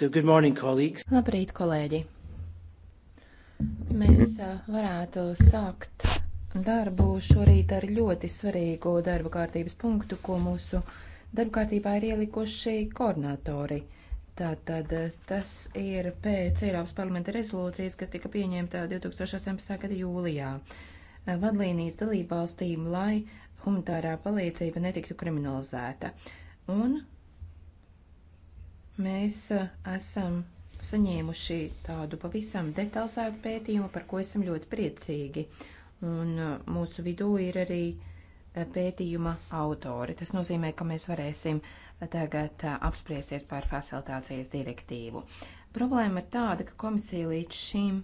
So good morning, colleagues. Labrīt, kolēģi. Mēs varētu sākt darbu šorīt ar ļoti svarīgu darba kārtības punktu, ko mūsu darba kārtībā ir ielikuši koordinatori. Tātad tas ir pēc Eiropas parlamenta rezolūcijas, kas tika pieņemta 2018. gada jūlijā. Vadlīnijas dalībvalstīm, lai humanitārā palīdzība netiktu kriminalizēta. Un mēs eh, esam saņēmuši tādu pavisam detalizētu pētījumu, par ko esam ļoti priecīgi. Un eh, mūsu vidū ir arī eh, pētījuma autori. Tas nozīmē, ka mēs varēsim tagad apspriesties par facilitācijas direktīvu. Problēma ir tāda, ka komisija līdz šim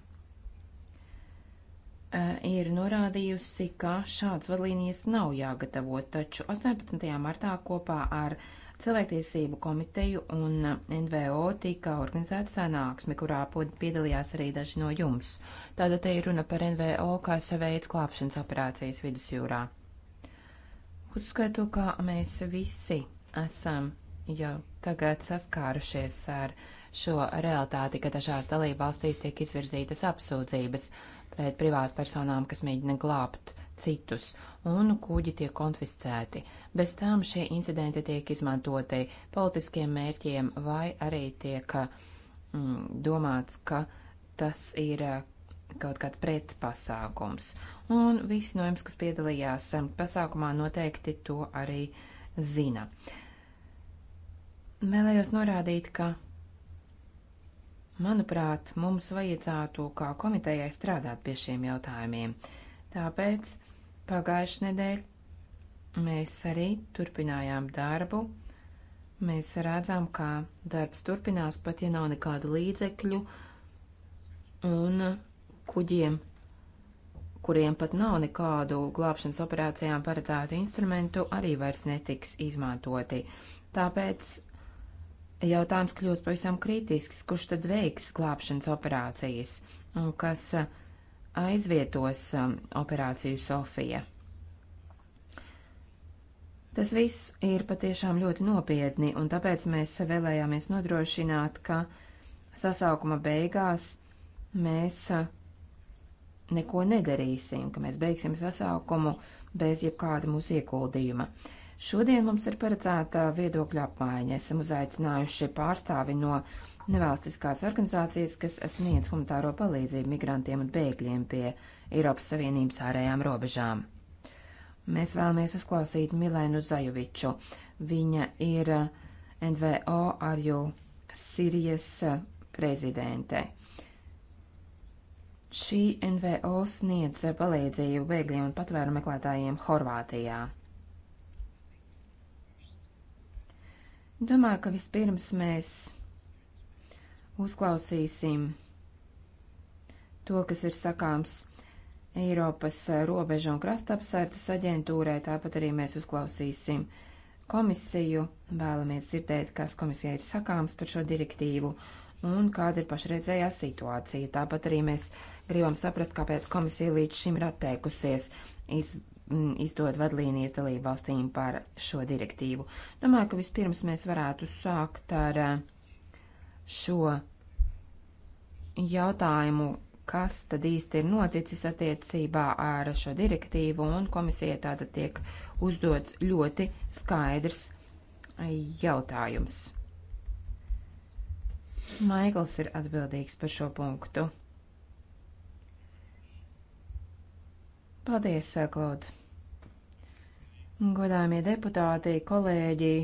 ir norādījusi, ka šāds vadlīnijas nav jāgatavo, taču 18. martā kopā ar uh, Cilvēktiesību komiteju un eh, NVO tika organizēta sanāksme, kurā piedalījās arī daži no jums. Tātad te ir runa par NVO kā saveids klāpšanas operācijas vidusjūrā. Uzskatu, ka mēs visi esam jau tagad saskārušies ar šo realitāti, ka dažās dalībvalstīs tiek izvirzītas apsūdzības pret privātpersonām, kas mēģina glābt citus, un kuģi tiek konfiscēti. Bez tām šie incidenti tiek izmantoti politiskiem mērķiem vai arī tiek mm, domāts, ka tas ir eh, kaut kāds pretpasākums. Un visi no jums, kas piedalījās eh, pasākumā, noteikti to arī zina. Vēlējos norādīt, ka, manuprāt, mums vajadzētu kā komitejai strādāt pie šiem jautājumiem. Tāpēc Pagājušajā nedēļā mēs arī turpinājām darbu. Mēs redzam, ka darbs turpinās pat, ja nav nekādu līdzekļu, un kuģiem, kuriem pat nav nekādu glābšanas operācijām paredzētu instrumentu, arī vairs netiks izmantoti. Tāpēc jautājums kļūst pavisam kritisks, kurš tad veiks glābšanas operācijas un kas aizvietos um, operāciju Sofija. Tas viss ir patiešām ļoti nopietni, un tāpēc mēs vēlējāmies nodrošināt, ka sasaukuma beigās mēs neko nedarīsim, ka mēs beigsim sasaukumu bez jebkāda mūsu ieguldījuma. Šodien mums ir paredzēta viedokļa apmaiņa. Esam uzaicinājuši pārstāvi no nevalstiskās organizācijas, kas sniedz humanitāro palīdzību migrantiem un bēgļiem pie Eiropas Savienības ārējām robežām. Mēs vēlamies uzklausīt Milēnu Zajoviču. Viņa ir eh, NVO Arju Sirijas eh, prezidente. Šī NVO sniedz palīdzību bēgļiem un patvēru meklētājiem Horvātijā. Domāju, ka vispirms mēs uzklausīsim to, kas ir sakāms Eiropas eh, robeža un krastapsardzes aģentūrai, tāpat arī mēs uzklausīsim komisiju, vēlamies dzirdēt, kas komisijai ir sakāms par šo direktīvu un kāda ir pašreizējā situācija. Tāpat arī mēs gribam saprast, kāpēc komisija līdz šim ir atteikusies iz, m, mm, izdot vadlīnijas dalību valstīm par šo direktīvu. Domāju, ka vispirms mēs varētu sākt ar eh, šo jautājumu, kas tad īsti ir noticis attiecībā ar šo direktīvu, un komisijai tātad tiek uzdots ļoti skaidrs jautājums. Maikls ir atbildīgs par šo punktu. Paldies, Klaud! Godājumie deputāti, kolēģi!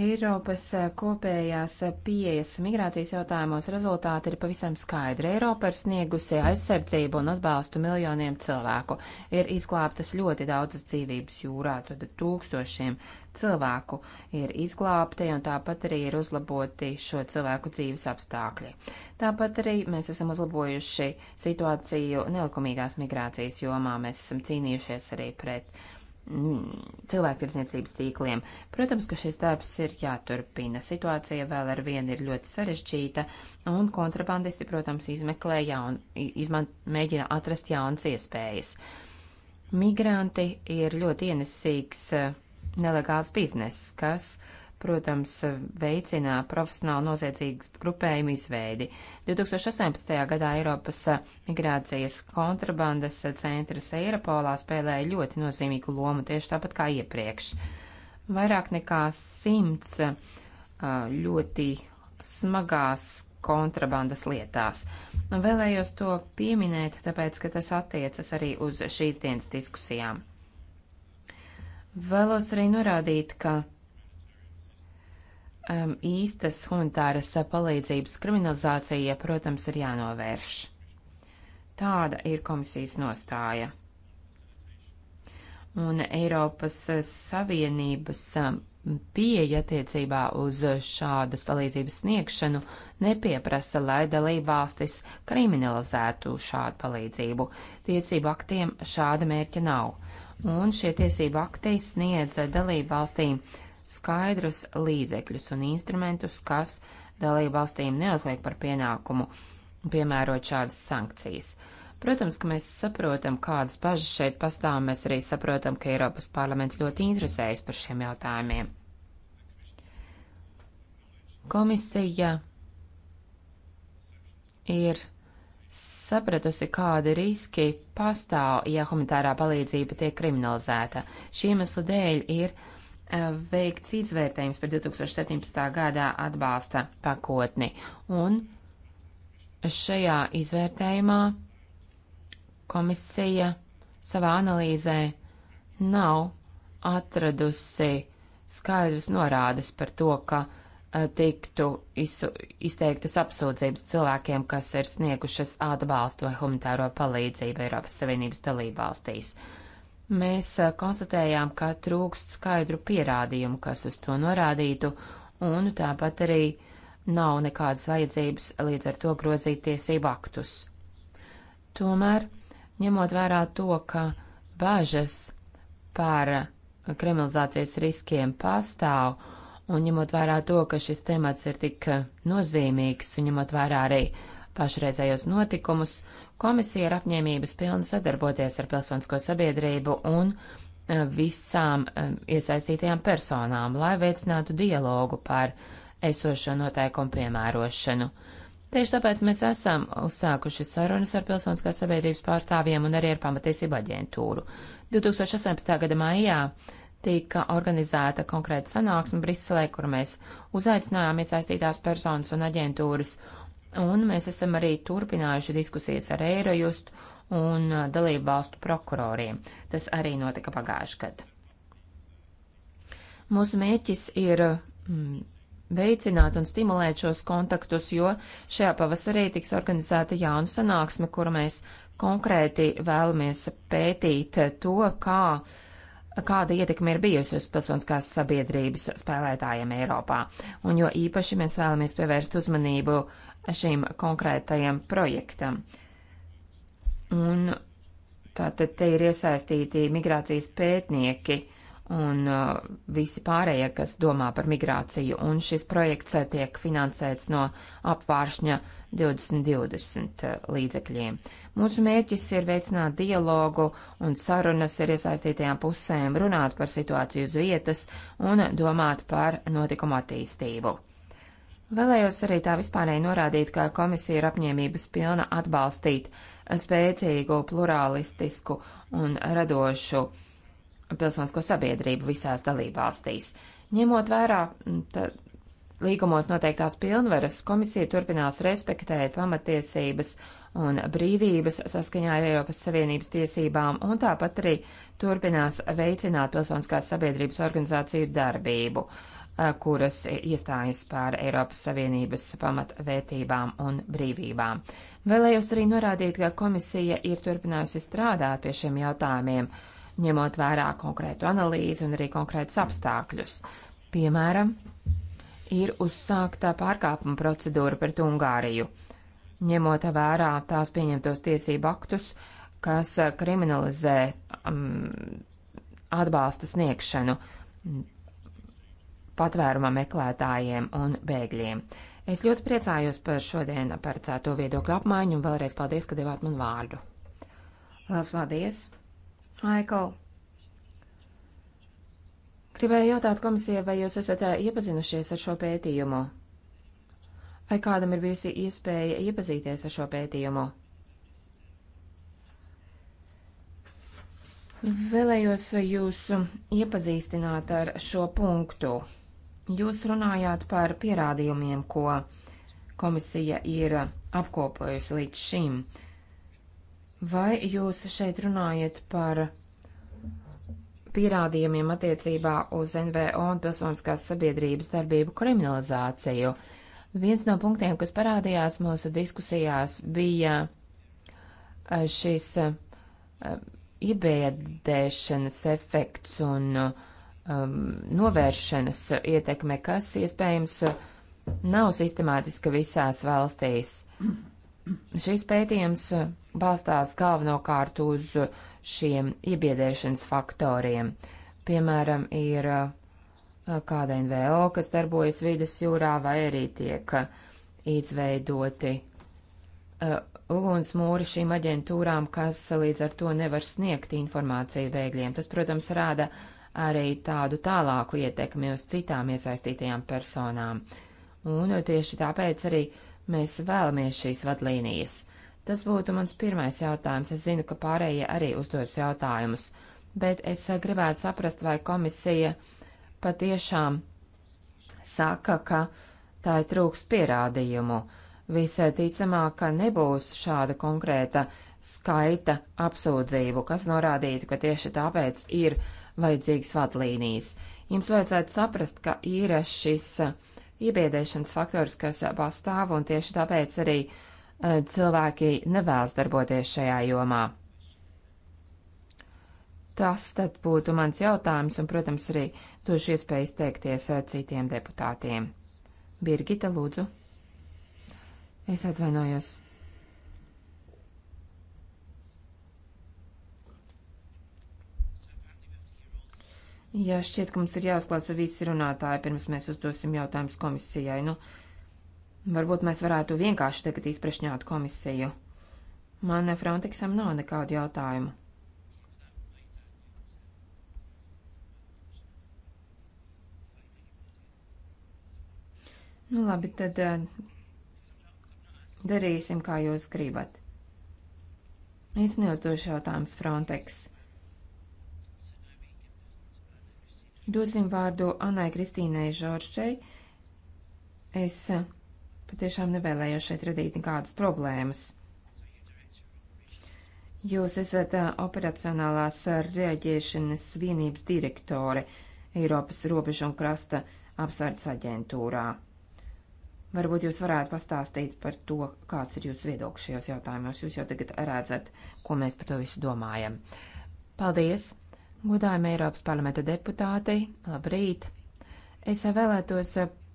Eiropas eh, kopējās eh, pieejas migrācijas jautājumos rezultāti ir pavisam skaidri. Eiropa ir sniegusi aizsardzību un atbalstu miljoniem cilvēku. Ir izglābtas ļoti daudzas dzīvības jūrā, tad tūkstošiem cilvēku ir izglābti un tāpat arī ir uzlaboti šo cilvēku dzīves apstākļi. Tāpat arī mēs esam uzlabojuši situāciju nelikumīgās migrācijas jomā. Mēs esam cīnījušies arī pret Mm, cilvēktirdzniecības tīkliem. Protams, ka šis darbs ir jāturpina. Situācija vēl ar vienu ir ļoti sarežģīta, un kontrabandisti, protams, izmeklē jaun, izman, mēģina atrast jaunas iespējas. Migranti ir ļoti ienesīgs eh, nelegāls bizness, kas uh, protams, veicina profesionālu noziedzīgas grupējumu izveidi. 2018. gadā Eiropas migrācijas kontrabandas centrs Eiropolā spēlēja ļoti nozīmīgu lomu, tieši tāpat kā iepriekš. Vairāk nekā simts uh, ļoti smagās kontrabandas lietās. Nu, vēlējos to pieminēt, tāpēc, ka tas attiecas arī uz šīs dienas diskusijām. Vēlos arī norādīt, ka um, īstas humanitāras palīdzības kriminalizācija, protams, ir jānovērš. Tāda ir komisijas nostāja. Un Eiropas Savienības um, pieeja attiecībā uz šādas palīdzības sniegšanu nepieprasa, lai dalībvalstis kriminalizētu šādu palīdzību. Tiesību aktiem šāda mērķa nav, un šie tiesību akti sniedz dalībvalstīm valstīm skaidrus līdzekļus un instrumentus, kas dalību valstīm neuzliek par pienākumu piemērot šādas sankcijas. Protams, ka mēs saprotam, kādas bažas šeit pastāv, un mēs arī saprotam, ka Eiropas parlaments ļoti interesējas par šiem jautājumiem. Komisija ir sapratusi, kādi riski pastāv, ja humanitārā palīdzība tiek kriminalizēta. Šī iemesla dēļ ir veikts izvērtējums par 2017. gadā atbalsta pakotni. Un šajā izvērtējumā komisija savā analīzē nav atradusi skaidrs norādes par to, ka eh, tiktu izteiktas apsūdzības cilvēkiem, kas ir sniegušas atbalstu vai humanitāro palīdzību Eiropas Savienības dalībvalstīs. valstīs. Mēs konstatējām, ka trūkst skaidru pierādījumu, kas uz to norādītu, un tāpat arī nav nekādas vajadzības līdz ar to grozīt tiesību aktus. Tomēr, ņemot vērā to, ka bāžas par kriminalizācijas riskiem pastāv, un ņemot vērā to, ka šis temats ir tik nozīmīgs, un ņemot vērā arī uh, pašreizējos notikumus, komisija ir apņēmības pilna sadarboties ar pilsonisko sabiedrību un e, visām e, iesaistītajām personām, lai veicinātu dialogu par esošo noteikumu piemērošanu. Tieši tāpēc mēs esam uzsākuši sarunas ar pilsoniskās sabiedrības pārstāvjiem un arī ar pamatiesību aģentūru. 2018. gada maijā tika organizēta konkrēta sanāksme Briselē, kur mēs uzaicinājām iesaistītās personas un aģentūras Un mēs esam arī turpinājuši diskusijas ar Eirojust un uh, dalību valstu prokuroriem. Tas arī notika pagājuši gadu. Mūsu mērķis ir mm, veicināt un stimulēt šos kontaktus, jo šajā pavasarī tiks organizēta jauna sanāksme, kur mēs konkrēti vēlamies pētīt to, kā uh, kāda ietekme ir bijusi uz pilsoniskās sabiedrības spēlētājiem Eiropā. Un jo īpaši mēs vēlamies pievērst uzmanību šim konkrētajam projektam. Un tātad te ir iesaistīti migrācijas pētnieki un uh, visi pārējie, kas domā par migrāciju, un šis projekts uh, tiek finansēts no apvāršņa 2020 uh, līdzekļiem. Mūsu mērķis ir veicināt dialogu un sarunas ar iesaistītajām pusēm, runāt par situāciju uz vietas un domāt par notikumu attīstību. Vēlējos arī tā vispārēji norādīt, ka komisija ir apņēmības pilna atbalstīt spēcīgu, plurālistisku un radošu pilsonisko sabiedrību visās dalībvalstīs. Ņemot vērā līgumos noteiktās pilnveras, komisija turpinās respektēt pamatiesības un brīvības saskaņā ar Eiropas Savienības tiesībām un tāpat arī turpinās veicināt pilsoniskās sabiedrības organizāciju darbību. Uh, kuras iestājas par Eiropas Savienības pamatvērtībām un brīvībām. Vēlējos arī norādīt, ka komisija ir turpinājusi strādāt pie šiem jautājumiem, ņemot vērā konkrētu analīzi un arī konkrētus apstākļus. Piemēram, ir uzsākta pārkāpuma procedūra pret Ungāriju, ņemot vērā tās pieņemtos tiesību aktus, kas kriminalizē um, atbalsta sniegšanu patvēruma meklētājiem un bēgļiem. Es ļoti priecājos par šodien paredzēto viedokļu apmaiņu un vēlreiz paldies, ka devāt man vārdu. Lielas paldies, Aikal! Gribēju jautāt komisijai, vai jūs esat eh, iepazinušies ar šo pētījumu? Vai kādam ir bijusi iespēja iepazīties ar šo pētījumu? Vēlējos jūs iepazīstināt ar šo punktu. Jūs runājāt par pierādījumiem, ko komisija ir apkopojusi līdz šim. Vai jūs šeit runājat par pierādījumiem attiecībā uz NVO un pilsoniskās sabiedrības darbību kriminalizāciju? Viens no punktiem, kas parādījās mūsu diskusijās, bija eh, šis eh, iebiedēšanas efekts un uh, um, novēršanas ietekme, kas iespējams nav sistemātiska visās valstīs. Šis pētījums balstās galvenokārt uz šiem iebiedēšanas faktoriem. Piemēram, ir uh, kāda NVO, kas darbojas vidas jūrā, vai arī tiek uh, izveidoti uh, ugunsmūri šīm aģentūrām, kas līdz ar to nevar sniegt informāciju bēgļiem. Tas, protams, rāda uh, arī tādu tālāku ietekmi uz citām iesaistītajām personām. Un tieši tāpēc arī mēs vēlamies šīs vadlīnijas. Tas būtu mans pirmais jautājums. Es zinu, ka pārējie arī uzdos jautājumus, bet es gribētu saprast, vai komisija patiešām saka, ka tā ir trūks pierādījumu. Visticamāk, ka nebūs šāda konkrēta skaita apsūdzību, kas norādītu, ka tieši tāpēc ir uh, vajadzīgas vadlīnijas. Jums vajadzētu saprast, ka ir šis eh, iebiedēšanas faktors, kas eh, pastāv, un tieši tāpēc arī eh, cilvēki nevēlas darboties šajā jomā. Tas tad būtu mans jautājums, un, protams, arī došu iespēju izteikties citiem deputātiem. Birgita, lūdzu. Es atvainojos. Jā, šķiet, ka mums ir jāuzklausa visi runātāji, pirms mēs uzdosim jautājumus komisijai. Nu, varbūt mēs varētu vienkārši tagad izprešņāt komisiju. Man eh, Frontexam nav nekādu jautājumu. Nu, labi, tad eh, darīsim, kā jūs gribat. Es neuzdošu jautājumus Frontex. Dosim vārdu Anai Kristīnai Žorčai. Es eh, patiešām nevēlējos šeit radīt nekādas problēmas. Jūs esat eh, operacionālās eh, reaģēšanas vienības direktore Eiropas robežu un krasta apsardzes aģentūrā. Varbūt jūs varētu pastāstīt par to, kāds ir jūsu viedoklis šajos jautājumos. Jūs jau tagad redzat, ko mēs par to visu domājam. Paldies! Godājumi Eiropas parlamenta deputāti, labrīt! Es vēlētos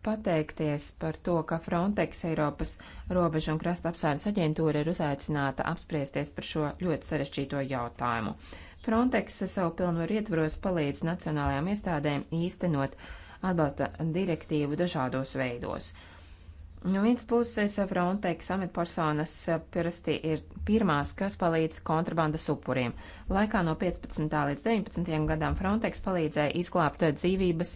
pateikties par to, ka Frontex Eiropas robežu un krasta apsārdas aģentūra ir uzaicināta apspriesties par šo ļoti sarežģīto jautājumu. Frontex savu pilnvaru ietvaros palīdz nacionālajām iestādēm īstenot atbalsta direktīvu dažādos veidos. No viens puses Frontex amatpersonas eh, parasti ir pirmās, kas palīdz kontrabandas upuriem. Laikā no 15. līdz 19. gadam Frontex palīdzēja izglābt eh, dzīvības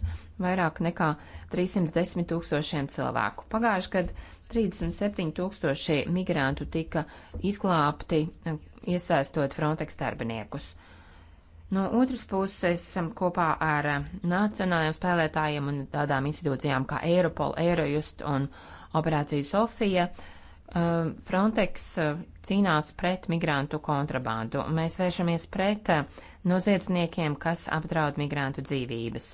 vairāk nekā 310 tūkstošiem cilvēku. Pagājuši gadu 37 tūkstoši migrantu tika izglābti, eh, iesaistot Frontex darbiniekus. No otras puses, kopā ar nacionālajiem spēlētājiem un tādām institūcijām kā Eiropol, Eirojust un Eirojust, operāciju Sofija. Eh, Frontex eh, cīnās pret migrantu kontrabandu. Mēs vēršamies pret eh, noziedzniekiem, kas apdraud migrantu dzīvības.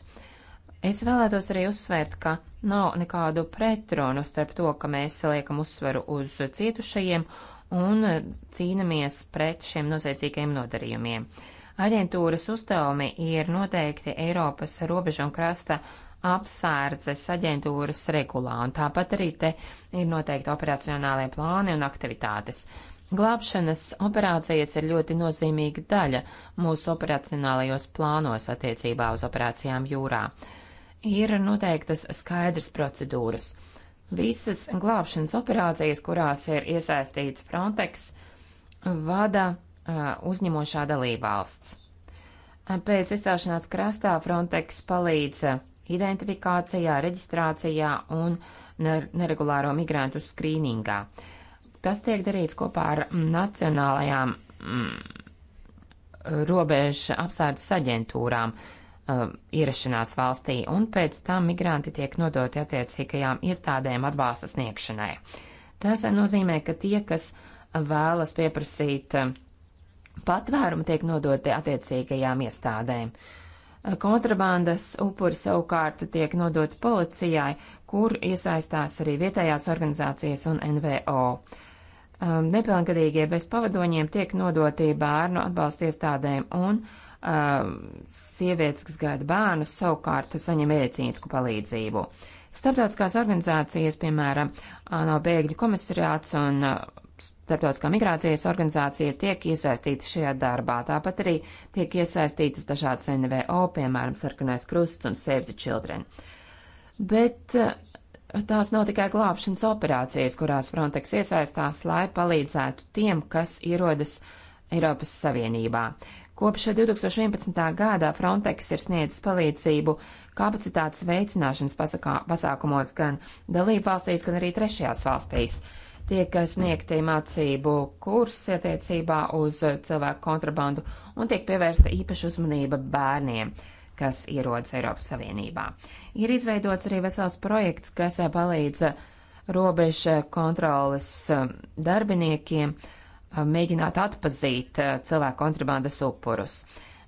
Es vēlētos arī uzsvērt, ka nav nekādu pretrunu starp to, ka mēs liekam uzsvaru uz cietušajiem un cīnamies pret šiem noziedzīgiem nodarījumiem. Aģentūras uzdevumi ir noteikti Eiropas robežu un krasta apsārdzes aģentūras regulā, un tāpat arī te ir noteikti operacionālie plāni un aktivitātes. Glābšanas operācijas ir ļoti nozīmīga daļa mūsu operacionālajos plānos attiecībā uz operācijām jūrā. Ir noteiktas skaidras procedūras. Visas glābšanas operācijas, kurās ir iesaistīts Frontex, vada uzņemošā dalībvalsts. Pēc izcelšanās krastā Frontex palīdz identifikācijā, reģistrācijā un neregulāro migrantu skrīningā. Tas tiek darīts kopā ar nacionālajām mm, robežu apsardzes aģentūrām uh, ierašanās valstī, un pēc tam migranti tiek nodoti attiecīgajām iestādēm atbalsta sniegšanai. Tas nozīmē, ka tie, kas vēlas pieprasīt um, patvērumu, tiek nodoti attiecīgajām iestādēm. Uh, Kontrabandas upuri savukārt tiek nodoti policijai, kur iesaistās arī vietējās organizācijas un NVO. Um, nepilngadīgie bez pavadoņiem tiek nodoti bērnu atbalsta iestādēm un um, sievietes, kas gaida bērnus, savukārt saņem medicīnisku palīdzību. Starptautiskās organizācijas, piemēram, ANO bēgļu komisariāts un uh, Starptautiskā migrācijas organizācija tiek iesaistīta šajā darbā, tāpat arī tiek iesaistītas dažādas NVO, piemēram, Sarkanais Krusts un Save the Children. Bet eh, tās nav tikai glābšanas operācijas, kurās Frontex iesaistās, lai palīdzētu tiem, kas ierodas Eiropas Savienībā. Kopš 2011. gadā Frontex ir sniedzis palīdzību kapacitātes veicināšanas pasākumos gan dalībvalstīs, gan arī trešajās valstīs. valstīs tiek sniegti mācību kursi attiecībā uz cilvēku kontrabandu un tiek pievērsta īpaša uzmanība bērniem, kas ierodas Eiropas Savienībā. Ir izveidots arī vesels projekts, kas palīdz robeža kontrolas darbiniekiem mēģināt atpazīt cilvēku kontrabandas upurus.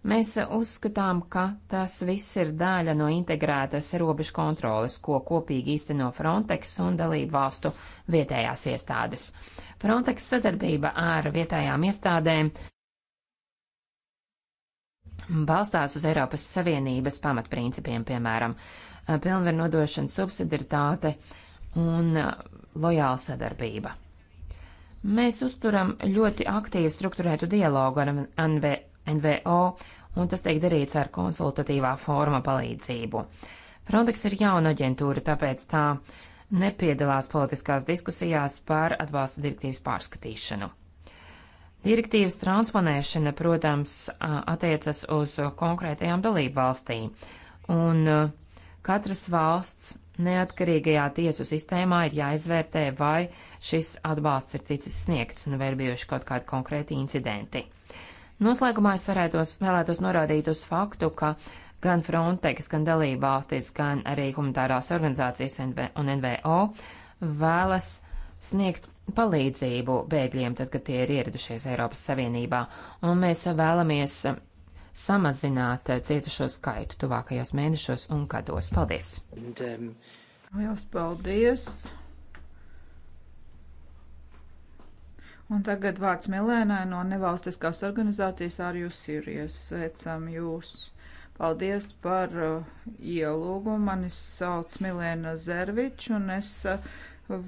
Mēs uzskatām, ka tas viss ir daļa no integrētas robežu kontroles, ko kopīgi īsteno Frontex un dalību valstu vietējās iestādes. Frontex sadarbība ar vietējām iestādēm balstās uz Eiropas Savienības pamatprincipiem, piemēram, pilnvaru nodošana, subsidiaritāte un lojāla sadarbība. Mēs uzturam ļoti aktīvu struktūrētu dialogu ar NVO, un tas tiek darīts ar konsultatīvā forma palīdzību. Frontex ir jauna aģentūra, tāpēc tā nepiedalās politiskās diskusijās par atbalsta direktīvas pārskatīšanu. Direktīvas transponēšana, protams, attiecas uz konkrētajām dalību valstīm, un katras valsts neatkarīgajā tiesu sistēmā ir jāizvērtē, vai šis atbalsts ir ticis sniegts un vai ir bijuši kaut kādi konkrēti incidenti. Noslēgumā es varētos, vēlētos norādīt uz faktu, ka gan Frontex, gan dalībvalstis, gan arī humanitārās organizācijas un NVO vēlas sniegt palīdzību bēgļiem, tad, kad tie ir ieradušies Eiropas Savienībā, un mēs vēlamies samazināt eh, cietušo skaitu tuvākajos mēnešos un gados. Paldies! And, um... Lielas paldies! Un tagad vārds Milēnai no nevalstiskās organizācijas Ārjus Sirijas. Sveicam jūs! Paldies par uh, ielūgumu. Mani sauc Milēna Zervič un es uh,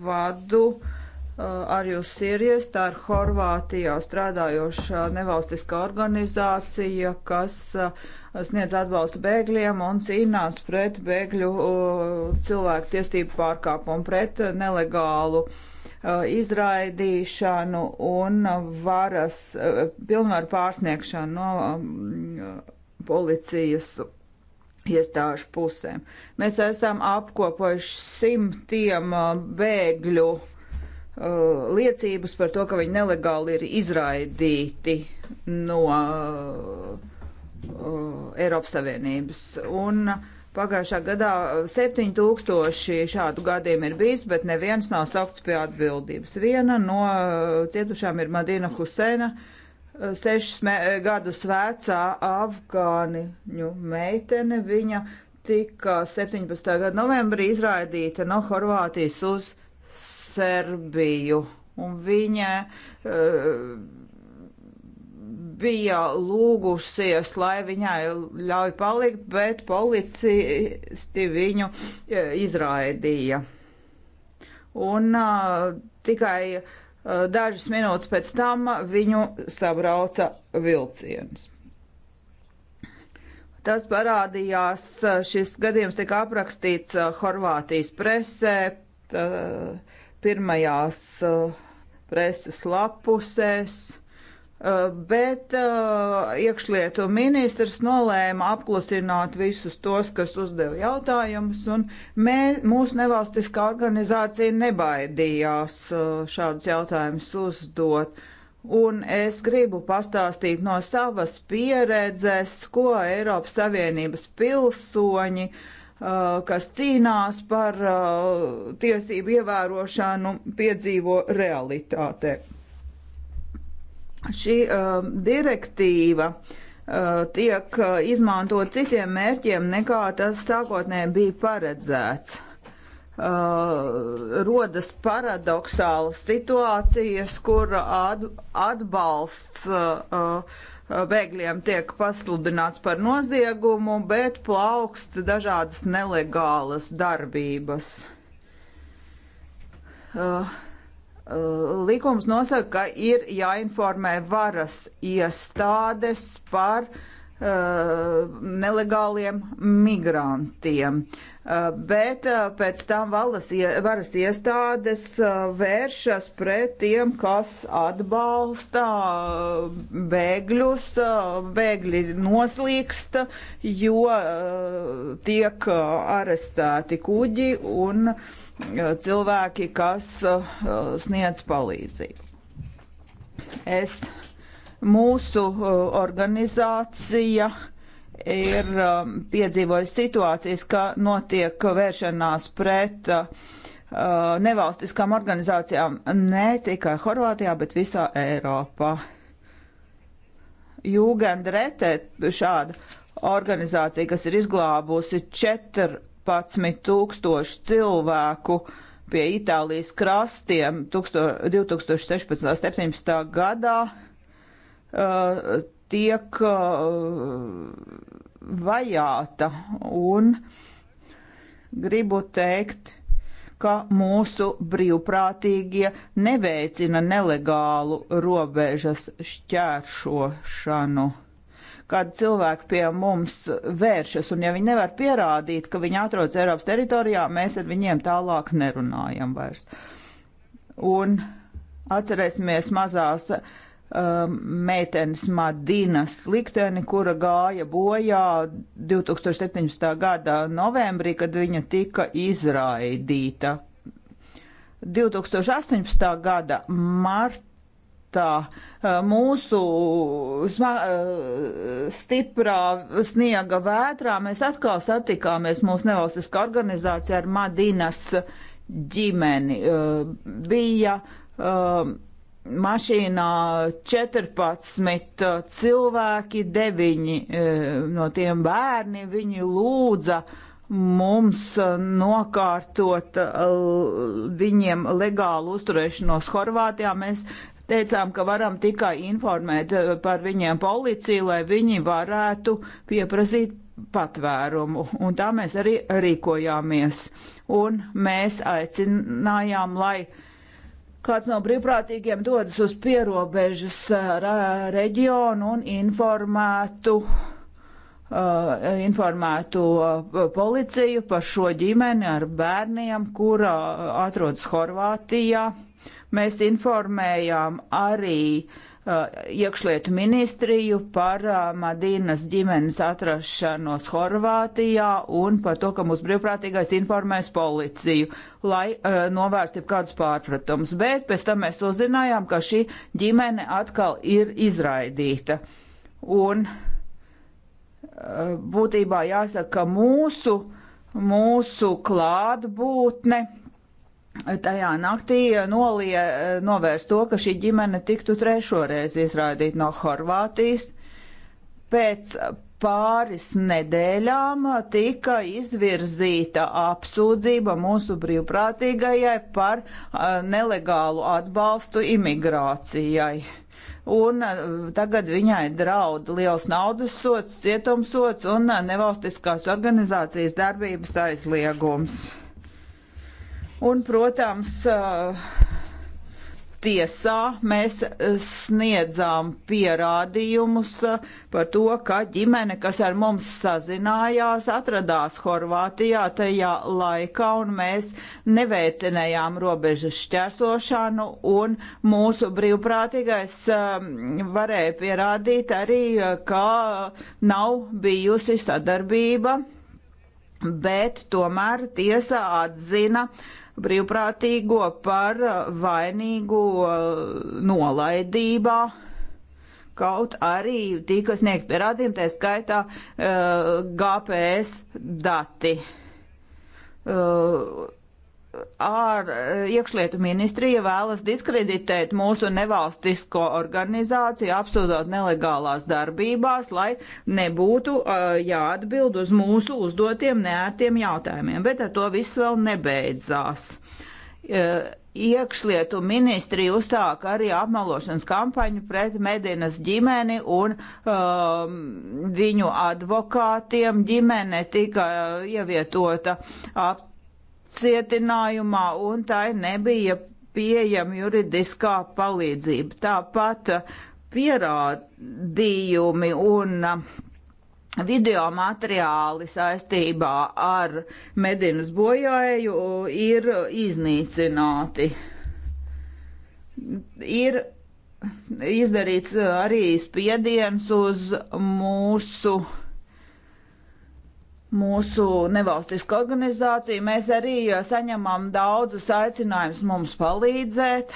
vadu uh, Arjus Sirijas, tā ir Horvātijā strādājoša nevalstiskā organizācija, kas uh, sniedz atbalstu bēgļiem un cīnās pret bēgļu uh, cilvēku tiesību pārkāpumu, pret nelegālu uh, Uh, izraidīšanu un varas uh, pilnvaru pārsniegšanu no um, policijas iestāžu pusēm. Mēs esam apkopojuši simtiem uh, bēgļu uh, liecības par to, ka viņi nelegāli ir izraidīti no uh, uh, Eiropas Savienības. Un uh, Pagājušā gadā 7000 uh, šādu gadījumu ir bijis, bet neviens nav saukts pie atbildības. Viena no uh, cietušām ir Madina Husena, uh, sešus gadus vecā afgāniņu meitene. Viņa tika 17. gada novembrī izraidīta no Horvātijas uz Serbiju. Un viņa uh, bija lūgusies, lai viņai ļauj palikt, bet policisti viņu e, izraidīja. Un uh, tikai uh, dažas minūtes pēc tam viņu sabrauca vilciens. Tas parādījās, šis gadījums tika aprakstīts Horvātijas presē, tā, pirmajās uh, preses lapusēs. Eh, bet eh, iekšlietu ministrs nolēma apklusināt visus tos, kas uzdeva jautājumus, un mē, mūsu nevalstiskā organizācija nebaidījās eh, šādus jautājumus uzdot. Un es gribu pastāstīt no savas pieredzes, ko Eiropas Savienības pilsoņi, kas cīnās par tiesību ievērošanu, piedzīvo realitātei Šī uh, direktīva uh, tiek uh, izmantot citiem mērķiem, nekā tas sākotnēji bija paredzēts. Uh, rodas paradoxālas situācijas, kur ad, atbalsts uh, uh, bēgļiem tiek pasludināts par noziegumu, bet plaukst dažādas nelegālas darbības. Uh, Eh, likums nosaka, ka ir jāinformē varas iestādes par uh, nelegāliem migrantiem. Uh, bet uh, pēc tam valas, varas iestādes vēršas pret tiem, kas atbalsta bēgļus, bēgļi noslīksta, jo tiek arestēti kuģi un uh, cilvēki, kas uh, sniedz palīdzību. Es, mūsu uh, organizācija ir um, piedzīvojusi situācijas, ka notiek vēršanās pret uh, nevalstiskām organizācijām ne tikai Horvātijā, bet visā Eiropā. Jūgendrete šāda organizācija, kas ir izglābusi četru 11 tūkstoši cilvēku pie Itālijas krastiem 2016. 17. gadā uh, tiek uh, vajāta un gribu teikt, ka mūsu brīvprātīgie neveicina nelegālu robežas šķēršošanu kad cilvēki pie mums vēršas, un ja viņi nevar pierādīt, ka viņi atrodas Eiropas teritorijā, mēs ar viņiem tālāk nerunājam vairs. Un atcerēsimies mazās um, meitenes Madinas likteni, kura gāja bojā 2017. gada novembrī, kad viņa tika izraidīta. 2018. gada martā tā mūsu sma, stiprā sniega vētrā mēs atkal satikāmies mūsu nevalstiskā organizācija ar Madinas ģimeni. Bija mašīnā 14 cilvēki, 9 no tiem bērni, viņi lūdza mums nokārtot viņiem legālu uzturēšanos Horvātijā. Mēs teicām, ka varam tikai informēt eh, par viņiem policiju, lai viņi varētu pieprasīt patvērumu. Un tā mēs arī rīkojāmies. Un mēs aicinājām, lai kāds no brīvprātīgiem dodas uz pierobežas eh, reģionu un informētu, uh, informētu uh, policiju par šo ģimeni ar bērniem, kura atrodas Horvātijā. Mēs informējām arī uh, iekšlietu ministriju par uh, Madinas ģimenes atrašanos Horvātijā un par to, ka mūsu brīvprātīgais informēs policiju, lai uh, novērstu kādus pārpratumus. Bet pēc tam mēs uzzinājām, ka šī ģimene atkal ir izraidīta. Un uh, būtībā jāsaka, ka mūsu, mūsu klātbūtne tajā naktī nolie, novērst to, ka šī ģimene tiktu trešoreiz izraidīta no Horvātijas. Pēc pāris nedēļām tika izvirzīta apsūdzība mūsu brīvprātīgajai par nelegālu atbalstu imigrācijai. Un tagad viņai draud liels naudas sots, cietumsots un nevalstiskās organizācijas darbības aizliegums. Un, protams, eh, tiesā mēs sniedzām pierādījumus eh, par to, ka ģimene, kas ar mums sazinājās, atradās Horvātijā tajā laikā, un mēs neveicinējām robežas šķērsošanu, un mūsu brīvprātīgais eh, varēja pierādīt arī, ka nav bijusi sadarbība, bet tomēr tiesā atzina, uh, brīvprātīgo par uh, vainīgu uh, nolaidībā. Kaut arī tika sniegt pierādījumi, tā skaitā uh, GPS dati. Uh, ār, eh, iekšlietu ministrija vēlas diskreditēt mūsu nevalstisko organizāciju, apsūdzot nelegālās darbībās, lai nebūtu uh, jāatbild uz mūsu uzdotiem neērtiem jautājumiem. Bet ar to viss vēl nebeidzās. Uh, Iekšlietu ministrija uzsāka arī apmelošanas kampaņu pret Medinas ģimeni un um, viņu advokātiem. Ģimene tika ievietota ap, cietinājumā un tai nebija pieejama juridiskā palīdzība. Tāpat pierādījumi un video materiāli saistībā ar medinas bojāju ir iznīcināti. Ir izdarīts arī spiediens uz mūsu mūsu nevalstisku organizāciju. Mēs arī uh, saņemam daudzus aicinājumus mums palīdzēt.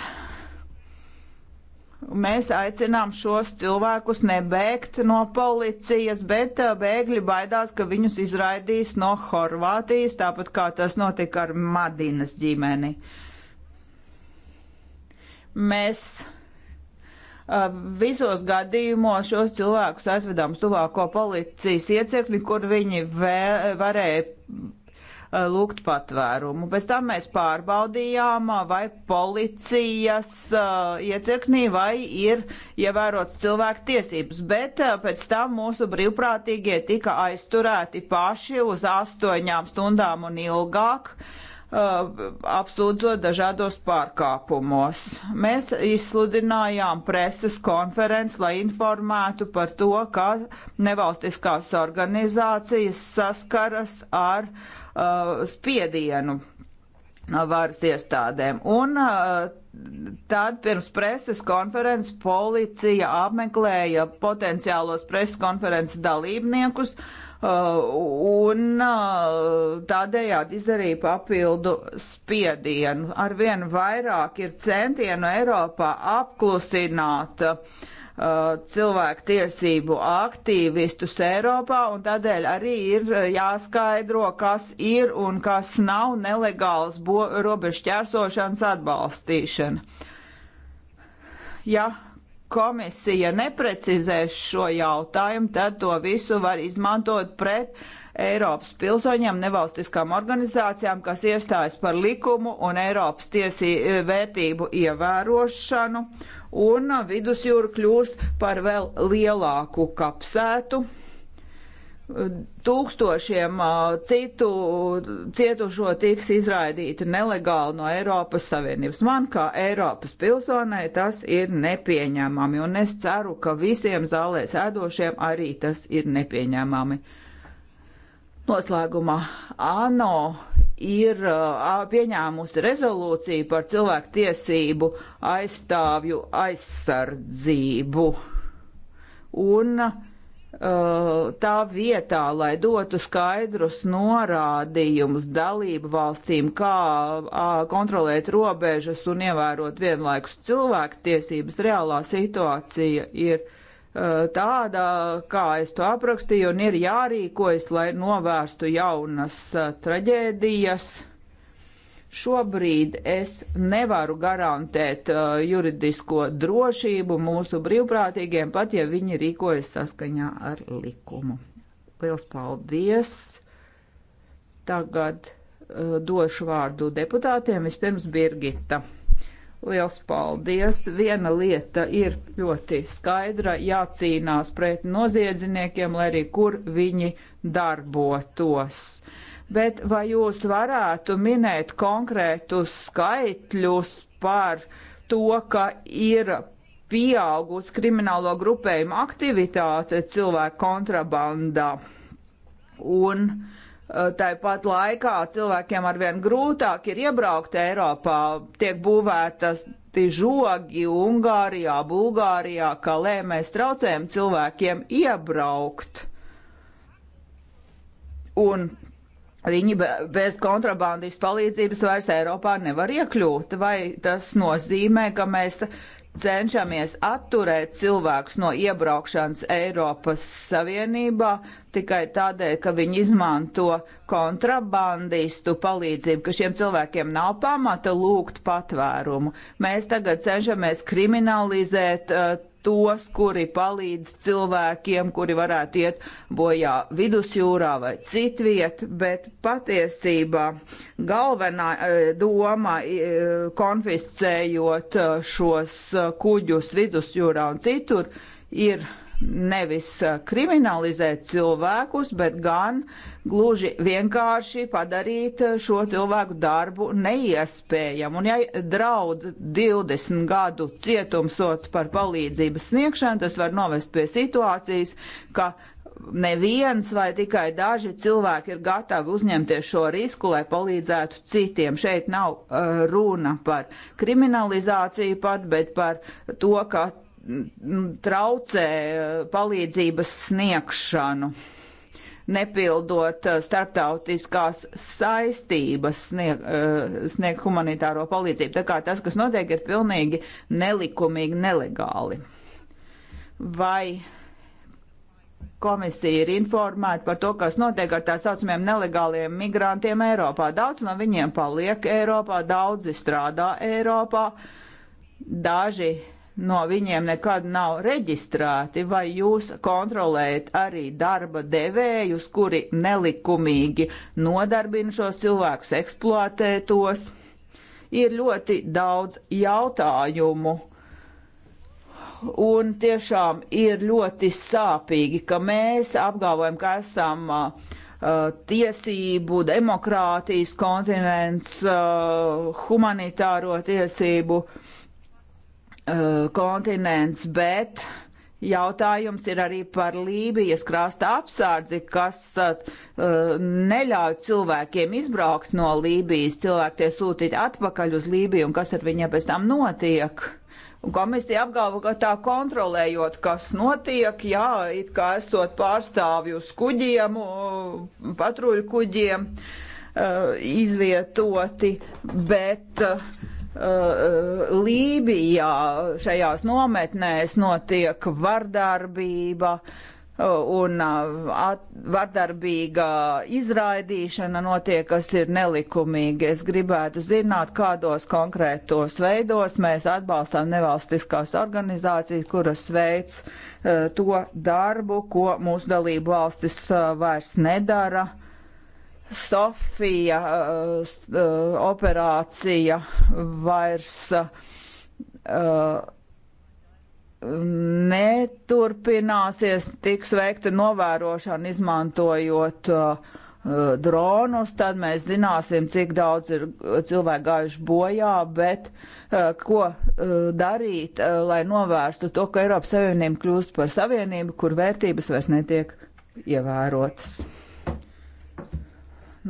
Mēs aicinām šos cilvēkus nebēgt no policijas, bet uh, bēgļi baidās, ka viņus izraidīs no Horvātijas, tāpat kā tas notika ar Madinas ģimeni. Mēs Uh, visos gadījumos šos cilvēkus aizvedām tuvāko policijas iecirkni, kur viņi vē, varēja uh, lūgt patvērumu. Pēc tam mēs pārbaudījām, uh, vai policijas uh, iecirknī vai ir ievērots cilvēku tiesības, bet uh, pēc tam mūsu brīvprātīgie tika aizturēti paši uz astoņām stundām un ilgāk. Uh, Uh, apsūdzot dažādos pārkāpumos. Mēs izsludinājām preses konferenci, lai informētu par to, kā nevalstiskās organizācijas saskaras ar uh, spiedienu no varas iestādēm. Un uh, tad pirms preses konferences policija apmeklēja potenciālos preses konferences dalībniekus, uh, Uh, un uh, tādējādi izdarīja papildu spiedienu. Arvien vairāk ir centienu Eiropā apklusināt uh, cilvēku tiesību aktīvistus Eiropā, un tādēļ arī ir jāskaidro, kas ir un kas nav nelegāls robežu ķērsošanas atbalstīšana. Ja komisija neprecizēs šo jautājumu, tad to visu var izmantot pret Eiropas pilsoņiem, nevalstiskām organizācijām, kas iestājas par likumu un Eiropas tiesī eh, vērtību ievērošanu, un vidusjūra kļūst par vēl lielāku kapsētu tūkstošiem citu cietušo tiks izraidīti nelegāli no Eiropas Savienības. Man kā Eiropas pilsonai tas ir nepieņēmami, un es ceru, ka visiem zālē sēdošiem arī tas ir nepieņēmami. Noslēgumā ANO ir pieņēmusi rezolūciju par cilvēku tiesību aizstāvju aizsardzību. Un uh, Uh, tā vietā, lai dotu skaidrus norādījumus dalību valstīm, kā uh, kontrolēt robežas un ievērot vienlaikus cilvēku tiesības, reālā situācija ir uh, tāda, kā es to aprakstīju, un ir jārīkojas, lai novērstu jaunas traģēdijas. Šobrīd es nevaru garantēt uh, juridisko drošību mūsu brīvprātīgiem, pat ja viņi rīkojas saskaņā ar likumu. Liels paldies! Tagad uh, došu vārdu deputātiem. Vispirms Birgita. Liels paldies! Viena lieta ir ļoti skaidra - jācīnās pret noziedziniekiem, lai arī kur viņi darbotos bet vai jūs varētu minēt konkrētus skaitļus par to, ka ir pieaugusi kriminālo grupējumu aktivitāte cilvēku kontrabandā un uh, Tāpat laikā cilvēkiem arvien grūtāk ir iebraukt Eiropā, tiek būvētas žogi Ungārijā, Bulgārijā, kā lē mēs traucējam cilvēkiem iebraukt. Un Viņi bez kontrabandas palīdzības vairs Eiropā nevar iekļūt. Vai tas nozīmē, ka mēs cenšamies atturēt cilvēkus no iebraukšanas Eiropas Savienībā tikai tādēļ, ka viņi izmanto kontrabandistu palīdzību, ka šiem cilvēkiem nav pamata lūgt patvērumu? Mēs tagad cenšamies kriminalizēt. Uh, tos, kuri palīdz cilvēkiem, kuri varētu iet bojā vidusjūrā vai citviet, bet patiesībā galvenā e, doma e, konfiscējot e, šos kuģus vidusjūrā un citur ir nevis eh, kriminalizēt cilvēkus, bet gan gluži vienkārši padarīt eh, šo cilvēku darbu neiespējamu. Un ja draud 20 gadu cietumsots par palīdzības sniegšanu, tas var novest pie situācijas, ka neviens vai tikai daži cilvēki ir gatavi uzņemties šo risku, lai palīdzētu citiem. Šeit nav uh, runa par kriminalizāciju pat, bet par to, ka Nu, traucē eh, palīdzības sniegšanu, nepildot eh, starptautiskās saistības eh, sniegt snieg humanitāro palīdzību. Tā kā tas, kas notiek, ir pilnīgi nelikumīgi, nelegāli. Vai komisija ir informēta par to, kas notiek ar tā saucamiem nelegāliem migrantiem Eiropā. Daudz no viņiem paliek Eiropā, daudzi strādā Eiropā, daži no viņiem nekad nav reģistrēti, vai jūs kontrolējat arī darba devējus, kuri nelikumīgi nodarbina šos cilvēkus, eksploatē tos? Ir ļoti daudz jautājumu un tiešām ir ļoti sāpīgi, ka mēs apgalvojam, ka esam uh, tiesību, demokrātijas kontinents, uh, humanitāro tiesību Uh, kontinents, bet jautājums ir arī par Lībijas krasta apsardzi, kas uh, neļauj cilvēkiem izbraukt no Lībijas, cilvēki tiek sūtīti atpakaļ uz Lībiju un kas ar viņiem pēc tam notiek. Un komisija apgalvo, ka tā kontrolējot, kas notiek, jā, it kā esot pārstāvju uz kuģiem, uh, patruļu kuģiem, uh, izvietoti, bet uh, Uh, uh, Lībijā šajās nometnēs notiek vardarbība uh, un vardarbīga izraidīšana notiek, kas ir nelikumīgi. Es gribētu zināt, kādos konkrētos veidos mēs atbalstām nevalstiskās organizācijas, kuras veids to darbu, ko mūsu dalību valstis vairs nedara Sofija eh, eh, operācija vairs eh, neturpināsies, tiks veikta novērošana izmantojot uh, dronus, tad mēs zināsim, cik daudz ir cilvēku gājuši bojā, bet uh, ko uh, darīt, uh, lai novērstu to, ka Eiropas Savienība kļūst par savienību, kur vērtības vairs netiek ievērotas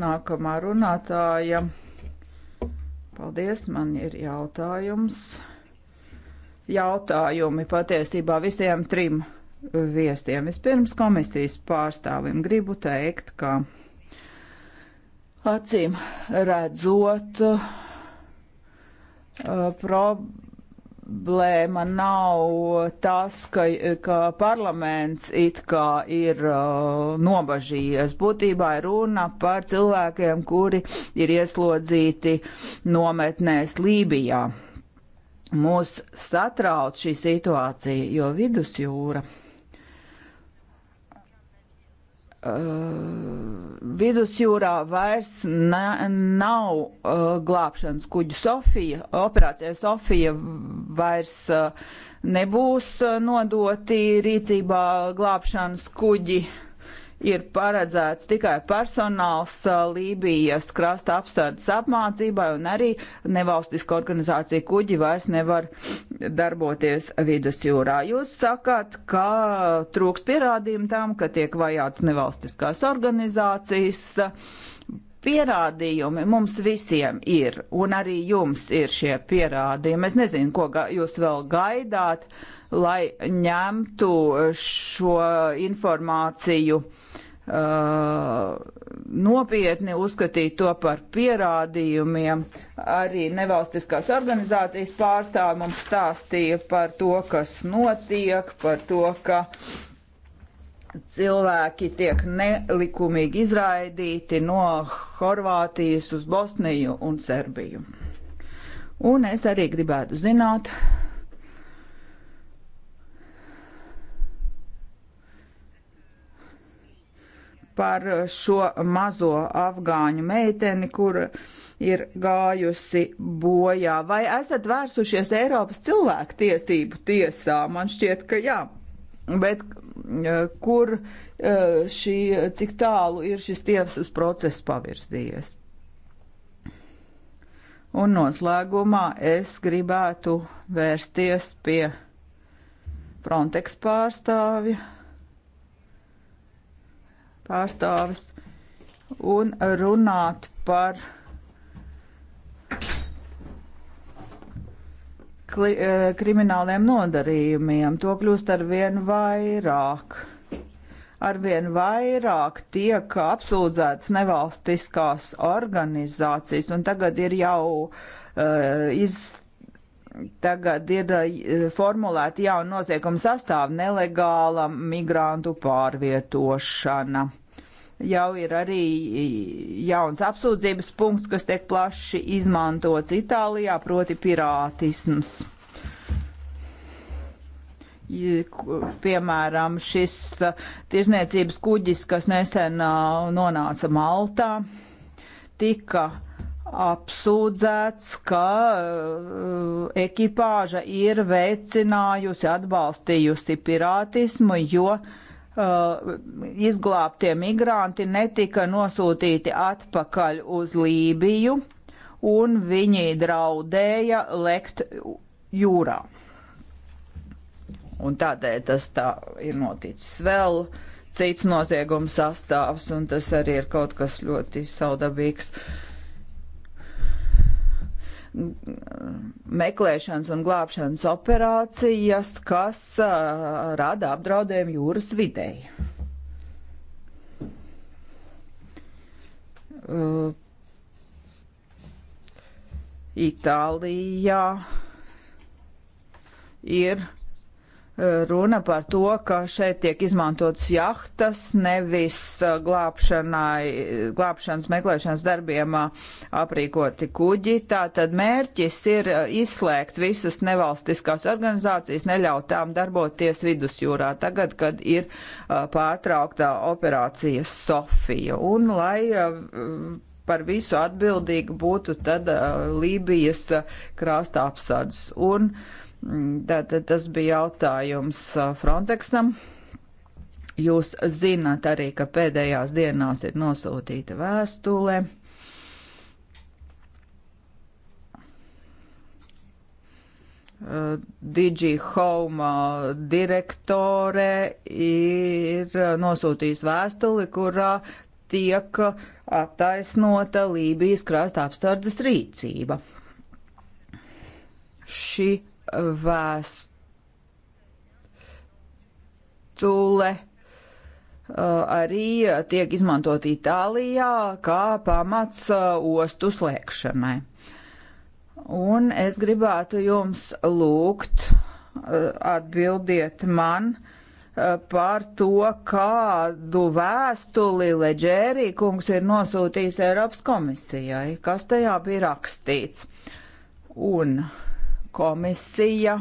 nākamā runātāja. Paldies, man ir jautājums. Jautājumi patiesībā visiem trim viestiem. Vispirms komisijas pārstāvim gribu teikt, ka acīm redzot, uh, pro, problēma nav tas, ka, ka parlaments it kā ir uh, nobažījies. Būtībā ir runa par cilvēkiem, kuri ir ieslodzīti nometnēs Lībijā. Mūs satrauc šī situācija, jo vidusjūra Uh, vidusjūrā vairs na, nav uh, glābšanas kuģu Sofija. Operācija Sofija vairs uh, nebūs nodoti rīcībā glābšanas kuģi. Uh, ir paredzēts tikai personāls Lībijas krasta apsardzes apmācībai, un arī nevalstiska organizācija kuģi vairs nevar darboties vidusjūrā. Jūs sakāt, ka trūks pierādījumu tam, ka tiek vajāts nevalstiskās organizācijas pierādījumi mums visiem ir, un arī jums ir šie pierādījumi. Es nezinu, ko jūs vēl gaidāt, lai ņemtu šo informāciju Uh, nopietni uzskatīt to par pierādījumiem. Arī nevalstiskās organizācijas pārstāvi mums stāstīja par to, kas notiek, par to, ka cilvēki tiek nelikumīgi izraidīti no Horvātijas uz Bosniju un Serbiju. Un es arī gribētu zināt, par eh, šo mazo afgāņu meiteni, kura ir gājusi bojā. Vai esat vērsušies Eiropas cilvēktiesību tiesā? Man šķiet, ka jā. Bet eh, kur eh, šī, cik tālu ir šis tiesas process pavirzījies? Un noslēgumā es gribētu vērsties pie Frontex pārstāvja pārstāvis un runāt par kli, e, krimināliem nodarījumiem. To kļūst ar vien vairāk. Arvien vairāk tiek apsūdzētas nevalstiskās organizācijas, un tagad ir jau uh, iz, tagad ir eh, formulēta jauna nozieguma sastāv nelegāla migrantu pārvietošana. Jau ir arī jauns apsūdzības punkts, kas tiek plaši izmantots Itālijā, proti pirātisms. Piemēram, šis eh, tirzniecības kuģis, kas nesen eh, nonāca Maltā, tika uh, apsūdzēts, ka uh, ekipāža ir veicinājusi, atbalstījusi pirātismu, jo uh, izglābtie migranti netika nosūtīti atpakaļ uz Lībiju un viņi draudēja lekt jūrā. Un tādēļ tas tā ir noticis vēl. Cits noziegums sastāvs, un tas arī ir kaut kas ļoti saudabīgs. Uh, meklēšanas un glābšanas operācijas, kas uh, rada apdraudējumu jūras videi. Uh, Itālijā ir runa par to, ka šeit tiek izmantotas jahtas nevis uh, glābšanai, glābšanas meklēšanas darbiem uh, aprīkoti kuģi. Tātad mērķis ir uh, izslēgt visas nevalstiskās organizācijas, neļaut tām darboties vidusjūrā tagad, kad ir pārtrauktā operācija Sofija. Un lai par visu atbildīga būtu tad Lībijas krāsta apsardzes. Un uh, Mm, Tātad tas bija jautājums uh, Frontexam. Jūs zināt arī, ka pēdējās dienās ir nosūtīta vēstule. Uh, Digi Home uh, direktore ir nosūtījusi vēstuli, kurā tiek attaisnota Lībijas krasta apstardzes rīcība. Šī vēstule uh, arī tiek izmantot Itālijā kā pamats uh, ostu slēgšanai. Un es gribētu jums lūgt uh, atbildiet man par to, kādu vēstuli Leģērī kungs ir nosūtījis Eiropas komisijai, kas tajā bija rakstīts. Un Komisija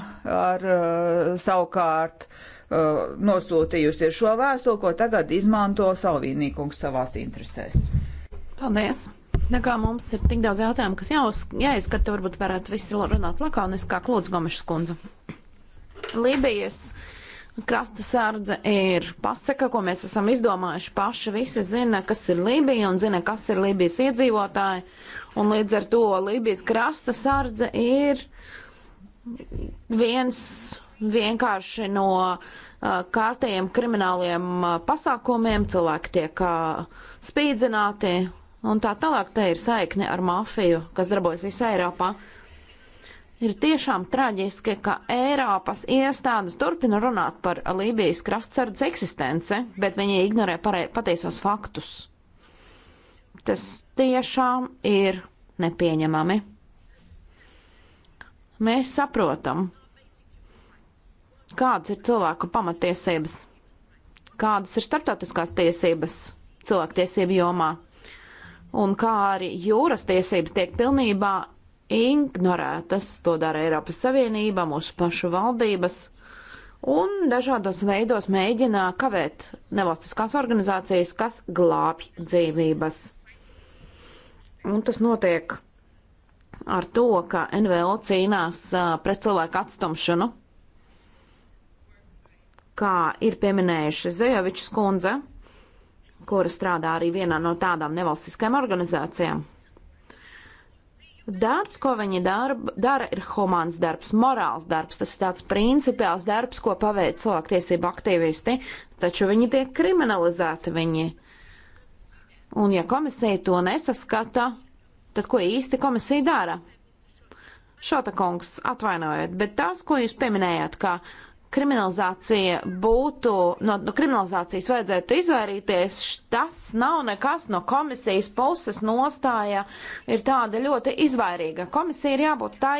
ar uh, savukārt uh, nosūtījusi šo vēstuli, ko tagad izmanto Salvīnīkungs savās interesēs. Paldies! Tā kā mums ir tik daudz jautājumu, kas jāuz, jāizskata, varbūt varētu visi runāt lakoniski, kā Lūdzu Gomešas kundze. Libijas krasta sārdze ir pasaka, ko mēs esam izdomājuši paši. Visi zina, kas ir Libija un zina, kas ir Libijas iedzīvotāji. Un līdz ar to Libijas krasta sārdze ir uh, viens vienkārši no uh, kārtējiem krimināliem uh, pasākumiem, cilvēki tiek uh, spīdzināti un tā tālāk. Te ir saikne ar mafiju, kas darbojas visā Eiropā. Ir tiešām traģiski, ka Eiropas iestādes turpina runāt par Lībijas krastsardzes eksistenci, bet viņi ignorē patiesos faktus. Tas tiešām ir nepieņemami mēs saprotam, kādas ir cilvēku pamatiesības, kādas ir starptautiskās tiesības cilvēktiesību jomā, un kā arī jūras tiesības tiek pilnībā ignorētas. To dara Eiropas Savienība, mūsu pašu valdības, un dažādos veidos mēģina kavēt nevalstiskās organizācijas, kas glābj dzīvības. Un tas notiek ar to, ka NVO cīnās pret cilvēku atstumšanu, kā ir pieminējuši Zejovičs kundze, kura strādā arī vienā no tādām nevalstiskajām organizācijām. Darbs, ko viņi darba, dara, ir humāns darbs, morāls darbs. Tas ir tāds principiāls darbs, ko paveic cilvēktiesību aktīvisti, taču viņi tiek kriminalizēti. Viņi. Un ja komisija to nesaskata, Tad ko īsti komisija dara? Šota kungs, atvainojiet, bet tas, ko jūs pieminējāt, ka kriminalizācija būtu, no, no kriminalizācijas vajadzētu izvairīties, tas nav nekas no komisijas puses nostāja, ir tāda ļoti izvairīga. Komisija ir jābūt tai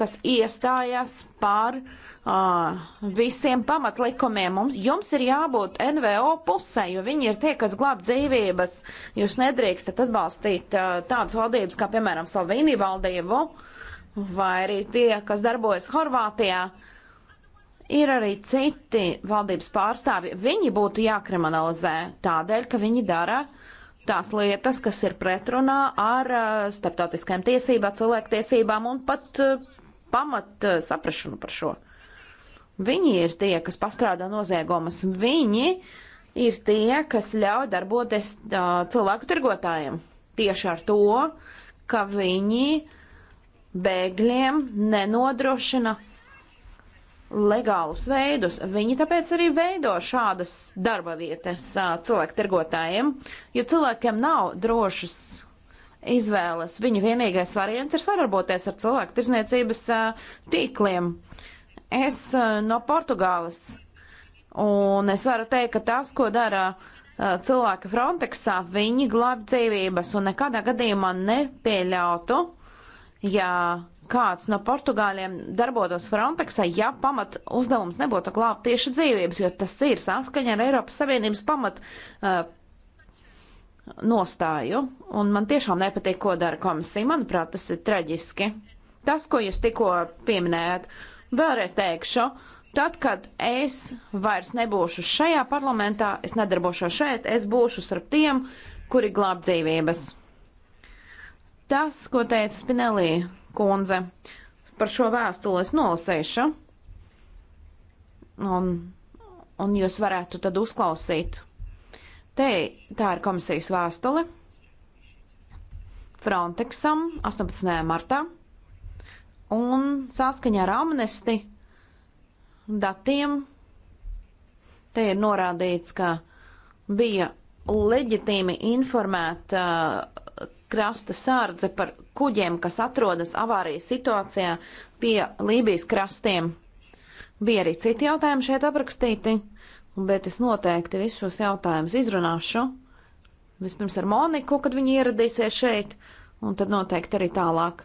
kas iestājās par uh, visiem pamatlikumiem. Mums, jums ir jābūt NVO pusē, jo viņi ir tie, kas glāb dzīvības. Jūs nedrīkstat atbalstīt uh, tādas valdības kā, piemēram, Salvīni valdību vai arī tie, kas darbojas Horvātijā. Ir arī citi valdības pārstāvi. Viņi būtu jākriminalizē tādēļ, ka viņi dara uh, tās lietas, kas ir pretrunā ar uh, starptautiskajām tiesībām, cilvēktiesībām un pat uh, pamat eh, saprašanu par šo. Viņi ir tie, kas pastrādā noziegumus. Viņi ir tie, kas ļauj darboties uh, cilvēku tirgotājiem. Tieši ar to, ka viņi bēgļiem nenodrošina legālus veidus. Viņi tāpēc arī veido šādas darba vietas eh, cilvēku tirgotājiem, jo cilvēkiem nav drošas izvēles. Viņu vienīgais variants ir sadarboties ar cilvēku tirzniecības tīkliem. Es no Portugāles, un es varu teikt, ka tas, ko dara cilvēki Frontexā, viņi glāb dzīvības un nekādā gadījumā nepieļautu, ja kāds no portugāļiem darbotos Frontexā, ja pamat uzdevums nebūtu glābt tieši dzīvības, jo tas ir saskaņa ar Eiropas Savienības pamat uh, nostāju, un man tiešām nepatīk, ko dara komisija. Manuprāt, tas ir traģiski. Tas, ko jūs tikko pieminējāt, vēlreiz teikšu, tad, kad es vairs nebūšu šajā parlamentā, es nedarbošos šeit, es būšu starp tiem, kuri glāb dzīvības. Tas, ko teica Spinelī kundze, par šo vēstuli es nolasīšu, un, un jūs varētu tad uzklausīt Te, tā ir komisijas vēstule Frontexam 18. martā. Un saskaņā ar amnesti datiem te ir norādīts, ka bija leģitīmi informēt uh, krasta sārdze par kuģiem, kas atrodas avārijas situācijā pie Lībijas krastiem. Bija arī citi jautājumi šeit aprakstīti. Uh, bet es noteikti visus šos jautājumus izrunāšu. Vispirms ar Moniku, kad viņa ieradīsies šeit, un tad noteikti arī tālāk.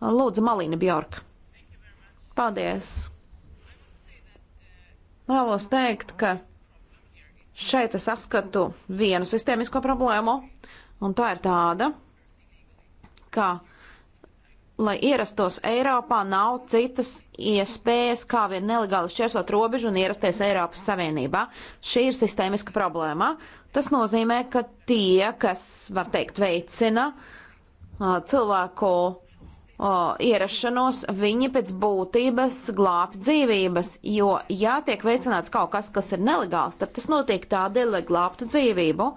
Lūdzu, Malīna Bjork. Paldies! Vēlos teikt, ka šeit es apskatu vienu sistēmisko problēmu, un tā ir tāda, ka lai ierastos Eiropā, nav citas iespējas, kā vien nelegāli šķērsot robežu un ierasties Eiropas Savienībā. Šī ir sistēmiska problēma. Tas nozīmē, ka tie, kas, var teikt, veicina cilvēku ierašanos, viņi pēc būtības glābj dzīvības, jo, ja tiek veicināts kaut kas, kas ir nelegāls, tad tas notiek tādēļ, lai glābtu dzīvību.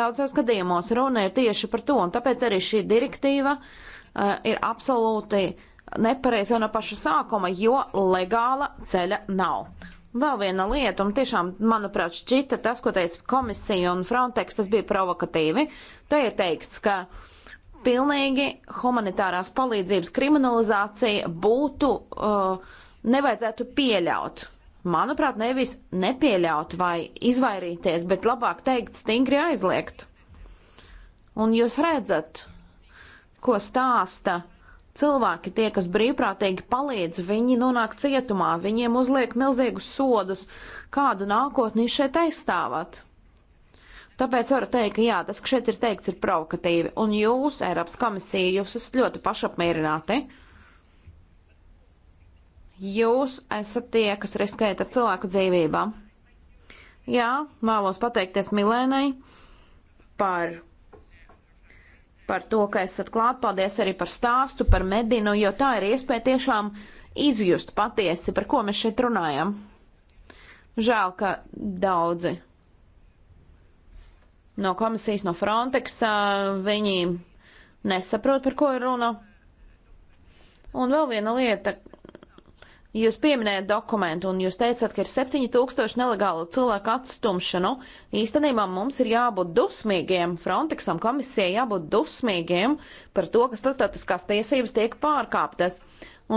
Daudzos gadījumos runa ir tieši par to, un tāpēc arī šī direktīva uh, Eh, ir absolūti nepareiza no paša sākuma, jo legāla ceļa nav. Vēl viena lieta, un tiešām, manuprāt, šķita tas, ko teica komisija un Frontex, tas bija provokatīvi. Te ir teikts, ka pilnīgi humanitārās palīdzības kriminalizācija būtu, uh, nevajadzētu pieļaut. Manuprāt, nevis nepieļaut vai izvairīties, bet labāk teikt stingri aizliegt. Un jūs redzat, ko stāsta cilvēki, tie, kas brīvprātīgi palīdz, viņi nonāk cietumā, viņiem uzliek milzīgus sodus, kādu nākotni šeit aizstāvat. Tāpēc varu teikt, ka jā, tas, kas šeit ir teikts, ir provokatīvi, un jūs, Eiropas komisija, jūs esat ļoti pašapmierināti. Jūs esat tie, kas riskējat ar cilvēku dzīvībām. Jā, vēlos pateikties Milēnai par par to, ka esat klāt. Paldies arī par stāstu, par medinu, jo tā ir iespēja tiešām izjust patiesi, par ko mēs šeit runājam. Žēl, ka daudzi no komisijas, no Frontex, viņi nesaprot, par ko ir runa. Un vēl viena lieta, Jūs pieminējat dokumentu un jūs teicat, ka ir 7000 nelegālu cilvēku atstumšanu. Īstenībā mums ir jābūt dusmīgiem, Frontexam komisijai jābūt dusmīgiem par to, ka starptautiskās tiesības tiek pārkāptas.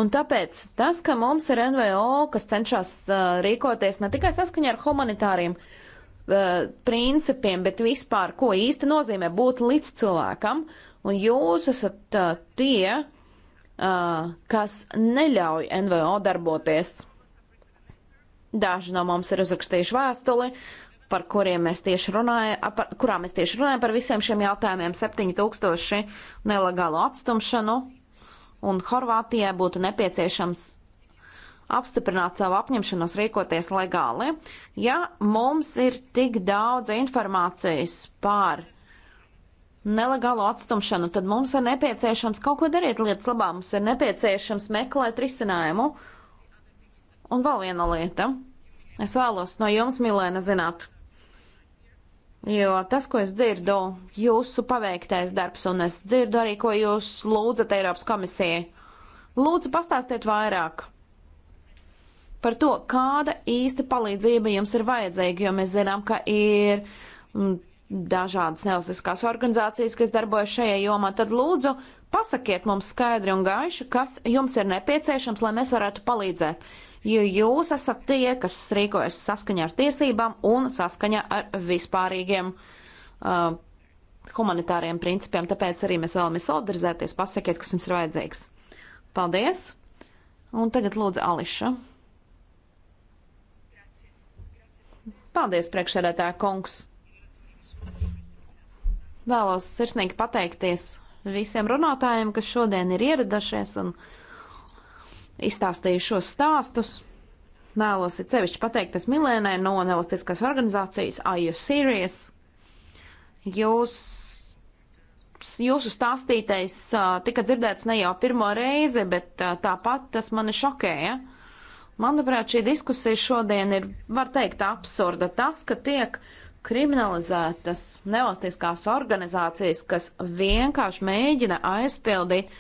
Un tāpēc tas, ka mums ir NVO, kas cenšas uh, rīkoties ne tikai saskaņā ar humanitāriem uh, principiem, bet vispār, ko īsti nozīmē būt līdz cilvēkam, un jūs esat uh, tie, kas neļauj NVO darboties. Daži no mums ir uzrakstījuši vēstuli, par kuriem mēs tieši runājam, par, kurā mēs tieši runājam par visiem šiem jautājumiem. 7000 nelegālu atstumšanu un Horvātijai būtu nepieciešams apstiprināt savu apņemšanos rīkoties legāli. Ja mums ir tik daudz informācijas par nelegālo atstumšanu, tad mums ir nepieciešams kaut ko darīt lietas labā, mums ir nepieciešams meklēt risinājumu. Un vēl viena lieta. Es vēlos no jums, Milēna, zināt, jo tas, ko es dzirdu, jūsu paveiktais darbs, un es dzirdu arī, ko jūs lūdzat Eiropas komisijai. Lūdzu, pastāstiet vairāk par to, kāda īsta palīdzība jums ir vajadzīga, jo mēs zinām, ka ir mm, dažādas nevalstiskās organizācijas, kas darbojas šajā jomā, tad lūdzu pasakiet mums skaidri un gaiši, kas jums ir nepieciešams, lai mēs varētu palīdzēt. Jo jūs esat tie, kas rīkojas saskaņā ar tiesībām un saskaņā ar vispārīgiem uh, humanitāriem principiem, tāpēc arī mēs vēlamies solidarizēties. Pasakiet, kas jums ir vajadzīgs. Paldies! Un tagad lūdzu Ališa. Paldies, priekšsēdētāja kungs! Vēlos sirsnīgi pateikties visiem runātājiem, kas šodien ir ieradušies un izstāstīju šos stāstus. Vēlos ir sevišķi pateikties Milēnai no nevalstiskās organizācijas Are You Serious? Jūs, jūsu stāstītais tika dzirdēts ne jau pirmo reizi, bet tāpat tas mani šokēja. Manuprāt, šī diskusija šodien ir, var teikt, absurda. Tas, ka tiek uh, kriminalizētas nevalstiskās organizācijas, kas vienkārši mēģina aizpildīt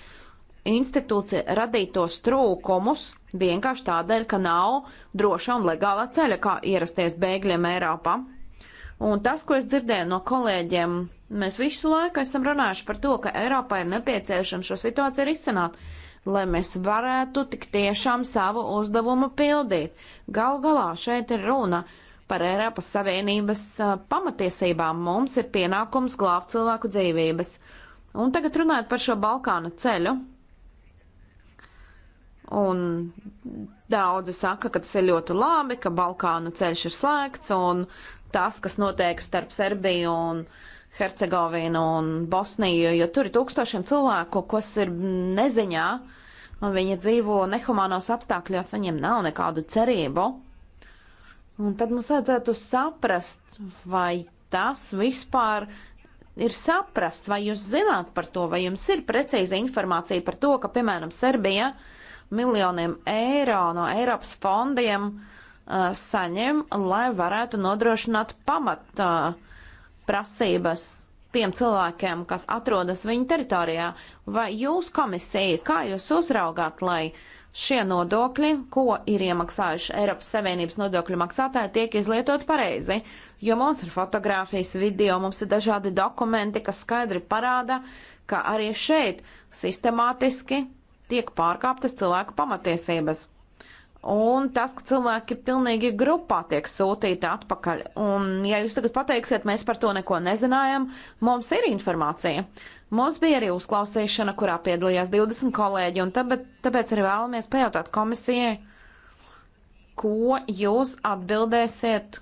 institūcija radītos trūkumus vienkārši tādēļ, ka nav droša un legālā ceļa, kā ierasties bēgļiem Eiropā. Un tas, ko es dzirdēju no kolēģiem, mēs visu laiku esam runājuši par to, ka Eiropā ir nepieciešams šo situāciju risināt, lai mēs varētu tik tiešām savu uzdevumu pildīt. Gal galā šeit ir runa par par Eiropas Savienības pamatiesībām. Mums ir pienākums glābt cilvēku dzīvības. Un tagad runājot par šo Balkānu ceļu. Un daudzi saka, ka tas ir ļoti labi, ka Balkānu ceļš ir slēgts un tas, kas notiek starp Serbiju un Hercegovinu un Bosniju, jo tur ir tūkstošiem cilvēku, kas ir neziņā, un viņi dzīvo nehumānos apstākļos, viņiem nav nekādu cerību. Un tad mums vajadzētu saprast, vai tas vispār ir saprast, vai jūs zināt par to, vai jums ir precīza informācija par to, ka, piemēram, Serbija miljoniem eiro no Eiropas fondiem uh, saņem, lai varētu nodrošināt pamat uh, prasības tiem cilvēkiem, kas atrodas viņu teritorijā. Vai jūs komisija, kā jūs uzraugāt, lai uh, šie nodokļi, ko ir iemaksājuši Eiropas Savienības nodokļu maksātāji, tiek izlietot pareizi, jo mums ir fotografijas, video, mums ir dažādi dokumenti, kas skaidri parāda, ka arī šeit sistemātiski tiek pārkāptas cilvēku pamatiesības. Un tas, ka cilvēki pilnīgi grupā tiek sūtīti atpakaļ. Un, ja jūs tagad pateiksiet, mēs par to neko nezinājām, mums ir informācija. Mums bija arī uzklausīšana, kurā piedalījās 20 kolēģi, un tāpēc, tāpēc arī vēlamies pajautāt komisijai, ko jūs atbildēsiet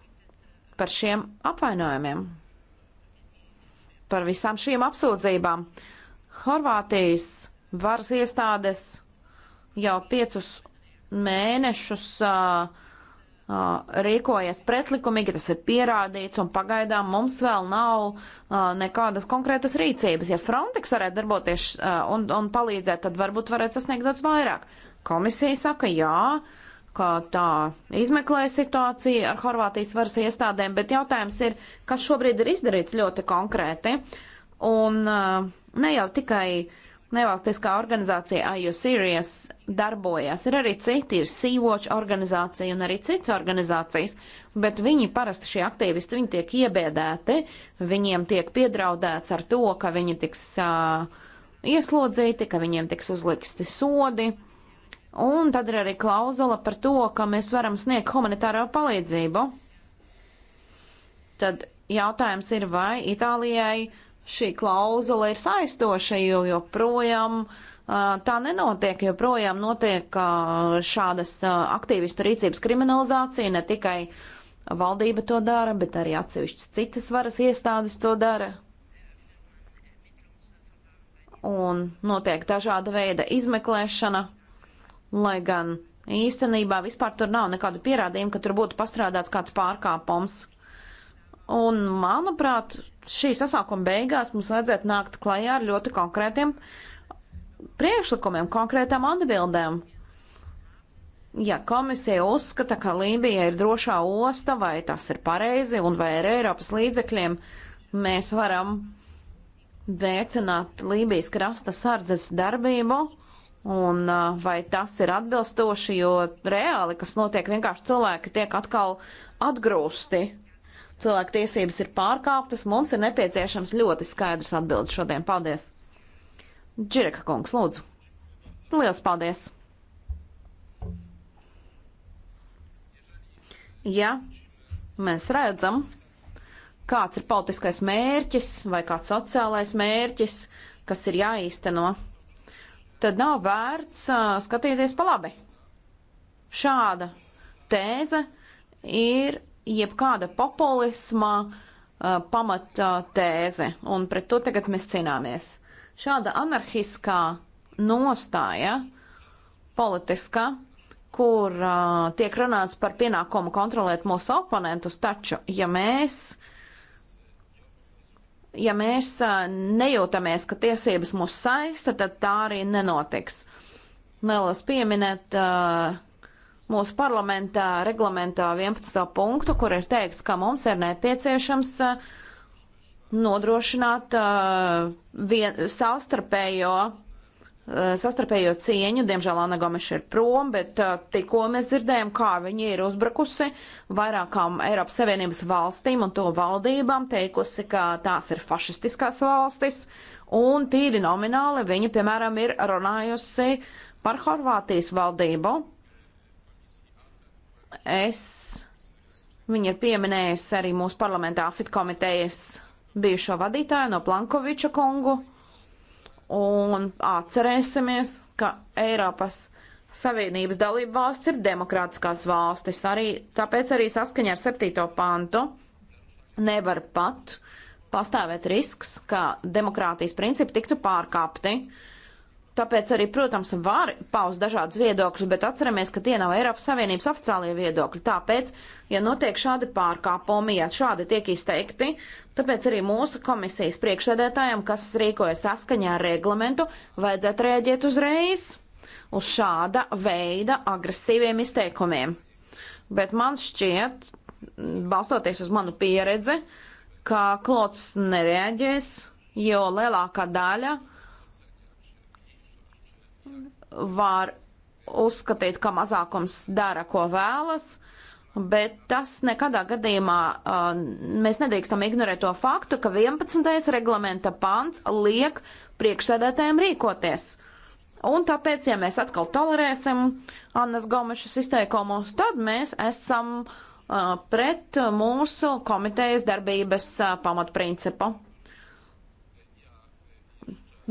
par šiem apvainojumiem, par visām šīm apsūdzībām. Horvātijas varas iestādes jau piecus mēnešus uh, rīkojas pretlikumīgi, tas ir pierādīts, un pagaidām mums vēl nav uh, nekādas konkrētas rīcības. Ja Frontex varētu darboties uh, un, un palīdzēt, tad varbūt varētu sasniegt daudz vairāk. Komisija saka, jā, ka tā izmeklē situāciju ar Horvātijas varas iestādēm, bet jautājums ir, kas šobrīd ir izdarīts ļoti konkrēti. Un uh, ne jau tikai uh, nevalstiskā organizācija IU Sirius darbojas. Ir arī citi, ir Sīvoča organizācija un arī citas organizācijas, bet viņi parasti šie aktīvisti, viņi tiek iebēdēti, viņiem tiek piedraudēts ar to, ka viņi tiks uh, ieslodzīti, ka viņiem tiks uzliksti sodi. Un tad ir arī klauzula par to, ka mēs varam sniegt humanitāro palīdzību. Tad jautājums ir, vai Itālijai šī klauzula ir saistoša, jo joprojām tā nenotiek, joprojām notiek šādas aktīvistu rīcības kriminalizācija, ne tikai valdība to dara, bet arī atsevišķas citas varas iestādes to dara. Un notiek dažāda veida izmeklēšana, lai gan īstenībā vispār tur nav nekādu pierādījumu, ka tur būtu pastrādāts kāds pārkāpums. Un, manuprāt, šī sasākuma beigās mums vajadzētu nākt klajā ar ļoti konkrētiem priekšlikumiem, konkrētām atbildēm. Ja komisija uzskata, ka Lībija ir drošā osta, vai tas ir pareizi, un vai ar Eiropas līdzekļiem mēs varam veicināt Lībijas krasta sardzes darbību, un vai tas ir atbilstoši, jo reāli, kas notiek, vienkārši cilvēki tiek atkal atgrūsti cilvēku tiesības ir pārkāptas, mums ir nepieciešams ļoti skaidrs atbildes šodien. Paldies! Džireka kungs, lūdzu! Lielas paldies! Ja mēs redzam, kāds ir politiskais mērķis vai kāds sociālais mērķis, kas ir jāīsteno, tad nav vērts uh, skatīties pa labi. Šāda tēze ir jebkāda populisma uh, pamata tēze, un pret to tagad mēs cīnāmies. Šāda anarhiskā nostāja, politiskā, kur uh, tiek runāts par pienākumu kontrolēt mūsu oponentus, taču, ja mēs, ja mēs uh, nejūtamies, ka tiesības mūs saista, tad tā arī nenotiks. Vēlos pieminēt uh, mūsu parlamentā reglamentā 11. punktu, kur ir teikts, ka mums ir nepieciešams uh, nodrošināt uh, vien, savstarpējo, uh, savstarpējo cieņu. Diemžēl Anna Gomeša ir prom, bet uh, tikko mēs dzirdējām, kā viņa ir uzbrukusi vairākām Eiropas Savienības valstīm un to valdībām, teikusi, ka tās ir fašistiskās valstis, un tīri nomināli viņa, piemēram, ir runājusi par Horvātijas valdību Es viņu ir pieminējusi arī mūsu parlamentā AFIT komitejas bijušo vadītāju no Plankoviča kungu. Un atcerēsimies, ka Eiropas Savienības dalība valsts ir demokrātiskās valstis, arī, tāpēc arī saskaņā ar 7. pantu nevar pat pastāvēt risks, ka demokrātijas principi tiktu pārkāpti. Uh, Tāpēc arī, protams, var paust dažādus viedokļus, bet atceramies, ka tie nav Eiropas Savienības oficiālie viedokļi. Tāpēc, ja notiek šādi pārkāpumi, ja šādi tiek izteikti, tāpēc arī mūsu komisijas priekšsēdētājiem, kas rīkojas saskaņā ar reglamentu, vajadzētu rēģēt uzreiz uz šāda veida agresīviem izteikumiem. Bet man šķiet, balstoties uz manu pieredzi, ka klots nereaģēs, jo lielākā daļa var uzskatīt, ka mazākums dara, ko vēlas, bet tas nekadā gadījumā uh, mēs nedrīkstam ignorēt to faktu, ka 11. reglamenta pants liek priekšsēdētājiem rīkoties. Un tāpēc, ja mēs atkal tolerēsim Annas Gomešas izteikumus, tad mēs esam uh, pret mūsu komitejas darbības uh, pamatprincipu.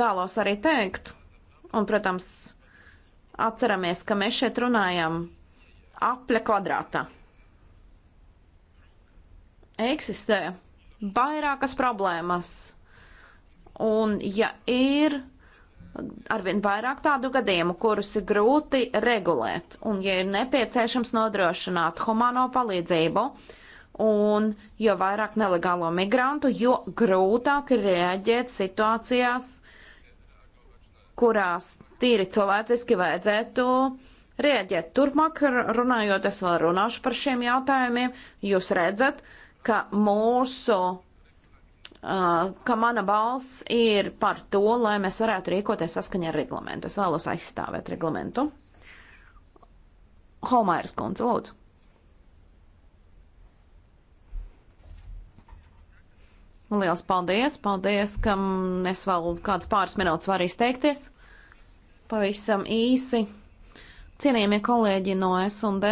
Vēlos arī teikt, un, protams, Atceramies, ka mēs šeit runājam aple kvadrātā. Eksistē vairākas problēmas, un ja ir arvien vairāk tādu gadījumu, kurus ir grūti regulēt, un ja ir nepieciešams nodrošināt humano palīdzību, un jo vairāk nelegālo migrantu, jo grūtāk ir rēģēt situācijās, kurās tīri cilvēciski vajadzētu rieģēt. Turpmāk runājot, es vēl runāšu par šiem jautājumiem. Jūs redzat, ka mūsu, uh, ka mana balss ir par to, lai mēs varētu rīkoties saskaņā ar reglamentu. Es vēlos aizstāvēt reglamentu. Holmairas kundze, lūdzu. Liels paldies! Paldies, ka es vēl kāds pāris minūtes varu izteikties. Pavisam īsi. Cienījamie kolēģi no S&D,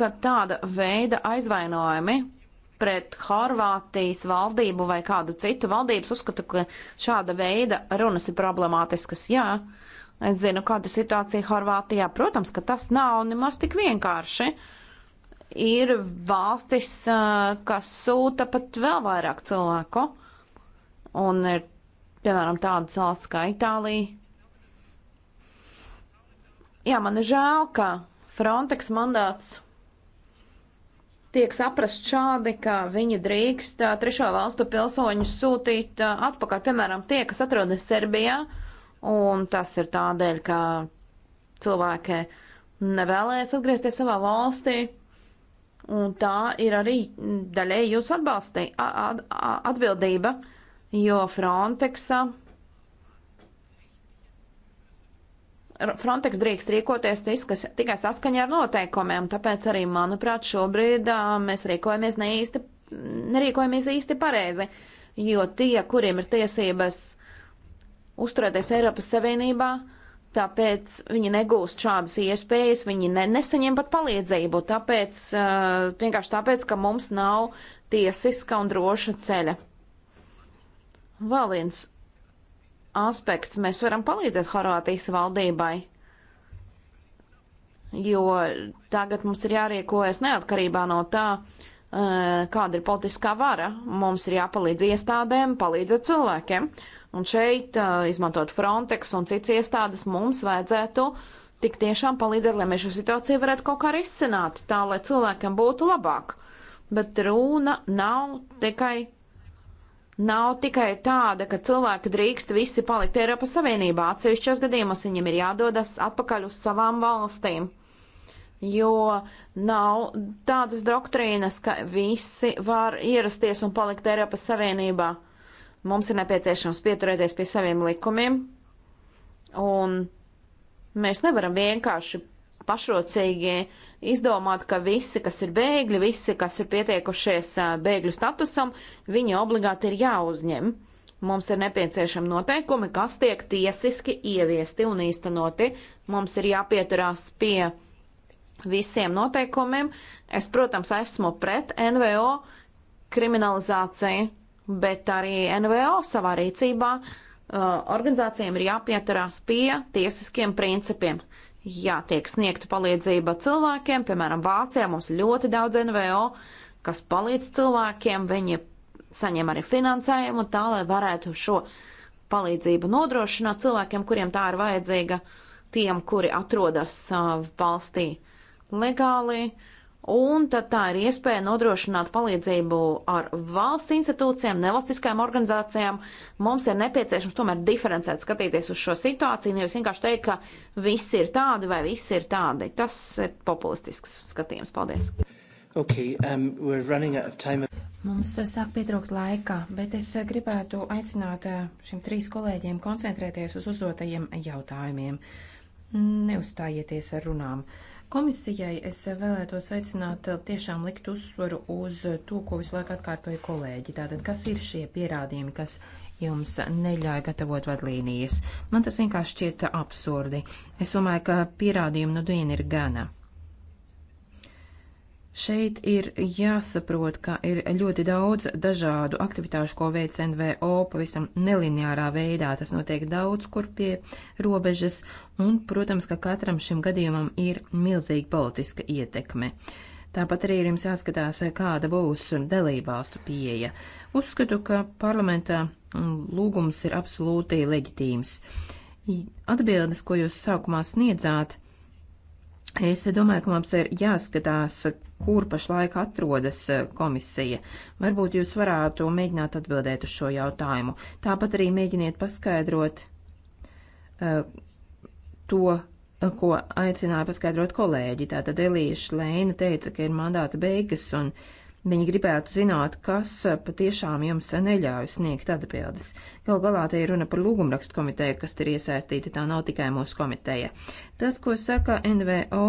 ka tāda veida aizvainojumi pret Horvātijas valdību vai kādu citu valdības uzskatu, ka šāda veida runas ir problemātiskas, jā. Es zinu, kāda ir situācija Horvātijā. Protams, ka tas nav nemaz tik vienkārši. Ir valstis, eh, kas sūta pat vēl vairāk cilvēku, un ir piemēram, tādas valsts kā Itālija. Jā, man ir žēl, ka Frontex mandāts tiek saprast šādi, ka viņi drīkst trešo valstu pilsoņus sūtīt atpakaļ, piemēram, tie, kas atrodas Serbijā, un tas ir tādēļ, ka cilvēki nevēlējas atgriezties savā valstī, un tā ir arī daļēji jūsu atbalstī, atbildība jo Frontexa. Frontex drīkst rīkoties tiskas, tikai saskaņā ar noteikumiem, tāpēc arī, manuprāt, šobrīd mēs rīkojamies ne īsti, nerīkojamies īsti pareizi, jo tie, kuriem ir tiesības uzturēties Eiropas Savienībā, tāpēc viņi negūst šādas iespējas, viņi ne, nesaņem pat palīdzību, tāpēc, uh, vienkārši tāpēc, ka mums nav tiesiska un droša ceļa. Vēl viens aspekts. Mēs varam palīdzēt Horvātijas valdībai, jo tagad mums ir jārīkojas neatkarībā no tā, eh, kāda ir politiskā vara. Mums ir jāpalīdz iestādēm, palīdzēt cilvēkiem. Un šeit, eh, izmantot Frontex un citas iestādes, mums vajadzētu tik tiešām palīdzēt, lai mēs šo situāciju varētu kaut kā risināt, tā lai cilvēkiem būtu labāk. Bet runa nav tikai nav tikai tāda, ka cilvēki drīkst visi palikt Eiropas Savienībā. Atsevišķos gadījumos viņiem ir jādodas atpakaļ uz savām valstīm, jo nav tādas doktrīnas, ka visi var ierasties un palikt Eiropas Savienībā. Mums ir nepieciešams pieturēties pie saviem likumiem, un mēs nevaram vienkārši pašrocīgi izdomāt, ka visi, kas ir bēgļi, visi, kas ir pieteikušies bēgļu statusam, viņi obligāti ir jāuzņem. Mums ir nepieciešami noteikumi, kas tiek tiesiski ieviesti un īstenoti. Mums ir jāpieturās pie visiem noteikumiem. Es, protams, esmu pret NVO kriminalizāciju, bet arī NVO savā rīcībā uh, organizācijām ir jāpieturās pie tiesiskiem principiem. Jā, tiek sniegta palīdzība cilvēkiem, piemēram, Vācijā mums ļoti daudz NVO, kas palīdz cilvēkiem, viņi saņem arī finansējumu tā, lai varētu šo palīdzību nodrošināt cilvēkiem, kuriem tā ir vajadzīga, tiem, kuri atrodas uh, valstī legāli. Uh, un tad tā ir iespēja nodrošināt palīdzību ar valsts institūcijām, nevalstiskajām organizācijām. Mums ir nepieciešams tomēr diferencēt skatīties uz šo situāciju, nevis vienkārši teikt, ka visi ir tādi vai visi ir tādi. Tas ir populistisks skatījums. Paldies! Okay, um, time... Mums uh, sāk pietrūkt laika, bet es uh, gribētu aicināt uh, šiem trīs kolēģiem koncentrēties uz uzdotajiem jautājumiem. Neuzstājieties ar runām. Uh, Komisijai es vēlētos aicināt eh, tiešām likt uzsvaru uz to, ko visu laiku atkārtoja kolēģi. Tātad, kas ir šie pierādījumi, kas jums neļauj gatavot vadlīnijas? Man tas vienkārši šķiet absurdi. Es domāju, ka pierādījumu nu dienu ir gana. Šeit ir jāsaprot, ka ir ļoti daudz dažādu aktivitāšu, ko veic NVO pavisam nelineārā veidā. Tas notiek daudz kur pie robežas, un, protams, ka katram šim gadījumam ir milzīga politiska ietekme. Tāpat arī ir jums jāskatās, kāda būs dalībvalstu pieeja. Uzskatu, ka parlamentā mm, lūgums ir absolūti leģitīms. Atbildes, ko jūs sākumā sniedzāt, Es domāju, ka mums ir jāskatās, kur pašlaik atrodas eh, komisija. Varbūt jūs varētu mēģināt atbildēt uz šo jautājumu. Tāpat arī mēģiniet paskaidrot uh, to, eh, ko aicināja paskaidrot kolēģi. Tātad Elīša Lēna teica, ka ir mandāta beigas un uh, Viņi gribētu zināt, kas eh, patiešām jums neļauj sniegt atbildes. Gal galā te ir runa par lūgumrakstu komiteju, kas ir iesaistīta, tā nav tikai mūsu komiteja. Tas, ko saka NVO,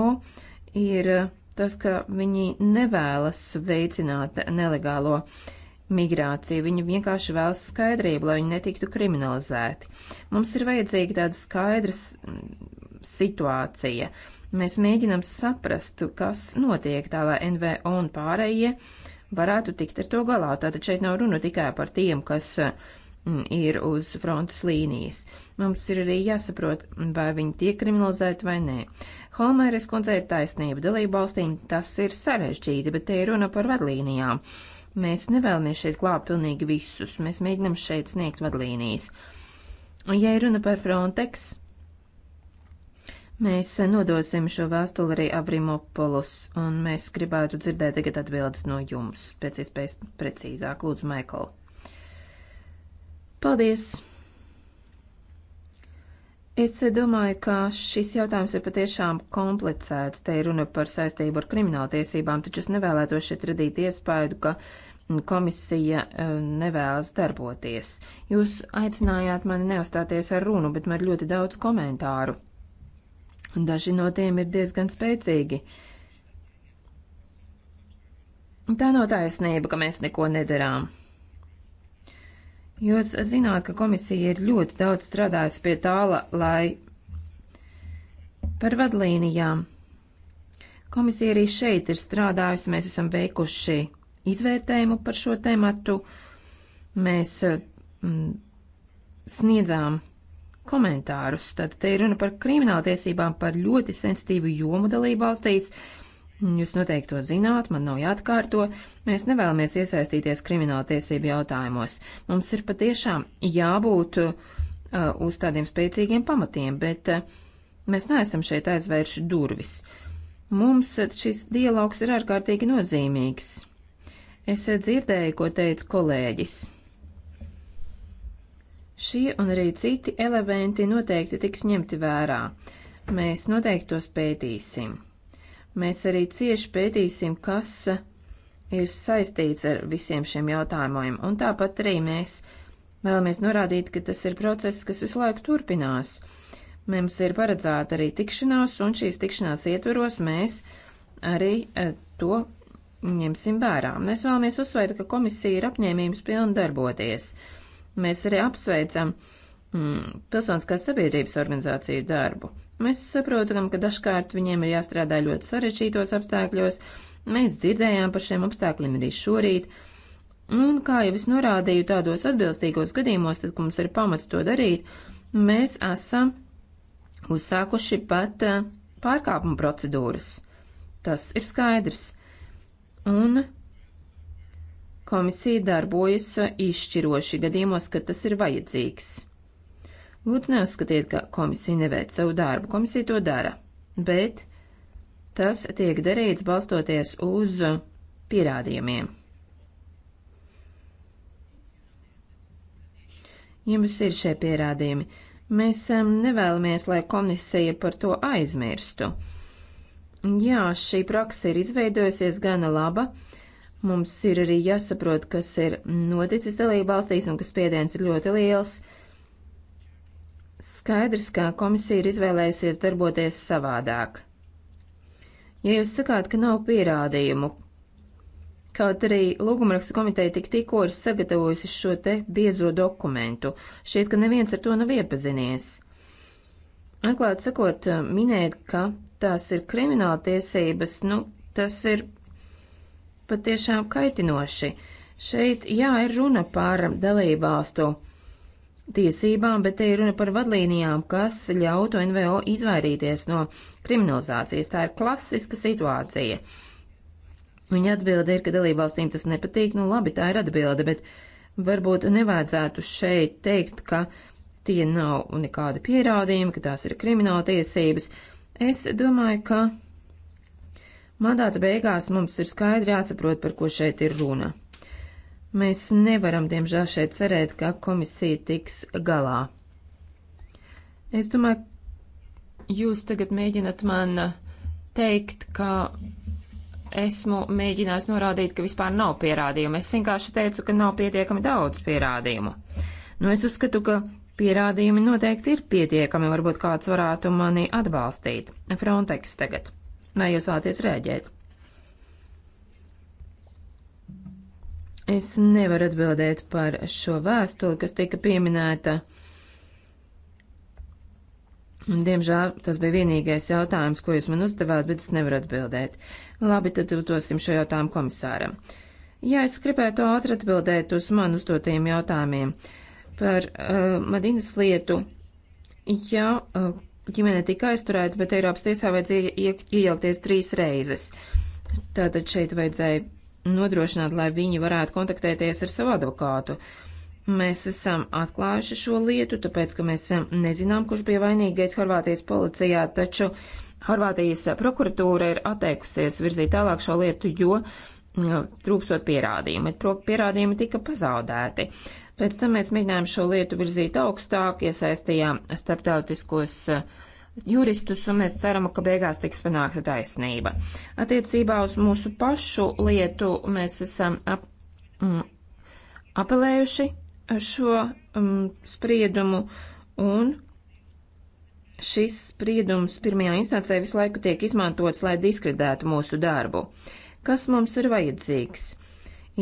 ir eh, tas, ka viņi nevēlas veicināt nelegālo migrāciju, viņi vienkārši vēlas skaidrību, lai viņi netiktu kriminalizēti. Mums ir vajadzīga tāda skaidra situācija. Mēs mēģinām saprast, kas notiek tā, lai NVO un pārējie uh, varētu tikt ar to galā. Tātad šeit nav runa tikai par tiem, kas mm, ir uz frontes līnijas. Mums ir arī jāsaprot, vai viņi tiek kriminalizēti vai nē. Holmēras kundze ir taisnība. Dalību valstīm tas ir sarežģīti, bet te ir runa par vadlīnijām. Mēs nevēlamies šeit glābt pilnīgi visus. Mēs mēģinam šeit sniegt vadlīnijas. Ja ir runa par Frontex, Mēs nodosim šo vēstuli arī Abrimopolus, un mēs gribētu dzirdēt tagad atbildes no jums, pēc iespējas precīzāk, lūdzu, Maikl. Paldies! Es domāju, ka šis jautājums ir patiešām komplicēts. Te ir runa par saistību ar krimināltiesībām, taču es nevēlētos šeit radīt iespēju, ka komisija e, nevēlas darboties. Jūs aicinājāt mani neuzstāties ar runu, bet man ir ļoti daudz komentāru un daži no tiem ir diezgan spēcīgi. Tā nav taisnība, ka mēs neko nedarām. Jūs zināt, ka komisija ir ļoti daudz strādājusi pie tā, lai par vadlīnijām. Komisija arī šeit ir strādājusi, mēs esam veikuši izvērtējumu par šo tematu, mēs mm, sniedzām komentārus. Tad te ir runa par krimināltiesībām, par ļoti sensitīvu jomu dalībvalstīs. Jūs noteikti to zināt, man nav jāatkārto. Mēs nevēlamies iesaistīties krimināltiesību jautājumos. Mums ir patiešām jābūt uh, uz tādiem spēcīgiem pamatiem, bet uh, mēs neesam šeit aizvērši durvis. Mums šis dialogs ir ārkārtīgi nozīmīgs. Es dzirdēju, ko teica kolēģis. Šie un arī citi elementi noteikti tiks ņemti vērā. Mēs noteikti tos pētīsim. Mēs arī cieši pētīsim, kas ir saistīts ar visiem šiem jautājumiem, un tāpat arī mēs vēlamies norādīt, ka tas ir process, kas visu laiku turpinās. Mums ir paredzēta arī tikšanās, un šīs tikšanās ietvaros mēs arī e, to ņemsim vērā. Mēs vēlamies uzsvērt, ka komisija ir apņēmības pilna darboties. Mēs arī apsveicam mm, pilsoniskās sabiedrības organizāciju darbu. Mēs saprotam, ka dažkārt viņiem ir jāstrādā ļoti sarežģītos apstākļos. Mēs dzirdējām par šiem apstākļiem arī šorīt. Nu, un, kā jau es norādīju, tādos atbilstīgos gadījumos, tad, kad mums ir pamats to darīt, mēs esam uzsākuši pat eh, pārkāpuma procedūras. Tas ir skaidrs. Un Komisija darbojas uh, izšķiroši gadījumos, kad tas ir vajadzīgs. Lūdzu, neuzskatiet, ka komisija neveic savu darbu. Komisija to dara. Bet tas tiek darīts balstoties uz uh, pierādījumiem. Jums ir šie pierādījumi. Mēs um, nevēlamies, lai komisija par to aizmirstu. Jā, šī praksa ir izveidojusies gana laba, Mums ir arī jāsaprot, kas ir noticis dalību valstīs un ka spiediens ir ļoti liels. Skaidrs, ka komisija ir izvēlējusies darboties savādāk. Ja jūs sakāt, ka nav pierādījumu, Kaut arī lūgumrakstu komiteja tik tikko ir sagatavojusi šo te biezo dokumentu, šķiet, ka neviens ar to nav iepazinies. Atklāt sakot, minēt, ka tās ir krimināla tiesības, nu, tas ir patiešām kaitinoši. Šeit, jā, ir runa par dalībvalstu tiesībām, bet te ir runa par vadlīnijām, kas ļautu NVO izvairīties no kriminalizācijas. Tā ir klasiska situācija. Viņa atbilde ir, ka dalībvalstīm tas nepatīk, nu labi, tā ir atbilde, bet varbūt nevajadzētu šeit teikt, ka tie nav nekādi pierādījumi, ka tās ir krimināltiesības. Es domāju, ka Mandāta beigās mums ir skaidri jāsaprot, par ko šeit ir runa. Mēs nevaram, diemžēl, šeit cerēt, ka komisija tiks galā. Es domāju, jūs tagad mēģināt man uh, teikt, ka esmu mēģinājis norādīt, ka vispār nav pierādījumu. Es vienkārši teicu, ka nav pietiekami daudz pierādījumu. Nu, es uzskatu, ka pierādījumi noteikti ir pietiekami, varbūt kāds varētu mani atbalstīt. Frontex tagad. Vai jūs vēlaties rēģēt? Es nevaru atbildēt par šo vēstuli, kas tika pieminēta. Diemžēl tas bija vienīgais jautājums, ko jūs man uzdevāt, bet es nevaru atbildēt. Labi, tad dosim šo jautājumu komisāram. Jā, es gribētu ātri atbildēt uz man uzdotajiem jautājumiem par uh, Madinas lietu. Jā, uh, ģimene tika aizturēta, bet Eiropas tiesā vajadzēja iejaukties trīs reizes. Tātad šeit vajadzēja nodrošināt, lai viņi varētu kontaktēties ar savu advokātu. Mēs esam atklājuši šo lietu, tāpēc, ka mēs um, nezinām, kurš bija vainīgais Horvātijas policijā, taču Horvātijas prokuratūra ir atteikusies virzīt tālāk šo lietu, jo uh, trūkstot pierādījumi. Pierādījumi tika pazaudēti. Pēc tam mēs mēģinājām šo lietu virzīt augstāk, iesaistījām starptautiskos eh, juristus, un mēs ceram, ka beigās tiks panākta taisnība. Attiecībā uz mūsu pašu lietu mēs esam ap, mm, apelējuši šo mm, spriedumu, un šis spriedums pirmajā instancē visu laiku tiek izmantots, lai diskredētu mūsu darbu. Kas mums ir vajadzīgs?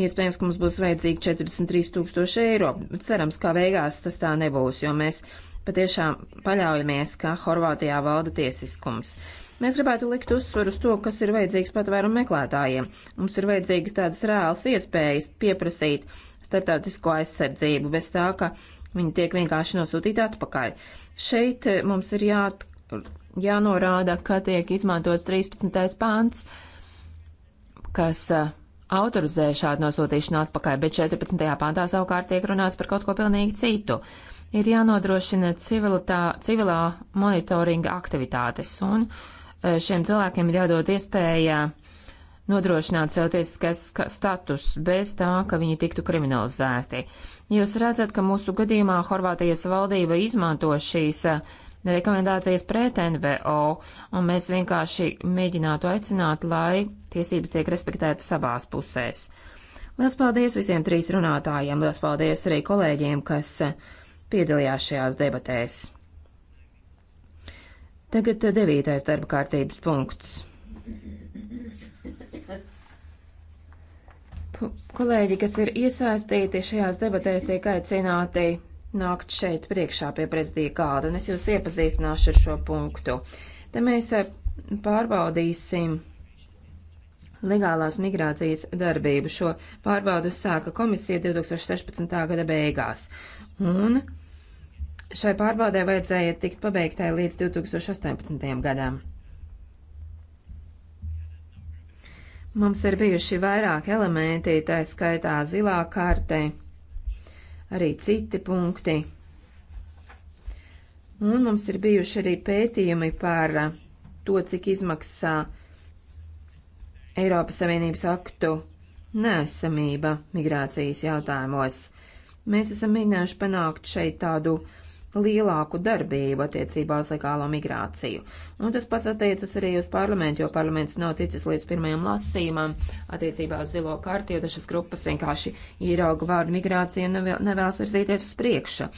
Iespējams, ka mums būs vajadzīgi 43 tūkstoši eiro. Cerams, ka beigās tas tā nebūs, jo mēs patiešām paļaujamies, ka Horvātijā valda tiesiskums. Mēs gribētu likt uzsvaru uz to, kas ir vajadzīgs patvērumu meklētājiem. Mums ir vajadzīgas tādas reālas iespējas pieprasīt starptautisko aizsardzību bez tā, ka viņi tiek vienkārši nosūtīti atpakaļ. Šeit eh, mums ir jāt, jānorāda, ka tiek izmantots 13. pāns, kas eh, autorizē šādu nosūtīšanu atpakaļ, bet 14. pāntā savukārt tiek runāts par kaut ko pilnīgi citu. Ir jānodrošina civilitā, civilā monitoringa aktivitātes, un e, šiem cilvēkiem ir jādod iespēja nodrošināt sev tiesiskais status bez tā, ka viņi tiktu kriminalizēti. Jūs redzat, ka mūsu gadījumā Horvātijas valdība izmanto šīs uh, rekomendācijas pret NVO, un mēs vienkārši mēģinātu aicināt, lai tiesības tiek respektētas abās pusēs. Lielas paldies visiem trīs runātājiem, lielas paldies arī kolēģiem, kas piedalījās šajās debatēs. Tagad devītais darba kārtības punkts. P kolēģi, kas ir iesaistīti šajās debatēs, tiek aicināti nākt šeit priekšā pie prezidija kāda, un es jūs iepazīstināšu ar šo punktu. Te mēs eh, pārbaudīsim legālās migrācijas darbību. Šo pārbaudu sāka komisija 2016. gada beigās, un šai pārbaudē vajadzēja tikt pabeigtai līdz 2018. gadam. Mums ir bijuši vairāki elementi, tā skaitā zilā kārtei arī citi punkti. Un mums ir bijuši arī pētījumi par uh, to, cik izmaksā Eiropas Savienības aktu nesamība migrācijas jautājumos. Mēs esam mēģinājuši panākt šeit tādu uh, lielāku darbību attiecībā uz legālo migrāciju. Un tas pats attiecas arī uz parlamentu, jo parlaments nav ticis līdz pirmajam lasījumam attiecībā uz zilo karti, jo dažas grupas vienkārši ierauga vārdu migrācija un nevēl, nevēlas virzīties uz priekšu.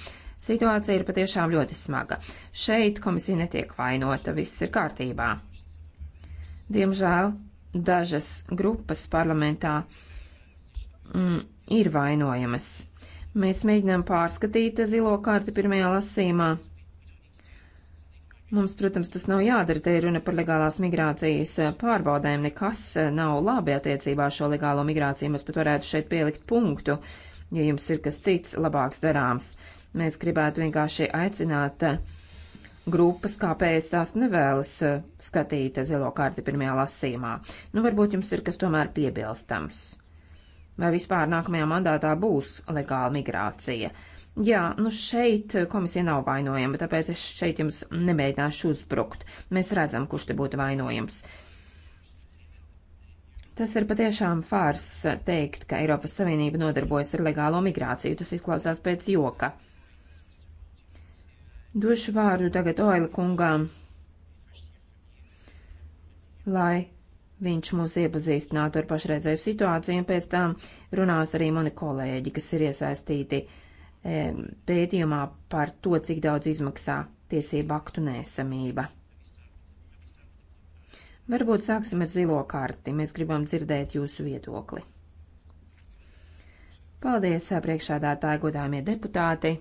Situācija ir patiešām ļoti smaga. Šeit komisija netiek vainota, viss ir kārtībā. Diemžēl dažas grupas parlamentā mm, ir vainojamas Mēs mēģinām pārskatīt zilo karti pirmajā lasīmā. Mums, protams, tas nav jādara, te ir runa par legālās migrācijas pārbaudēm. Nekas nav labi attiecībā šo legālo migrāciju. Mēs pat varētu šeit pielikt punktu, ja jums ir kas cits labāks darāms. Mēs gribētu vienkārši aicināt grupas, kāpēc tās nevēlas skatīt zilo karti pirmajā lasīmā. Nu, varbūt jums ir kas tomēr piebilstams vai vispār nākamajā mandātā būs legāla migrācija. Jā, nu šeit komisija nav vainojama, tāpēc es šeit jums nemēģināšu uzbrukt. Mēs redzam, kurš te būtu vainojams. Tas ir patiešām fārs teikt, ka Eiropas Savienība nodarbojas ar legālo migrāciju. Tas izklausās pēc joka. Došu vārdu tagad Oila kungām, lai Viņš mūs iepazīstinātu ar pašreizēju situāciju, un pēc tam runās arī mani kolēģi, kas ir iesaistīti pētījumā par to, cik daudz izmaksā tiesību aktu nēsamība. Varbūt sāksim ar zilo karti. Mēs gribam dzirdēt jūsu viedokli. Paldies, priekšādātāji, godāmie deputāti!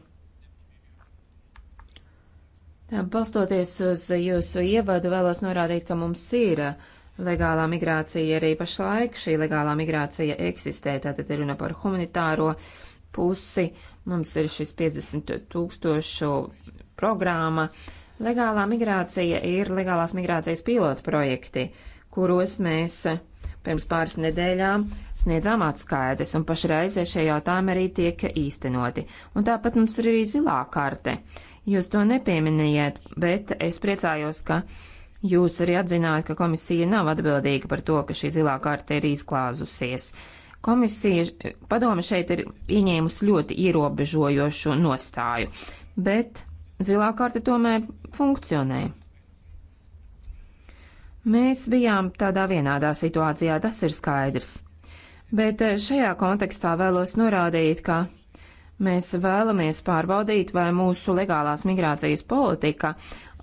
Balstoties uz jūsu ievadu, vēlos norādīt, ka mums ir uh, Legālā migrācija arī pašlaik, šī legālā migrācija eksistē, tātad ir runa par humanitāro pusi, mums ir šis 50 tūkstošu programma. Legālā migrācija ir legālās migrācijas pilota projekti, kuros mēs pirms pāris nedēļām sniedzām atskaites, un pašreiz šie jautājumi arī tiek īstenoti. Un tāpat mums ir arī zilā karte. Jūs to nepieminējāt, bet es priecājos, ka Jūs arī atzināt, ka komisija nav atbildīga par to, ka šī zilā karte ir izklāzusies. Komisija, padome šeit ir ieņēmusi ļoti ierobežojošu nostāju, bet zilā karte tomēr funkcionē. Mēs bijām tādā vienādā situācijā, tas ir skaidrs. Bet eh, šajā kontekstā vēlos norādīt, ka mēs vēlamies pārbaudīt, vai mūsu legālās migrācijas politika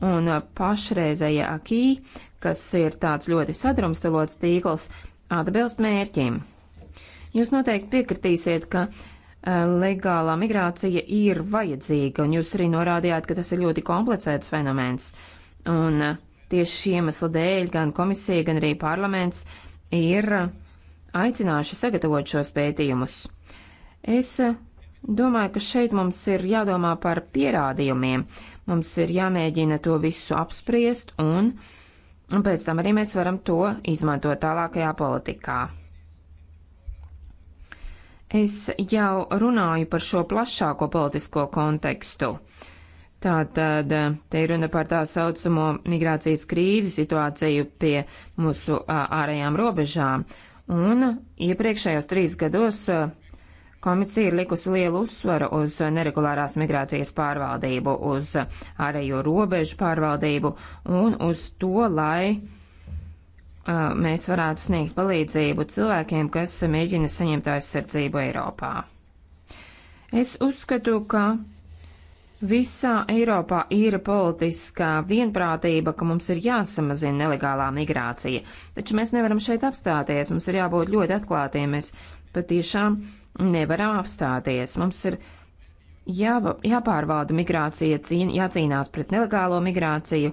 un uh, pašreizējie akī, kas ir tāds ļoti sadrumstalots tīkls, atbilst mērķim. Jūs noteikti piekritīsiet, ka uh, legālā migrācija ir vajadzīga, un jūs arī norādījāt, ka tas ir ļoti komplicēts fenomens. Un uh, tieši šī iemesla dēļ gan komisija, gan arī parlaments ir aicinājuši sagatavot šos pētījumus. Es domāju, ka šeit mums ir jādomā par pierādījumiem, Mums ir jāmēģina to visu apspriest, un, un pēc tam arī mēs varam to izmantot tālākajā politikā. Es jau runāju par šo plašāko politisko kontekstu. Tātad te ir runa par tā saucamo migrācijas krīzi situāciju pie mūsu ārējām robežām. Un iepriekšējos trīs gados Komisija ir likusi lielu uzsvaru uz neregulārās migrācijas pārvaldību, uz ārējo robežu pārvaldību un uz to, lai uh, mēs varētu sniegt palīdzību cilvēkiem, kas mēģina saņemt aizsardzību Eiropā. Es uzskatu, ka Visā Eiropā ir politiskā vienprātība, ka mums ir jāsamazina nelegālā migrācija, taču mēs nevaram šeit apstāties, mums ir jābūt ļoti atklātiem. Mēs patiešām nevaram apstāties. Mums ir jā, jāpārvalda migrācija, cīn, jācīnās pret nelegālo migrāciju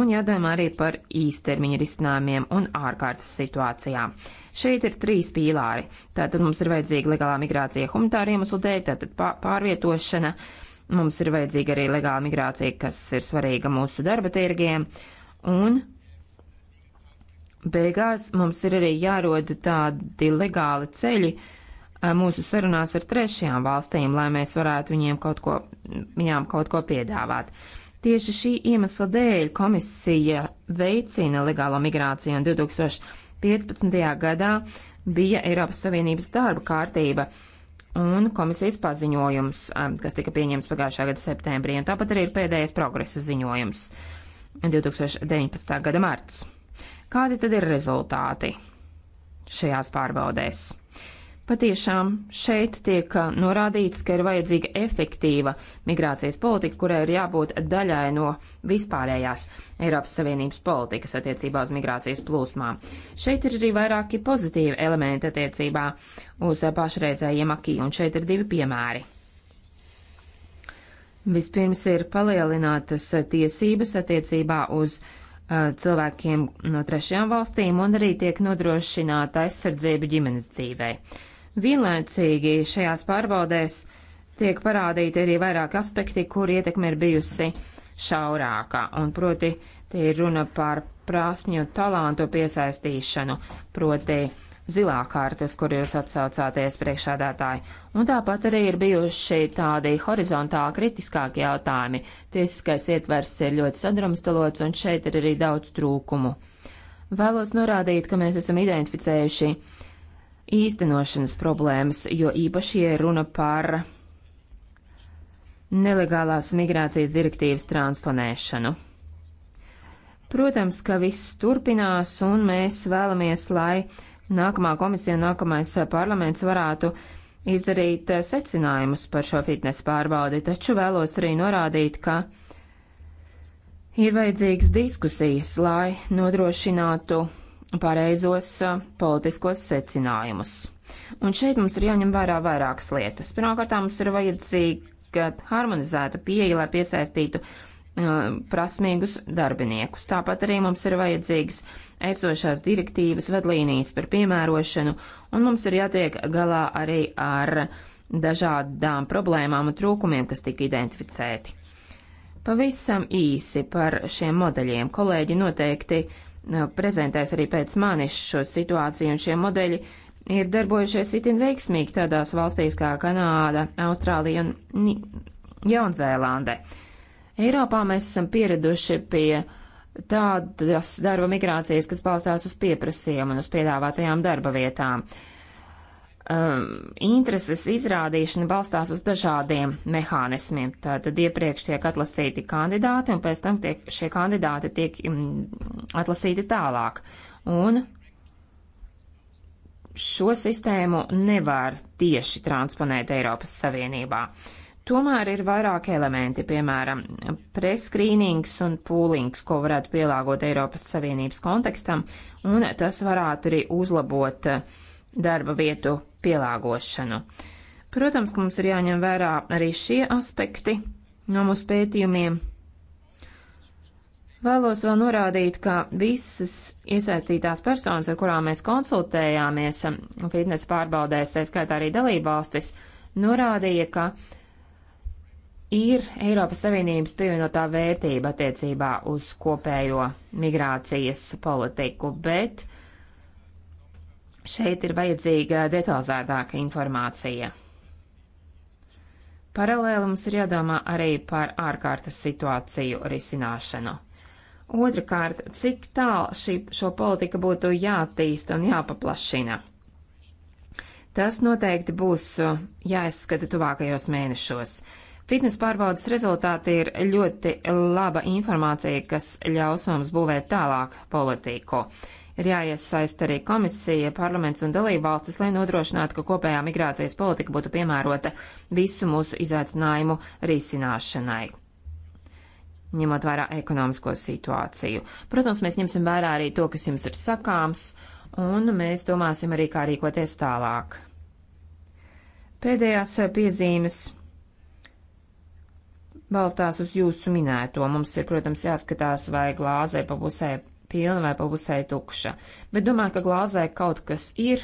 un jādomā arī par īstermiņa risinājumiem un ārkārtas situācijām. Šeit ir trīs pīlāri. Tātad mums ir vajadzīga legālā migrācija humanitāriem uzdēļ, tātad pārvietošana, mums ir vajadzīga arī legāla migrācija, kas ir svarīga mūsu darba tirgiem, un beigās mums ir arī jārod tādi legāli ceļi, uh, Eh, mūsu sarunās ar trešajām valstīm, lai mēs varētu viņiem kaut ko, viņām kaut ko piedāvāt. Tieši šī iemesla dēļ komisija veicina legālo migrāciju un 2015. gadā bija Eiropas Savienības darba kārtība un komisijas paziņojums, eh, kas tika pieņemts pagājušā gada septembrī, un tāpat arī ir pēdējais progresa ziņojums 2019. gada marts. Kādi tad ir rezultāti šajās pārbaudēs? Patiešām šeit tiek uh, norādīts, ka ir vajadzīga efektīva migrācijas politika, kurai ir jābūt daļai no vispārējās Eiropas Savienības politikas attiecībā uz migrācijas plūsmām. Šeit ir arī vairāki pozitīvi elementi attiecībā uz uh, pašreizējiem akī, un šeit ir divi piemēri. Vispirms ir palielinātas uh, tiesības attiecībā uz uh, cilvēkiem no trešajām valstīm, un arī tiek nodrošināta aizsardzība ģimenes dzīvēi. Vienlaicīgi šajās pārbaudēs tiek parādīti arī vairāki aspekti, kur ietekme ir bijusi šaurākā, un proti tie ir runa par prasmju talantu piesaistīšanu, proti zilā kārtas, kur jūs atsaucāties priekšādātāji, un tāpat arī ir bijuši tādi horizontāli kritiskāki jautājumi. Tiesiskais ietvers ir ļoti sadrumstalots, un šeit ir arī daudz trūkumu. Vēlos norādīt, ka mēs esam identificējuši īstenošanas problēmas, jo īpaši ir runa par nelegālās migrācijas direktīvas transponēšanu. Protams, ka viss turpinās, un mēs vēlamies, lai nākamā komisija un nākamais parlaments varētu izdarīt secinājumus par šo fitnes pārbaudi, taču vēlos arī norādīt, ka ir vajadzīgas diskusijas, lai nodrošinātu pareizos politiskos secinājumus. Un šeit mums ir jāņem vērā vairākas lietas. Pirmkārt, mums ir vajadzīga harmonizēta pieeja, lai piesaistītu uh, prasmīgus darbiniekus. Tāpat arī mums ir vajadzīgas esošās direktīvas vadlīnijas par piemērošanu, un mums ir jātiek galā arī ar dažādām problēmām un trūkumiem, kas tika identificēti. Pavisam īsi par šiem modeļiem kolēģi noteikti uh, Eh, prezentēs arī pēc manis šo situāciju, un šie modeļi ir darbojušies itin veiksmīgi tādās valstīs kā Kanāda, Austrālija un Jaunzēlande. Eiropā mēs esam pieraduši pie tādas darba migrācijas, kas balstās uz pieprasījumu un uz piedāvātajām darba vietām. Uh, um, intereses izrādīšana balstās uz dažādiem mehānismiem. Tātad iepriekš tiek atlasīti kandidāti, un pēc tam tiek, šie kandidāti tiek um, atlasīti tālāk. Un šo sistēmu nevar tieši transponēt Eiropas Savienībā. Tomēr ir vairāk elementi, piemēram, preskrīnings un pūlings, ko varētu pielāgot Eiropas Savienības kontekstam, un tas varētu arī uzlabot uh, darba vietu pielāgošanu. Protams, ka mums ir jāņem vērā arī šie aspekti no mūsu pētījumiem. Vēlos vēl norādīt, ka visas iesaistītās personas, ar kurām mēs konsultējāmies fitnes pārbaudēs, tā skaitā arī dalībvalstis, norādīja, ka ir Eiropas Savienības pievienotā vērtība attiecībā uz kopējo migrācijas politiku, bet uh, Šeit ir vajadzīga detalizētāka informācija. Paralēli mums ir jādomā arī par ārkārtas situāciju risināšanu. Otrakārt, cik tālu šī, šo politiku būtu jātīsta un jāpaplašina. Tas noteikti būs uh, jāizskata tuvākajos mēnešos. Fitnes pārbaudas rezultāti ir ļoti laba informācija, kas ļaus mums būvēt tālāk politiku. Ir jāiesaist arī komisija, parlaments un dalībvalstis, lai nodrošinātu, ka kopējā migrācijas politika būtu piemērota visu mūsu izaicinājumu risināšanai ņemot vērā ekonomisko situāciju. Protams, mēs ņemsim vērā arī to, kas jums ir sakāms, un mēs domāsim arī, kā rīkoties tālāk. Pēdējās piezīmes balstās uz jūsu minēto. Mums ir, protams, jāskatās, vai glāzē pa pusē pilna vai pa pusē tukša. Bet domāju, ka glāzē kaut kas ir,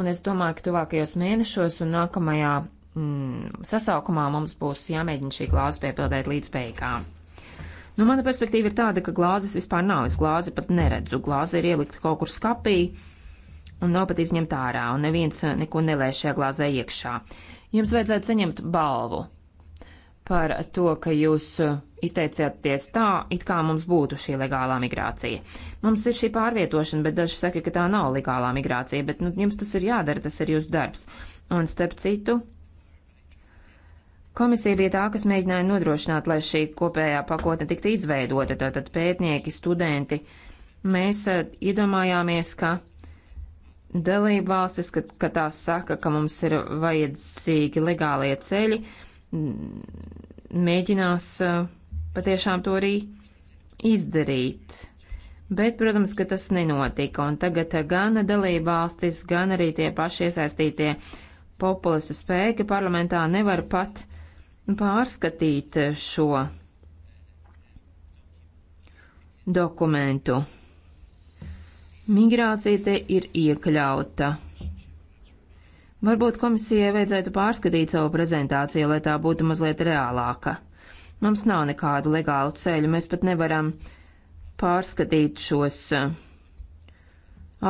un es domāju, ka tuvākajos mēnešos un nākamajā mm, sasaukumā mums būs jāmēģina šī glāze piepildīt līdz beigām. Nu, mana perspektīva ir tāda, ka glāzes vispār nav. Es glāzi pat neredzu. Glāze ir ielikta kaut kur skapī un nav pat izņemta ārā, un neviens eh, neko nelēš šajā glāzē iekšā. Jums vajadzētu saņemt balvu par to, ka jūs uh, izteicāties tā, it kā mums būtu šī legālā migrācija. Mums ir šī pārvietošana, bet daži saka, ka tā nav legālā migrācija, bet nu, jums tas ir jādara, tas ir jūsu darbs. Un starp citu, Komisija bija tā, kas mēģināja nodrošināt, lai šī kopējā pakotne tiktu izveidota, tātad pētnieki, studenti. Mēs uh, iedomājāmies, ka dalība valstis, ka, ka tās saka, ka mums ir vajadzīgi legālie ceļi, Mm, mēģinās uh, patiešām to arī izdarīt. Bet, protams, ka tas nenotika, un tagad gan dalībvalstis, gan arī tie paši iesaistītie populistu spēki parlamentā nevar pat pārskatīt šo dokumentu. Migrācija te ir iekļauta Varbūt komisijai vajadzētu pārskatīt savu prezentāciju, lai tā būtu mazliet reālāka. Mums nav nekādu legālu ceļu, mēs pat nevaram pārskatīt šos uh,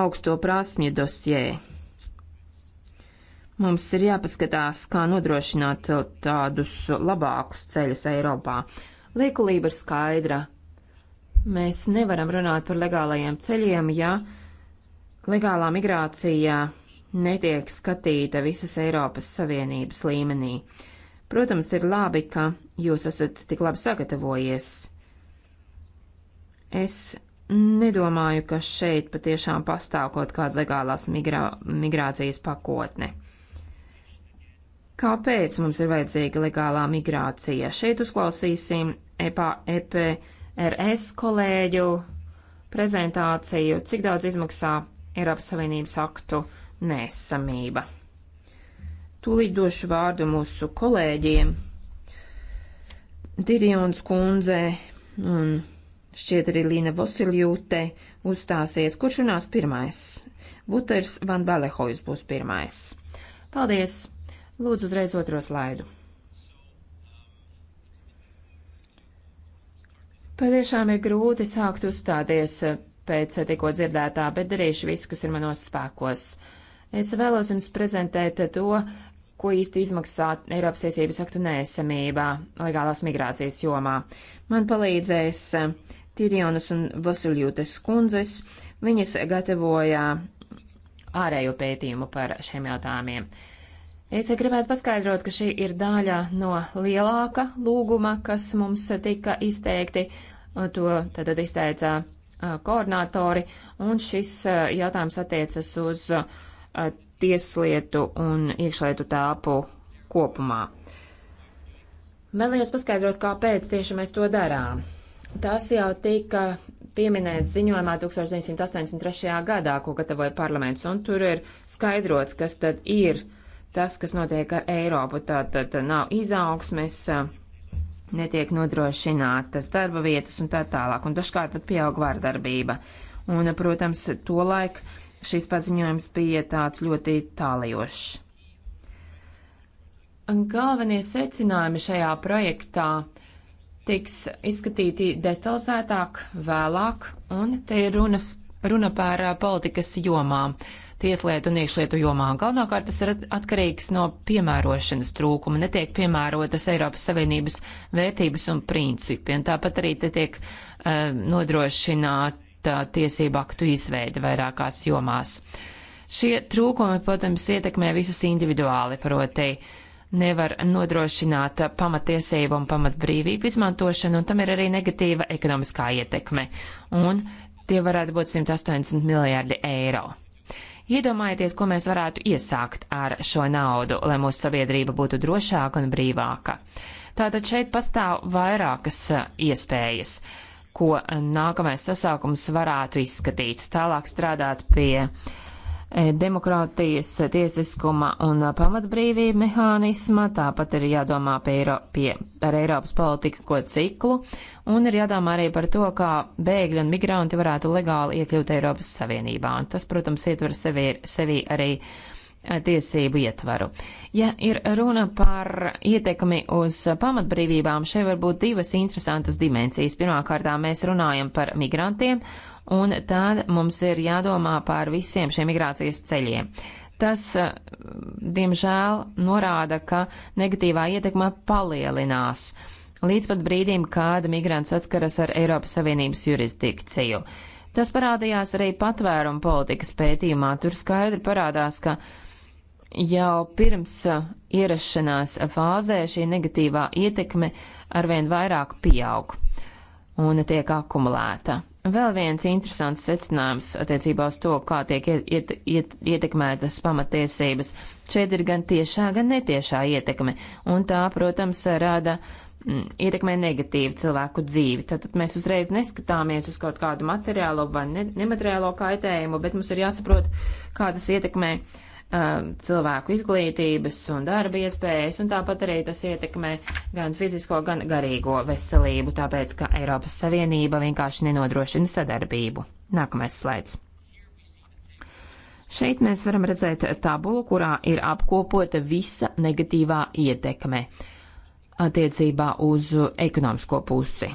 augsto prasmju dosjē. Mums ir jāpaskatās, kā nodrošināt tādus labākus ceļus Eiropā. Liekulība ir skaidra. Mēs nevaram runāt par legālajiem ceļiem, ja legālā migrācija netiek skatīta visas Eiropas Savienības līmenī. Protams, ir labi, ka jūs esat tik labi sagatavojies. Es nedomāju, ka šeit patiešām pastāv kaut kāda legālās migrā, migrācijas pakotne. Kāpēc mums ir vajadzīga legālā migrācija? Šeit uzklausīsim EPA, EPRS kolēģu prezentāciju, cik daudz izmaksā Eiropas Savienības aktu uh, nesamība. Tūlīt došu vārdu mūsu kolēģiem, Dirions kundze un šķiet arī Līna Vosiljūte uzstāsies, kurš runās pirmais. Vuters Van Balehojs būs pirmais. Paldies! Lūdzu uzreiz otro slaidu. Patiešām ir grūti sākt uzstāties pēc tikko dzirdētā, bet darīšu visu, kas ir manos spēkos. Es vēlos jums prezentēt to, ko īsti izmaksā Eiropas tiesības aktu nēsamībā legālās migrācijas jomā. Man palīdzēs eh, Tirjonas un Vasiljūtes kundzes. Viņas gatavoja ārējo pētījumu par šiem jautājumiem. Es gribētu paskaidrot, ka šī ir daļa no lielāka lūguma, kas mums tika izteikti, to tad izteica eh, koordinātori, un šis eh, jautājums attiecas uz uh, Eh, tieslietu un iekšlietu tēlpu kopumā. Vēlējos paskaidrot, kāpēc tieši mēs to darām. Tas jau tika pieminēts ziņojumā 1983. gadā, ko gatavoja parlaments, un tur ir skaidrots, kas tad ir tas, kas notiek ar Eiropu. Tā tad nav izaugsmes, eh, netiek nodrošinātas darba vietas un tā tālāk, un dažkārt pat pieaug vārdarbība. Un, protams, to laiku šis paziņojums bija tāds ļoti tālajošs. Galvenie secinājumi šajā projektā tiks izskatīti detalizētāk vēlāk, un te ir runas, runa par politikas jomām tieslietu un iekšlietu jomā. Galvenokārt tas ir atkarīgs no piemērošanas trūkuma, netiek piemērotas Eiropas Savienības vērtības un principi, un tāpat arī te tiek um, nodrošināt tā, tiesību aktu izveidi vairākās jomās. Šie trūkumi, protams, ietekmē visus individuāli, proti nevar nodrošināt pamatiesību un pamatbrīvību izmantošanu, un tam ir arī negatīva ekonomiskā ietekme, un tie varētu būt 180 miljārdi eiro. Iedomājieties, ko mēs varētu iesākt ar šo naudu, lai mūsu sabiedrība būtu drošāka un brīvāka. Tātad šeit pastāv vairākas iespējas ko nākamais sasākums varētu izskatīt. Tālāk strādāt pie eh, demokrātijas, tiesiskuma un pamatbrīvību mehānisma, tāpat ir jādomā pie, Eiro, pie, par Eiropas politiku ko ciklu, un ir jādomā arī par to, kā bēgļi un migranti varētu legāli iekļūt Eiropas Savienībā. Un tas, protams, ietver sevi, sevi arī uh, Eh, tiesību ietvaru. Ja ir runa par ietekmi uz pamatbrīvībām, šeit var būt divas interesantas dimensijas. Pirmkārt, mēs runājam par migrantiem, un tad mums ir jādomā par visiem šiem migrācijas ceļiem. Tas, eh, diemžēl, norāda, ka negatīvā ietekme palielinās līdz pat brīdim, kad migrants saskaras ar Eiropas Savienības jurisdikciju. Tas parādījās arī patvērumu politikas pētījumā. Tur skaidri parādās, ka uh, jau pirms uh, ierašanās fāzē šī negatīvā ietekme arvien vairāk pieaug un tiek akumulēta. Vēl viens interesants secinājums attiecībā uz to, kā tiek iet, iet, ietekmētas pamatiesības. Šeit ir gan tiešā, gan netiešā ietekme, un tā, protams, rada mm, ietekmē negatīvi cilvēku dzīvi. Tad mēs uzreiz neskatāmies uz kaut kādu materiālo vai ne, nemateriālo kaitējumu, bet mums ir jāsaprot, kā tas ietekmē uh, Um, cilvēku izglītības un darba iespējas, un tāpat arī tas ietekmē gan fizisko, gan garīgo veselību, tāpēc ka Eiropas Savienība vienkārši nenodrošina sadarbību. Nākamais slaids. Šeit mēs varam redzēt tabulu, kurā ir apkopota visa negatīvā ietekme attiecībā uz ekonomisko pusi.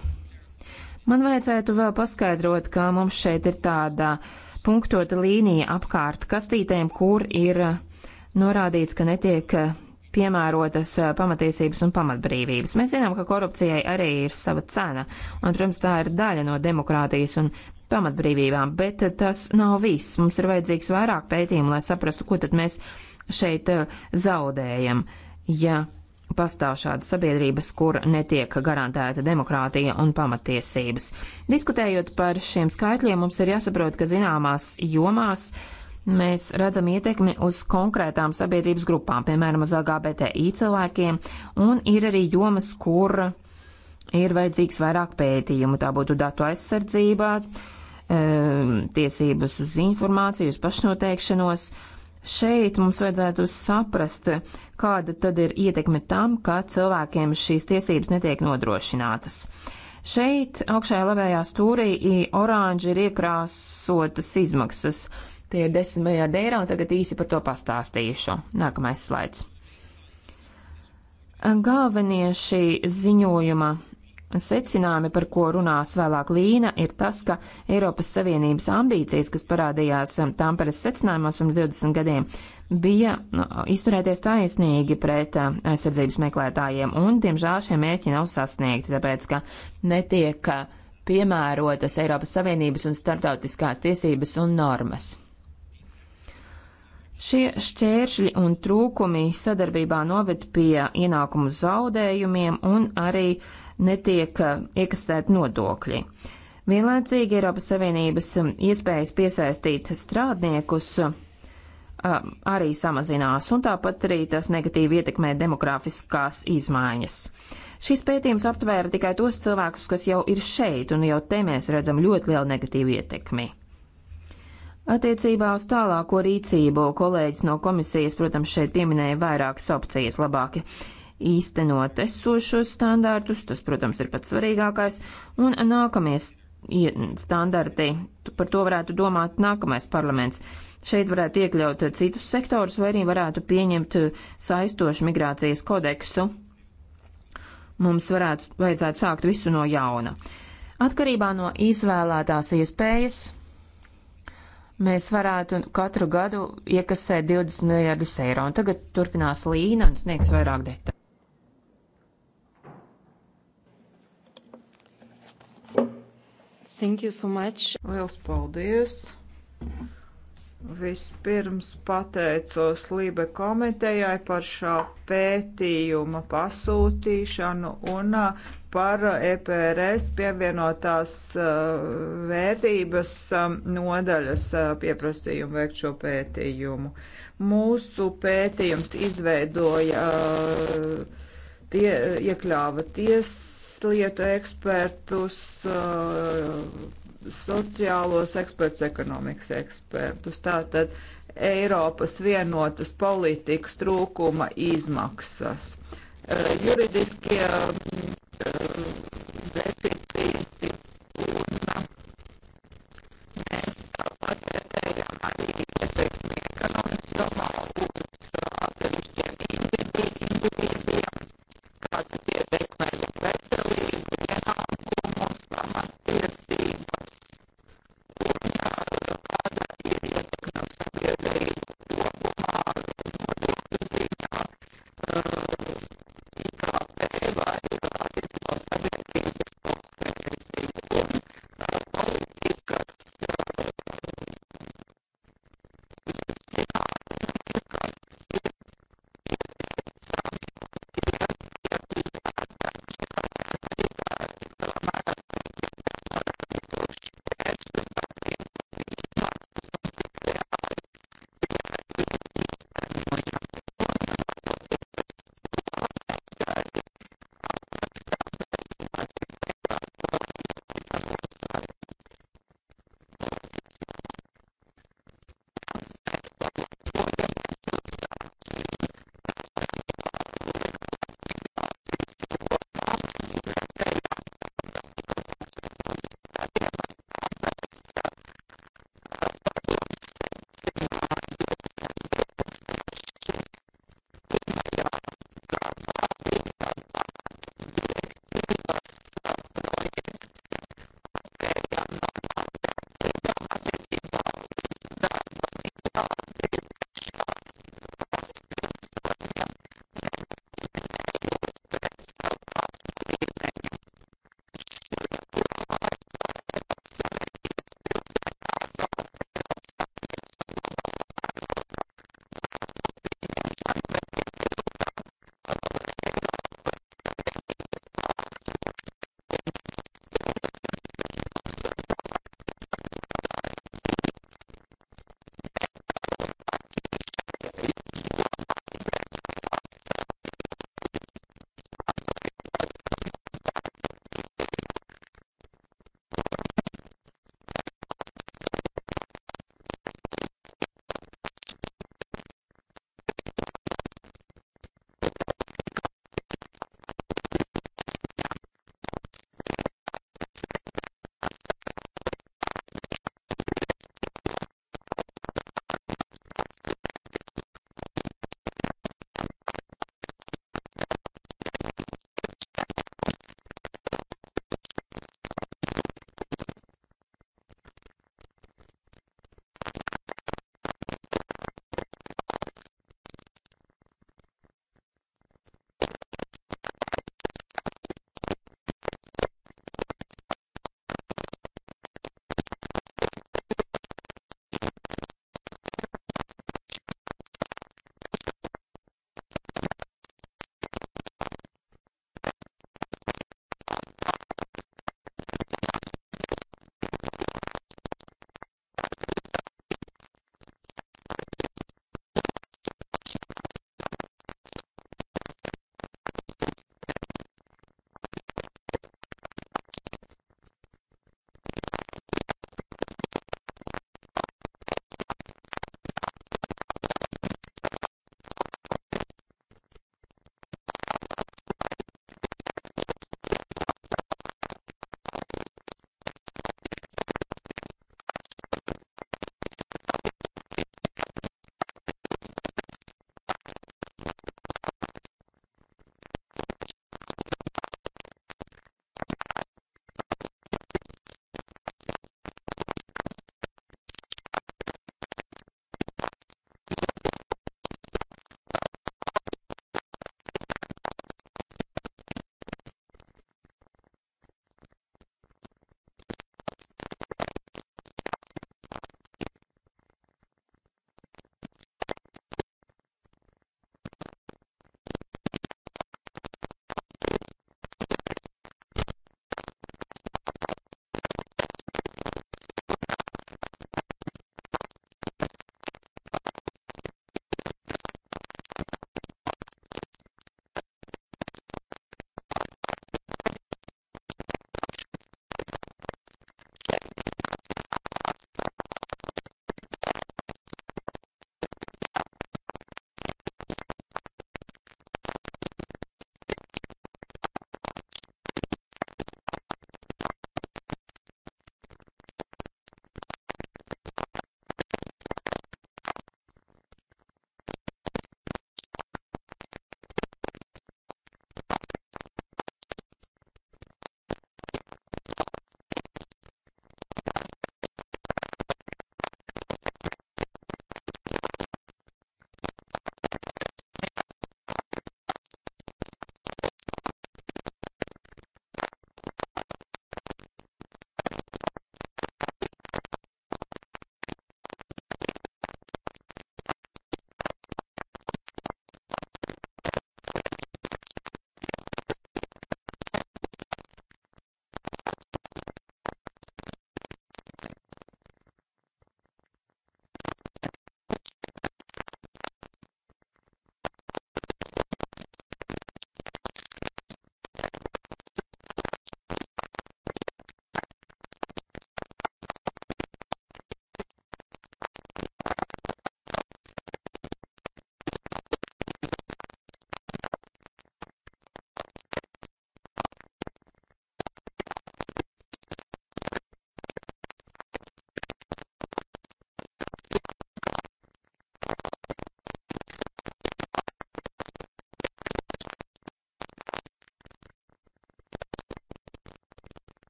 Man vajadzētu vēl paskaidrot, ka mums šeit ir tāda uh, punktota līnija apkārt kastītēm, kur ir eh, norādīts, ka netiek eh, piemērotas eh, pamatiesības un pamatbrīvības. Mēs zinām, ka korupcijai arī ir sava cena, un, protams, tā ir daļa no demokrātijas un pamatbrīvībām, bet tas nav viss. Mums ir vajadzīgs vairāk pētījumu, lai saprastu, ko tad mēs šeit zaudējam, ja pastāv šādas sabiedrības, kur netiek garantēta demokrātija un pamatiesības. Diskutējot par šiem skaitļiem, mums ir jāsaprot, ka zināmās jomās mēs redzam ietekmi uz konkrētām sabiedrības grupām, piemēram, uz LGBTI cilvēkiem, un ir arī jomas, kur ir vajadzīgs vairāk pētījumu. Tā būtu datu aizsardzība, ehm, tiesības uz informāciju, uz pašnoteikšanos Šeit mums vajadzētu saprast, kāda tad ir ietekme tam, ka cilvēkiem šīs tiesības netiek nodrošinātas. Šeit augšējā labējā stūrī oranži ir iekrāsotas izmaksas. Tie ir 10 miljārdi eiro, un tagad īsi par to pastāstīšu. Nākamais slaids. Galvenie šī ziņojuma Secinājumi, par ko runās vēlāk Līna, ir tas, ka Eiropas Savienības ambīcijas, kas parādījās um, Tāmperes secinājumos pirms 20 gadiem, bija nu, izturēties taisnīgi pret um, aizsardzības meklētājiem, un, diemžēl, šie mērķi nav sasniegti, tāpēc, ka netiek uh, piemērotas Eiropas Savienības un starptautiskās tiesības un normas. Šie šķēršļi un trūkumi sadarbībā noved pie ienākumu zaudējumiem un arī uh, netiek eh, iekasēt nodokļi. Vienlaicīgi Eiropas Savienības eh, iespējas piesaistīt strādniekus eh, arī samazinās, un tāpat arī tas negatīvi ietekmē demografiskās izmaiņas. Šis pētījums aptvēra tikai tos cilvēkus, kas jau ir šeit, un jau te mēs redzam ļoti lielu negatīvu ietekmi. Attiecībā uz tālāko rīcību kolēģis no komisijas, protams, šeit pieminēja vairākas opcijas - labāki īstenot esošos standārtus, tas, protams, ir pats svarīgākais, un nākamies standarti, par to varētu domāt nākamais parlaments. Šeit varētu iekļaut citus sektorus, vai arī varētu pieņemt saistošu migrācijas kodeksu. Mums varētu, vajadzētu sākt visu no jauna. Atkarībā no izvēlētās iespējas mēs varētu katru gadu iekasēt 20 miljardus eiro. Un tagad turpinās Līna un sniegs vairāk detaļu. Thank you so much. Liels paldies! Vispirms pateicos Lībe komitejai par šā pētījuma pasūtīšanu un uh, par EPRS pievienotās uh, vērtības um, nodaļas uh, pieprasījumu veikt šo pētījumu. Mūsu pētījums izveidoja tie, iekļāva tiesa lietu ekspertus, uh, sociālos ekspertus, ekonomikas ekspertus. Tātad Eiropas vienotas politikas trūkuma izmaksas. Uh, juridiskie uh, deficīti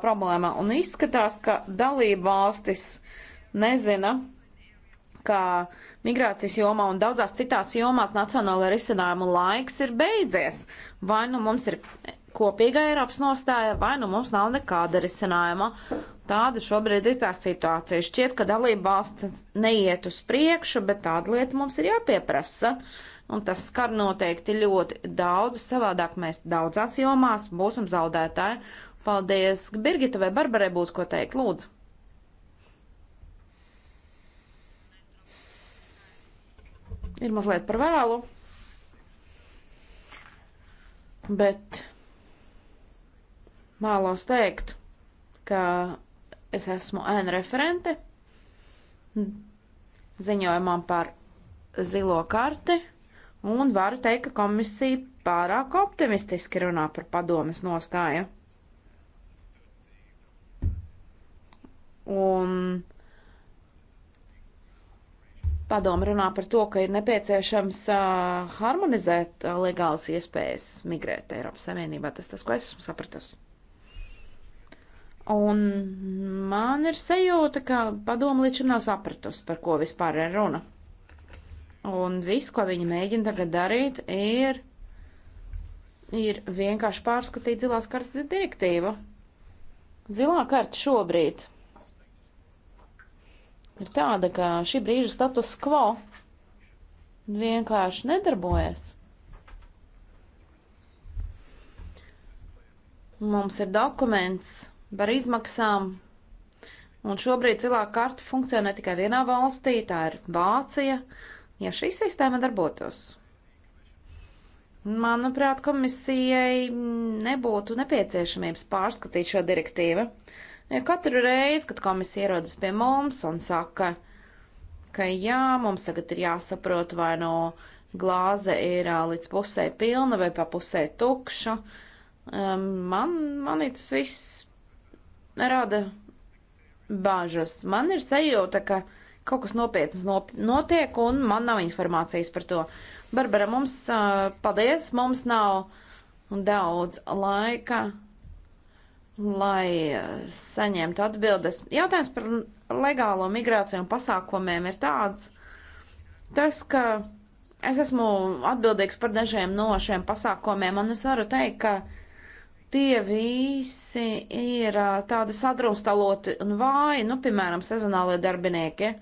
problēmā. Un izskatās, ka dalība valstis nezina, ka migrācijas jomā un daudzās citās jomās nacionāla risinājuma laiks ir beidzies. Vai nu mums ir kopīga Eiropas nostāja, vai nu mums nav nekāda risinājuma. Tāda šobrīd ir tā situācija. Šķiet, ka dalība valsts neiet uz priekšu, bet tāda lieta mums ir jāpieprasa. Un tas skar noteikti ļoti daudz, savādāk mēs daudzās jomās būsim zaudētāji. Paldies! Birgita vai Barbarai būtu ko teikt? Lūdzu! Ir mazliet par vēlu, bet mēlos teikt, ka es esmu ēna referente ziņojumam par zilo karti un varu teikt, ka komisija pārāk optimistiski runā par padomas nostāju. Un padomu runā par to, ka ir nepieciešams uh, harmonizēt uh, legālas iespējas migrēt Eiropas Savienībā. Tas tas, ko es esmu sapratusi. Un man ir sajūta, ka padomu līdz šim nav sapratusi, par ko vispār ir runa. Un viss, ko viņi mēģina tagad darīt, ir, ir vienkārši pārskatīt zilās kartes direktīvu. Zilā karta šobrīd ir tāda, ka šī brīža status quo vienkārši nedarbojas. Mums ir dokuments par izmaksām, un šobrīd cilvēku karta funkcionē tikai vienā valstī, tā ir Vācija. Ja šī sistēma darbotos, manuprāt, komisijai nebūtu nepieciešamības pārskatīt šo direktīvu. Ja katru reizi, kad komisija ierodas pie mums un saka, ka jā, mums tagad ir jāsaprot, vai no glāze ir līdz pusē pilna vai pa pusē tukša, um, man, manī tas viss rada bāžas. Man ir sajūta, ka kaut kas nopietnas notiek, un man nav informācijas par to. Barbara, mums, paldies, mums nav daudz laika lai eh, saņemtu atbildes. Jautājums par legālo migrāciju un pasākumiem ir tāds, tas, ka es esmu atbildīgs par dažiem no šiem pasākumiem, un es varu teikt, ka tie visi ir eh, tādi sadrumstaloti un vāji, nu, piemēram, sezonālie darbinieki,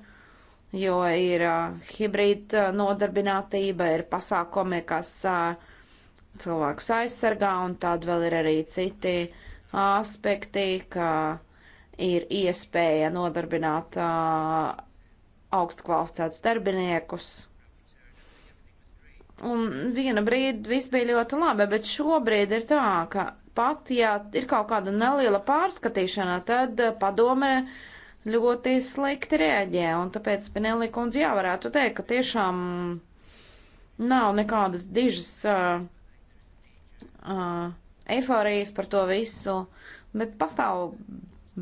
jo ir eh, hibrīda nodarbinātība, ir pasākumi, kas cilvēkus aizsargā, un tādi vēl ir arī citi uh, aspekti, kā ir iespēja nodarbināt uh, augstu kvalificētus darbiniekus. Un viena brīdi viss bija ļoti labi, bet šobrīd ir tā, ka pat ja ir kaut kāda neliela pārskatīšana, tad padome ļoti slikti rēģē. Un tāpēc Pinelī kundze jā varētu teikt, ka tiešām nav nekādas dižas. Uh, uh, eifārijas par to visu, bet pastāv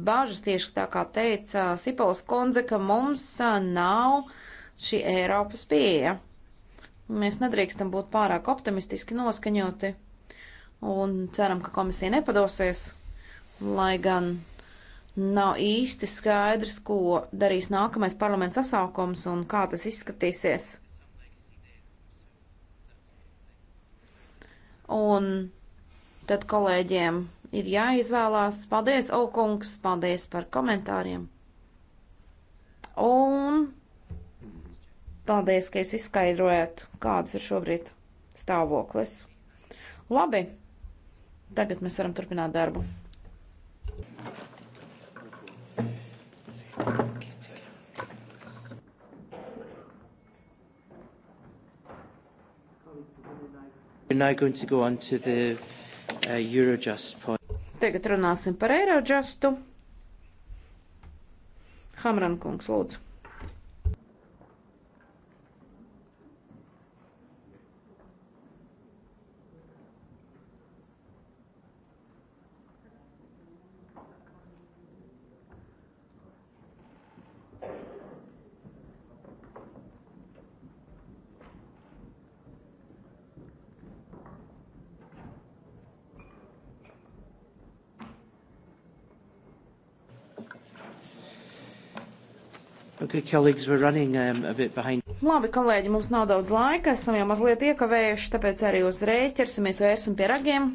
bāžas tieši tā kā teica Sipols kundze, ka mums nav šī Eiropas pieeja. Mēs nedrīkstam būt pārāk optimistiski noskaņoti un ceram, ka komisija nepadosies, lai gan nav īsti skaidrs, ko darīs nākamais parlaments sasaukums un kā tas izskatīsies. Un tad kolēģiem ir jāizvēlās. Paldies, Aukungs, paldies par komentāriem. Un paldies, ka jūs izskaidrojat, kāds ir šobrīd stāvoklis. Labi, tagad mēs varam turpināt darbu. We're now going to go on to the Eurojust point. Tagad runāsim par Eurojustu. Hamrankungs, lūdzu. Okay, colleagues, we're running um, a bit behind. Labi, kolēģi, mums nav daudz laika, esam jau mazliet iekavējuši, tāpēc arī uzreiz ķersimies vērsim pie ragiem.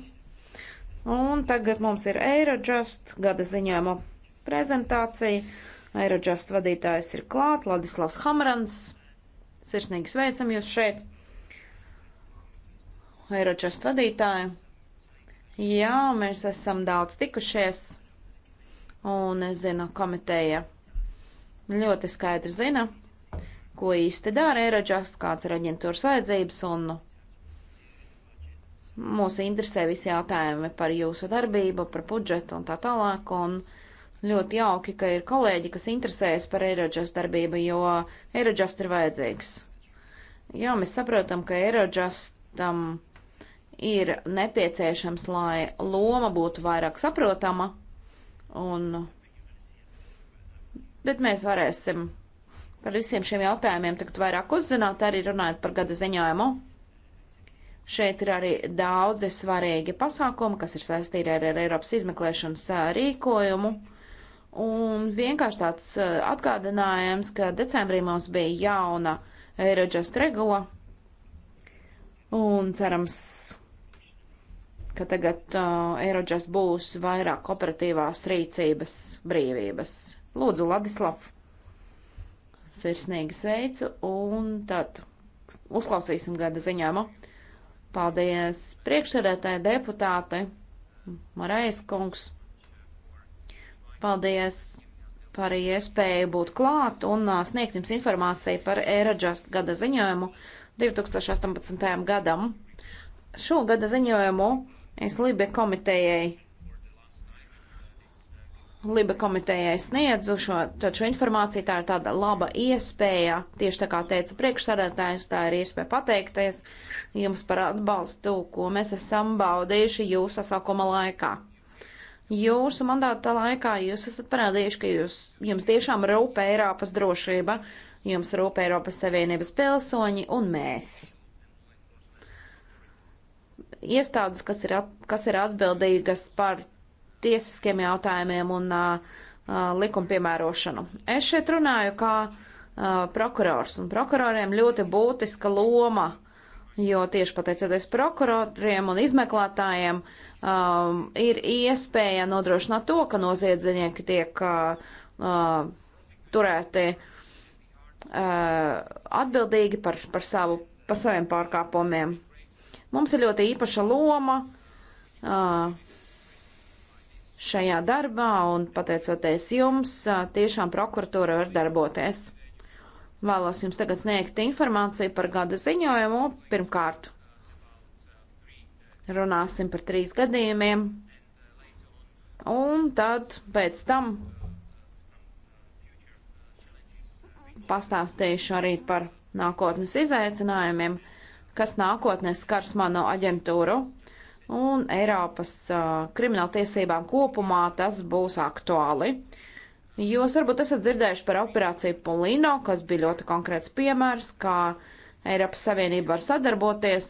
Un tagad mums ir Eirodžast gada ziņojuma prezentācija. Eirodžast vadītājs ir klāt, Ladislavs Hamrans. Sirsnīgi sveicam jūs šeit. Eirodžast vadītāju. Jā, mēs esam daudz tikušies. Un es zinu, komiteja ļoti skaidri zina, ko īsti dara Eirodžast, kāds ir aģentūras vajadzības, un mūs interesē visi jautājumi par jūsu darbību, par budžetu un tā tālāk, un ļoti jauki, ka ir kolēģi, kas interesējas par Eirodžast darbību, jo Eirodžast ir vajadzīgs. Jo mēs saprotam, ka Eirodžastam ir nepieciešams, lai loma būtu vairāk saprotama, un bet mēs varēsim par visiem šiem jautājumiem tagad vairāk uzzināt, arī runājot par gada ziņojumu. Šeit ir arī daudzi svarīgi pasākumi, kas ir saistīti ar, ar Eiropas izmeklēšanas rīkojumu. Un vienkārši tāds atgādinājums, ka decembrī mums bija jauna Eirodžast regula. Un cerams, ka tagad uh, Eirodžast būs vairāk operatīvās rīcības brīvības. Lūdzu, Ladislav, sirsnīgi sveicu, un tad uzklausīsim gada ziņojumu. Paldies priekšsēdētāji deputāti, Marais kungs. Paldies par iespēju būt klāt un sniegt jums informāciju par Eiradžast gada ziņojumu 2018. gadam. Šo gada ziņojumu es Libe komitejai Liba komitejai sniedzu šo, šo informāciju. Tā ir tāda laba iespēja, tieši tā kā teica priekšsādātājs, tā ir iespēja pateikties jums par atbalstu, ko mēs esam baudījuši jūsu sasākuma laikā. Jūsu mandāta laikā jūs esat parādījuši, ka jūs, jums tiešām rūp Eiropas drošība, jums rūp Eiropas Savienības pilsoņi un mēs iestādes, kas ir, at, kas ir atbildīgas par tiesiskiem jautājumiem un uh, likuma piemērošanu. Es šeit runāju kā uh, prokurors, un prokuroriem ļoti būtiska loma, jo tieši pateicoties prokuroriem un izmeklētājiem um, ir iespēja nodrošināt to, ka noziedznieki tiek uh, uh, turēti uh, atbildīgi par, par, savu, par saviem pārkāpumiem. Mums ir ļoti īpaša loma. Uh, šajā darbā, un pateicoties jums, tiešām prokuratūra var darboties. Vēlos jums tagad sniegt informāciju par gada ziņojumu. Pirmkārt, runāsim par trīs gadījumiem, un tad pēc tam pastāstīšu arī par nākotnes izaicinājumiem, kas nākotnē skars manu aģentūru un Eiropas krimināltiesībām kopumā tas būs aktuāli. Jūs varbūt esat dzirdējuši par operāciju Polino, kas bija ļoti konkrēts piemērs, kā Eiropas Savienība var sadarboties,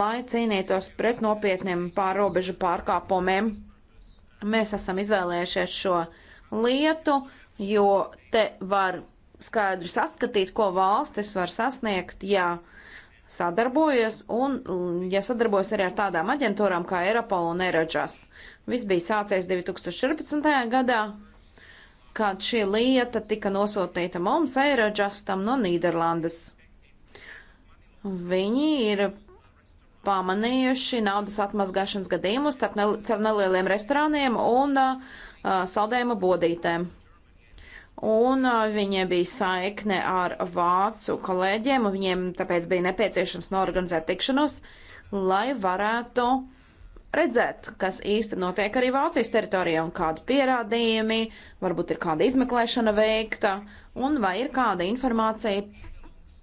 lai cīnītos pret nopietniem pārobežu pārkāpumiem. Mēs esam izvēlējušies šo lietu, jo te var skaidri saskatīt, ko valstis var sasniegt, ja uh, sadarbojas un mm, ja sadarbojas arī ar tādām aģentūrām kā Eiropola un Eirodžas. Viss bija sācies 2014. gadā, kad šī lieta tika nosūtīta mums Eirodžastam no Nīderlandes. Viņi ir pamanījuši naudas atmazgāšanas gadījumus starp nel nelieliem restorāniem un uh, saldējumu bodītēm un viņiem bija saikne ar vācu kolēģiem, un viņiem tāpēc bija nepieciešams norganizēt tikšanos, lai varētu redzēt, kas īsti notiek arī Vācijas teritorijā, un kādi pierādījumi, varbūt ir kāda izmeklēšana veikta, un vai ir kāda informācija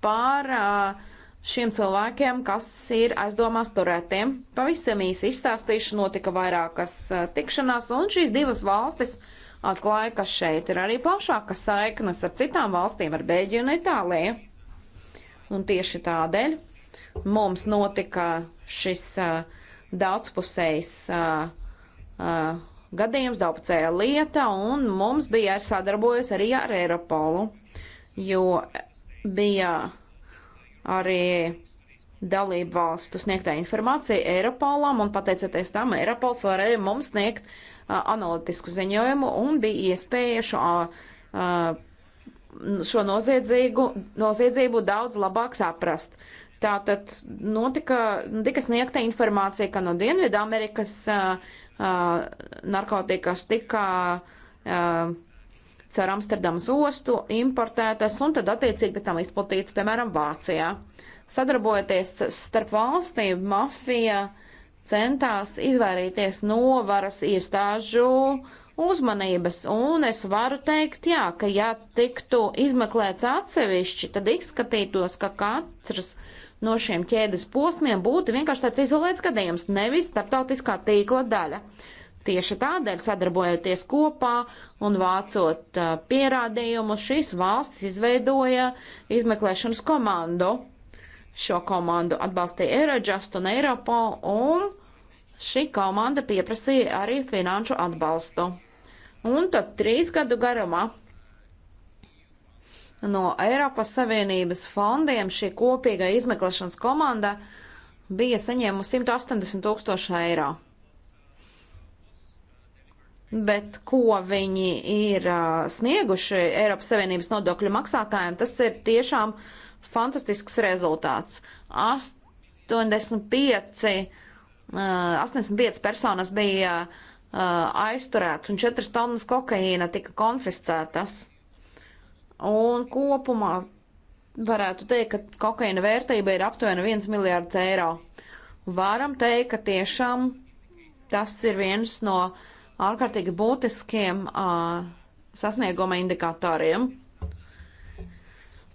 par šiem cilvēkiem, kas ir aizdomās turētiem. Pavisam īsi izstāstīšu, notika vairākas tikšanās, un šīs divas valstis – Atklāja, ka šeit ir arī plašāka saiknes ar citām valstīm, ar Beļģiju un Itāliju. Un tieši tādēļ mums notika šis uh, daudzpusējs uh, uh, gadījums, daudzpusēja lieta, un mums bija ar sadarbojas arī ar Eiropolu, jo bija arī dalību valstu sniegtā informācija Eiropolam, un pateicoties tam Eiropols varēja mums sniegt uh, analītisku ziņojumu un bija iespēja šo, šo noziedzību daudz labāk saprast. Tātad notika, tika sniegta informācija, ka no Dienvidu Amerikas narkotikas tika caur Amsterdamas ostu importētas un tad attiecīgi pēc tam izplatītas, piemēram, Vācijā. Sadarbojoties starp valstīm, mafija uh, centās izvairīties no varas iestāžu uzmanības, un es varu teikt, jā, ka ja tiktu izmeklēts atsevišķi, tad izskatītos, ka katrs no šiem ķēdes posmiem būtu vienkārši tāds izolēts gadījums, nevis starptautiskā tīkla daļa. Tieši tādēļ, sadarbojoties kopā un vācot uh, pierādījumus, šīs valstis izveidoja izmeklēšanas komandu. Šo komandu atbalstīja Eurojust un Eiropol, un šī komanda pieprasīja arī finanšu atbalstu. Un tad trīs gadu garumā no Eiropas Savienības fondiem šī kopīgā izmeklēšanas komanda bija saņēmusi 180 tūkstoši eiro. Bet ko viņi ir uh, snieguši Eiropas Savienības nodokļu maksātājiem, tas ir tiešām uh, fantastisks rezultāts. 85, 85 personas bija aizturētas un 4 tonnas kokaīna tika konfiscētas. Un kopumā varētu teikt, ka kokaīna vērtība ir aptuveni 1 miljārds eiro. Varam teikt, ka tiešām tas ir viens no ārkārtīgi būtiskiem uh, sasnieguma indikatoriem.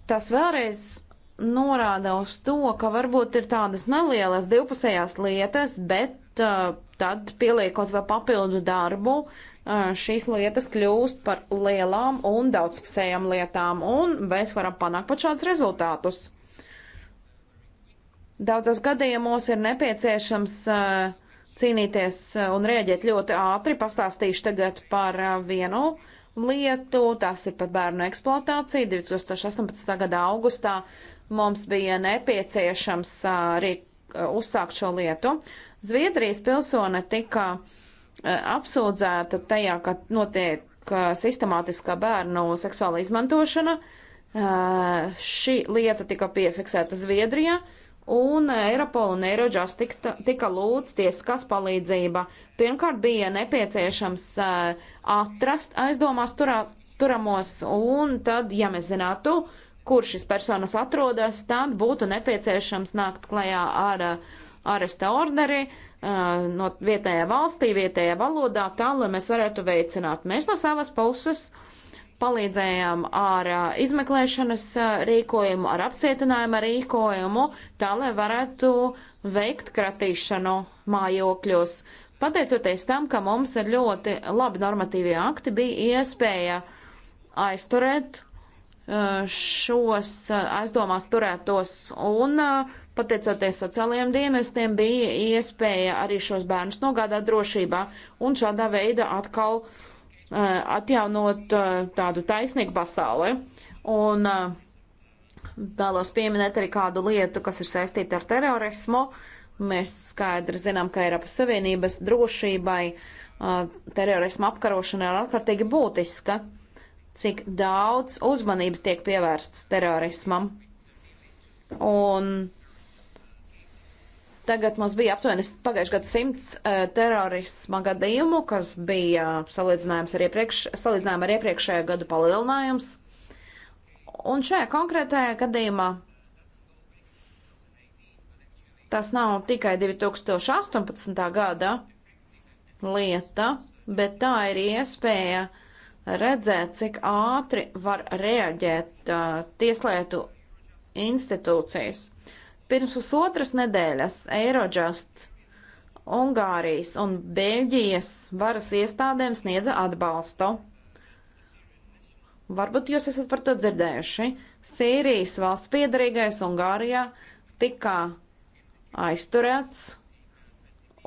Tas vēlreiz norāda uz to, ka varbūt ir tādas nelielas divpusējās lietas, bet uh, tad pieliekot vēl papildu darbu, uh, šīs lietas kļūst par lielām un daudzpusējām lietām, un mēs varam panākt pat šādus rezultātus. Daudzos gadījumos ir nepieciešams uh, cīnīties uh, un rēģēt ļoti ātri. Pastāstīšu tagad par uh, vienu lietu, tas ir par bērnu eksploatāciju. 2018. gada augustā mums bija nepieciešams arī uzsākt šo lietu. Zviedrijas pilsone tika apsūdzēta tajā, ka notiek sistemātiskā bērnu seksuāla izmantošana. Šī lieta tika piefiksēta Zviedrijā, un Eiropola un Eirodžas tika, tika lūdz tiesiskās palīdzība. Pirmkārt bija nepieciešams atrast aizdomās turā, turamos, un tad, ja mēs zinātu, kur šis personas atrodas, tad būtu nepieciešams nākt klajā ar uh, aresta orderi uh, no vietējā valstī, vietējā valodā, tā, lai mēs varētu veicināt. Mēs no savas puses palīdzējām ar uh, izmeklēšanas rīkojumu, ar apcietinājuma rīkojumu, tā, lai varētu veikt kratīšanu mājokļos. Pateicoties tam, ka mums ir ļoti labi normatīvie akti, bija iespēja aizturēt šos aizdomās turētos un pateicoties sociālajiem dienestiem bija iespēja arī šos bērnus nogādāt drošībā un šādā veidā atkal uh, atjaunot uh, tādu taisnīgu pasauli. Un uh, vēlos pieminēt arī kādu lietu, kas ir saistīta ar terorismu. Mēs skaidri zinām, ka Eiropas Savienības drošībai terorismu apkarošana ir ārkārtīgi būtiska. Uh, cik daudz uzmanības tiek pievērsts terorismam. Un tagad mums bija aptuveni pagājušajā gadā simts uh, terorisma gadījumu, kas bija salīdzinājums ar, iepriekš, salīdzinājums ar iepriekšējā gadu palielinājums. Un šajā konkrētajā gadījumā tas nav tikai 2018. gada lieta, bet tā ir iespēja uh, redzēt, cik ātri var reaģēt uh, tieslietu institūcijas. Pirms pusotras nedēļas Eirodžast Ungārijas un Bēļģijas varas iestādēm sniedza atbalstu. Varbūt jūs esat par to dzirdējuši. Sīrijas valsts piedarīgais Ungārijā tika aizturēts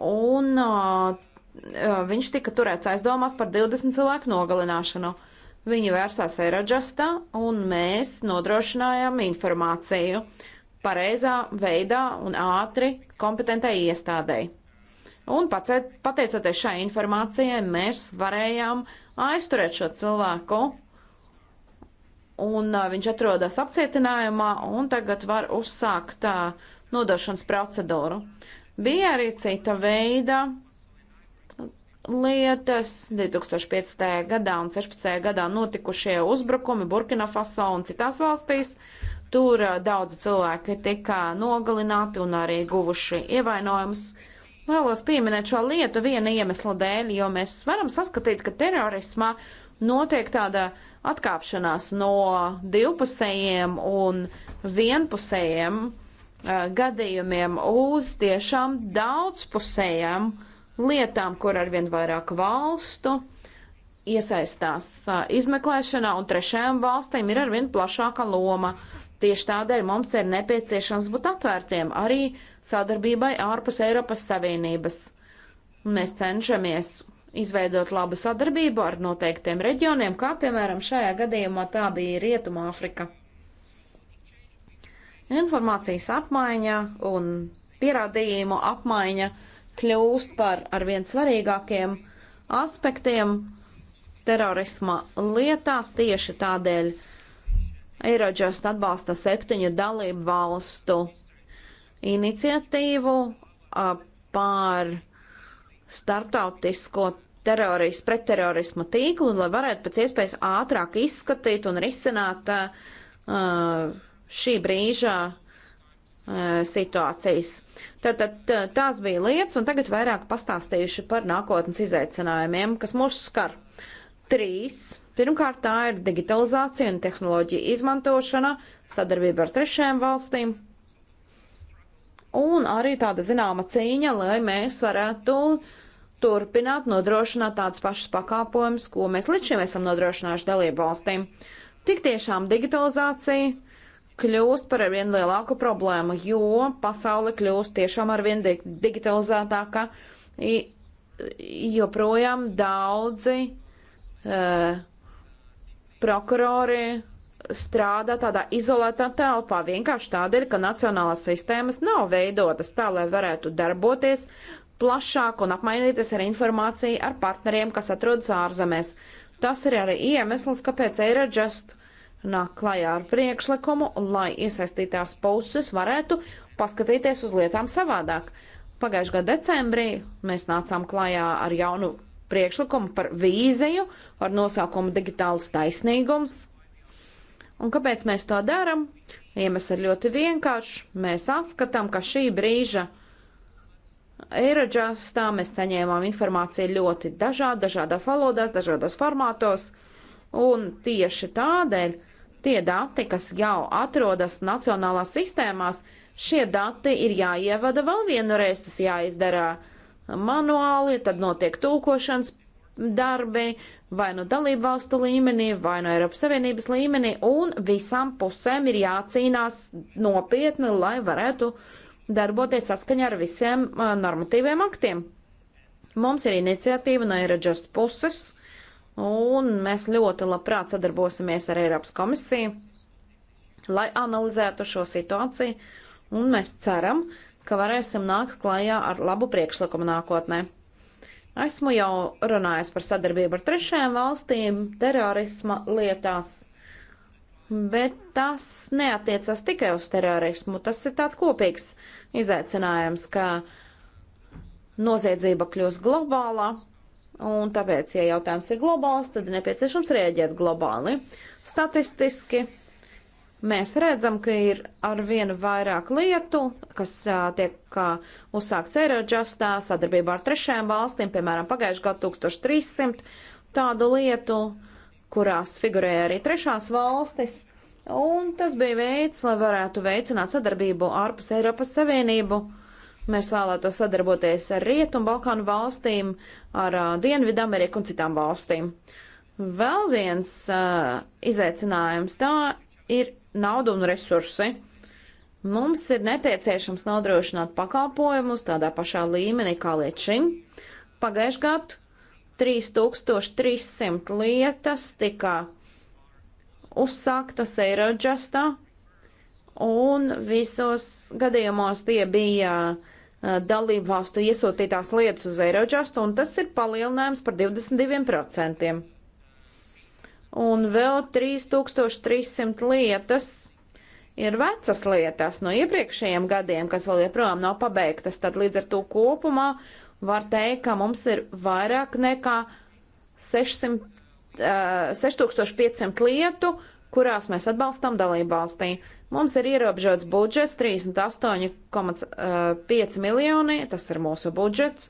un uh, viņš tika turēts aizdomās par 20 cilvēku nogalināšanu. Viņi vērsās Eirodžastā, un mēs nodrošinājām informāciju pareizā veidā un ātri kompetentai iestādēji. Un pateicoties šai informācijai, mēs varējām aizturēt šo cilvēku, un viņš atrodas apcietinājumā, un tagad var uzsākt nodošanas procedūru. Bija arī cita veida lietas, 2015. gadā un 16. gadā notikušie uzbrukumi Burkina Faso un citās valstīs. Tur daudzi cilvēki tika nogalināti un arī guvuši ievainojumus. Vēlos pieminēt šo lietu viena iemesla dēļ, jo mēs varam saskatīt, ka terorismā notiek tāda atkāpšanās no divpusējiem un vienpusējiem uh, gadījumiem uz tiešām daudzpusējiem uh, lietām, kur arvien vairāk valstu iesaistās izmeklēšanā, un trešajām valstīm ir arvien plašāka loma. Tieši tādēļ mums ir nepieciešams būt atvērtiem arī sadarbībai ārpus Eiropas Savienības. Mēs cenšamies izveidot labu sadarbību ar noteiktiem reģioniem, kā piemēram šajā gadījumā tā bija Rietuma Āfrika. Informācijas apmaiņa un pierādījumu apmaiņa uh, kļūst par arvien svarīgākiem aspektiem terorisma lietās tieši tādēļ Eirodžast atbalsta septiņu dalību valstu iniciatīvu pār startautisko teroris, pretterorisma tīklu, lai varētu pēc iespējas ātrāk izskatīt un risināt uh, šī brīža E, situācijas. Tātad tās bija lietas, un tagad vairāk pastāstījuši par nākotnes izaicinājumiem, kas mūs skar. Trīs. Pirmkārt, tā ir digitalizācija un tehnoloģija izmantošana, sadarbība ar trešajām valstīm, un arī tāda zināma cīņa, lai mēs varētu turpināt nodrošināt tādus pašus pakāpojumus, ko mēs līdz šim esam nodrošinājuši dalību valstīm. Tik tiešām digitalizācija kļūst par arvien lielāku problēmu, jo pasaule kļūst tiešām arvien digitalizētāka. Joprojām daudzi eh, prokurori strādā tādā izolētā telpā, vienkārši tādēļ, ka nacionālās sistēmas nav veidotas tā, lai varētu darboties plašāk un apmainīties ar informāciju ar partneriem, kas atrodas ārzemēs. Tas ir arī iemesls, kāpēc Eirodžest uh, nāk klajā ar priekšlikumu, lai iesaistītās puses varētu paskatīties uz lietām savādāk. Pagājušā gada decembrī mēs nācām klajā ar jaunu priekšlikumu par vīziju ar nosaukumu Digitāls taisnīgums. Un kāpēc mēs to darām? Iemesls ir ļoti vienkāršs. Mēs saskatām, ka šī brīža Eirodžastā mēs saņēmām informāciju ļoti dažādi, dažādās valodās, dažādos formātos. Un tieši tādēļ tie dati, kas jau atrodas nacionālās sistēmās, šie dati ir jāievada vēl vienreiz, tas jāizdara manuāli, tad notiek tūkošanas darbi vai no nu dalību valstu līmenī, vai no nu Eiropas Savienības līmenī, un visām pusēm ir jācīnās nopietni, lai varētu darboties saskaņā ar visiem uh, normatīviem aktiem. Mums ir iniciatīva no Eirodžast puses un mēs ļoti labprāt sadarbosimies ar Eiropas komisiju, lai analizētu šo situāciju, un mēs ceram, ka varēsim nākt klajā ar labu priekšlikumu nākotnē. Esmu jau runājis par sadarbību ar trešajām valstīm terorisma lietās, bet tas neatiecas tikai uz terorismu. Tas ir tāds kopīgs izaicinājums, ka noziedzība kļūst globālā, Un tāpēc, ja jautājums ir globāls, tad nepieciešams rēģēt globāli. Statistiski mēs redzam, ka ir arvien vairāk lietu, kas tiek uzsākts Eirodžastā sadarbībā ar trešajām valstīm, piemēram, pagājušajā gadā 1300 tādu lietu, kurās figurēja arī trešās valstis. Un tas bija veids, lai varētu veicināt sadarbību ārpus Eiropas Savienību. Uh, Mēs vēlētos sadarboties ar Rietumu Balkānu valstīm, ar uh, Dienvidu Ameriku un citām valstīm. Vēl viens uh, izaicinājums tā ir nauda un resursi. Mums ir nepieciešams nodrošināt pakalpojumus tādā pašā līmenī kā līdz šim. Pagājušajā gadā 3300 lietas tika uzsāktas Eirodžastā, un visos gadījumos tie bija uh, Uh, dalību valstu iesūtītās lietas uz Eirodžastu, un tas ir palielinājums par 22%. Un vēl 3300 lietas ir vecas lietas no iepriekšējiem gadiem, kas vēl joprojām nav pabeigtas. Tad līdz ar to kopumā var teikt, ka mums ir vairāk nekā 600, uh, 6500 lietu, kurās mēs atbalstam dalību valstī. Uh, Mums ir ierobežots budžets 38,5 miljoni, tas ir mūsu budžets.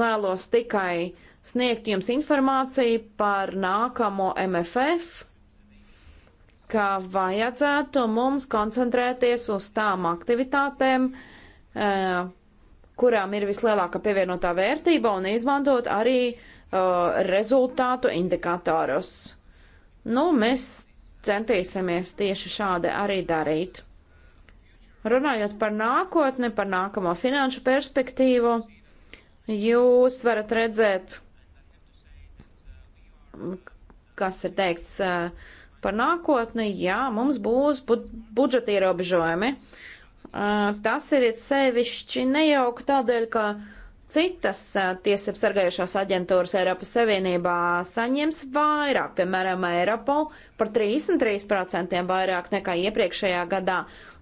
Vēlos tikai sniegt jums informāciju par nākamo MFF, ka vajadzētu mums koncentrēties uz tām aktivitātēm, kurām ir vislielākā pievienotā vērtība un izmantot arī rezultātu indikatorus. Nu, mēs centīsimies tieši šādi arī darīt. Runājot par nākotni, par nākamo finanšu perspektīvu, jūs varat redzēt, kas ir teikts eh, par nākotni. Jā, mums būs budžeta ierobežojumi. Eh, tas ir sevišķi nejauki tādēļ, ka citas tiesību sargājušās aģentūras Eiropas Savienībā saņems vairāk, piemēram, Eiropol par 33% vairāk nekā iepriekšējā gadā.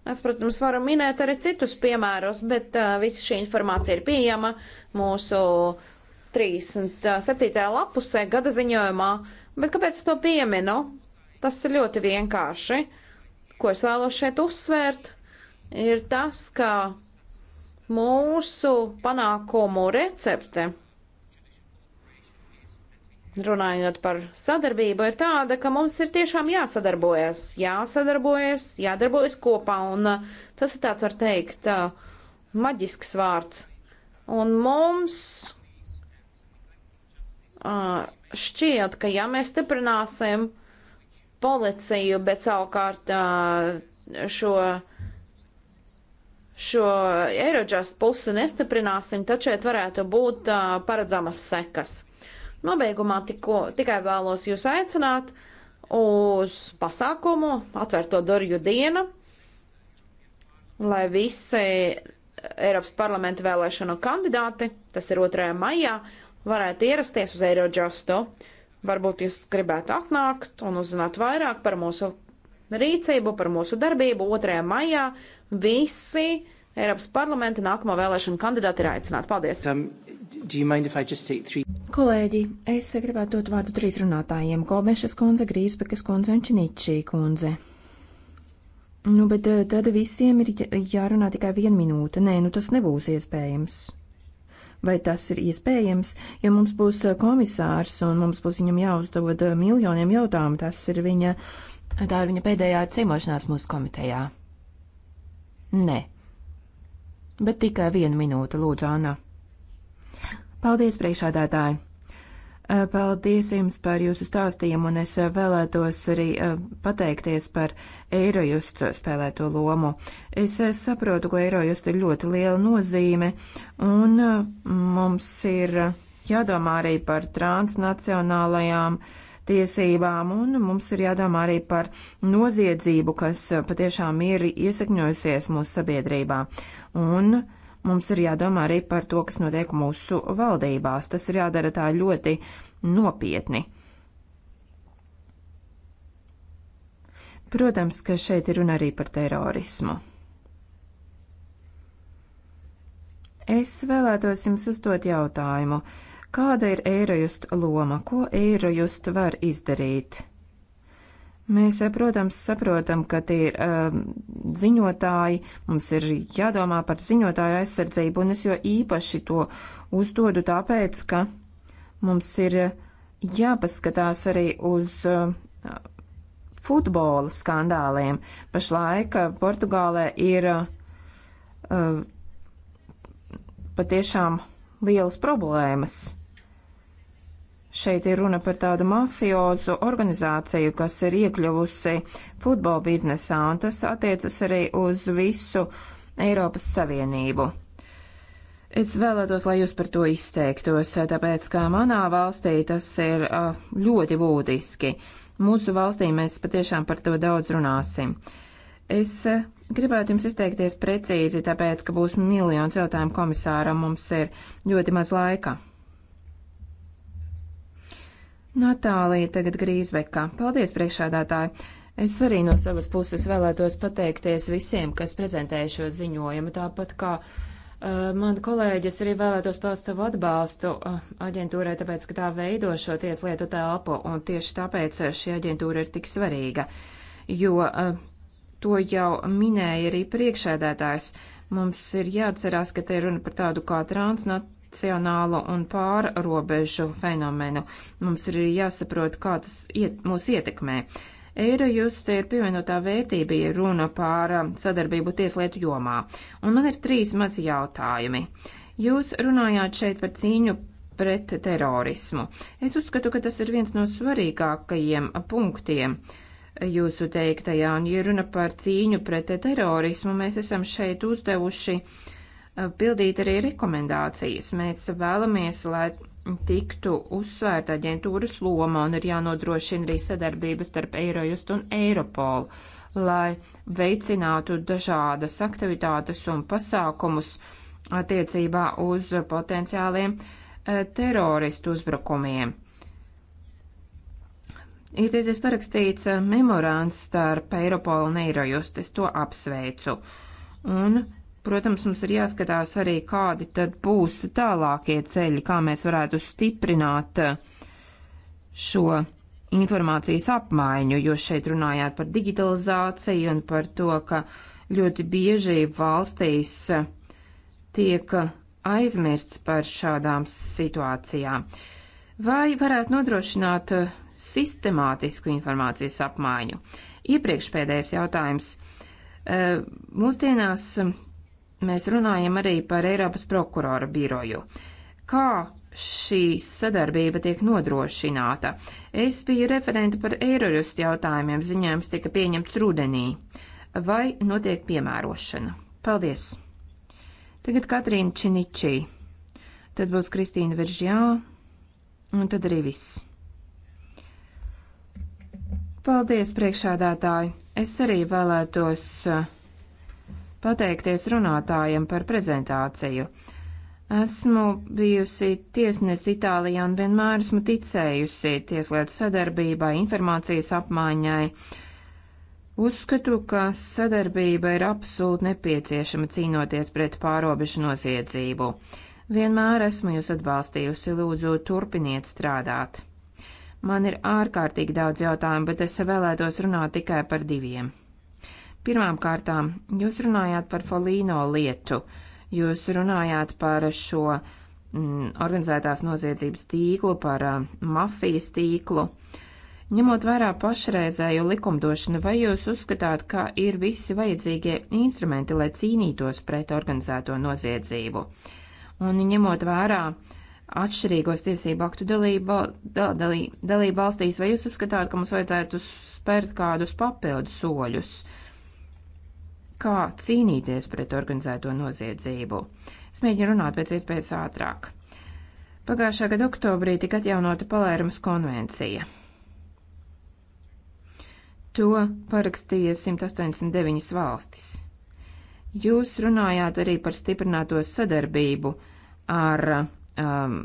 Mēs, protams, varam minēt arī citus piemērus, bet uh, visa šī informācija ir pieejama mūsu 37. lapusē gada ziņojumā. Bet kāpēc to pieminu? Tas ir ļoti vienkārši. Ko es vēlos šeit uzsvērt, ir tas, ka Mūsu panākumu recepte, runājot par sadarbību, ir tāda, ka mums ir tiešām jāsadarbojas, jāsadarbojas, jādarbojas kopā, un uh, tas ir tāds, var teikt, uh, maģisks vārds. Un mums uh, šķiet, ka ja mēs stiprināsim policiju, bet savukārt šo šo Eirodžast pusi nestiprināsim, tad šeit varētu būt uh, paredzamas sekas. Nobeigumā tiko, tikai vēlos jūs aicināt uz pasākumu atvērto durvju dienu, lai visi Eiropas parlamenta vēlēšanu kandidāti, tas ir 2. maijā, varētu ierasties uz Eirodžastu. Varbūt jūs gribētu atnākt un uzzināt vairāk par mūsu rīcību, par mūsu darbību 2. maijā visi Eiropas parlamenta nākamo vēlēšanu kandidāti ir aicināti. Paldies! Um, Kolēģi, es gribētu dot vārdu trīs runātājiem - Gomešas kundze, Grīsbekas kundze un Činičī kundze. Nu, bet eh, tad visiem ir jārunā tikai viena minūte. Nē, nu tas nebūs iespējams. Vai tas ir iespējams, ja mums būs eh, komisārs un mums būs viņam jāuzdod eh, miljoniem jautājumu? Tas ir viņa, tā ir viņa pēdējā cīmošanās mūsu komitejā. Nē. Bet tikai vienu minūti, lūdzu, Anna. Paldies, priekšādātāji! Eh, paldies jums par jūsu stāstījumu, un es eh, vēlētos arī eh, pateikties par Eirojust spēlēto lomu. Es saprotu, ka Eirojust ir ļoti liela nozīme, un mums ir jādomā arī par transnacionālajām uh, tiesībām, un mums ir jādomā arī par noziedzību, kas patiešām ir iesakņojusies mūsu sabiedrībā. Un mums ir jādomā arī par to, kas notiek mūsu valdībās. Tas ir jādara tā ļoti nopietni. Protams, ka šeit ir runa arī par terorismu. Es vēlētos jums uzdot jautājumu. Uh, Kāda ir Eirojust loma? Ko Eirojust var izdarīt? Mēs, eh, protams, saprotam, ka tie ir um, ziņotāji, mums ir jādomā par ziņotāju aizsardzību, un es jo īpaši to uzdodu tāpēc, ka mums ir jāpaskatās arī uz uh, futbola skandāliem. Pašlaik eh, Portugālē ir uh, patiešām lielas problēmas. Šeit ir runa par tādu mafiozu organizāciju, kas ir iekļuvusi futbola biznesā, un tas attiecas arī uz visu Eiropas Savienību. Es vēlētos, lai jūs par to izteiktos, tāpēc, kā manā valstī tas ir ļoti būtiski. Mūsu valstī mēs patiešām par to daudz runāsim. Es Gribētu jums izteikties precīzi, tāpēc, ka būs miljons jautājumu komisāram, mums ir ļoti maz laika. Natālija tagad Grīzvekā. Paldies, priekšādātāji! Es arī no savas puses vēlētos pateikties visiem, kas prezentēja šo ziņojumu, tāpat kā uh, man kolēģis arī vēlētos paust savu atbalstu uh, aģentūrai, tāpēc, ka tā veido šo tieslietu telpu, un tieši tāpēc eh, šī aģentūra ir tik svarīga, jo uh, to jau minēja arī priekšēdētājs. Mums ir jāatcerās, ka te ir runa par tādu kā transnat nacionālu un pārrobežu fenomenu. Mums ir jāsaprot, kā tas iet, mūs ietekmē. Eiro just ir pievienotā vērtība, ja runa pār um, sadarbību tieslietu jomā. Un man ir trīs mazi jautājumi. Jūs runājāt šeit par cīņu pret terorismu. Es uzskatu, ka tas ir viens no svarīgākajiem punktiem jūsu teiktajā, un ja runa par cīņu pret terorismu, mēs esam šeit uzdevuši uh, Eh, pildīt arī rekomendācijas. Mēs vēlamies, lai tiktu uzsvērta aģentūras loma un ir jānodrošina arī sadarbības starp Eirojust un Eiropolu, lai veicinātu dažādas aktivitātes un pasākumus attiecībā uz potenciāliem eh, teroristu uzbrukumiem. Ir tiesies parakstīts eh, memorāns starp Eiropolu un Eirojust, es to apsveicu. Un Protams, mums ir jāskatās arī, kādi tad būs tālākie ceļi, kā mēs varētu stiprināt uh, šo informācijas apmaiņu, jo šeit runājāt par digitalizāciju un par to, ka ļoti bieži valstīs uh, tiek aizmirsts par šādām situācijām. Vai varētu nodrošināt uh, sistemātisku informācijas apmaiņu? Iepriekšpēdējais jautājums. Mūsdienās um, mēs runājam arī par Eiropas prokurora biroju. Kā šī sadarbība tiek nodrošināta? Es biju referente par Eirojust jautājumiem, ziņojums tika pieņemts rudenī. Vai notiek piemērošana? Paldies! Tagad Katrīna Činičī, tad būs Kristīna Veržjā, un tad arī viss. Paldies, priekšādātāji! Es arī vēlētos uh, pateikties runātājiem par prezentāciju. Esmu bijusi tiesnesi Itālijā un vienmēr esmu ticējusi tieslietu sadarbībai, informācijas apmaiņai. Uzskatu, ka sadarbība ir absolūti nepieciešama cīnoties pret pārobežu noziedzību. Vienmēr esmu jūs atbalstījusi, lūdzu, turpiniet strādāt. Man ir ārkārtīgi daudz jautājumu, bet es vēlētos runāt tikai par diviem. Pirmām kārtām, jūs runājāt par Folīno lietu, jūs runājāt par šo mm, organizētās noziedzības tīklu, par uh, mafijas tīklu. Ņemot vērā pašreizējo likumdošanu, vai jūs uzskatāt, ka ir visi vajadzīgie instrumenti, lai cīnītos pret organizēto noziedzību? Un ņemot vērā atšķirīgos tiesību aktu dalību, dal, dalību valstīs, vai jūs uzskatāt, ka mums vajadzētu spērt kādus papildu soļus? Uh, kā cīnīties pret organizēto noziedzību. Es mēģinu runāt pēc iespējas ātrāk. Pagājušā gada oktobrī tika atjaunota Palērmas konvencija. To parakstīja 189 valstis. Jūs runājāt arī par stiprināto sadarbību ar, um,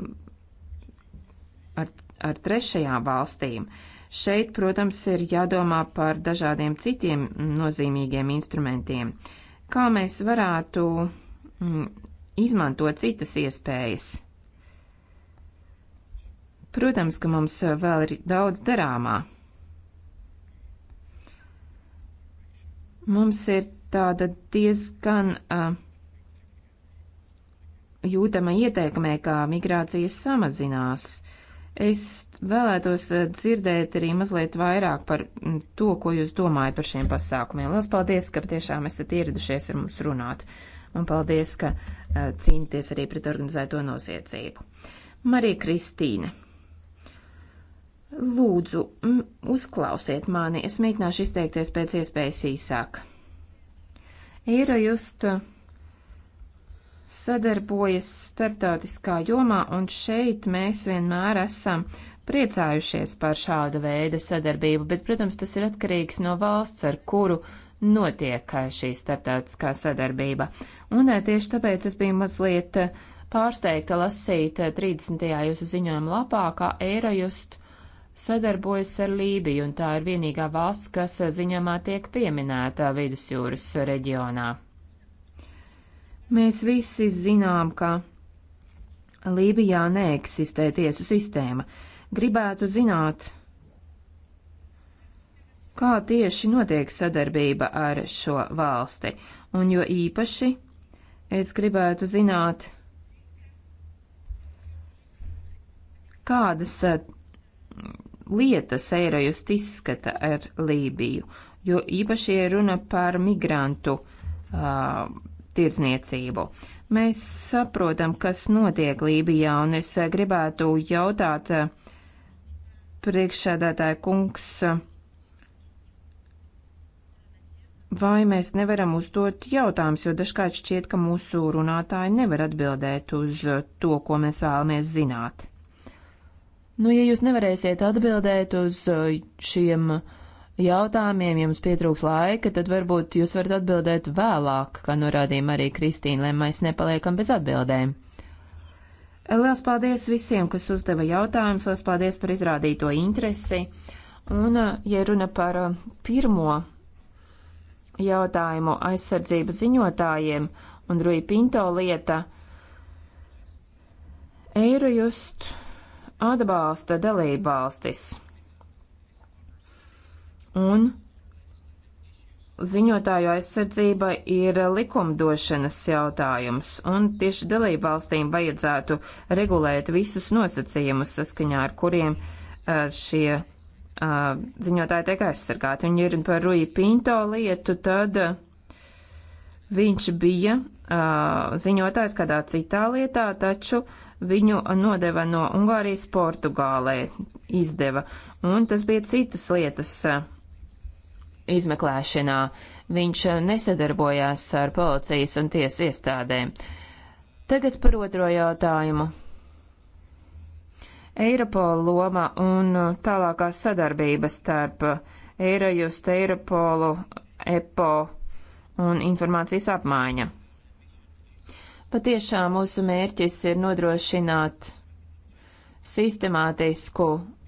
ar, ar trešajām valstīm. Uh, Šeit, protams, ir jādomā par dažādiem citiem nozīmīgiem instrumentiem. Kā mēs varētu mm, izmantot citas iespējas? Protams, ka mums vēl ir daudz darāmā. Mums ir tāda diezgan uh, jūtama ieteikme, kā migrācijas samazinās. Es vēlētos eh, dzirdēt arī mazliet vairāk par mm, to, ko jūs domājat par šiem pasākumiem. Lielas paldies, ka patiešām esat ieradušies ar mums runāt. Un paldies, ka eh, cīnīties arī pret organizēto nosiecību. Marija Kristīne. Lūdzu, mm, uzklausiet mani, es mēģināšu izteikties pēc iespējas īsāk. Eirojust. Just sadarbojas starptautiskā jomā, un šeit mēs vienmēr esam priecājušies par šādu veidu sadarbību, bet, protams, tas ir atkarīgs no valsts, ar kuru notiek eh, šī starptautiskā sadarbība. Un eh, tieši tāpēc es biju mazliet eh, pārsteigta lasīt 30. jūsu ziņojuma lapā, kā Eirojust sadarbojas ar Lībiju, un tā ir vienīgā valsts, kas ziņojumā tiek pieminēta vidusjūras reģionā. Mēs visi zinām, ka Lībijā neeksistē tiesu sistēma. Gribētu zināt, kā tieši notiek sadarbība ar šo valsti, un jo īpaši es gribētu zināt, kādas eh, lietas Eirojust izskata ar Lībiju, jo īpaši ir runa par migrantu uh, tirdzniecību. Mēs saprotam, kas notiek Lībijā, un es gribētu jautāt eh, priekšsēdētāja kungs, vai mēs nevaram uzdot jautājumus, jo dažkārt šķiet, ka mūsu runātāji nevar atbildēt uz eh, to, ko mēs vēlamies zināt. Nu, ja jūs nevarēsiet atbildēt uz eh, šiem jautājumiem, jautājumiem jums pietrūks laika, tad varbūt jūs varat atbildēt vēlāk, kā norādīja arī Kristīna, lai mēs nepaliekam bez atbildēm. Lielas paldies visiem, kas uzdeva jautājumus, lielas paldies par izrādīto interesi. Un, uh, ja runa par uh, pirmo jautājumu aizsardzību ziņotājiem un Rui Pinto lieta, Eirojust atbalsta dalībvalstis un ziņotāju aizsardzība ir likumdošanas jautājums, un tieši dalībvalstīm vajadzētu regulēt visus nosacījumus, saskaņā ar kuriem šie ziņotāji tiek aizsargāti. Un, ja runa par Rui Pinto lietu, tad viņš bija ziņotājs kādā citā lietā, taču viņu nodeva no Ungārijas Portugālē, izdeva. Un tas bija citas lietas izmeklēšanā. Viņš eh, nesadarbojās ar policijas un tiesu iestādēm. Tagad par otro jautājumu. Eiropola loma un tālākā sadarbība starp Eirojust, Eiropolu, EPO un informācijas apmaiņa. Patiešām mūsu mērķis ir nodrošināt sistemātisku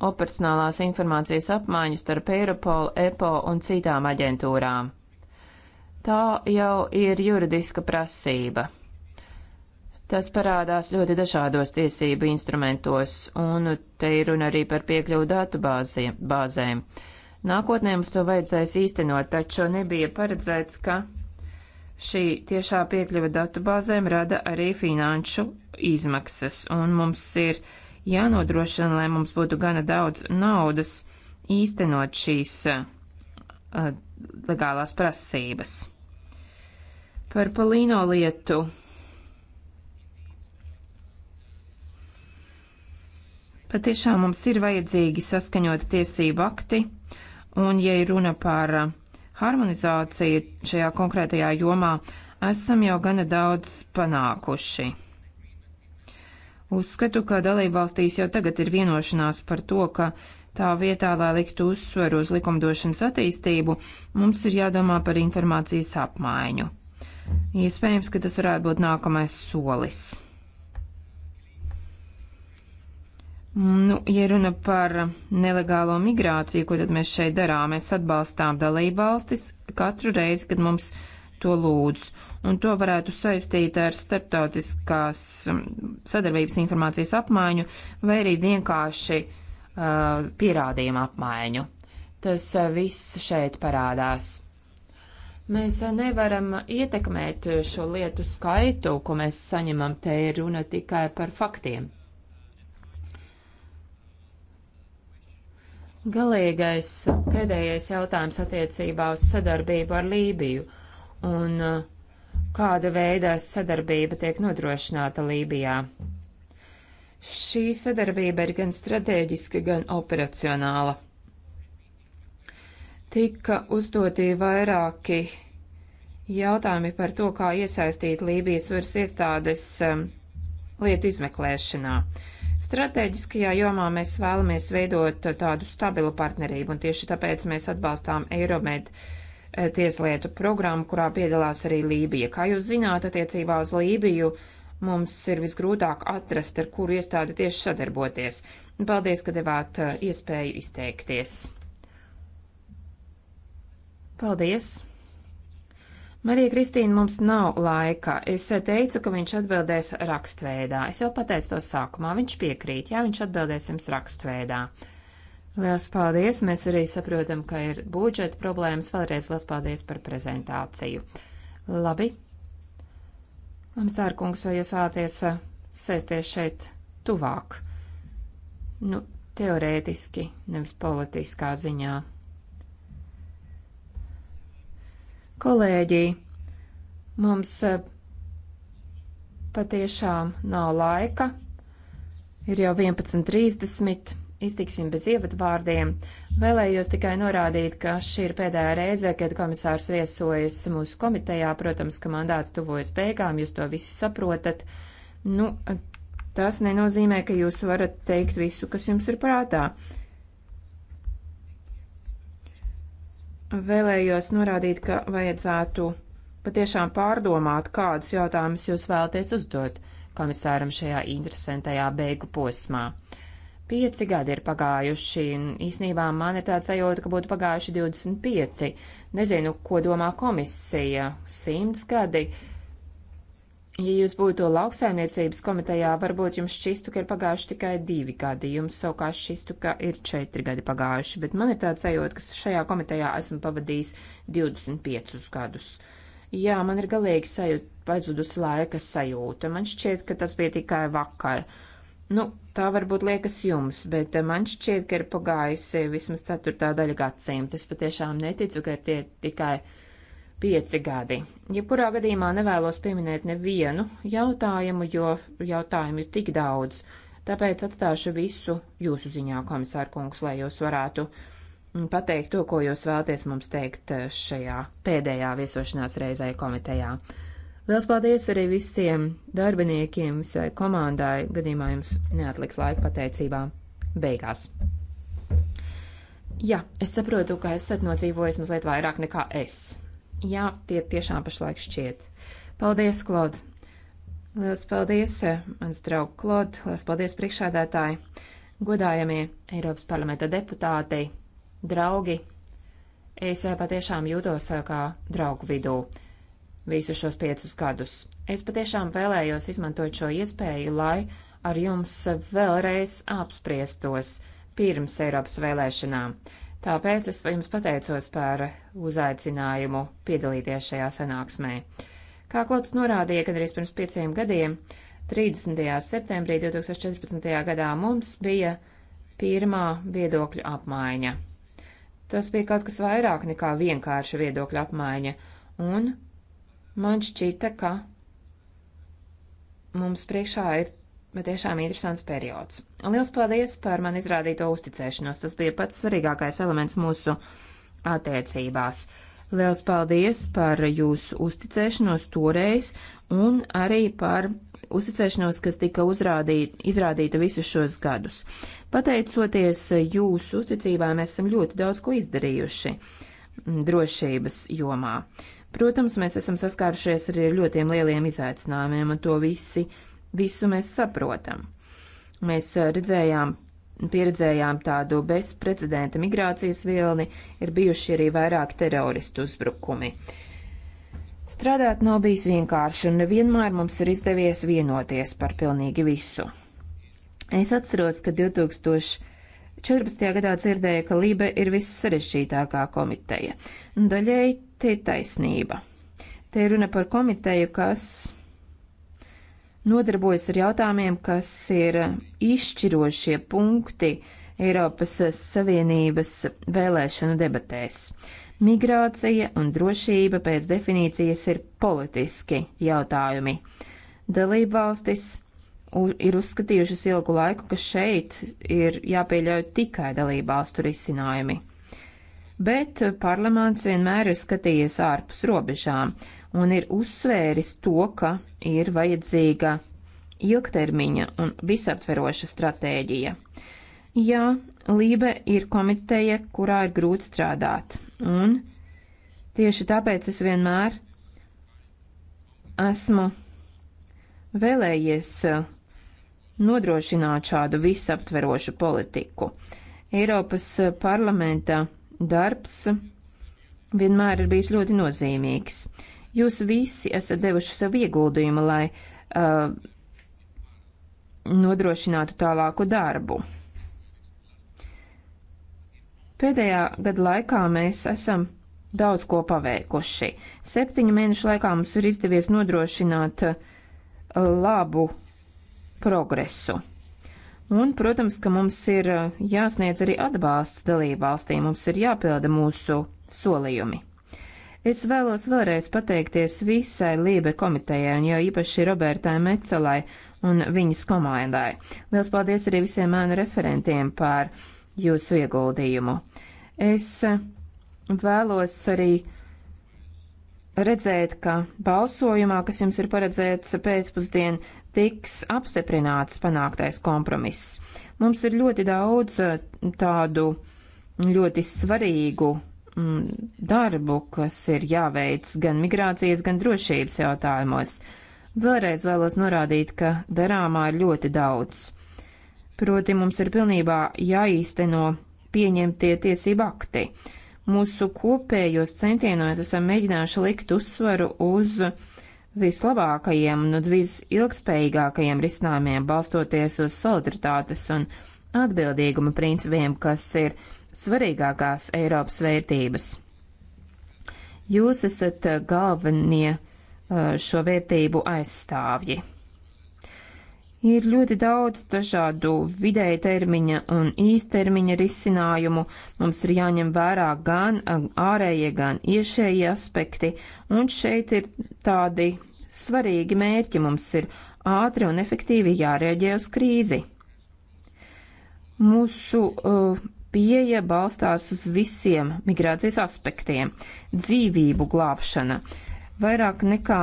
operacionālās informācijas apmaiņu starp Eiropolu, EPO un citām aģentūrām. Tā jau ir juridiska prasība. Tas parādās ļoti dažādos tiesību instrumentos, un te ir runa arī par piekļuvu datu bāziem, bāzēm. Nākotnē mums to vajadzēs īstenot, taču nebija paredzēts, ka šī tiešā piekļuva datu bāzēm rada arī finanšu izmaksas, un mums ir uh, jānodrošina, lai mums būtu gana daudz naudas īstenot šīs uh, legālās prasības. Par Palīno lietu. Patiešām mums ir vajadzīgi saskaņot tiesību akti, un, ja ir runa par uh, harmonizāciju šajā konkrētajā jomā, esam jau gana daudz panākuši. Uzskatu, ka dalībvalstīs jau tagad ir vienošanās par to, ka tā vietā, lai liktu uzsveru uz likumdošanas attīstību, mums ir jādomā par informācijas apmaiņu. Iespējams, ka tas varētu būt nākamais solis. Nu, ja runa par nelegālo migrāciju, ko tad mēs šeit darām? Mēs atbalstām dalībvalstis katru reizi, kad mums to lūdz un to varētu saistīt ar starptautiskās um, sadarbības informācijas apmaiņu vai arī vienkārši uh, pierādījumu apmaiņu. Tas uh, viss šeit parādās. Mēs uh, nevaram ietekmēt uh, šo lietu skaitu, ko mēs saņemam, te ir runa tikai par faktiem. Galīgais pēdējais jautājums attiecībā uz sadarbību ar Lībiju un uh, kāda veida sadarbība tiek nodrošināta Lībijā. Šī sadarbība ir gan strateģiska, gan operacionāla. Tika uzdoti vairāki jautājumi par to, kā iesaistīt Lībijas varas iestādes um, lietu izmeklēšanā. Stratēģiskajā jomā mēs vēlamies veidot tādu stabilu partnerību, un tieši tāpēc mēs atbalstām Eiromed uh, E, tieslietu programmu, kurā piedalās arī Lībija. Kā jūs zināt, attiecībā uz Lībiju mums ir visgrūtāk atrast, ar kuru iestādi tieši sadarboties. Paldies, ka devāt e, iespēju izteikties. Paldies! Marija Kristīna mums nav laika. Es e, teicu, ka viņš atbildēs rakstveidā. Es jau pateicu to sākumā. Viņš piekrīt, ja viņš atbildēs jums rakstveidā. Lielas paldies! Mēs arī saprotam, ka ir budžeta problēmas. Vēlreiz liels paldies par prezentāciju. Labi. Komisārkungs, vai jūs vēlaties eh, sēsties šeit tuvāk? Nu, teorētiski, nevis politiskā ziņā. Kolēģi, mums eh, patiešām nav laika. Ir jau 11.30 iztiksim bez ievadvārdiem. Vēlējos tikai norādīt, ka šī ir pēdējā reize, kad komisārs viesojas mūsu komitejā. Protams, ka mandāts tuvojas beigām, jūs to visi saprotat. Nu, tas nenozīmē, ka jūs varat teikt visu, kas jums ir prātā. Vēlējos norādīt, ka vajadzētu patiešām pārdomāt, kādus jautājumus jūs vēlaties uzdot komisāram šajā interesantajā beigu posmā. Pieci gadi ir pagājuši, un īsnībā man ir tāds sajūta, ka būtu pagājuši 25. Nezinu, ko domā komisija. Simts gadi. Ja jūs būtu lauksaimniecības komitejā, varbūt jums šķistu, ka ir pagājuši tikai divi gadi, jums savukārt šķistu, ka ir četri gadi pagājuši, bet man ir tāds sajūta, ka šajā komitejā esmu pavadījis 25 gadus. Jā, man ir galīgi sajūta, pazudusi laika sajūta. Man šķiet, ka tas bija tikai vakar. Uh, Nu, tā varbūt liekas jums, bet eh, man šķiet, ka ir pagājusi vismaz ceturtā daļa gadsimta. Es patiešām neticu, ka ir tie tikai pieci gadi. Jebkurā ja gadījumā nevēlos pieminēt nevienu jautājumu, jo jautājumu ir tik daudz. Tāpēc atstāšu visu jūsu ziņā, komisār kungs, lai jūs varētu mm, pateikt to, ko jūs vēlaties mums teikt eh, šajā pēdējā viesošanās reizē komitejā. Liels paldies arī visiem darbiniekiem, visai komandai. Gadījumā jums neatliks laika pateicībā beigās. Jā, es saprotu, ka esat nodzīvojis mazliet vairāk nekā es. Jā, tie tiešām pašlaik šķiet. Paldies, Klod! Liels paldies, eh, mans draugs Klod! Liels paldies, priekšādātāji! Godājamie Eiropas parlamenta deputāti, draugi! Es eh, patiešām jūtos eh, kā draugu vidū visus šos piecus gadus. Es patiešām vēlējos izmantot šo iespēju, lai ar jums vēlreiz apspriestos pirms Eiropas vēlēšanām. Tāpēc es jums pateicos par uzaicinājumu piedalīties šajā sanāksmē. Kā Klauds norādīja, kad arī pirms pieciem gadiem, 30. septembrī 2014. gadā mums bija pirmā viedokļu apmaiņa. Tas bija kaut kas vairāk nekā vienkārša viedokļu apmaiņa, un Man šķita, ka mums priekšā ir patiešām interesants periods. Liels paldies par man izrādīto uzticēšanos. Tas bija pats svarīgākais elements mūsu attiecībās. Liels paldies par jūsu uzticēšanos toreiz un arī par uzticēšanos, kas tika uzrādīt, izrādīta visus šos gadus. Pateicoties jūsu uzticībai, mēs esam ļoti daudz ko izdarījuši drošības jomā. Protams, mēs esam saskārušies arī ar ļoti lieliem izaicinājumiem, un to visi, visu mēs saprotam. Mēs eh, redzējām, pieredzējām tādu bezprecedenta migrācijas vilni, ir bijuši arī vairāk teroristu uzbrukumi. Strādāt nav bijis vienkārši, un nevienmēr mums ir izdevies vienoties par pilnīgi visu. Es atceros, ka 2000. 14. gadā dzirdēju, ka Lībe ir vissarežģītākā komiteja. Daļēji Te ir taisnība. Te ir runa par komiteju, kas nodarbojas ar jautājumiem, kas ir izšķirošie punkti Eiropas Savienības vēlēšanu debatēs. Migrācija un drošība pēc definīcijas ir politiski jautājumi. Dalībvalstis ir uzskatījušas ilgu laiku, ka šeit ir jāpieļauj tikai dalībvalstu risinājumi bet parlaments vienmēr ir skatījies ārpus robežām un ir uzsvēris to, ka ir vajadzīga ilgtermiņa un visaptveroša stratēģija. Jā, Lībe ir komiteja, kurā ir grūti strādāt, un tieši tāpēc es vienmēr esmu vēlējies uh, nodrošināt šādu visaptverošu politiku. Eiropas uh, parlamenta darbs vienmēr ir bijis ļoti nozīmīgs. Jūs visi esat devuši savu ieguldījumu, lai uh, nodrošinātu tālāku darbu. Pēdējā gada laikā mēs esam daudz ko paveikuši. Septiņu mēnešu laikā mums ir izdevies nodrošināt labu progresu. Un, protams, ka mums ir eh, jāsniedz arī atbalsts dalībvalstīm, mums ir jāpilda mūsu solījumi. Es vēlos vēlreiz pateikties visai Lībe komitejai un jau īpaši Robertai Mecelai un viņas komandai. Lielas paldies arī visiem mēnu referentiem par jūsu ieguldījumu. Es eh, vēlos arī redzēt, ka balsojumā, kas jums ir paredzēts pēcpusdien, tiks apstiprināts panāktais kompromiss. Mums ir ļoti daudz eh, tādu ļoti svarīgu mm, darbu, kas ir jāveic gan migrācijas, gan drošības jautājumos. Vēlreiz vēlos norādīt, ka darāmā ir ļoti daudz. Proti mums ir pilnībā jāīsteno pieņemtie tiesību akti. Mūsu kopējos centienos esam mēģinājuši likt uzsvaru uz uh, vislabākajiem un nu, visilgspējīgākajiem risinājumiem, balstoties uz solidaritātes un atbildīguma principiem, kas ir svarīgākās Eiropas vērtības. Jūs esat galvenie uh, šo vērtību aizstāvji. Ir ļoti daudz dažādu vidēja termiņa un īstermiņa risinājumu. Mums ir jāņem vērā gan ārējie, gan iešējie aspekti, un šeit ir tādi svarīgi mērķi. Mums ir ātri un efektīvi jārēģē uz krīzi. Mūsu uh, pieeja balstās uz visiem migrācijas aspektiem - dzīvību glābšana. Uh, Vairāk nekā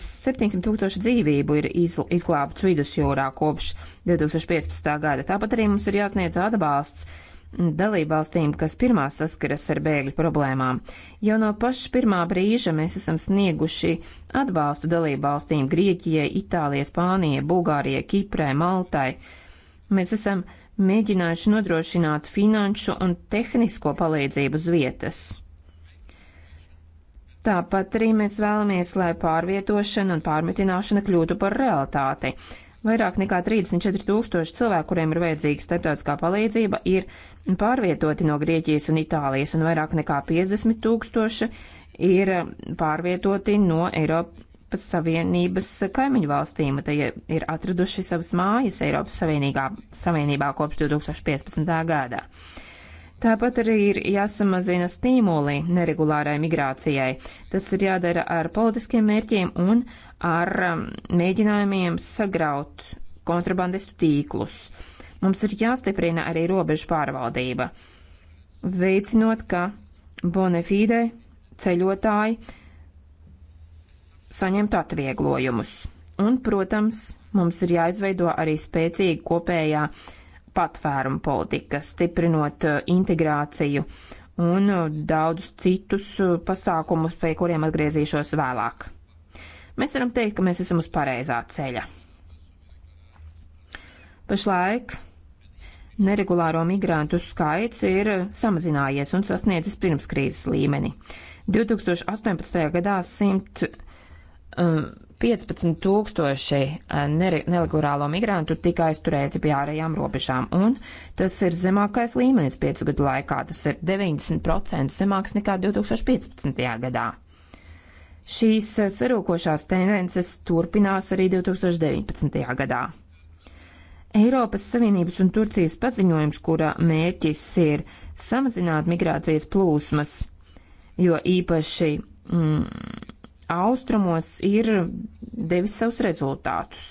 700 tūkstoši dzīvību ir izglābts vidusjūrā kopš 2015. gada. Tāpat arī mums ir jāsniedz atbalsts dalībvalstīm, kas pirmā saskaras ar bēgļu problēmām. Jau no paša pirmā brīža mēs esam snieguši atbalstu dalībvalstīm Grieķijai, Itālijai, Spānijai, Bulgārijai, Kiprai, Maltai. Mēs esam mēģinājuši nodrošināt finanšu un tehnisko palīdzību uz vietas. Tāpat arī mēs vēlamies, lai pārvietošana un pārmetināšana kļūtu par realitāti. Vairāk nekā 34 tūkstoši cilvēku, kuriem ir vajadzīga starptautiskā palīdzība, ir pārvietoti no Grieķijas un Itālijas, un vairāk nekā 50 tūkstoši ir pārvietoti no Eiropas Savienības kaimiņu valstīm. Tie ir atraduši savas mājas Eiropas Savienībā, Savienībā kopš 2015. gadā. Tāpat arī ir jāsamazina stīmuli neregulārai migrācijai. Tas ir jādara ar politiskiem mērķiem un ar um, mēģinājumiem sagraut kontrabandistu tīklus. Mums ir jāstiprina arī robežu pārvaldība, veicinot, ka bonefīde ceļotāji saņemtu atvieglojumus. Un, protams, mums ir jāizveido arī spēcīga kopējā uh, patvērumu politika, stiprinot uh, integrāciju un uh, daudzus citus uh, pasākumus, pie kuriem atgriezīšos vēlāk. Mēs varam teikt, ka mēs esam uz pareizā ceļa. Pašlaik neregulāro migrantu skaits ir samazinājies un sasniedzis pirms krīzes līmeni. 2018. gadā 100. Um, 15 tūkstoši eh, nelegālo migrantu tika aizturēti pie ārējām robežām, un tas ir zemākais līmenis piecu gadu laikā. Tas ir 90% zemāks nekā 2015. gadā. Šīs eh, sarūkošās tendences turpinās arī 2019. gadā. Eiropas Savienības un Turcijas paziņojums, kura mērķis ir samazināt migrācijas plūsmas, jo īpaši mm, austrumos ir devis savus rezultātus.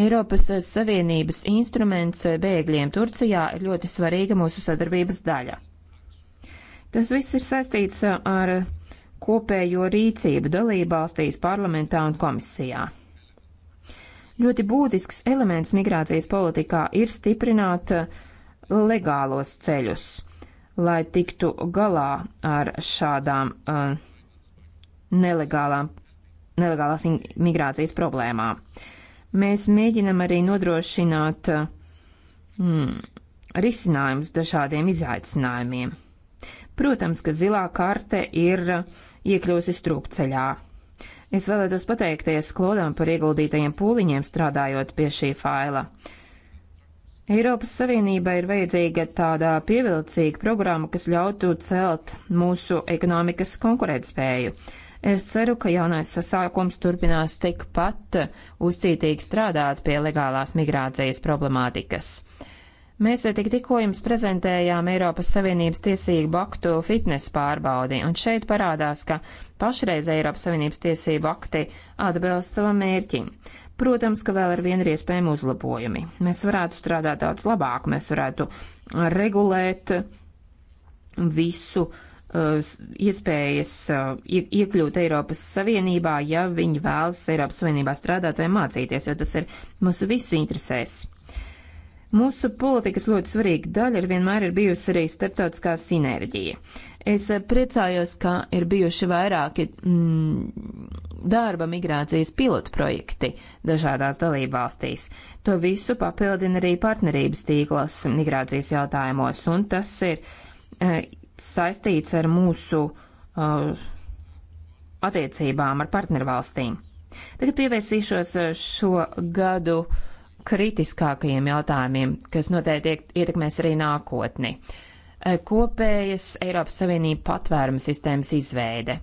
Eiropas Savienības instruments bēgļiem Turcijā ir ļoti svarīga mūsu sadarbības daļa. Tas viss ir saistīts ar kopējo rīcību dalībvalstīs, parlamentā un komisijā. Ļoti būtisks elements migrācijas politikā ir stiprināt legālos ceļus, lai tiktu galā ar šādām uh, nelegālām, nelegālās migrācijas problēmām. Mēs mēģinam arī nodrošināt mm, risinājumus dažādiem izaicinājumiem. Protams, ka zilā karte ir iekļūsi strupceļā. Es vēlētos pateikties Klodam par ieguldītajiem pūliņiem strādājot pie šī faila. Eiropas Savienībai ir vajadzīga tāda pievilcīga programma, kas ļautu celt mūsu ekonomikas konkurētspēju. Es ceru, ka jaunais sasākums turpinās tikpat uzcītīgi strādāt pie legālās migrācijas problemātikas. Mēs tik tikko jums prezentējām Eiropas Savienības tiesību aktu fitnes pārbaudi, un šeit parādās, ka pašreiz Eiropas Savienības tiesību akti atbilst savam mērķim. Protams, ka vēl ar vienu ir iespējami uzlabojumi. Mēs varētu strādāt daudz labāk, mēs varētu regulēt visu uh, Uh, iespējas uh, iekļūt Eiropas Savienībā, ja viņi vēlas Eiropas Savienībā strādāt vai mācīties, jo tas ir mūsu visu interesēs. Mūsu politikas ļoti svarīga daļa ir vienmēr ir bijusi arī starptautiskā sinerģija. Es priecājos, ka ir bijuši vairāki mm, darba migrācijas pilotu projekti dažādās dalību valstīs. To visu papildina arī partnerības tīklas migrācijas jautājumos, un tas ir e, saistīts ar mūsu uh, attiecībām ar partnervalstīm. Tagad pievērsīšos uh, šo gadu kritiskākajiem jautājumiem, kas noteikti ietekmēs arī nākotni. Uh, kopējas Eiropas Savienība patvēruma sistēmas izveide.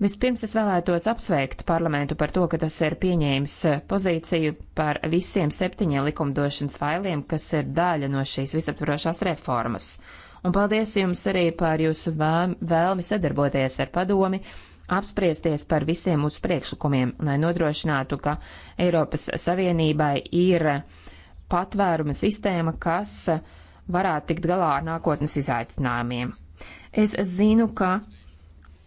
Vispirms es vēlētos apsveikt parlamentu par to, ka tas ir pieņēmis uh, pozīciju par visiem septiņiem likumdošanas failiem, kas ir daļa no šīs visaptvarošās reformas. Uh, un paldies jums arī par jūsu vēlmi sadarboties ar padomi, apspriesties par visiem mūsu priekšlikumiem, lai nodrošinātu, ka Eiropas Savienībai ir patvēruma sistēma, kas varētu tikt galā ar nākotnes izaicinājumiem. Es zinu, ka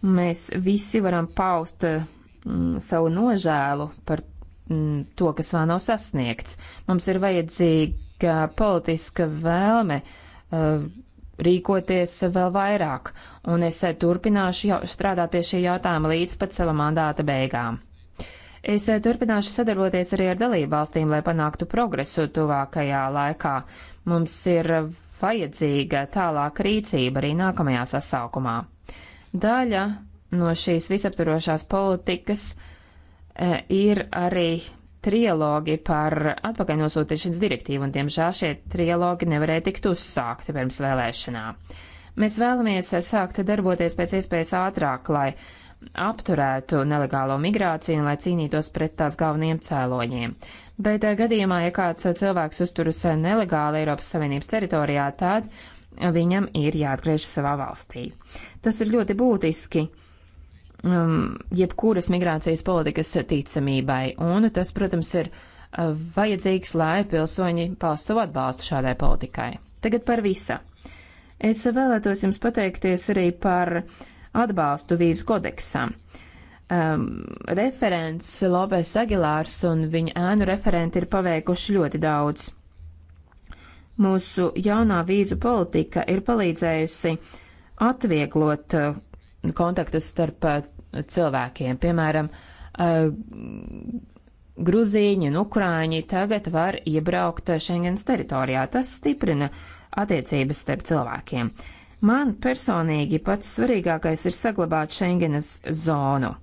mēs visi varam paust mm, savu nožēlu par mm, to, kas vēl nav sasniegts. Mums ir vajadzīga politiska vēlme uh, rīkoties vēl vairāk, un es turpināšu jau strādāt pie šī jautājuma līdz pat sava mandāta beigām. Es turpināšu sadarboties arī ar dalību valstīm, lai panāktu progresu tuvākajā laikā. Mums ir vajadzīga tālāka rīcība arī nākamajā sasaukumā. Daļa no šīs visaptvarošās politikas eh, ir arī trilogi par atpakaļnosūtīšanas direktīvu, un diemžēl šie trilogi nevarēja tikt uzsākti pirms vēlēšanām. Mēs vēlamies sākt darboties pēc iespējas ātrāk, lai apturētu nelegālo migrāciju un lai cīnītos pret tās galveniem cēloņiem. Bet eh, gadījumā, ja kāds cilvēks uzturas nelegāli Eiropas Savienības teritorijā, tad viņam ir jāatgriežas savā valstī. Tas ir ļoti būtiski um, jebkuras migrācijas politikas ticamībai, un tas, protams, ir uh, vajadzīgs, lai pilsoņi paustu savu atbalstu šādai politikai. Tagad par visu. Es vēlētos jums pateikties arī par atbalstu vīzu kodeksam. Um, referents Lopes Agilārs un viņa ēnu referenti ir paveikuši ļoti daudz. Mūsu jaunā vīzu politika ir palīdzējusi atvieglot uh, kontaktus starp uh, cilvēkiem. Piemēram, gruzīņi un ukrāņi tagad var iebraukt Schengens teritorijā. Tas stiprina attiecības starp cilvēkiem. Man personīgi pats svarīgākais ir saglabāt Schengenas zonu.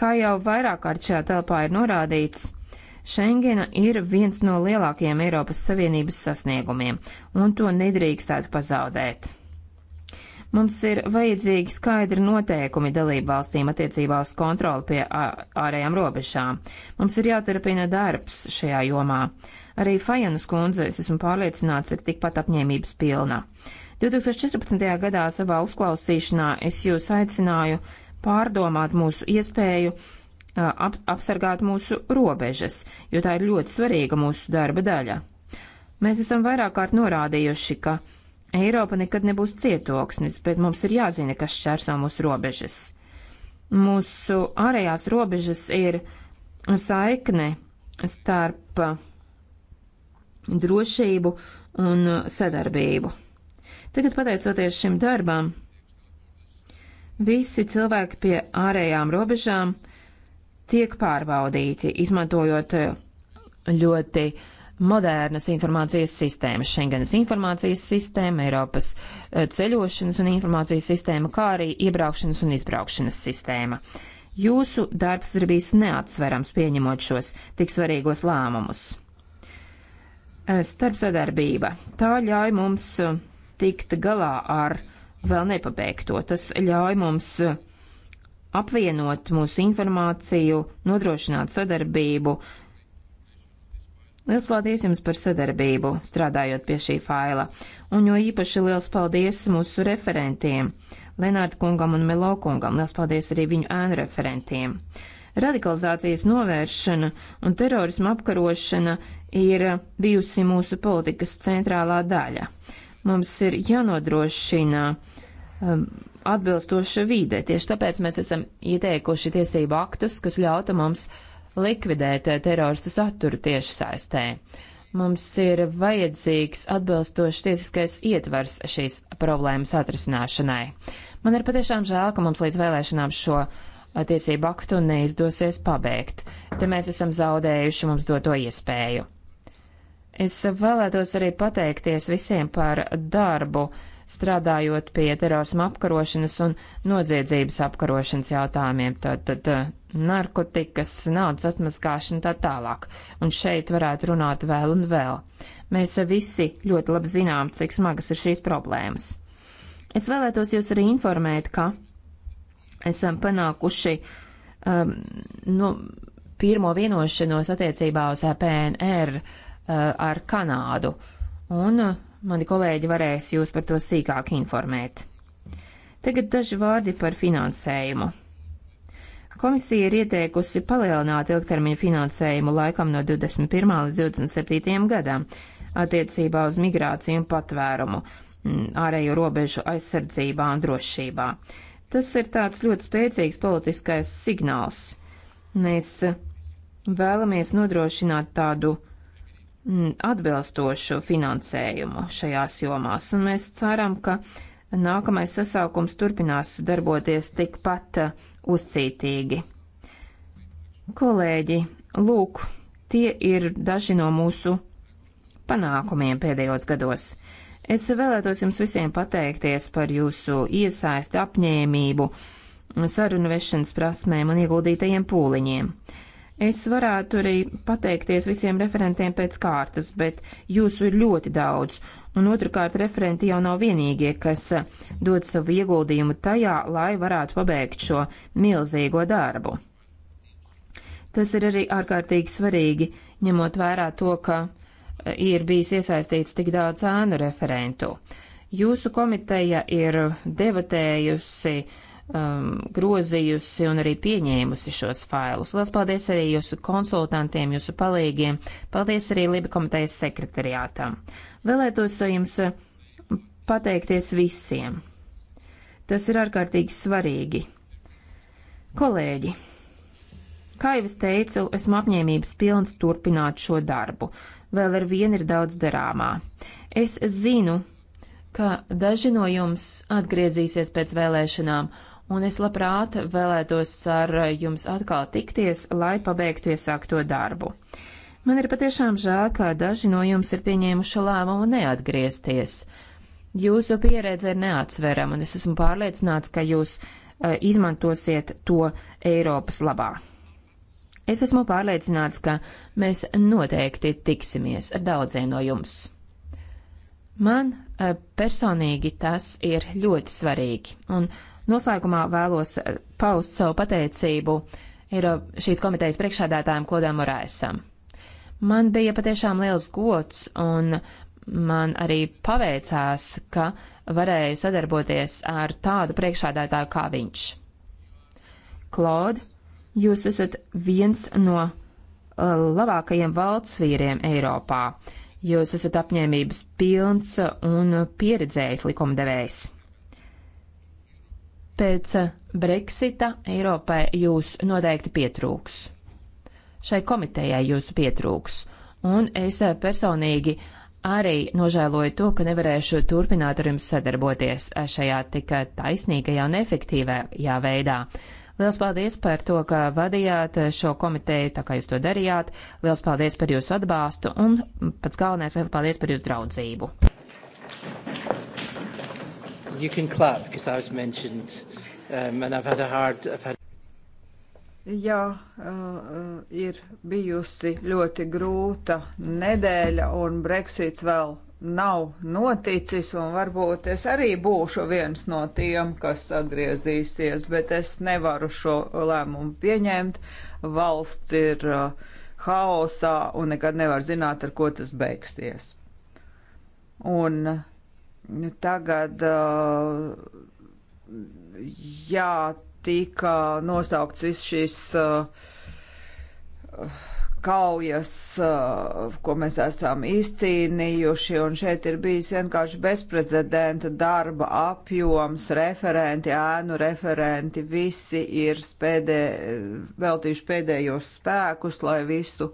Kā jau vairāk kārt šajā telpā ir norādīts, Schengena ir viens no lielākajiem Eiropas Savienības sasniegumiem, un to nedrīkstētu pazaudēt. Mums ir vajadzīgi skaidri noteikumi dalību valstīm attiecībā uz kontroli pie ārējām robežām. Mums ir jāturpina darbs šajā jomā. Arī Fajanas kundze, es esmu pārliecināts, ir tikpat apņēmības pilna. 2014. gadā savā uzklausīšanā es jūs aicināju pārdomāt mūsu iespēju ap, apsargāt mūsu robežas, jo tā ir ļoti svarīga mūsu darba daļa. Mēs esam vairāk kārt norādījuši, ka Eiropa nekad nebūs cietoksnis, bet mums ir jāzina, kas šķērso mūsu robežas. Mūsu ārējās robežas ir saikne starp drošību un sadarbību. Tagad, pateicoties šim darbam, visi cilvēki pie ārējām robežām tiek pārbaudīti, izmantojot ļoti uh, modernas informācijas sistēmas, Schengenas informācijas sistēma, Eiropas eh, ceļošanas un informācijas sistēma, kā arī iebraukšanas un izbraukšanas sistēma. Jūsu darbs ir bijis neatsverams pieņemot šos tik svarīgos lēmumus. Eh, starpsadarbība. Tā ļauj mums eh, tikt galā ar vēl nepabeigto. Tas ļauj mums apvienot mūsu informāciju, nodrošināt sadarbību, uh, Liels paldies jums par sadarbību, strādājot pie šī faila, un jo īpaši liels paldies mūsu referentiem, Lenārda kungam un Melo kungam, liels paldies arī viņu ēnu referentiem. Radikalizācijas novēršana un terorisma apkarošana ir bijusi mūsu politikas centrālā daļa. Mums ir jānodrošina um, atbilstoša vīde, tieši tāpēc mēs esam ieteikuši tiesību aktus, kas ļauta mums uh, likvidēt eh, teroristu saturu tieši saistē. Mums ir vajadzīgs atbilstošs tiesiskais ietvers šīs problēmas atrisināšanai. Man ir patiešām žēl, ka mums līdz vēlēšanām šo eh, tiesību aktu neizdosies pabeigt. Te mēs esam zaudējuši mums doto iespēju. Es vēlētos arī pateikties visiem par darbu strādājot pie terorisma apkarošanas un noziedzības apkarošanas jautājumiem, tad, tad eh, narkotikas, naudas atmaskāšana tā tālāk. Un šeit varētu runāt vēl un vēl. Mēs visi ļoti labi zinām, cik smagas ir šīs problēmas. Es vēlētos jūs arī informēt, ka esam panākuši um, nu, pirmo vienošanos attiecībā uz PNR uh, eh, ar Kanādu. Un uh, Mani kolēģi varēs jūs par to sīkāk informēt. Tagad daži vārdi par finansējumu. Komisija ir ieteikusi palielināt ilgtermiņa finansējumu laikam no 21. līdz 27. gadam attiecībā uz migrāciju un patvērumu, mm, ārējo robežu aizsardzībā un drošībā. Tas ir tāds ļoti spēcīgs politiskais signāls. Mēs eh, vēlamies nodrošināt tādu Mm, atbilstošu finansējumu šajās jomās, un mēs ceram, ka nākamais sasaukums turpinās darboties tikpat uh, uzcītīgi. Kolēģi, lūk, tie ir daži no mūsu panākumiem pēdējos gados. Es vēlētos jums visiem pateikties par jūsu iesaisti apņēmību, sarunu vešanas prasmēm un ieguldītajiem pūliņiem. Es varētu arī pateikties visiem referentiem pēc kārtas, bet jūsu ir ļoti daudz, un otrkārt referenti jau nav vienīgie, kas eh, dod savu ieguldījumu tajā, lai varētu pabeigt šo milzīgo darbu. Tas ir arī ārkārtīgi svarīgi, ņemot vērā to, ka eh, ir bijis iesaistīts tik daudz ēnu referentu. Jūsu komiteja ir debatējusi uh, um, grozījusi un arī pieņēmusi šos failus. Lielas paldies arī jūsu konsultantiem, jūsu palīgiem. Paldies arī Liba komitejas sekretariātam. Vēlētos jums pateikties visiem. Tas ir ārkārtīgi svarīgi. Kolēģi, kā jau es teicu, esmu apņēmības pilns turpināt šo darbu. Vēl ar vienu ir daudz darāmā. Es zinu, ka daži no jums atgriezīsies pēc vēlēšanām un es labprāt vēlētos ar jums atkal tikties, lai pabeigtu iesākto darbu. Man ir patiešām žēl, ka daži no jums ir pieņēmuši lēmumu neatgriezties. Jūsu pieredze ir neatsverama, un es esmu pārliecināts, ka jūs uh, izmantosiet to Eiropas labā. Es esmu pārliecināts, ka mēs noteikti tiksimies ar daudziem no jums. Man uh, personīgi tas ir ļoti svarīgi, un uh, Noslēgumā vēlos paust savu pateicību ir šīs komitejas priekšādātājiem Klodam Moraisam. Man bija patiešām liels gods un man arī paveicās, ka varēju sadarboties ar tādu priekšādātāju kā viņš. Klod, jūs esat viens no uh, labākajiem valsts vīriem Eiropā. Jūs esat apņēmības pilns un pieredzējis likumdevējs. Pēc Brexita Eiropai jūs noteikti pietrūks. Šai komitejai jūsu pietrūks. Un es personīgi arī nožēloju to, ka nevarēšu turpināt ar jums sadarboties šajā tik taisnīgajā un efektīvajā veidā. Liels paldies par to, ka vadījāt šo komiteju, tā kā jūs to darījāt. Liels paldies par jūsu atbalstu un pats galvenais, liels paldies par jūsu draudzību you can clap because I was mentioned, um, and I've had a hard. I've had Jā, uh, uh, ir bijusi ļoti grūta nedēļa, un Brexits vēl nav noticis, un varbūt es arī būšu viens no tiem, kas atgriezīsies, bet es nevaru šo lēmumu pieņemt. Valsts ir uh, haosā, un nekad nevar zināt, ar ko tas beigsies. Un uh, Nu, tagad uh, jā, tika nosaukts viss šīs uh, kaujas, uh, ko mēs esam izcīnījuši, un šeit ir bijis vienkārši bezprecedenta darba apjoms, referenti, ēnu referenti, visi ir spēdē, veltījuši pēdējos spēkus, lai visu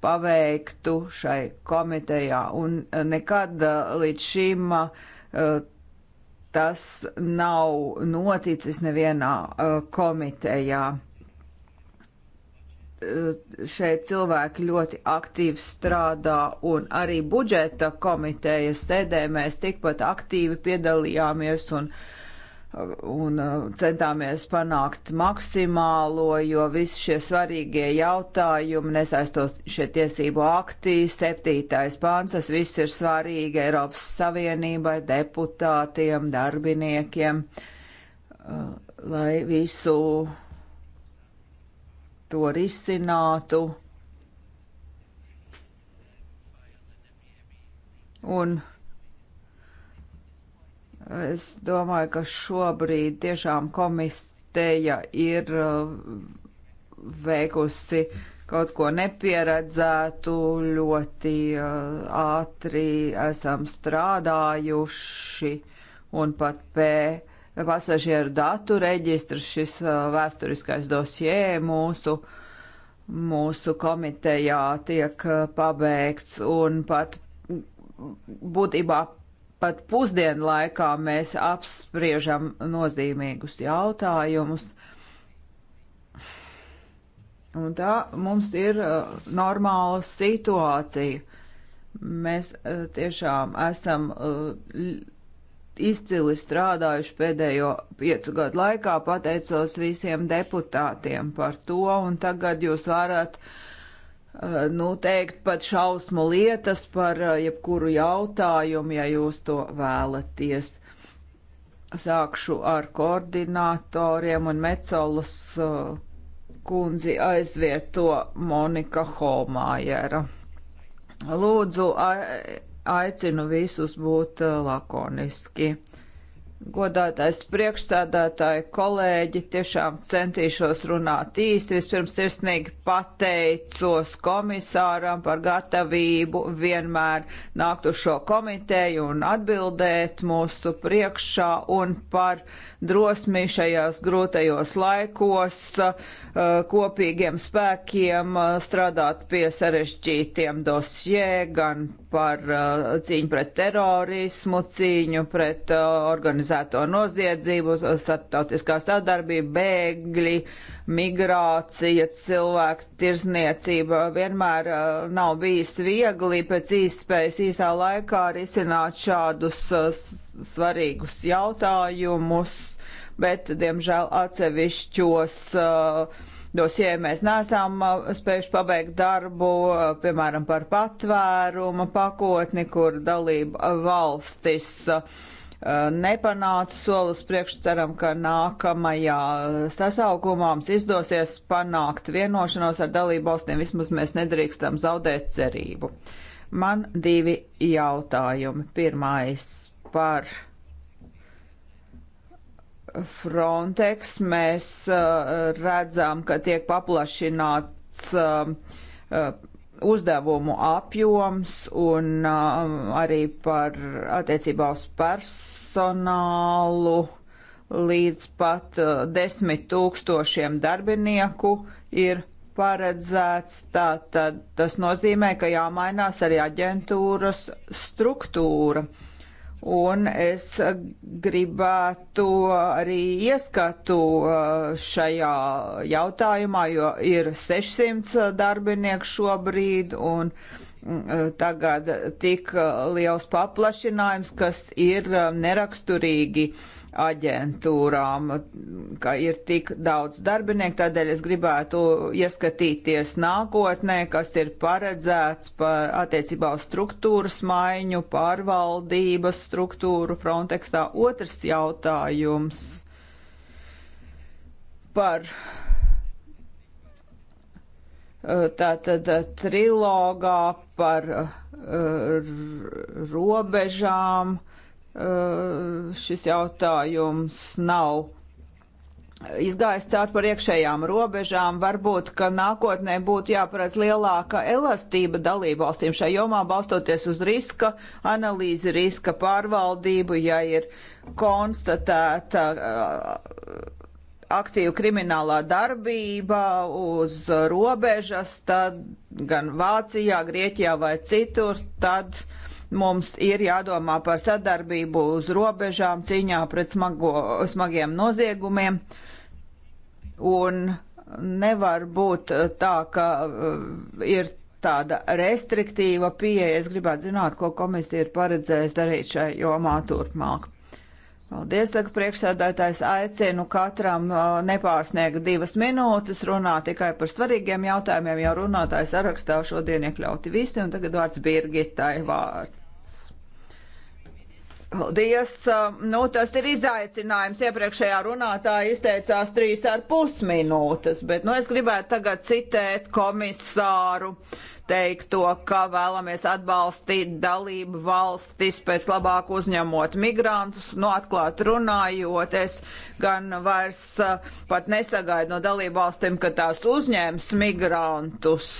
paveiktu šai komitejā, un nekad līdz šim uh, Tas nav noticis nevienā komitejā. Šeit cilvēki ļoti aktīvi strādā, un arī budžeta komitejas sēdē mēs tikpat aktīvi piedalījāmies un uh, un uh, centāmies panākt maksimālo, jo visi šie svarīgie jautājumi nesaistos šie tiesību aktī, septītais pāns, tas viss ir svarīgi Eiropas Savienībai, deputātiem, darbiniekiem, uh, lai visu to risinātu. Un Es domāju, ka šobrīd tiešām komisteja ir uh, veikusi kaut ko nepieredzētu, ļoti uh, ātri esam strādājuši un pat pēc pasažieru datu reģistrs, šis uh, vēsturiskais dosjē mūsu, mūsu komitejā tiek pabeigts un pat būtībā pat pusdienu laikā mēs apspriežam nozīmīgus jautājumus. Un tā mums ir uh, normāla situācija. Mēs uh, tiešām esam uh, izcili strādājuši pēdējo piecu gadu laikā, pateicos visiem deputātiem par to, un tagad jūs varat uh, Eh, nu, teikt pat šausmu lietas par eh, jebkuru jautājumu, ja jūs to vēlaties. Sākšu ar koordinatoriem un Mecolas eh, kundzi aizvieto Monika Holmājera. Lūdzu, aicinu visus būt lakoniski. Godātais priekšstādātāji, kolēģi, tiešām centīšos runāt īsti. Vispirms sirsnīgi pateicos komisāram par gatavību vienmēr nākt uz šo komiteju un atbildēt mūsu priekšā un par drosmi šajās grūtajos laikos uh, kopīgiem spēkiem uh, strādāt pie sarežģītiem dosjē gan par uh, cīņu pret terorismu, cīņu pret uh, organizēto noziedzību, starptautiskā sadarbība, bēgļi, migrācija, cilvēku tirzniecība. Vienmēr uh, nav bijis viegli pēc īstspējas īsā laikā risināt šādus svarīgus jautājumus, bet, diemžēl, atsevišķos uh, dosijai mēs nesam uh, spējuši pabeigt darbu, uh, piemēram, par patvēruma pakotni, kur dalība uh, valstis nepanāca solis priekš, ceram, ka nākamajā sasaukumā mums izdosies panākt vienošanos ar dalību valstīm, vismaz mēs nedrīkstam zaudēt cerību. Man divi jautājumi. Pirmais par Frontex mēs eh, redzam, ka tiek paplašināts eh, eh, uzdevumu apjoms un arī par attiecībā uz personālu līdz pat desmit tūkstošiem darbinieku ir paredzēts. Tātad tas nozīmē, ka jāmainās arī aģentūras struktūra. Un es gribētu arī ieskatu uh, šajā jautājumā, jo ir 600 uh, darbinieku šobrīd un mm, uh, tagad tik liels paplašinājums, kas ir neraksturīgi uh, aģentūrām, ka ir tik daudz darbinieku, tādēļ es gribētu ieskatīties nākotnē, kas ir paredzēts par attiecībā uz struktūras maiņu, pārvaldības struktūru Frontextā. Otrs jautājums par tātad trilogā par eh, robežām Eh, šis jautājums nav izgājis cauri par iekšējām robežām. Varbūt, ka nākotnē būtu jāparedz lielāka elastība dalību valstīm šai jomā, balstoties uz riska analīzi, riska pārvaldību, ja ir konstatēta eh, aktīva kriminālā darbība uz robežas, tad gan Vācijā, Grieķijā vai citur, tad uh, Mums ir jādomā par sadarbību uz robežām, cīņā pret smago, smagiem noziegumiem. Un nevar būt eh, tā, ka eh, ir tāda restriktīva pieeja. Es gribētu zināt, ko komisija ir paredzējusi darīt šai jomā turpmāk. Paldies, saka priekšsēdētājs. Aicinu katram eh, nepārsniegt divas minūtes, runā tikai par svarīgiem jautājumiem, jo runātājs sarakstā šodien iekļauti visi, un tagad vārds Birgitai vārds. Paldies! Um, nu, tas ir izaicinājums. Iepriekšējā runātāja izteicās trīs ar pus minūtes, bet nu, es gribētu tagad citēt komisāru teikto, ka vēlamies atbalstīt dalību valstis pēc labāk uzņemot migrantus. Nu, atklāt runājot, es gan vairs uh, pat nesagaidu no dalību valstīm, ka tās uzņēms migrantus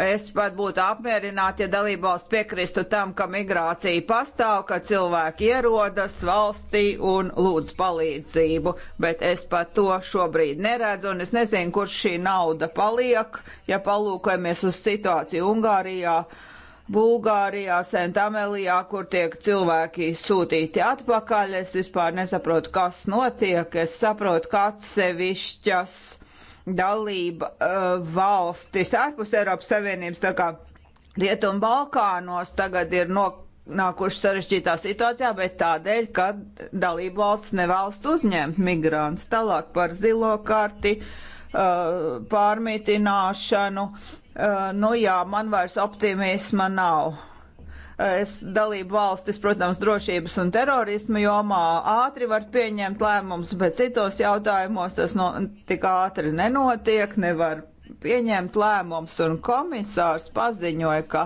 Es pat būtu apmierināti, ja dalībvalsts piekristu tam, ka migrācija pastāv, ka cilvēki ierodas valstī un lūdz palīdzību, bet es pat to šobrīd neredzu, un es nezinu, kur šī nauda paliek, ja palūkojamies uz situāciju Ungārijā. Bulgārijā, Sentamilijā, kur tiek cilvēki sūtīti atpakaļ, es vispār nesaprotu, kas notiek. Es saprotu, ka atsevišķas uh, dalība eh, valstis ārpus Eiropas Savienības, tā kā Rietumu Balkānos tagad ir nonākuši sarežģītā situācijā, bet tādēļ, ka dalību valsts nevēlas uzņemt migrantus. Tālāk par zilo karti, eh, pārmītināšanu. Eh, nu jā, man vairs optimisma nav es dalību valstis, protams, drošības un terorismu jomā ātri var pieņemt lēmumus, bet citos jautājumos tas no, tik ātri nenotiek, nevar pieņemt lēmumus, un komisārs paziņoja, ka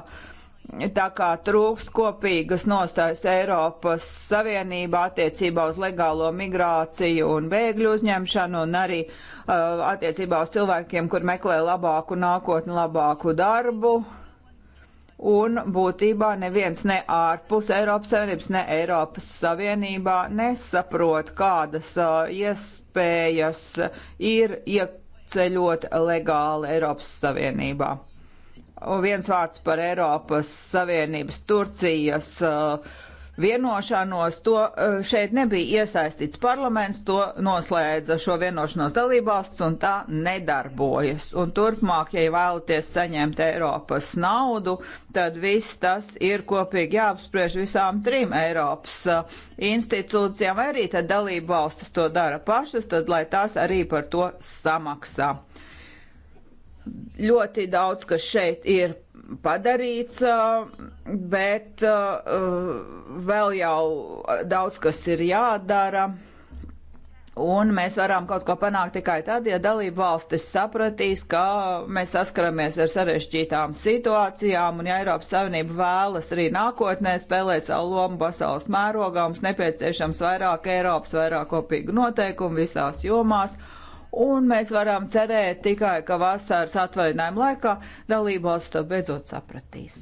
tā kā trūkst kopīgas nostājas Eiropas Savienībā attiecībā uz legālo migrāciju un bēgļu uzņemšanu un arī uh, attiecībā uz cilvēkiem, kur meklē labāku nākotni, labāku darbu, uh, un būtībā neviens ne ārpus Eiropas Savienības, ne Eiropas Savienībā nesaprot, kādas uh, iespējas ir ieceļot legāli Eiropas Savienībā. Un viens vārds par Eiropas Savienības Turcijas uh, vienošanos. To eh, šeit nebija iesaistīts parlaments, to noslēdza šo vienošanos dalībvalsts un tā nedarbojas. Un turpmāk, ja vēlaties saņemt Eiropas naudu, tad viss tas ir kopīgi jāapspriež visām trim Eiropas eh, institūcijām, vai arī tad dalībvalstis to dara pašas, tad lai tās arī par to samaksā. Ļoti daudz, kas šeit ir padarīts, bet vēl jau daudz kas ir jādara. Un mēs varam kaut ko panākt tikai tad, ja dalību valstis sapratīs, ka mēs saskaramies ar sarežģītām situācijām, un ja Eiropas Savienība vēlas arī nākotnē spēlēt savu lomu pasaules mērogā, mums nepieciešams vairāk Eiropas, vairāk kopīgu noteikumu visās jomās un mēs varam cerēt tikai, ka vasaras atvaļinājuma laikā dalībvalsts to beidzot sapratīs.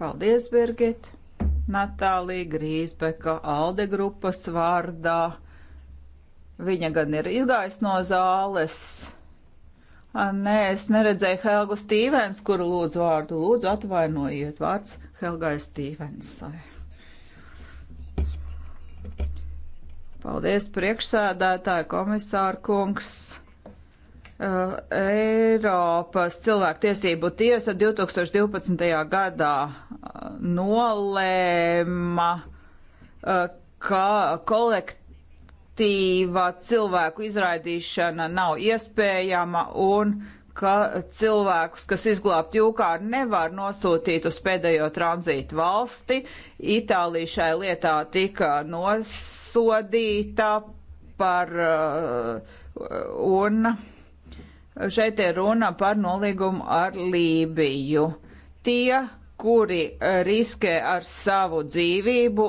Paldies, Birgit! Natālija Grīsbeka, Alde grupas vārdā. Viņa gan ir izgājusi no zāles. Nē, es neredzēju Helgu Stīvens, kuru lūdzu vārdu. Lūdzu, atvainojiet vārds Helgai Stīvensai. Paldies, priekšsēdētāji, komisāra kungs. Uh, Eiropas cilvēktiesību tiesa 2012. gadā uh, nolēma, uh, ka kolektīva cilvēku izraidīšana nav iespējama un ka cilvēkus, kas izglābt jūkā, nevar nosūtīt uz pēdējo tranzītu valsti. Itālija šai lietā tika nos sodīta par uh, un šeit ir runa par nolīgumu ar Lībiju. Tie, kuri riskē ar savu dzīvību,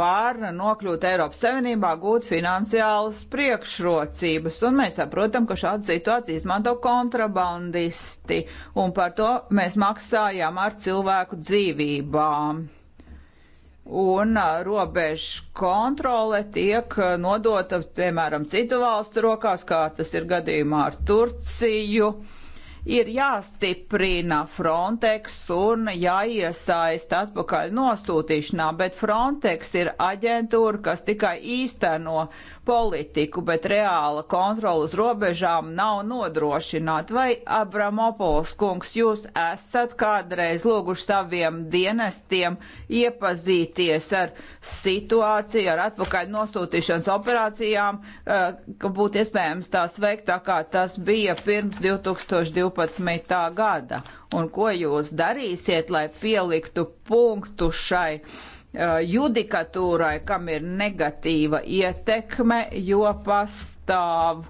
var nokļūt Eiropas Savienībā, gūt finansiālas priekšrocības. Un mēs saprotam, ka šādu situāciju izmanto kontrabandisti, un par to mēs maksājām ar cilvēku dzīvībām un robežu kontrole tiek nodota, piemēram, citu valstu rokās, kā tas ir gadījumā ar Turciju. Uh, ir jāstiprina Frontex un jāiesaist atpakaļ nosūtīšanā, bet Frontex ir aģentūra, kas tikai īsteno politiku, bet reāla kontrola uz robežām nav nodrošināta. Vai Abramopols kungs, jūs esat kādreiz lūguši saviem dienestiem iepazīties ar situāciju, ar atpakaļ nosūtīšanas operācijām, eh, ka būtu iespējams tās veikt tā kā tas bija pirms 2012. 2012. gada. Un ko jūs darīsiet, lai pieliktu punktu šai uh, judikatūrai, kam ir negatīva ietekme, jo pastāv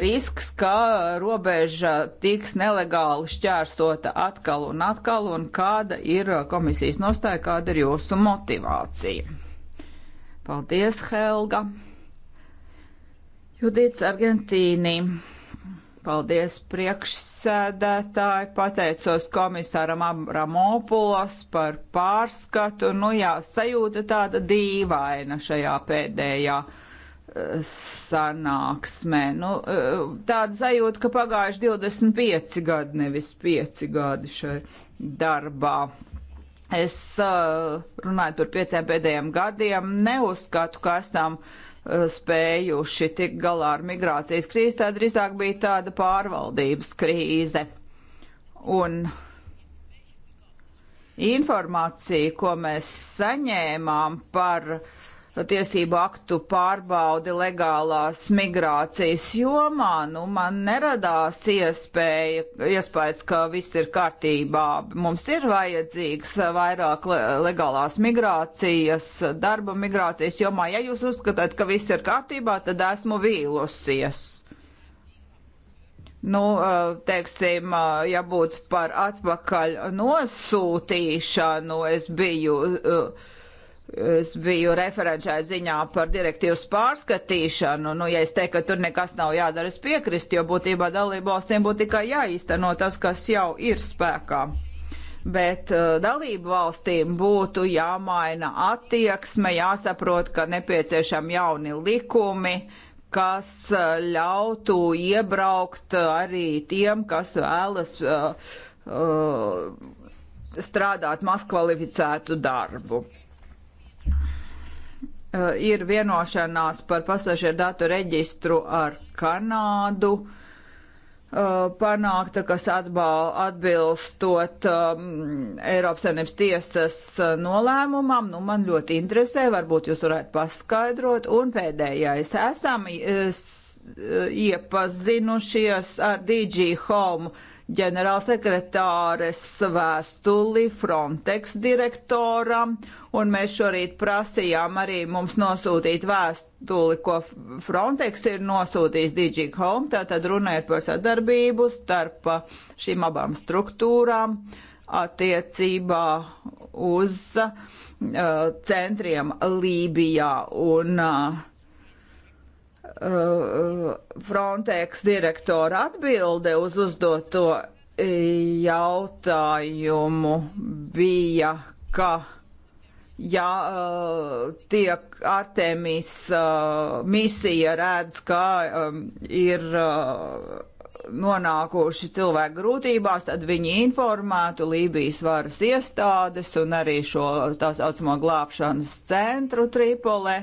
risks, ka robeža tiks nelegāli šķērsota atkal un atkal, un kāda ir komisijas nostāja, kāda ir jūsu motivācija. Paldies, Helga! Judīts Argentīnī. Paldies priekšsēdētāji, pateicos komisāram Abramopulas par pārskatu. Nu jā, sajūta tāda dīvaina šajā pēdējā eh, sanāksmē. Nu, eh, tāda sajūta, ka pagājuši 25 gadi, nevis 5 gadi šai darbā. Es eh, runāju par pieciem pēdējiem gadiem, neuzskatu, ka esam uh, Eh, spējuši tikt galā ar migrācijas krīzi, tā drīzāk bija tāda pārvaldības krīze. Un informācija, ko mēs saņēmām par uh, tiesību aktu pārbaudi legālās migrācijas jomā, nu man neradās iespēja, iespējas, ka viss ir kārtībā. Mums ir vajadzīgs vairāk legālās migrācijas, darba migrācijas jomā. Ja jūs uzskatāt, ka viss ir kārtībā, tad esmu vīlusies. Nu, teiksim, ja būtu par atpakaļ nosūtīšanu, es biju uh, Es biju referenčai ziņā par direktīvas pārskatīšanu. Nu, ja es teiktu, ka tur nekas nav jādara, es piekrīstu, jo būtībā dalību valstīm būtu tikai jāīsteno tas, kas jau ir spēkā. Bet uh, dalību valstīm būtu jāmaina attieksme, jāsaprot, ka nepieciešami jauni likumi, kas uh, ļautu iebraukt uh, arī tiem, kas vēlas uh, uh, strādāt mazkvalificētu darbu. Eh, ir vienošanās par pasažieru datu reģistru ar Kanādu eh, panākta, kas atbal, atbilstot um, Eiropas Savienības tiesas eh, nolēmumam. Nu, man ļoti interesē, varbūt jūs varētu paskaidrot. Un pēdējais, esam es, iepazinušies ar DG Home ģenerālsekretāres vēstuli Frontex direktoram, un mēs šorīt prasījām arī mums nosūtīt vēstuli, ko Frontex ir nosūtījis DG Home, tātad runa ir par sadarbību starp uh, šīm abām struktūrām attiecībā uz uh, centriem Lībijā un uh, Uh, Frontex direktora atbilde uz uzdoto jautājumu bija, ka ja uh, tiek Artemis uh, misija redz, ka um, ir nonākuši cilvēki grūtībās, tad viņi informētu Lībijas varas iestādes un arī šo tā saucamo glābšanas centru Tripolē.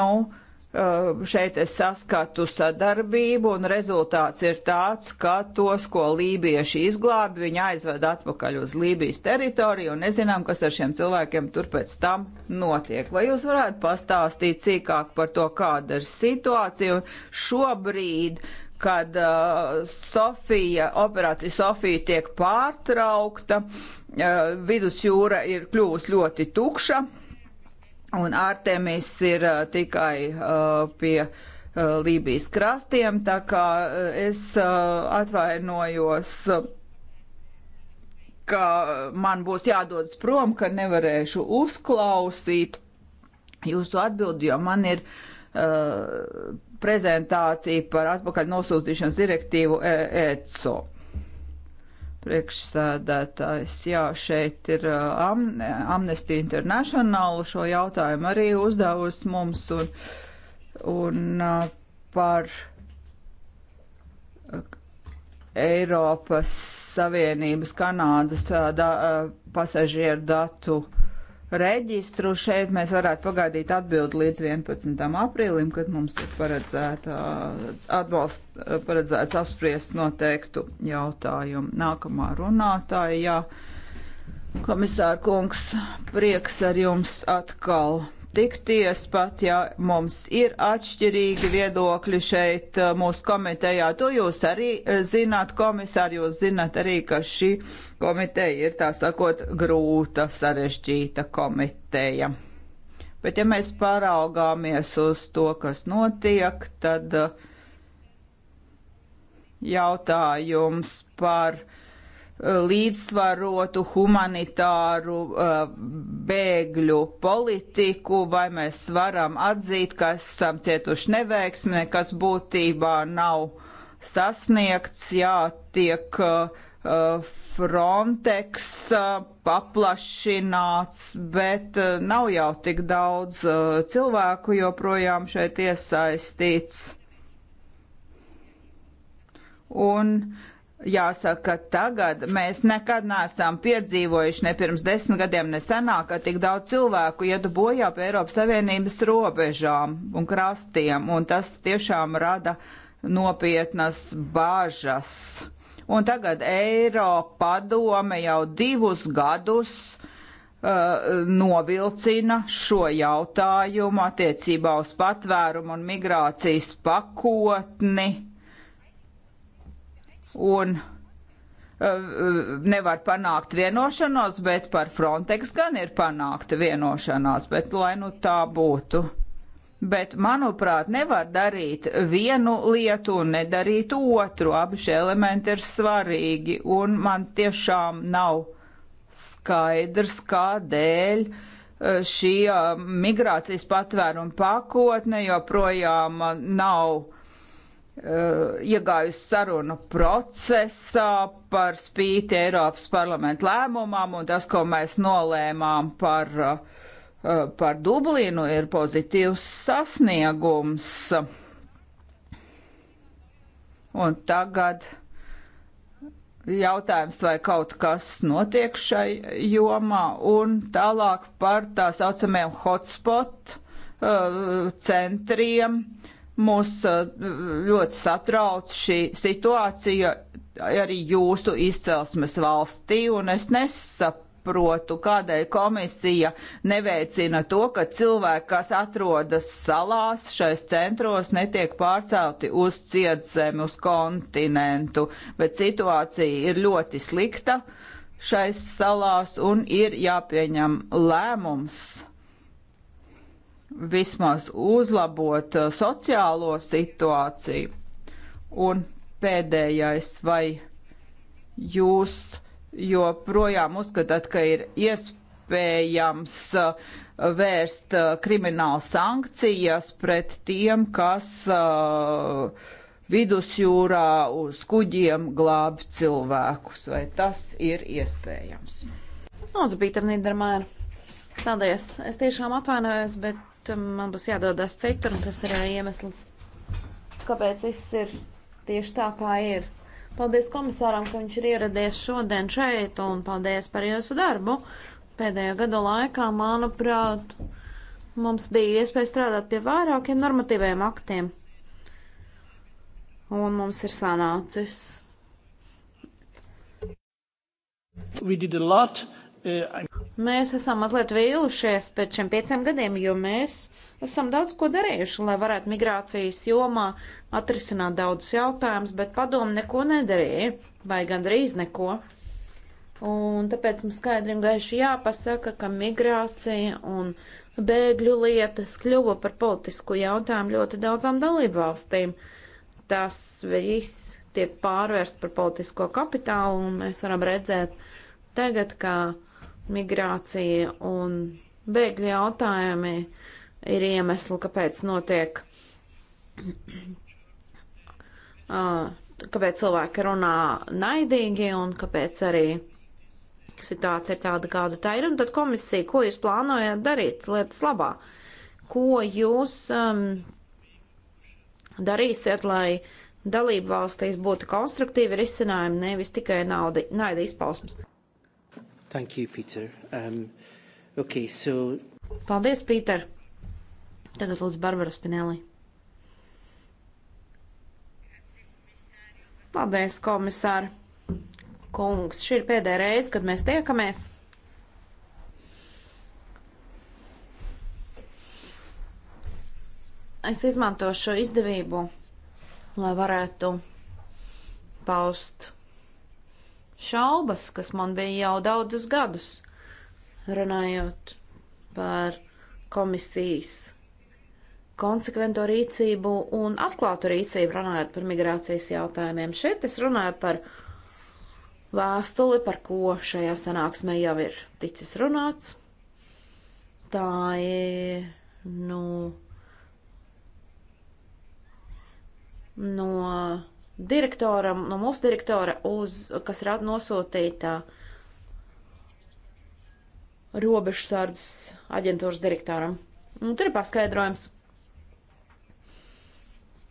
Nu, uh, Uh, šeit es saskatu sadarbību, un rezultāts ir tāds, ka tos, ko lībieši izglābi, viņi aizved atpakaļ uz Lībijas teritoriju, un nezinām, kas ar šiem cilvēkiem tur pēc tam notiek. Vai jūs varētu pastāstīt cīkāk par to, kāda ir situācija šobrīd? kad uh, Sofija, operācija Sofija tiek pārtraukta, uh, vidusjūra ir kļuvusi ļoti tukša, uh, un Artemis ir uh, tikai uh, pie uh, Lībijas krastiem, tā kā uh, es uh, atvainojos. Uh, ka man būs jādodas prom, ka nevarēšu uzklausīt jūsu atbildi, jo man ir uh, prezentācija par atpakaļ nosūtīšanas direktīvu ECO. -E, e priekšsēdētājs. Jā, šeit ir uh, am Amnesty International šo jautājumu arī uzdevusi mums un, un uh, par uh, Eiropas Savienības Kanādas da pasažieru datu uh, reģistru. Šeit mēs varētu pagaidīt atbildi līdz 11. aprīlim, kad mums ir paredzēta atbalst, paredzēts apspriest noteiktu jautājumu. Nākamā runātāja, jā, komisāra kungs, prieks ar jums atkal tikties, pat ja mums ir atšķirīgi viedokļi šeit uh, mūsu komitejā. To jūs arī uh, zināt, komisār, jūs zināt arī, ka šī komiteja ir tā sakot grūta, sarežģīta komiteja. Bet ja mēs paraugāmies uz to, kas notiek, tad uh, jautājums par uh, līdzsvarotu humanitāru eh, bēgļu politiku, vai mēs varam atzīt, ka esam cietuši neveiksmi, kas būtībā nav sasniegts, jā, tiek eh, Frontex eh, paplašināts, bet nav jau tik daudz cilvēku joprojām šeit iesaistīts. Un uh, Jāsaka, tagad mēs nekad neesam piedzīvojuši ne pirms desmit gadiem, ne senāk, ka tik daudz cilvēku ietu bojā pie Eiropas Savienības robežām un krastiem, un tas tiešām rada nopietnas bažas. Un tagad Eiropa padome jau divus gadus uh, novilcina šo jautājumu attiecībā uz patvērumu un migrācijas pakotni un eh, eh, nevar panākt vienošanos, bet par Frontex gan ir panākta vienošanās, bet lai nu tā būtu. Bet, manuprāt, nevar darīt vienu lietu un nedarīt otru. Abi šie elementi ir svarīgi, un man tiešām nav skaidrs, kādēļ eh, šī migrācijas patvēruma pakotne joprojām nav Eh, iegājusi sarunu procesā par spīti Eiropas parlamenta lēmumam, un tas, ko mēs nolēmām par, eh, par Dublinu, ir pozitīvs sasniegums. Un tagad jautājums, vai kaut kas notiek šai jomā, un tālāk par tā saucamajiem hotspot eh, centriem. Uh, Mūs eh, ļoti satrauc šī situācija arī jūsu izcelsmes valstī, un es nesaprotu, kādēļ komisija neveicina to, ka cilvēki, kas atrodas salās šais centros, netiek pārcelti uz cietzemi, uz kontinentu, bet situācija ir ļoti slikta šais salās un ir jāpieņem lēmums vismaz uzlabot uh, sociālo situāciju. Un pēdējais, vai jūs joprojām uzskatāt, ka ir iespējams uh, vērst uh, kriminālu sankcijas pret tiem, kas vidusjūrā uz kuģiem glāb cilvēkus? Vai tas ir iespējams? Lūdzu, Pīter Nīdermēr. Paldies. Es tiešām atvainojos, bet bet um, man būs jādodas citur, un tas ir arī uh, iemesls, kāpēc viss ir tieši tā, kā ir. Paldies komisāram, ka viņš ir ieradies šodien šeit, un paldies par jūsu darbu. Pēdējo gadu laikā, manuprāt, mums bija iespēja strādāt pie vairākiem normatīviem aktiem. Un mums ir sanācis. We did a lot Mēs esam mazliet vīlušies pēc šiem pieciem gadiem, jo mēs esam daudz ko darījuši, lai varētu migrācijas jomā atrisināt daudzus jautājumus, bet padomu neko nedarīja, vai gandrīz neko. Un tāpēc mums skaidri un gaiši jāpasaka, ka migrācija un bēgļu lietas kļuva par politisku jautājumu ļoti daudzām dalību valstīm. Tas viss tiek pārvērst par politisko kapitālu, un mēs varam redzēt tagad, ka migrācija un bēgļu jautājumi ir iemesli, kāpēc notiek, kāpēc cilvēki runā naidīgi un kāpēc arī situācija ir tāda, kāda tā ir. Un tad komisija, ko jūs plānojat darīt lietas labā? Ko jūs um, darīsiet, lai dalību valstīs būtu konstruktīvi risinājumi, nevis tikai naudi, naida izpausmes? Thank you, Peter. Um, okay, so... Paldies, Pīter. Tagad lūdzu Barbara Spinelli. Paldies, komisāri. Kungs, šī ir pēdējā reize, kad mēs tiekamies. Es izmantošu izdevību, lai varētu paust šaubas, kas man bija jau daudzus gadus, runājot par komisijas konsekvento rīcību un atklātu rīcību, runājot par migrācijas jautājumiem. Šeit es runāju par vēstuli, par ko šajā sanāksmē jau ir ticis runāts. Tā ir, nu, no direktoram, no mūsu direktora, uz, kas ir nosūtīta robežsardzes aģentūras direktoram. Un tur ir paskaidrojums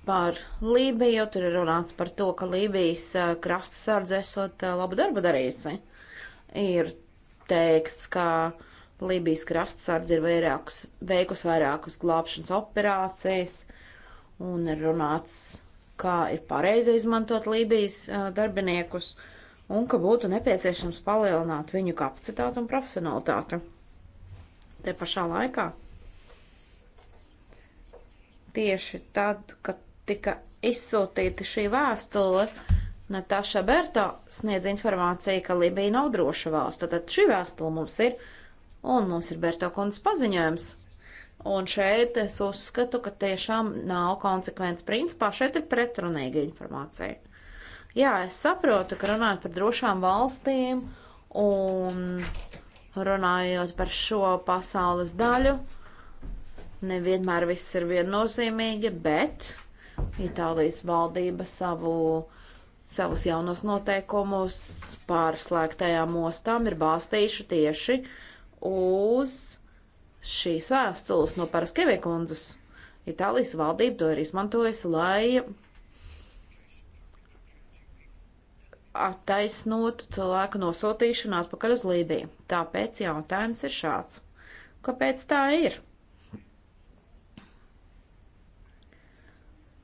par Lībiju, tur ir runāts par to, ka Lībijas eh, krasta sardze esot eh, labu darbu darījusi. Ir teikts, ka Lībijas krasta sardze ir vairākus, veikus vairākus glābšanas operācijas un ir runāts kā ir pareizi izmantot Lībijas darbiniekus un ka būtu nepieciešams palielināt viņu kapacitāti un profesionalitāti. Te pašā laikā tieši tad, kad tika izsūtīta šī vēstule, Natāša Berta sniedz informāciju, ka Libija nav droša valsts. Tad šī vēstule mums ir, un mums ir Berta kundas paziņojums. Un šeit es uzskatu, ka tiešām nav konsekvents principā, šeit ir pretrunīga informācija. Jā, es saprotu, ka runājot par drošām valstīm un runājot par šo pasaules daļu, nevienmēr viss ir viennozīmīgi, bet Itālijas valdība savu, savus jaunos noteikumus pārslēgtajām ostām ir balstījuši tieši uz šīs vēstules no Paraskevekundzes. Itālijas valdība to ir izmantojusi, lai attaisnotu cilvēku nosūtīšanu atpakaļ uz Lībiju. Tāpēc jautājums ir šāds. Kāpēc tā ir?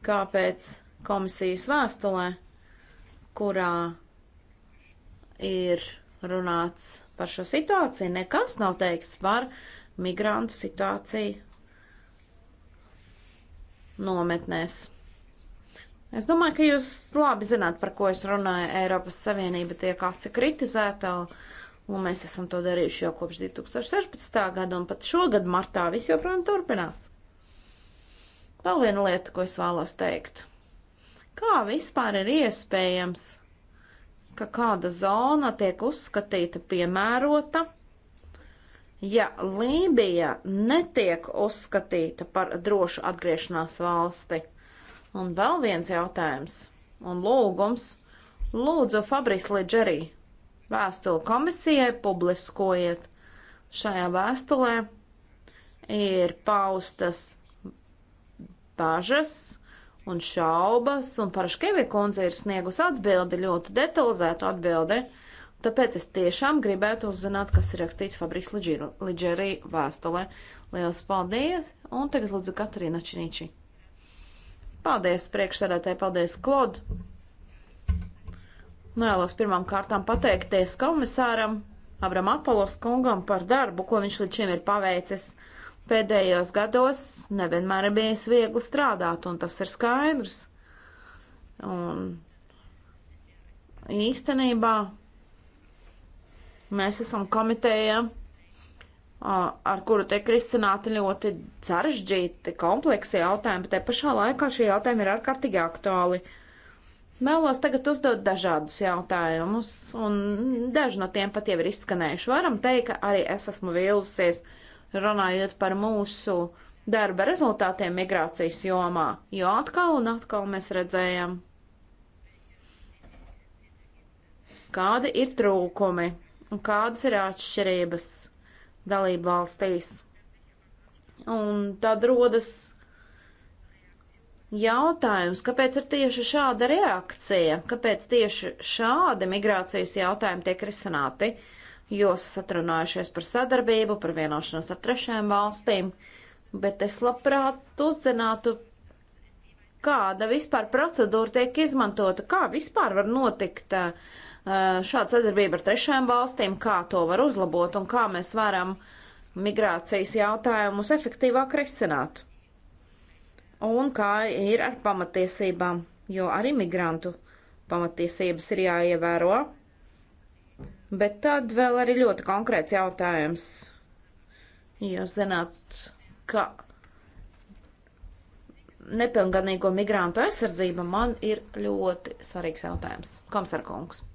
Kāpēc komisijas vēstulē, kurā ir runāts par šo situāciju, nekas nav teikts par uh, migrantu situāciju nometnēs. Es domāju, ka jūs labi zināt, par ko es runāju. Eiropas Savienība tiek asi kritizēta, un mēs esam to darījuši jau kopš 2016. gada, un pat šogad martā viss joprojām turpinās. Vēl viena lieta, ko es vēlos teikt. Kā vispār ir iespējams, ka kāda zona tiek uzskatīta piemērota? ja Lībija netiek uzskatīta par drošu atgriešanās valsti. Un vēl viens jautājums un lūgums. Lūdzu, Fabris Ligeri, vēstuli komisijai publiskojiet. Šajā vēstulē ir paustas bažas un šaubas, un Paraškevi kundze ir sniegus atbildi, ļoti detalizētu atbildi. Uh, Tāpēc es tiešām gribētu uzzināt, kas ir rakstīts Fabriks Ligeri vēstulē. Lielas paldies! Un tagad lūdzu Katrīna Činīči. Paldies, priekšsēdētāji, paldies, Klod! Vēlos pirmām kārtām pateikties komisāram Abram Apolos kungam par darbu, ko viņš līdz šim ir paveicis. Pēdējos gados nevienmēr ir bijis viegli strādāt, un tas ir skaidrs. Un īstenībā Mēs esam komiteja, ar kuru tiek risināti ļoti sarežģīti, kompleksi jautājumi, bet te pašā laikā šie jautājumi ir ārkārtīgi aktuāli. Mēlos tagad uzdot dažādus jautājumus, un daži no tiem pat jau ir izskanējuši. Varam teikt, ka arī es esmu vīlusies, runājot par mūsu darba rezultātiem migrācijas jomā, jo atkal un atkal mēs redzējam, kādi ir trūkumi un kādas ir atšķirības dalību valstīs. Un tad rodas jautājums, kāpēc ir tieši šāda reakcija, kāpēc tieši šādi migrācijas jautājumi tiek risināti, jo esat runājušies par sadarbību, par vienošanos ar trešajām valstīm, bet es labprāt uzzinātu, kāda vispār procedūra tiek izmantota, kā vispār var notikt uh, Eh, šāda sadarbība ar trešām valstīm, kā to var uzlabot un kā mēs varam migrācijas jautājumus efektīvāk risināt. Un kā ir ar pamatiesībām, jo arī migrantu pamatiesības ir jāievēro. Bet tad vēl arī ļoti konkrēts jautājums. Jūs zināt, ka nepilngadīgo migrantu aizsardzība man ir ļoti svarīgs jautājums. Komisārkungs.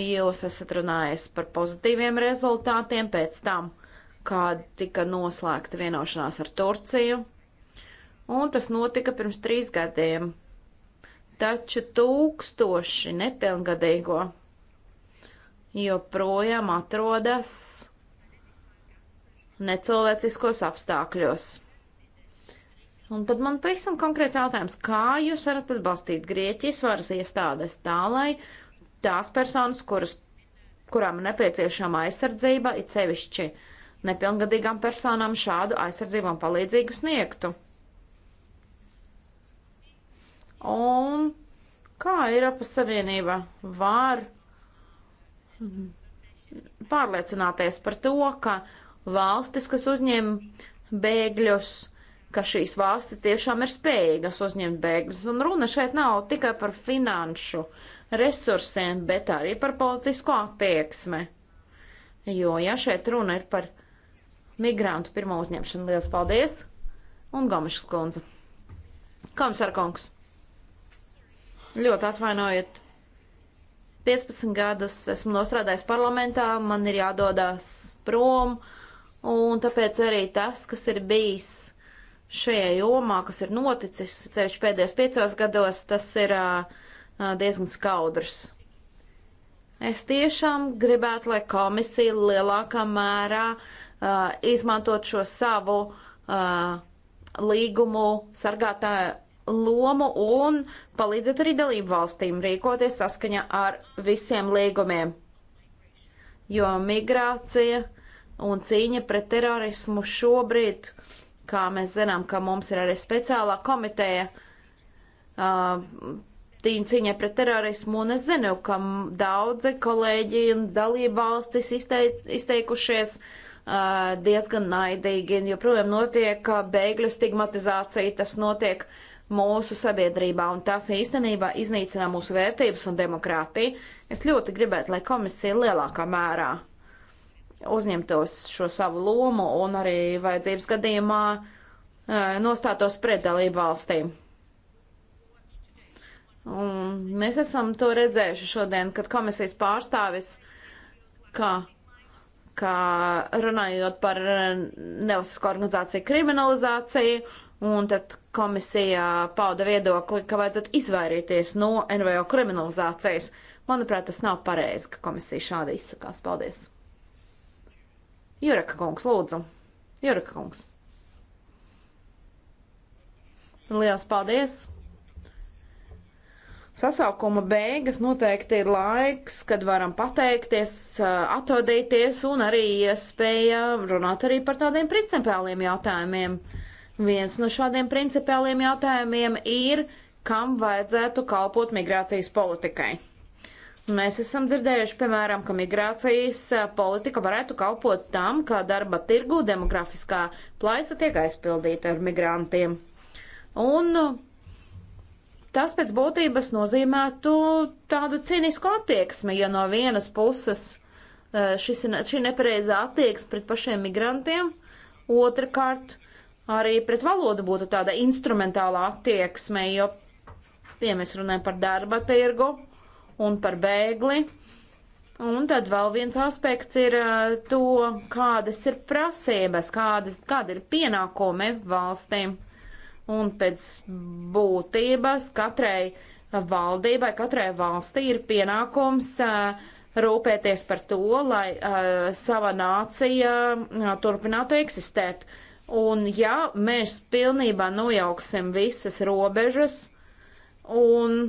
Jūs esat runājis par pozitīviem rezultātiem pēc tam, kad tika noslēgta vienošanās ar Turciju. Un tas notika pirms trīs gadiem. Taču tūkstoši nepilngadīgo joprojām atrodas necilvēciskos apstākļos. Un tad man pavisam konkrēts jautājums, kā jūs varat atbalstīt Grieķijas varas iestādes tā, lai tās personas, kuras, kurām ir nepieciešama aizsardzība, it sevišķi nepilngadīgām personām šādu aizsardzību un palīdzību sniegtu. Un kā Eiropas Savienība var pārliecināties par to, ka valstis, kas uzņem bēgļus, ka šīs valstis tiešām ir spējīgas uzņemt bēgļus. Un runa šeit nav tikai par finanšu resursiem, bet arī par politisko attieksmi. Jo, ja šeit runa ir par migrantu pirmo uzņemšanu, liels paldies! Un Gomešs kundze. Komisār kungs, ļoti atvainojiet, 15 gadus esmu nostrādājis parlamentā, man ir jādodas prom, un tāpēc arī tas, kas ir bijis šajā jomā, kas ir noticis ceļš pēdējos piecos gados, tas ir uh, diezgan skaudrs. Es tiešām gribētu, lai komisija lielākā mērā uh, izmantot šo savu uh, līgumu sargātāju lomu un palīdzēt arī dalību valstīm rīkoties saskaņā ar visiem līgumiem. Jo migrācija un cīņa pret terorismu šobrīd, kā mēs zinām, ka mums ir arī speciālā komiteja, uh, cīņai pret terorismu, un es zinu, ka daudzi kolēģi un dalība valstis izteikušies uh, diezgan naidīgi, un joprojām notiek bēgļu stigmatizācija, tas notiek mūsu sabiedrībā, un tās īstenībā iznīcinā mūsu vērtības un demokrātiju. Es ļoti gribētu, lai komisija lielākā mērā uzņemtos šo savu lomu un arī vajadzības gadījumā nostātos pret dalību valstīm. Un mēs esam to redzējuši šodien, kad komisijas pārstāvis, kā, kā runājot par nevalstisko organizāciju kriminalizāciju, un tad komisija pauda viedokli, ka vajadzētu izvairīties no NVO kriminalizācijas. Manuprāt, tas nav pareizi, ka komisija šādi izsakās. Paldies! Jureka kungs, lūdzu! Jureka kungs! Lielas paldies! Sasaukuma beigas noteikti ir laiks, kad varam pateikties, eh, atvadīties un arī iespēja runāt arī par tādiem principiāliem jautājumiem. Viens no šādiem principiāliem jautājumiem ir, kam vajadzētu kalpot migrācijas politikai. Mēs esam dzirdējuši, piemēram, ka migrācijas eh, politika varētu kalpot tam, kā darba tirgu demografiskā plaisa tiek aizpildīta ar migrantiem. Un Tas pēc būtības nozīmētu tādu cinisku attieksmi, ja no vienas puses e, šis, šī nepareizā attieksme pret pašiem migrantiem, otrkārt arī pret valodu būtu tāda instrumentāla attieksme, jo, ja mēs runājam par darba tirgu un par bēgli, Un tad vēl viens aspekts ir uh, to, kādas ir prasības, kādas, kāda ir pienākumi valstīm. Un pēc būtības katrai valdībai, katrai valstī ir pienākums uh, rūpēties par to, lai uh, sava nācija uh, turpinātu eksistēt. Un ja mēs pilnībā nojauksim visas robežas un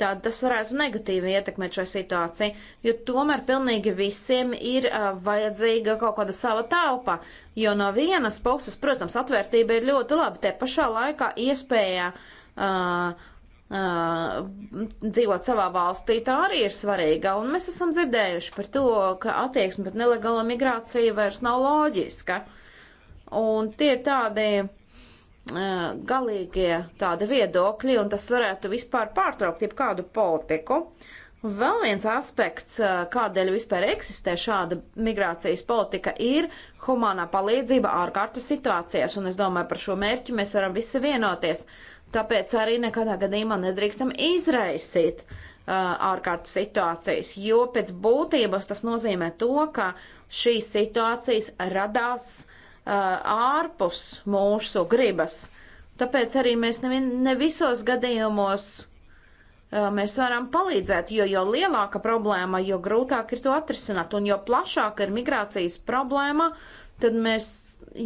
tad tas varētu negatīvi ietekmēt šo situāciju, jo tomēr pilnīgi visiem ir uh, vajadzīga kaut kāda sava telpa, jo no vienas puses, protams, atvērtība ir ļoti laba, te pašā laikā iespēja uh, uh, dzīvot savā valstī, tā arī ir svarīga, un mēs esam dzirdējuši par to, ka attieksme pret nelegālo migrāciju vairs nav loģiska, un tie ir tādi galīgie tādi viedokļi, un tas varētu vispār pārtraukt jebkādu politiku. Vēl viens aspekts, kādēļ vispār eksistē šāda migrācijas politika, ir humanā palīdzība ārkārtas situācijās, un es domāju, par šo mērķu mēs varam visi vienoties. Tāpēc arī nekādā gadījumā nedrīkstam izraisīt uh, ārkārtas situācijas, jo pēc būtības tas nozīmē to, ka šīs situācijas radās Uh, ārpus mūsu gribas. Tāpēc arī mēs nevien, ne visos gadījumos uh, mēs varam palīdzēt, jo jo lielāka problēma, jo grūtāk ir to atrisināt, un jo plašāka ir migrācijas problēma, tad mēs,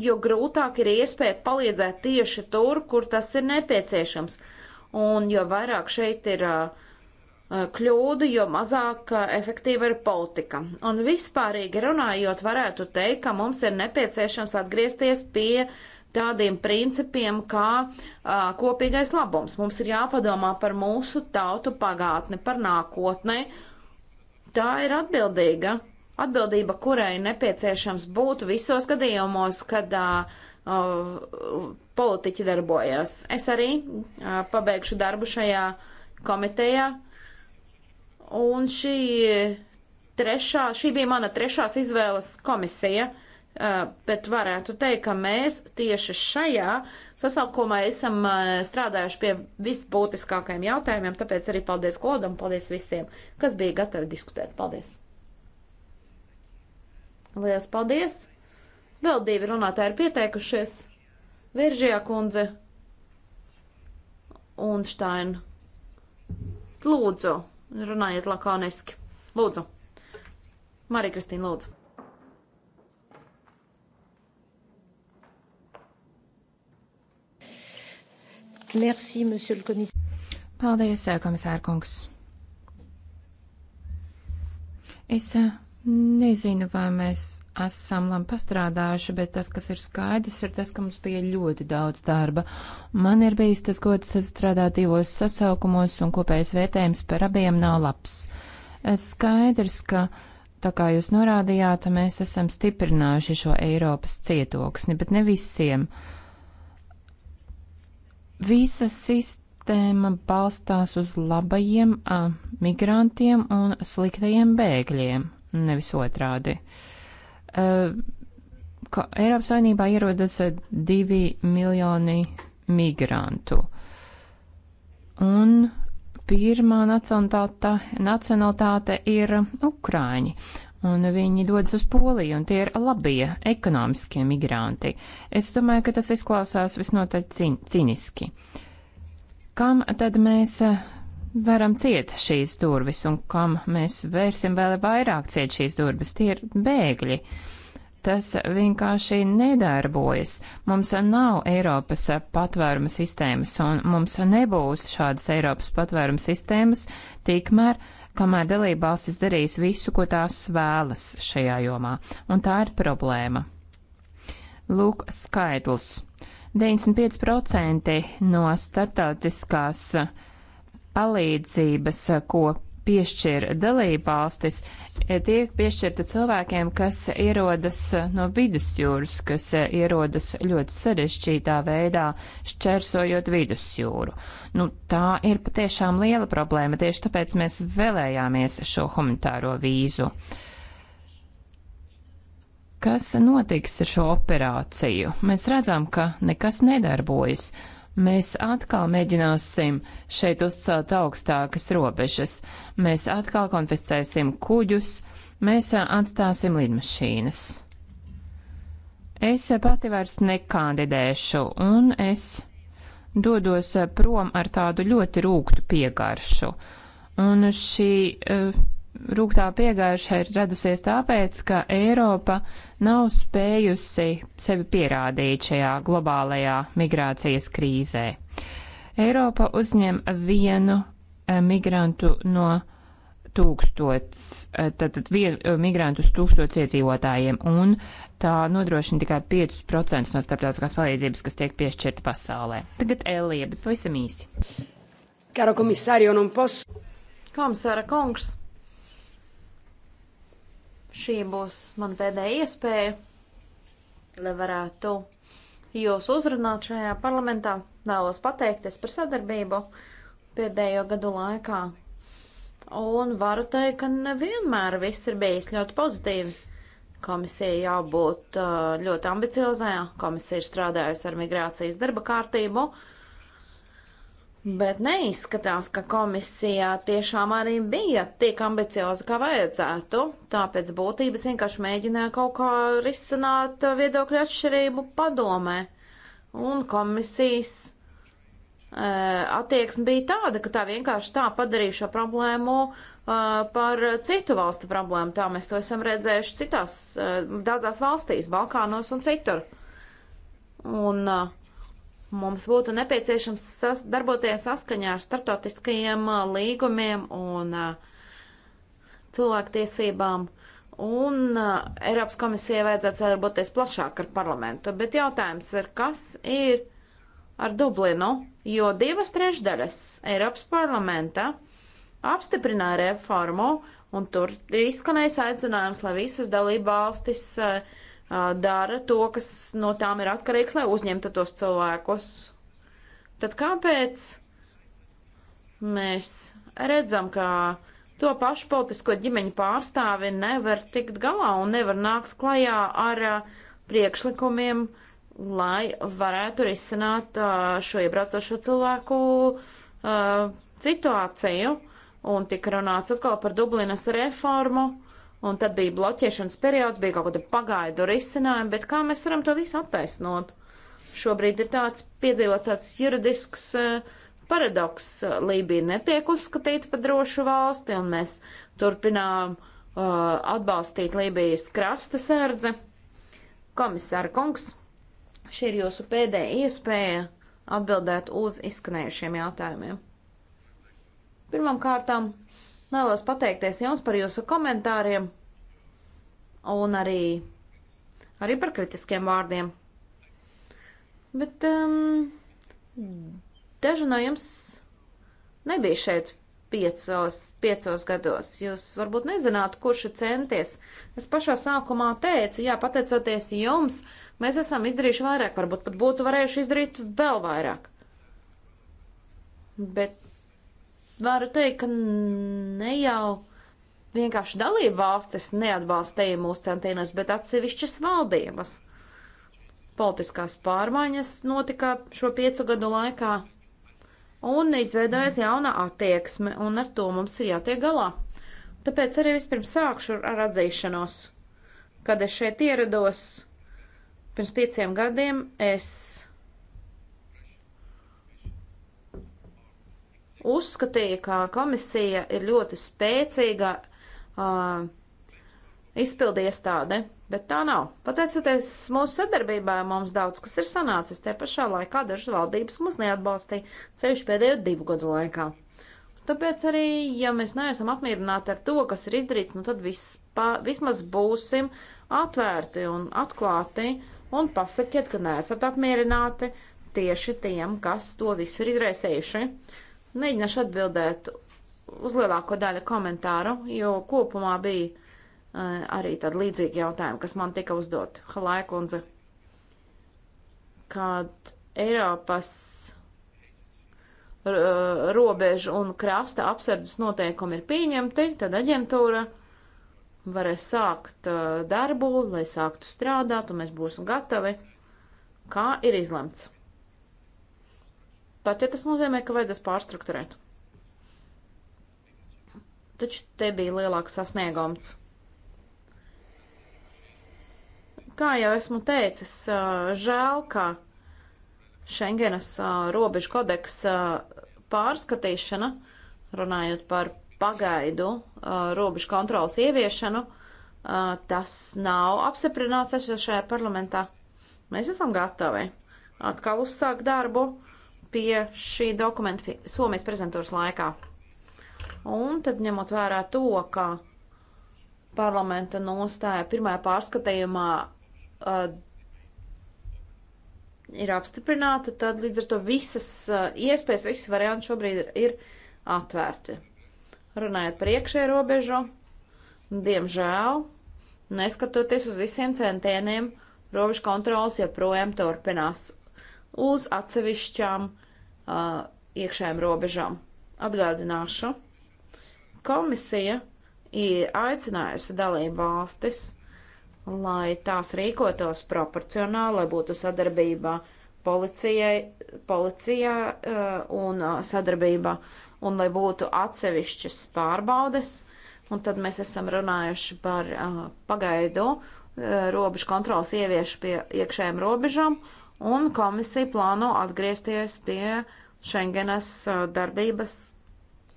jo grūtāk ir iespēja palīdzēt tieši tur, kur tas ir nepieciešams. Un jo vairāk šeit ir uh, Eh, kļūdu, jo mazāk eh, efektīva ir politika. Un vispārīgi runājot, varētu teikt, ka mums ir nepieciešams atgriezties pie tādiem principiem kā a, eh, kopīgais labums. Mums ir jāpadomā par mūsu tautu pagātni, par nākotni. Tā ir atbildīga. Atbildība, kurai nepieciešams būt visos gadījumos, kad a, a, politiķi darbojas. Es arī a, pabeigšu darbu šajā komitejā. Un šī, trešā, šī bija mana trešās izvēles komisija, bet varētu teikt, ka mēs tieši šajā sasaukumā esam strādājuši pie visbūtiskākajiem jautājumiem, tāpēc arī paldies Klodam, paldies visiem, kas bija gatavi diskutēt. Paldies! Lielas paldies! Vēl divi runātāji ir pieteikušies - Viržijā kundze un Štaina. Lūdzu, Runājiet lakoniski. Lūdzu. Marija Kristīna, lūdzu. Merci, monsieur le commissaire. Paldies, eh, komisārkungs. Es eh, Nezinu, vai mēs esam labi pastrādājuši, bet tas, kas ir skaidrs, ir tas, ka mums bija ļoti daudz darba. Man ir bijis tas gods strādāt divos sasaukumos, un kopējais vērtējums par abiem nav labs. Skaidrs, ka, tā kā jūs norādījāt, mēs esam stiprinājuši šo Eiropas cietoksni, bet ne visiem. Visa sistēma sistēma balstās uz labajiem a, migrantiem un sliktajiem bēgļiem nevis otrādi. Uh, Eiropas Savienībā ierodas divi miljoni migrantu. Un pirmā nacionalitāte, nacionalitāte ir Ukrāņi. Un viņi dodas uz Poliju, un tie ir labie ekonomiskie migranti. Es domāju, ka tas izklausās visnotaļ cīniski. Kam tad mēs varam ciet šīs durvis un kam mēs vērsim vēl vairāk ciet šīs durvis, tie ir bēgļi. Tas vienkārši nedarbojas. Mums nav Eiropas patvēruma sistēmas, un mums nebūs šādas Eiropas patvēruma sistēmas, tikmēr, kamēr dalībvalstis darīs visu, ko tās vēlas šajā jomā. Un tā ir problēma. Lūk, skaitlis. 95% no starptautiskās uh, palīdzības, eh, ko piešķir dalībvalstis, eh, tiek piešķirta cilvēkiem, kas ierodas eh, no vidusjūras, kas ierodas ļoti sarežģītā veidā, šķērsojot vidusjūru. Nu, tā ir patiešām liela problēma, tieši tāpēc mēs vēlējāmies šo humanitāro vīzu. Kas notiks ar šo operāciju? Mēs redzam, ka nekas nedarbojas. Mēs atkal mēģināsim šeit uzcelt augstākas robežas. Mēs atkal konfiscēsim kuģus, mēs atstāsim lidmašīnas. Es pati vairs nekandidēšu, un es dodos prom ar tādu ļoti rūktu piegaršu. Un šī uh, rūgtā piegājušā ir radusies tāpēc, ka Eiropa nav spējusi sevi pierādīt šajā globālajā migrācijas krīzē. Eiropa uzņem vienu eh, migrantu no tūkstots, tātad eh, vienu eh, migrantu uz tūkstots iedzīvotājiem, un tā nodrošina tikai 5% no starptautiskās palīdzības, kas tiek piešķirta pasaulē. Tagad Elija, bet pavisam īsi. Karo komisārio, non posso. Komisāra kungs, Šī būs man pēdējā iespēja, lai varētu jūs uzrunāt šajā parlamentā. Vēlos pateikties par sadarbību pēdējo gadu laikā. Un varu teikt, ka nevienmēr viss ir bijis ļoti pozitīvi. Komisija jābūt ļoti ambiciozajā. Komisija ir strādājusi ar migrācijas darba kārtību. Uh, Bet neizskatās, ka komisijā tiešām arī bija tik ambicioza, kā vajadzētu. Tāpēc būtības vienkārši mēģināja kaut kā risināt viedokļu atšķirību padomē. Un komisijas e, attieksme bija tāda, ka tā vienkārši tā padarīja šo problēmu e, par citu valstu problēmu. Tā mēs to esam redzējuši citās, e, daudzās valstīs, Balkānos un citur. Un, e, Mums būtu nepieciešams sas darboties saskaņā ar startautiskajiem līgumiem un cilvēktiesībām. Un Eiropas komisijai vajadzētu sadarboties plašāk ar parlamentu. Bet jautājums ir, kas ir ar Dublinu? Jo divas trešdaļas Eiropas parlamenta apstiprināja reformu, un tur izskanējis aicinājums, lai visas dalība valstis uh, dara to, kas no tām ir atkarīgs, lai uzņemtu tos cilvēkus. Tad kāpēc mēs redzam, ka to pašu politisko ģimeņu pārstāvi nevar tikt galā un nevar nākt klajā ar priekšlikumiem, lai varētu risināt šo iebraucošo cilvēku situāciju. Un tika runāts atkal par Dublinas reformu. Un tad bija bloķēšanas periods, bija kaut kāda pagaidu risinājuma, bet kā mēs varam to visu attaisnot? Šobrīd ir tāds piedzīvots tāds juridisks uh, paradoks. Lībija netiek uzskatīta par drošu valsti, un mēs turpinām uh, atbalstīt Lībijas krasta sērdzi. Komisāra kungs, šī ir jūsu pēdējā iespēja atbildēt uz izskanējušiem jautājumiem. Pirmām kārtām Vēlos pateikties jums par jūsu komentāriem un arī, arī par kritiskiem vārdiem. Bet um, daži no jums nebija šeit piecos, piecos gados. Jūs varbūt nezināt, kurš ir centies. Es pašā sākumā teicu, jā, pateicoties jums, mēs esam izdarījuši vairāk, varbūt pat būtu varējuši izdarīt vēl vairāk. Bet varu teikt, ka ne jau vienkārši dalību valstis neatbalstīja mūsu centienus, bet atsevišķas valdības. Politiskās pārmaiņas notika šo piecu gadu laikā un izveidojas jauna attieksme, un ar to mums ir jātiek galā. Tāpēc arī vispirms sākšu ar atzīšanos. Kad es šeit ierados, pirms pieciem gadiem es uzskatīja, ka komisija ir ļoti spēcīga uh, izpildiestāde, bet tā nav. Pateicoties mūsu sadarbībai, mums daudz kas ir sanācis. Te pašā laikā dažas valdības mūs neatbalstīja ceļš pēdējo divu gadu laikā. Tāpēc arī, ja mēs neesam apmierināti ar to, kas ir izdarīts, nu tad vispā, vismaz būsim atvērti un atklāti un pasakiet, ka neesat apmierināti tieši tiem, kas to visu ir izraisījuši. Uh, Mēģināšu atbildēt uz lielāko daļu komentāru, jo kopumā bija uh, arī tādi līdzīgi jautājumi, kas man tika uzdot. Halaikundze, kad Eiropas eh, robežu un krasta apsardzes noteikumi ir pieņemti, tad aģentūra varēs sākt eh, darbu, lai sāktu strādāt, un mēs būsim gatavi, kā ir izlemts pat ja tas nozīmē, ka vajadzēs pārstrukturēt. Taču te bija lielāks sasniegums. Kā jau esmu teicis, žēl, ka Schengenas robežu kodeksa pārskatīšana, runājot par pagaidu robežu kontrolas ieviešanu, tas nav apsiprināts šajā parlamentā. Mēs esam gatavi atkal uzsākt darbu. Uh, pie šī dokumenta Somijas prezidentūras laikā. Un tad ņemot vērā to, ka parlamenta nostāja pirmajā pārskatījumā uh, ir apstiprināta, tad līdz ar to visas uh, iespējas, visas varianti šobrīd ir, ir atvērti. Runājot par iekšējo robežu, diemžēl, neskatoties uz visiem centieniem, robežu kontrols joprojām turpinās uz atsevišķām uh, iekšējām robežām. Atgādināšu, komisija ir aicinājusi dalību valstis, lai tās rīkotos proporcionāli, lai būtu sadarbība policijai, policijā uh, un uh, sadarbība, un lai būtu atsevišķas pārbaudes. Un tad mēs esam runājuši par uh, pagaidu robežu kontrolas ieviešu pie iekšējām robežām, uh, un komisija plāno atgriezties pie Schengenas darbības,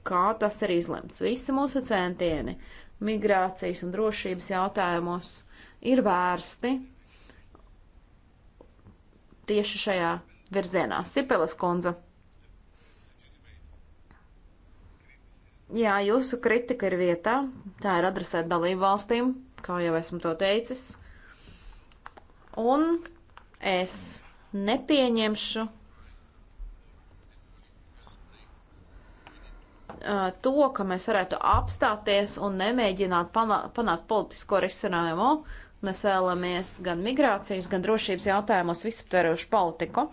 kā tas ir izlemts. Visi mūsu centieni migrācijas un drošības jautājumos ir vērsti tieši šajā virzienā. Sipeles kundze. Jā, jūsu kritika ir vietā. Tā ir adresēta dalību valstīm, kā jau esmu to teicis. Un es nepieņemšu to, ka mēs varētu apstāties un nemēģināt panākt, panākt politisko risinājumu. Mēs vēlamies gan migrācijas, gan drošības jautājumos visaptverošu politiku.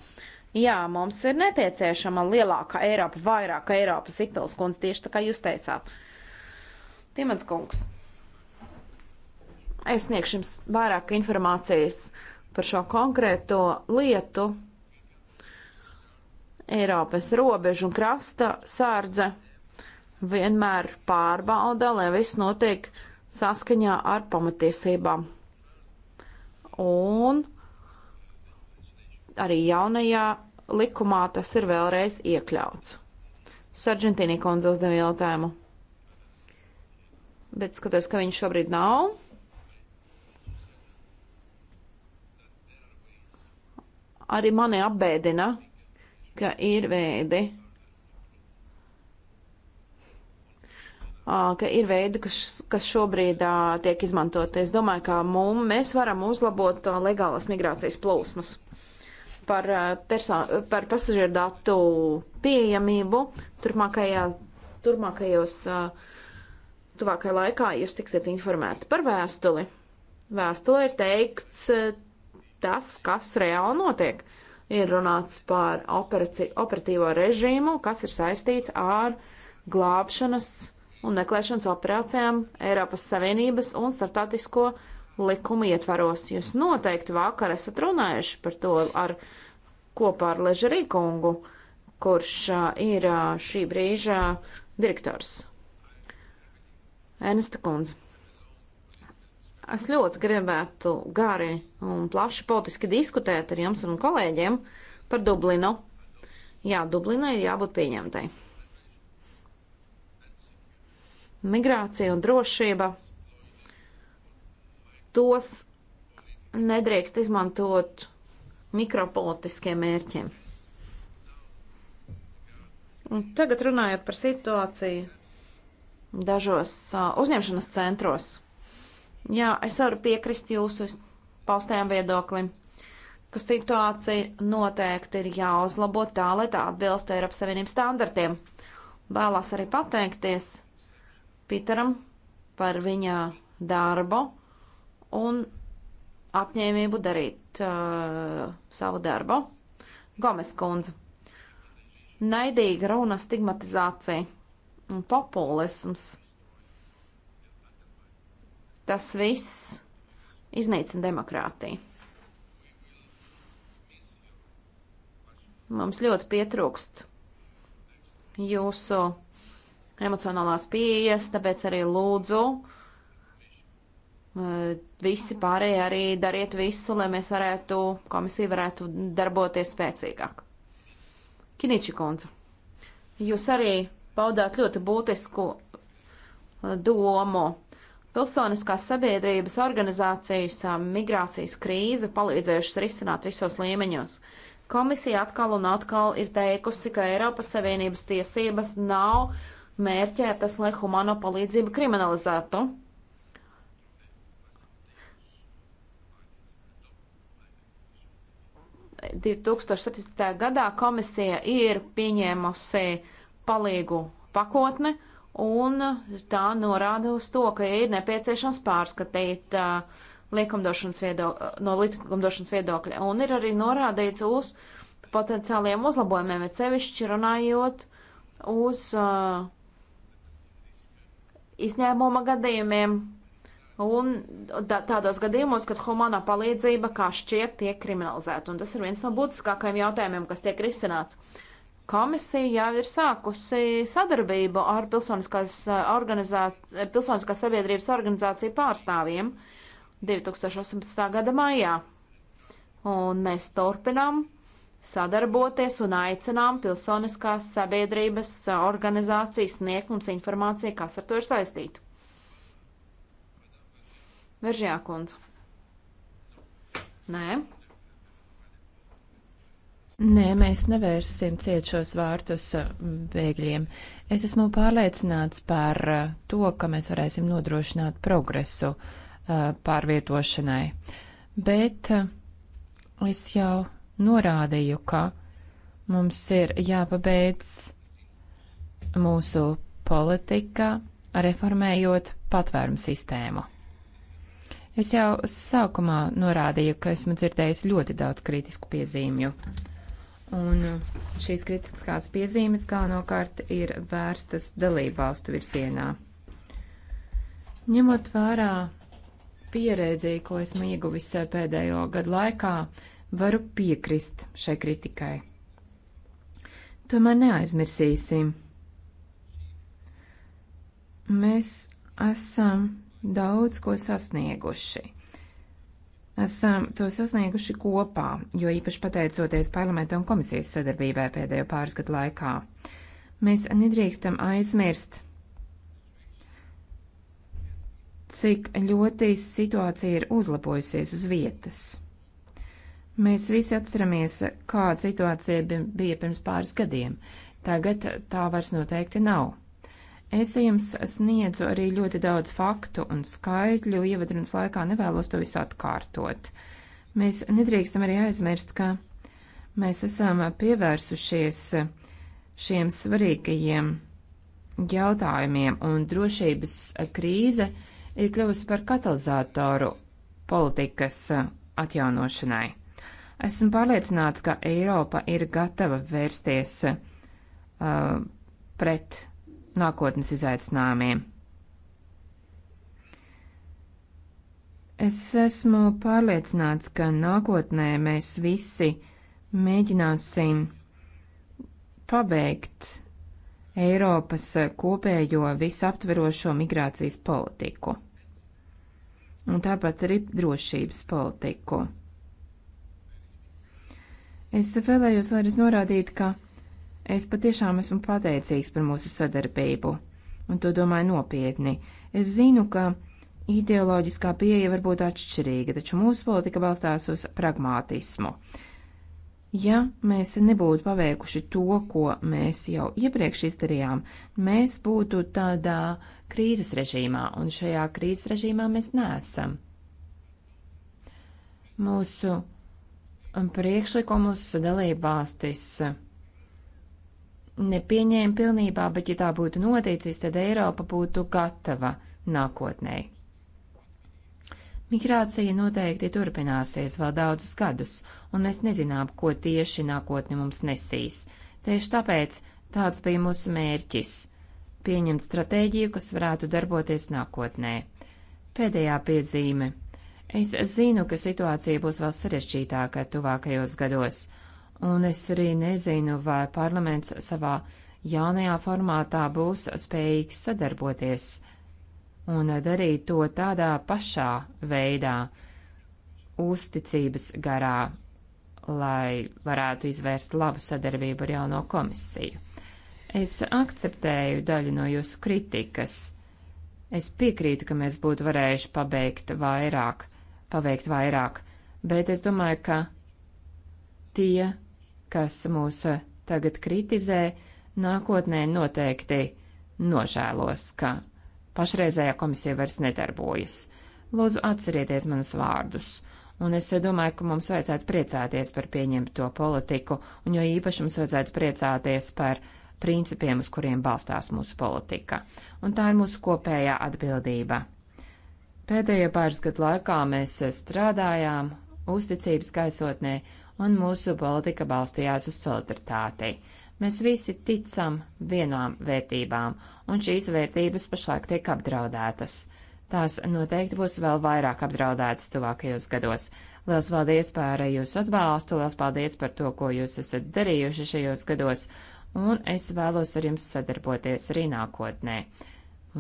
Jā, mums ir nepieciešama lielāka Eiropa, vairāk Eiropas Ipils, kundze, tieši tā kā jūs teicāt. Timens kungs, es sniegšu jums vairāk informācijas par šo konkrēto lietu. Eiropas robežu un krasta sārdze vienmēr pārbauda, lai viss notiek saskaņā ar pamatiesībām. Un arī jaunajā likumā tas ir vēlreiz iekļauts. Sargentīnī kundze uzdeva jautājumu. Bet skatos, ka viņš šobrīd nav. Arī mani apbēdina, ka ir veidi, ka ir veidi, kas, kas šobrīd tiek izmantoti. Es domāju, ka mum, mēs varam uzlabot legālas migrācijas plūsmas par, par pasažieru datu pieejamību turpmākajā, turpmākajos, tuvākajā laikā jūs tiksiet informēti par vēstuli. Vēstulē ir teikts tas, kas reāli notiek. Ir runāts par operatīvo režīmu, kas ir saistīts ar glābšanas un meklēšanas operācijām Eiropas Savienības un starptautisko likumu ietvaros. Jūs noteikti vakar esat runājuši par to ar kopā ar Ležerī kungu, kurš uh, ir uh, šī brīža direktors. Ernesta Kunze. Es ļoti gribētu gari un plaši politiski diskutēt ar jums un kolēģiem par Dublinu. Jā, Dublinai ir jābūt pieņemtai. Migrācija un drošība. Tos nedrīkst izmantot mikropolitiskiem mērķiem. Un tagad runājot par situāciju dažos uh, uzņemšanas centros. Jā, es varu piekrist jūsu paustajam viedoklim, ka situācija noteikti ir jāuzlabo tā, lai tā atbilstu Eiropas Savienības standartiem. Vēlās arī pateikties Piteram par viņa darbu un apņēmību darīt uh, savu darbu. Gomes kundze. Naidīga runa, stigmatizācija un populisms Tas viss iznīcina demokrātiju. Mums ļoti pietrūkst jūsu emocionālās pieejas, tāpēc arī lūdzu eh, visi pārējie arī dariet visu, lai mēs varētu, komisija varētu darboties spēcīgāk. Kiniči kundze, jūs arī paudāt ļoti būtisku eh, domu Pilsoniskās sabiedrības organizācijas migrācijas krīze palīdzējušas risināt visos līmeņos. Komisija atkal un atkal ir teikusi, ka Eiropas Savienības tiesības nav mērķētas, lai humano palīdzību kriminalizētu. gadā komisija ir pieņēmusi palīgu pakotni, uh, un tā norāda uz to, ka ir nepieciešams pārskatīt uh, likumdošanas viedokļa, uh, no likumdošanas viedokļa, un ir arī norādīts uz potenciāliem uzlabojumiem, bet sevišķi runājot uz uh, izņēmuma gadījumiem, un tādos gadījumos, kad humanā palīdzība kā šķiet tiek kriminalizēta, un tas ir viens no būtiskākajiem jautājumiem, kas tiek risināts. Komisija jau ir sākusi sadarbību ar pilsoniskās, eh, eh, pilsoniskās sabiedrības organizāciju pārstāvjiem 2018. gada maijā. Un mēs turpinām sadarboties un aicinām pilsoniskās sabiedrības eh, organizācijas sniegt mums informāciju, kas ar to ir saistīta. Veržjā kundze. Nē. Nē, mēs nevērsim ciet šos vārtus uh, bēgļiem. Es esmu pārliecināts par uh, to, ka mēs varēsim nodrošināt progresu uh, pārvietošanai. Bet es jau norādīju, ka mums ir jāpabeidz mūsu politika, reformējot patvērumu sistēmu. Es jau sākumā norādīju, ka esmu dzirdējis ļoti daudz kritisku piezīmju Un uh, šīs kritiskās piezīmes galvenokārt ir vērstas dalību valstu virzienā. Ņemot vērā pieredzi, ko esmu ieguvis uh, pēdējo gadu laikā, varu piekrist šai kritikai. Tomēr neaizmirsīsim. Mēs esam daudz ko sasnieguši esam to sasnieguši kopā, jo īpaši pateicoties parlamenta un komisijas sadarbībai pēdējo pāris gadu laikā. Mēs nedrīkstam aizmirst, cik ļoti situācija ir uzlabojusies uz vietas. Mēs visi atceramies, kāda situācija bija pirms pāris gadiem. Tagad tā vairs noteikti nav. Es jums sniedzu arī ļoti daudz faktu un skaitļu, ievadrunas laikā nevēlos to visu atkārtot. Mēs nedrīkstam arī aizmirst, ka mēs esam pievērsušies šiem svarīgajiem jautājumiem, un drošības krīze ir kļuvusi par katalizatoru politikas atjaunošanai. Esmu pārliecināts, ka Eiropa ir gatava vērsties uh, pret nākotnes izaicinājumiem. Es esmu pārliecināts, ka nākotnē mēs visi mēģināsim pabeigt Eiropas kopējo visaptverošo migrācijas politiku un tāpat arī drošības politiku. Es vēlējos vairs norādīt, ka Es patiešām esmu pateicīgs par mūsu sadarbību, un to domāju nopietni. Es zinu, ka ideoloģiskā pieeja var būt atšķirīga, taču mūsu politika balstās uz pragmātismu. Ja mēs nebūtu paveikuši to, ko mēs jau iepriekš izdarījām, mēs būtu tādā krīzes režīmā, un šajā krīzes režīmā mēs neesam. Mūsu priekšlikumus dalībvalstis nepieņēma pilnībā, bet ja tā būtu noticis, tad Eiropa būtu gatava nākotnē. Migrācija noteikti turpināsies vēl daudzus gadus, un mēs nezinām, ko tieši nākotne mums nesīs. Tieši tāpēc tāds bija mūsu mērķis - pieņemt stratēģiju, kas varētu darboties nākotnē. Pēdējā piezīme. Es zinu, ka situācija būs vēl sarežģītāka tuvākajos gados un es arī nezinu, vai parlaments savā jaunajā formātā būs spējīgs sadarboties un darīt to tādā pašā veidā, uzticības garā, lai varētu izvērst labu sadarbību ar jauno komisiju. Es akceptēju daļu no jūsu kritikas. Es piekrītu, ka mēs būtu varējuši pabeigt vairāk, paveikt vairāk, bet es domāju, ka tie, kas mūs eh, tagad kritizē, nākotnē noteikti nožēlos, ka pašreizējā komisija vairs nedarbojas. Lūdzu, atcerieties manus vārdus, un es eh, domāju, ka mums vajadzētu priecāties par pieņemto politiku, un jo īpaši mums vajadzētu priecāties par principiem, uz kuriem balstās mūsu politika. Un tā ir mūsu kopējā atbildība. Pēdējo pāris gadu laikā mēs eh, strādājām uzticības gaisotnē, un mūsu politika balstījās uz solidaritāti. Mēs visi ticam vienām vērtībām, un šīs vērtības pašlaik tiek apdraudētas. Tās noteikti būs vēl vairāk apdraudētas tuvākajos gados. Lielas paldies par jūsu atbalstu, lielas paldies par to, ko jūs esat darījuši šajos gados, un es vēlos ar jums sadarboties arī nākotnē.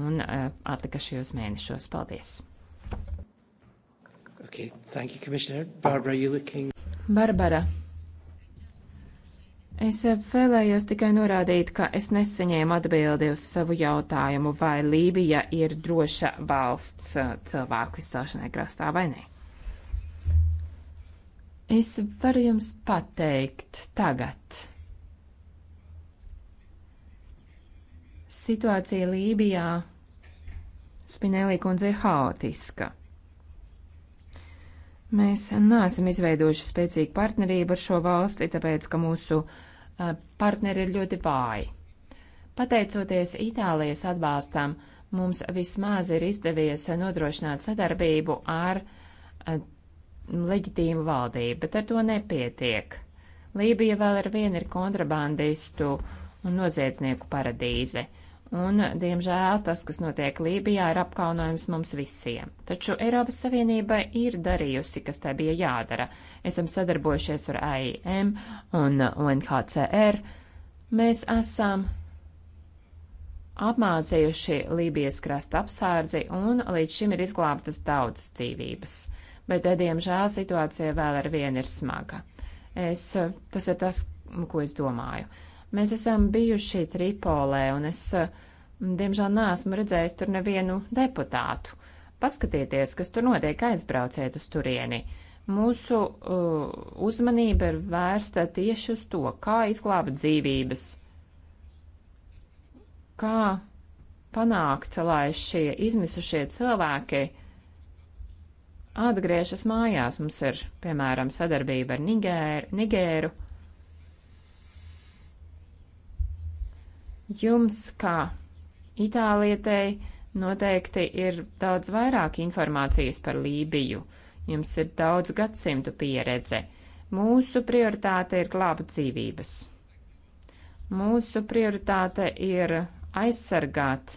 Un uh, atlikušajos mēnešos. Paldies! Okay, thank you, Commissioner. Barbara, you looking Barbara. Es vēlējos tikai norādīt, ka es nesaņēmu atbildi uz savu jautājumu, vai Lībija ir droša valsts uh, cilvēku izcelšanai krastā vai nē. Es varu jums pateikt tagad. Situācija Lībijā Spinelī kundze ir haotiska. Mēs neesam izveidojuši spēcīgu partnerību ar šo valsti, tāpēc, ka mūsu eh, partneri ir ļoti vāji. Pateicoties Itālijas atbalstam, mums vismaz ir izdevies nodrošināt sadarbību ar eh, leģitīmu valdību, bet ar to nepietiek. Lībija vēl ar vienu ir kontrabandistu un noziedznieku paradīze. Un, diemžēl, tas, kas notiek Lībijā, ir apkaunojums mums visiem. Taču Eiropas Savienība ir darījusi, kas tai bija jādara. Esam sadarbojušies ar AIM un UNHCR. Mēs esam apmācījuši Lībijas krasta apsārdzi, un līdz šim ir izglābtas daudzas dzīvības. Bet, diemžēl, situācija vēl ar vienu ir smaga. Es, tas ir tas, ko es domāju. Mēs esam bijuši Tripolē, un es, diemžēl, neesmu redzējis tur nevienu deputātu. Paskatieties, kas tur notiek, aizbrauciet uz turieni. Mūsu uh, uzmanība ir vērsta tieši uz to, kā izglābt dzīvības, kā panākt, lai šie izmisušie cilvēki atgriežas mājās. Mums ir, piemēram, sadarbība ar Nigēru, Nigēru Jums kā itālietei noteikti ir daudz vairāk informācijas par Lībiju. Jums ir daudz gadsimtu pieredze. Mūsu prioritāte ir glābt dzīvības. Mūsu prioritāte ir aizsargāt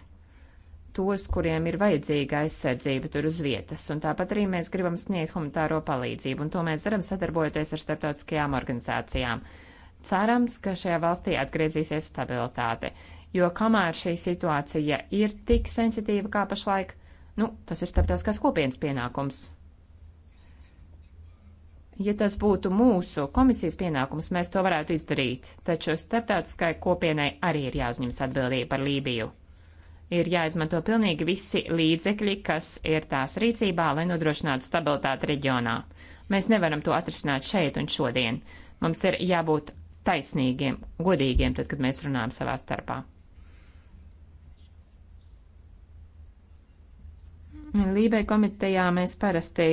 tos, kuriem ir vajadzīga aizsardzība tur uz vietas, un tāpat arī mēs gribam sniegt humanitāro palīdzību, un to mēs darām sadarbojoties ar starptautiskajām organizācijām. Cerams, ka šajā valstī atgriezīsies stabilitāte, jo kamēr šī situācija ir tik sensitīva kā pašlaik, nu, tas ir starptautiskās kopienas pienākums. Ja tas būtu mūsu komisijas pienākums, mēs to varētu izdarīt, taču starptautiskai kopienai arī ir jāuzņems atbildība par Lībiju. Ir jāizmanto pilnīgi visi līdzekļi, kas ir tās rīcībā, lai nodrošinātu stabilitāti reģionā. Mēs nevaram to atrisināt šeit un šodien. Mums ir jābūt taisnīgiem, godīgiem, tad, kad mēs runājam savā starpā. Lībe komitejā mēs parasti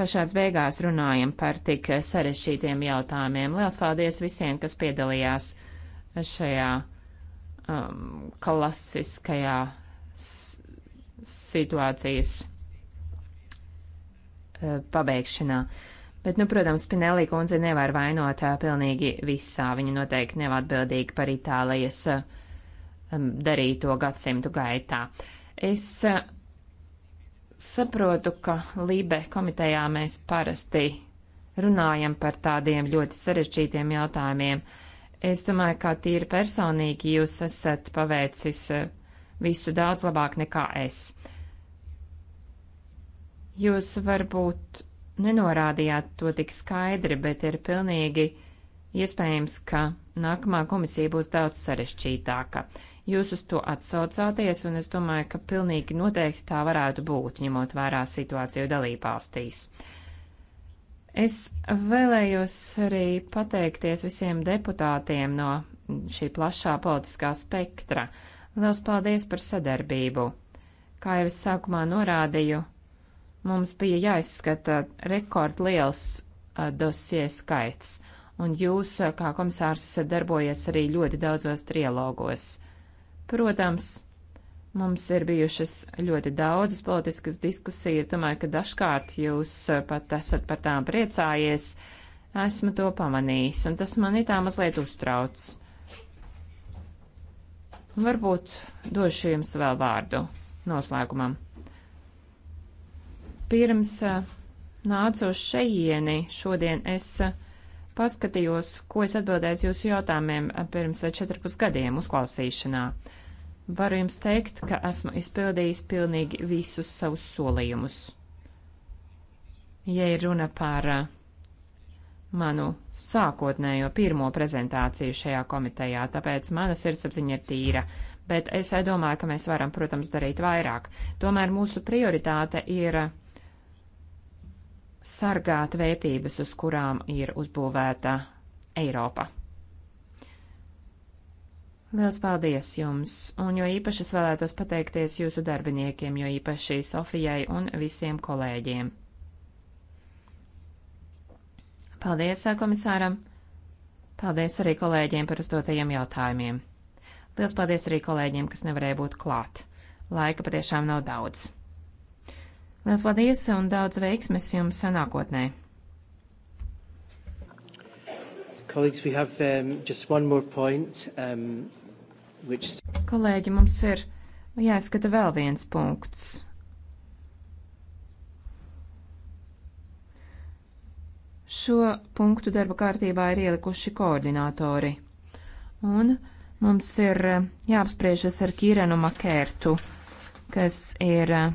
pašās beigās runājam par tik sarešķītiem jautājumiem. Lielas paldies visiem, kas piedalījās šajā um, klasiskajā situācijas uh, pabeigšanā. Uh, Bet, nu, protams, Spinelli kundze nevar vainot pilnīgi visā. Viņa noteikti nav atbildīga par Itālijas um, darīto gadsimtu gaitā. Es saprotu, ka Lībe komitejā mēs parasti runājam par tādiem ļoti sarežģītiem jautājumiem. Es domāju, ka tīri personīgi jūs esat paveicis visu daudz labāk nekā es. Jūs varbūt nenorādījāt to tik skaidri, bet ir pilnīgi iespējams, ka nākamā komisija būs daudz sarešķītāka. Jūs uz to atsaucāties, un es domāju, ka pilnīgi noteikti tā varētu būt, ņemot vērā situāciju dalībvalstīs. Es vēlējos arī pateikties visiem deputātiem no šī plašā politiskā spektra. Liels paldies par sadarbību! Kā jau es sākumā norādīju, Mums bija jāizskata rekordliels uh, dosie skaits, un jūs, uh, kā komisārs, esat darbojies arī ļoti daudzos trialogos. Protams, mums ir bijušas ļoti daudzas politiskas diskusijas, domāju, ka dažkārt jūs uh, pat esat par tām priecājies, esmu to pamanījis, un tas mani tā mazliet uztrauc. Varbūt došu jums vēl vārdu noslēgumam. Pirms eh, nācu šejieni šodien es eh, paskatījos, ko es atbildēju jūsu jautājumiem eh, pirms 14 gadiem uzklausīšanā. Varu jums teikt, ka esmu izpildījis pilnīgi visus savus solījumus. Ja ir runa par manu sākotnējo pirmo prezentāciju šajā komitejā, tāpēc mana sirdsapziņa ir tīra, bet es domāju, ka mēs varam, protams, darīt vairāk. Tomēr mūsu prioritāte ir sargāt vērtības, uz kurām ir uzbūvēta Eiropa. Liels paldies jums, un jo īpaši es vēlētos pateikties jūsu darbiniekiem, jo īpaši Sofijai un visiem kolēģiem. Paldies komisāram! Paldies arī kolēģiem par uzdotajiem jautājumiem. Liels paldies arī kolēģiem, kas nevarēja būt klāt. Laika patiešām nav daudz. Lielas paldies un daudz veiksmes jums nākotnē! Colleagues, we have um, just one more point, um, which... Kolēģi, mums ir jāskata vēl viens punkts. Šo punktu darba kārtībā ir ielikuši koordinātori. Un mums ir uh, jāapspriežas ar Kīrenu Makērtu, kas ir uh,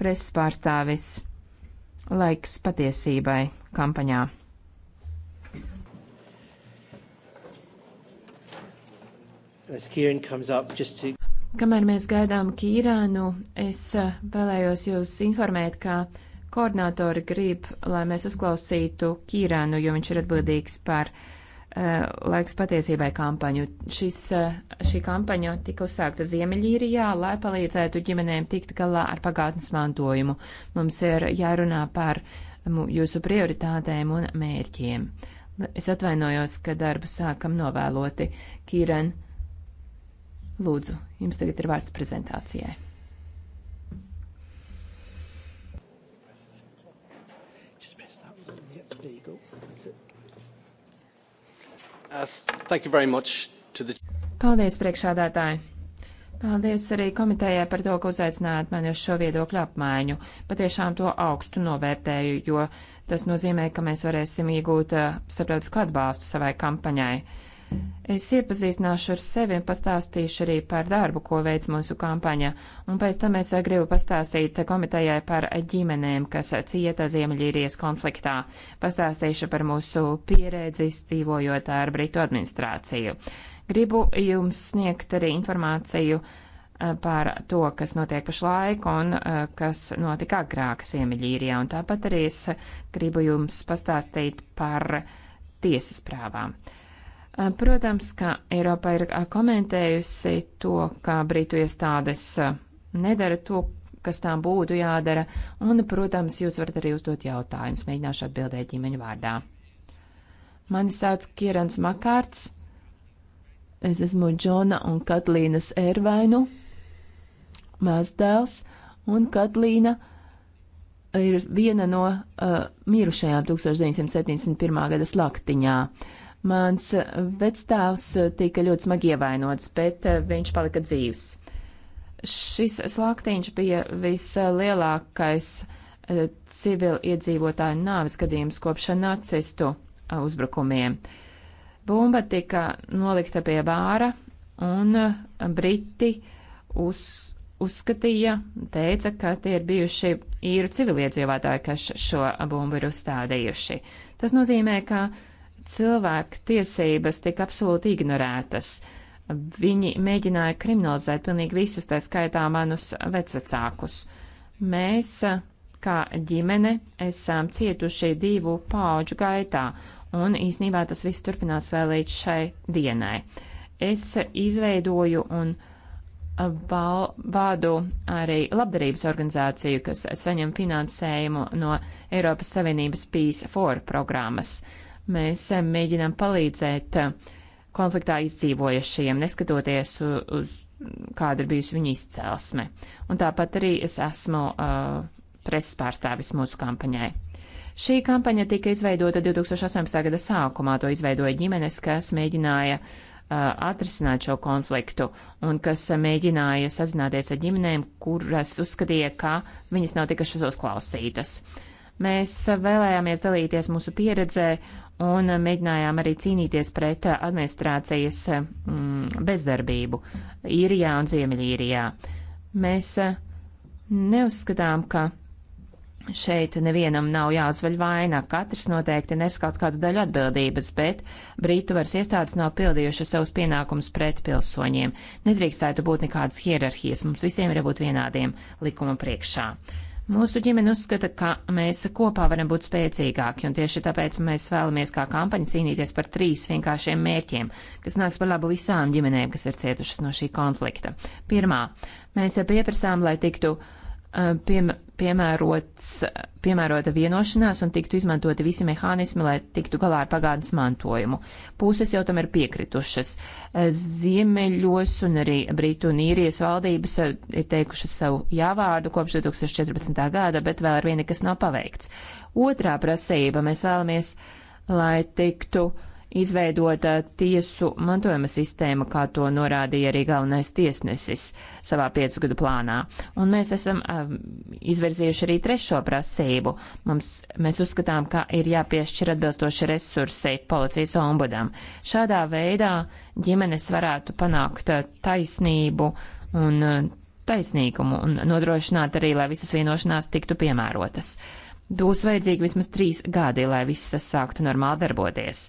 preses pārstāvis. Laiks patiesībai kampaņā. To... Kamēr mēs gaidām Kīrānu, es eh, vēlējos jūs informēt, ka koordinātori grib, lai mēs uzklausītu Kīrānu, jo viņš ir atbildīgs par uh, Eh, laiks patiesībai kampaņu. Šis, eh, šī kampaņa tika uzsākta Ziemeļīrijā, lai palīdzētu ģimenēm tikt galā ar pagātnes mantojumu. Mums ir jārunā par jūsu prioritātēm un mērķiem. Es atvainojos, ka darbu sākam novēloti. Kīren, lūdzu, jums tagad ir vārds prezentācijai. Uh, the... Paldies, priekšādātāji! Paldies arī komitējai par to, ka uzaicinājāt mani uz šo viedokļu apmaiņu. Patiešām to augstu novērtēju, jo tas nozīmē, ka mēs varēsim iegūt uh, saprotisku atbalstu savai kampaņai. Es iepazīstināšu ar sevi un pastāstīšu arī par darbu, ko veic mūsu kampaņa, un pēc tam es eh, gribu pastāstīt komitejai par ģimenēm, kas cieta Ziemeļīrijas konfliktā. Pastāstīšu par mūsu pieredzi, dzīvojot ar Britu administrāciju. Gribu jums sniegt arī informāciju eh, par to, kas notiek pašlaik un eh, kas notika agrāk Ziemeļīrijā, un tāpat arī es gribu jums pastāstīt par tiesas prāvām. Uh, Eh, protams, ka Eiropa ir eh, komentējusi to, ka Britu iestādes eh, nedara to, kas tām būtu jādara, un, protams, jūs varat arī uzdot jautājumus, mēģināšu atbildēt ģimeņu vārdā. Mani sauc Kierans Makārts, es esmu Džona un Katlīnas Ervainu mazdēls, un Katlīna ir viena no uh, mirušajām 1971. gada slaktiņā. Uh, Mans vecstāvs tika ļoti smagi ievainots, bet eh, viņš palika dzīvs. Šis slaktiņš bija vislielākais eh, civiliedzīvotāju nāves gadījums kopš nacistu eh, uzbrukumiem. Bumba tika nolikta pie bāra, un Briti uz, uzskatīja, teica, ka tie ir bijuši īru civiliedzīvotāji, kas šo bumbu ir uzstādījuši. Tas nozīmē, ka uh, cilvēku tiesības tika absolūti ignorētas. Viņi mēģināja kriminalizēt pilnīgi visus, tā skaitā manus vecvecākus. Mēs, kā ģimene, esam cietuši divu pauģu gaitā, un īsnībā tas viss turpinās vēl līdz šai dienai. Es izveidoju un vādu arī labdarības organizāciju, kas saņem finansējumu no Eiropas Savienības Peace for programmas. Mēs eh, mēģinām palīdzēt eh, konfliktā izdzīvojušajiem, neskatoties uz, uz kāda ir bijusi viņa izcelsme. Un tāpat arī es esmu uh, preses pārstāvis mūsu kampaņai. Šī kampaņa tika izveidota 2018. gada sākumā. To izveidoja ģimenes, kas mēģināja uh, atrisināt šo konfliktu un kas mēģināja sazināties ar ģimenēm, kuras uzskatīja, ka viņas nav tikušas uzklausītas. Mēs vēlējāmies dalīties mūsu pieredzē un mēģinājām arī cīnīties pret administrācijas mm, bezdarbību īrijā un Ziemeļīrijā. Mēs mm, neuzskatām, ka šeit nevienam nav jāuzveļ vaina, katrs noteikti nes kaut kādu daļu atbildības, bet Brītu varas iestādes nav pildījušas savus pienākumus pret pilsoņiem. Nedrīkstētu būt nekādas hierarhijas, mums visiem ir jābūt vienādiem likuma priekšā. Mūsu ģimene uzskata, ka mēs kopā varam būt spēcīgāki, un tieši tāpēc mēs vēlamies kā kampaņa cīnīties par trīs vienkāršiem mērķiem, kas nāks par labu visām ģimenēm, kas ir cietušas no šī konflikta. Pirmā, mēs pieprasām, lai tiktu eh, piem, piemērots, piemērota vienošanās un tiktu izmantoti visi mehānismi, lai tiktu galā ar pagātnes mantojumu. Puses jau tam ir piekritušas. Ziemeļos un arī Britu un īrijas valdības ir teikušas savu jāvārdu kopš 2014. gada, bet vēl ar vienu, kas nav paveikts. Otrā prasība mēs vēlamies, lai tiktu uh, izveidota eh, tiesu mantojuma sistēma, kā to norādīja arī galvenais tiesnesis savā piecu gadu plānā. Un mēs esam eh, izvirzījuši arī trešo prasību. Mums, mēs uzskatām, ka ir jāpiešķir atbilstoši resursi policijas ombudam. Šādā veidā ģimenes varētu panākt eh, taisnību un taisnīgumu un nodrošināt arī, lai visas vienošanās tiktu piemērotas. Būs vajadzīgi vismaz trīs gadi, lai viss sāktu normāli darboties.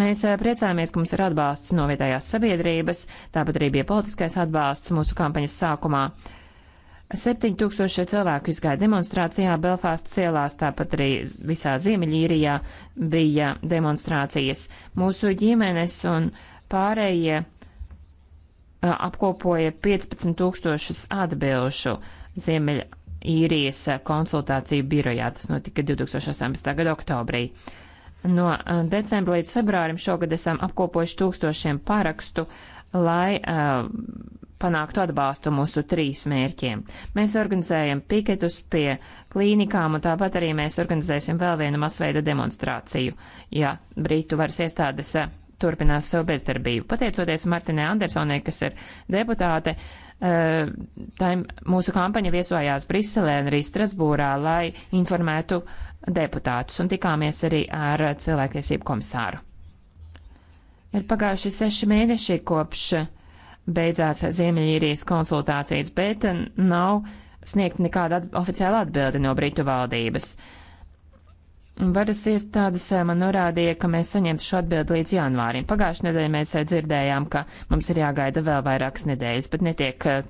Mēs eh, priecājamies, ka mums ir atbalsts no vietējās sabiedrības, tāpat arī bija politiskais atbalsts mūsu kampaņas sākumā. 7000 cilvēku izgāja demonstrācijā Belfāstas ielās, tāpat arī visā Ziemeļīrijā bija demonstrācijas. Mūsu ģimenes un pārējie eh, apkopoja 15 tūkstošus atbilšu Ziemeļīrijas konsultāciju birojā. Tas notika 2018. gada oktobrī. No uh, decembra līdz februārim šogad esam apkopojuši tūkstošiem parakstu, lai uh, panāktu atbalstu mūsu trīs mērķiem. Mēs organizējam piketus pie klīnikām, un tāpat arī mēs organizēsim vēl vienu masveida demonstrāciju, ja Brītu varas iestādes uh, turpinās savu bezdarbību. Pateicoties Martinai Andersonai, kas ir deputāte, uh, tā mūsu kampaņa viesojās Briselē un arī Strasbūrā, lai informētu deputātus un tikāmies arī ar cilvēktiesību komisāru. Ir pagājuši seši mēneši kopš beidzās Ziemeļīrijas konsultācijas, bet nav sniegt nekāda at oficiāla atbilde no Britu valdības. Varas iestādes man norādīja, ka mēs saņemtu šo atbildi līdz janvārim. Pagājušajā nedēļā mēs dzirdējām, ka mums ir jāgaida vēl vairākas nedēļas, bet netiek eh,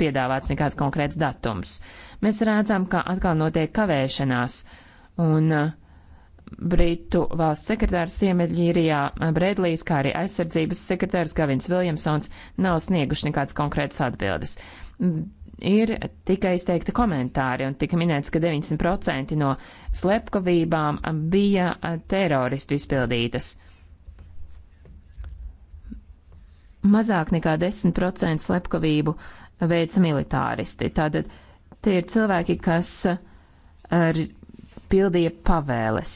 piedāvāts nekāds konkrēts datums. Mēs redzam, ka atkal notiek kavēšanās. Uh, Un uh, Britu valsts sekretārs Ziemeļīrijā uh, Bredlīs, kā arī aizsardzības sekretārs Gavins Viljamsons nav snieguši nekādas konkrētas atbildes. Mm, ir tikai izteikti komentāri un tika minēts, ka 90% no slepkavībām uh, bija teroristu izpildītas. Mazāk nekā 10% slepkavību veica militāristi. Tātad tie ir cilvēki, kas ar pildīja pavēles.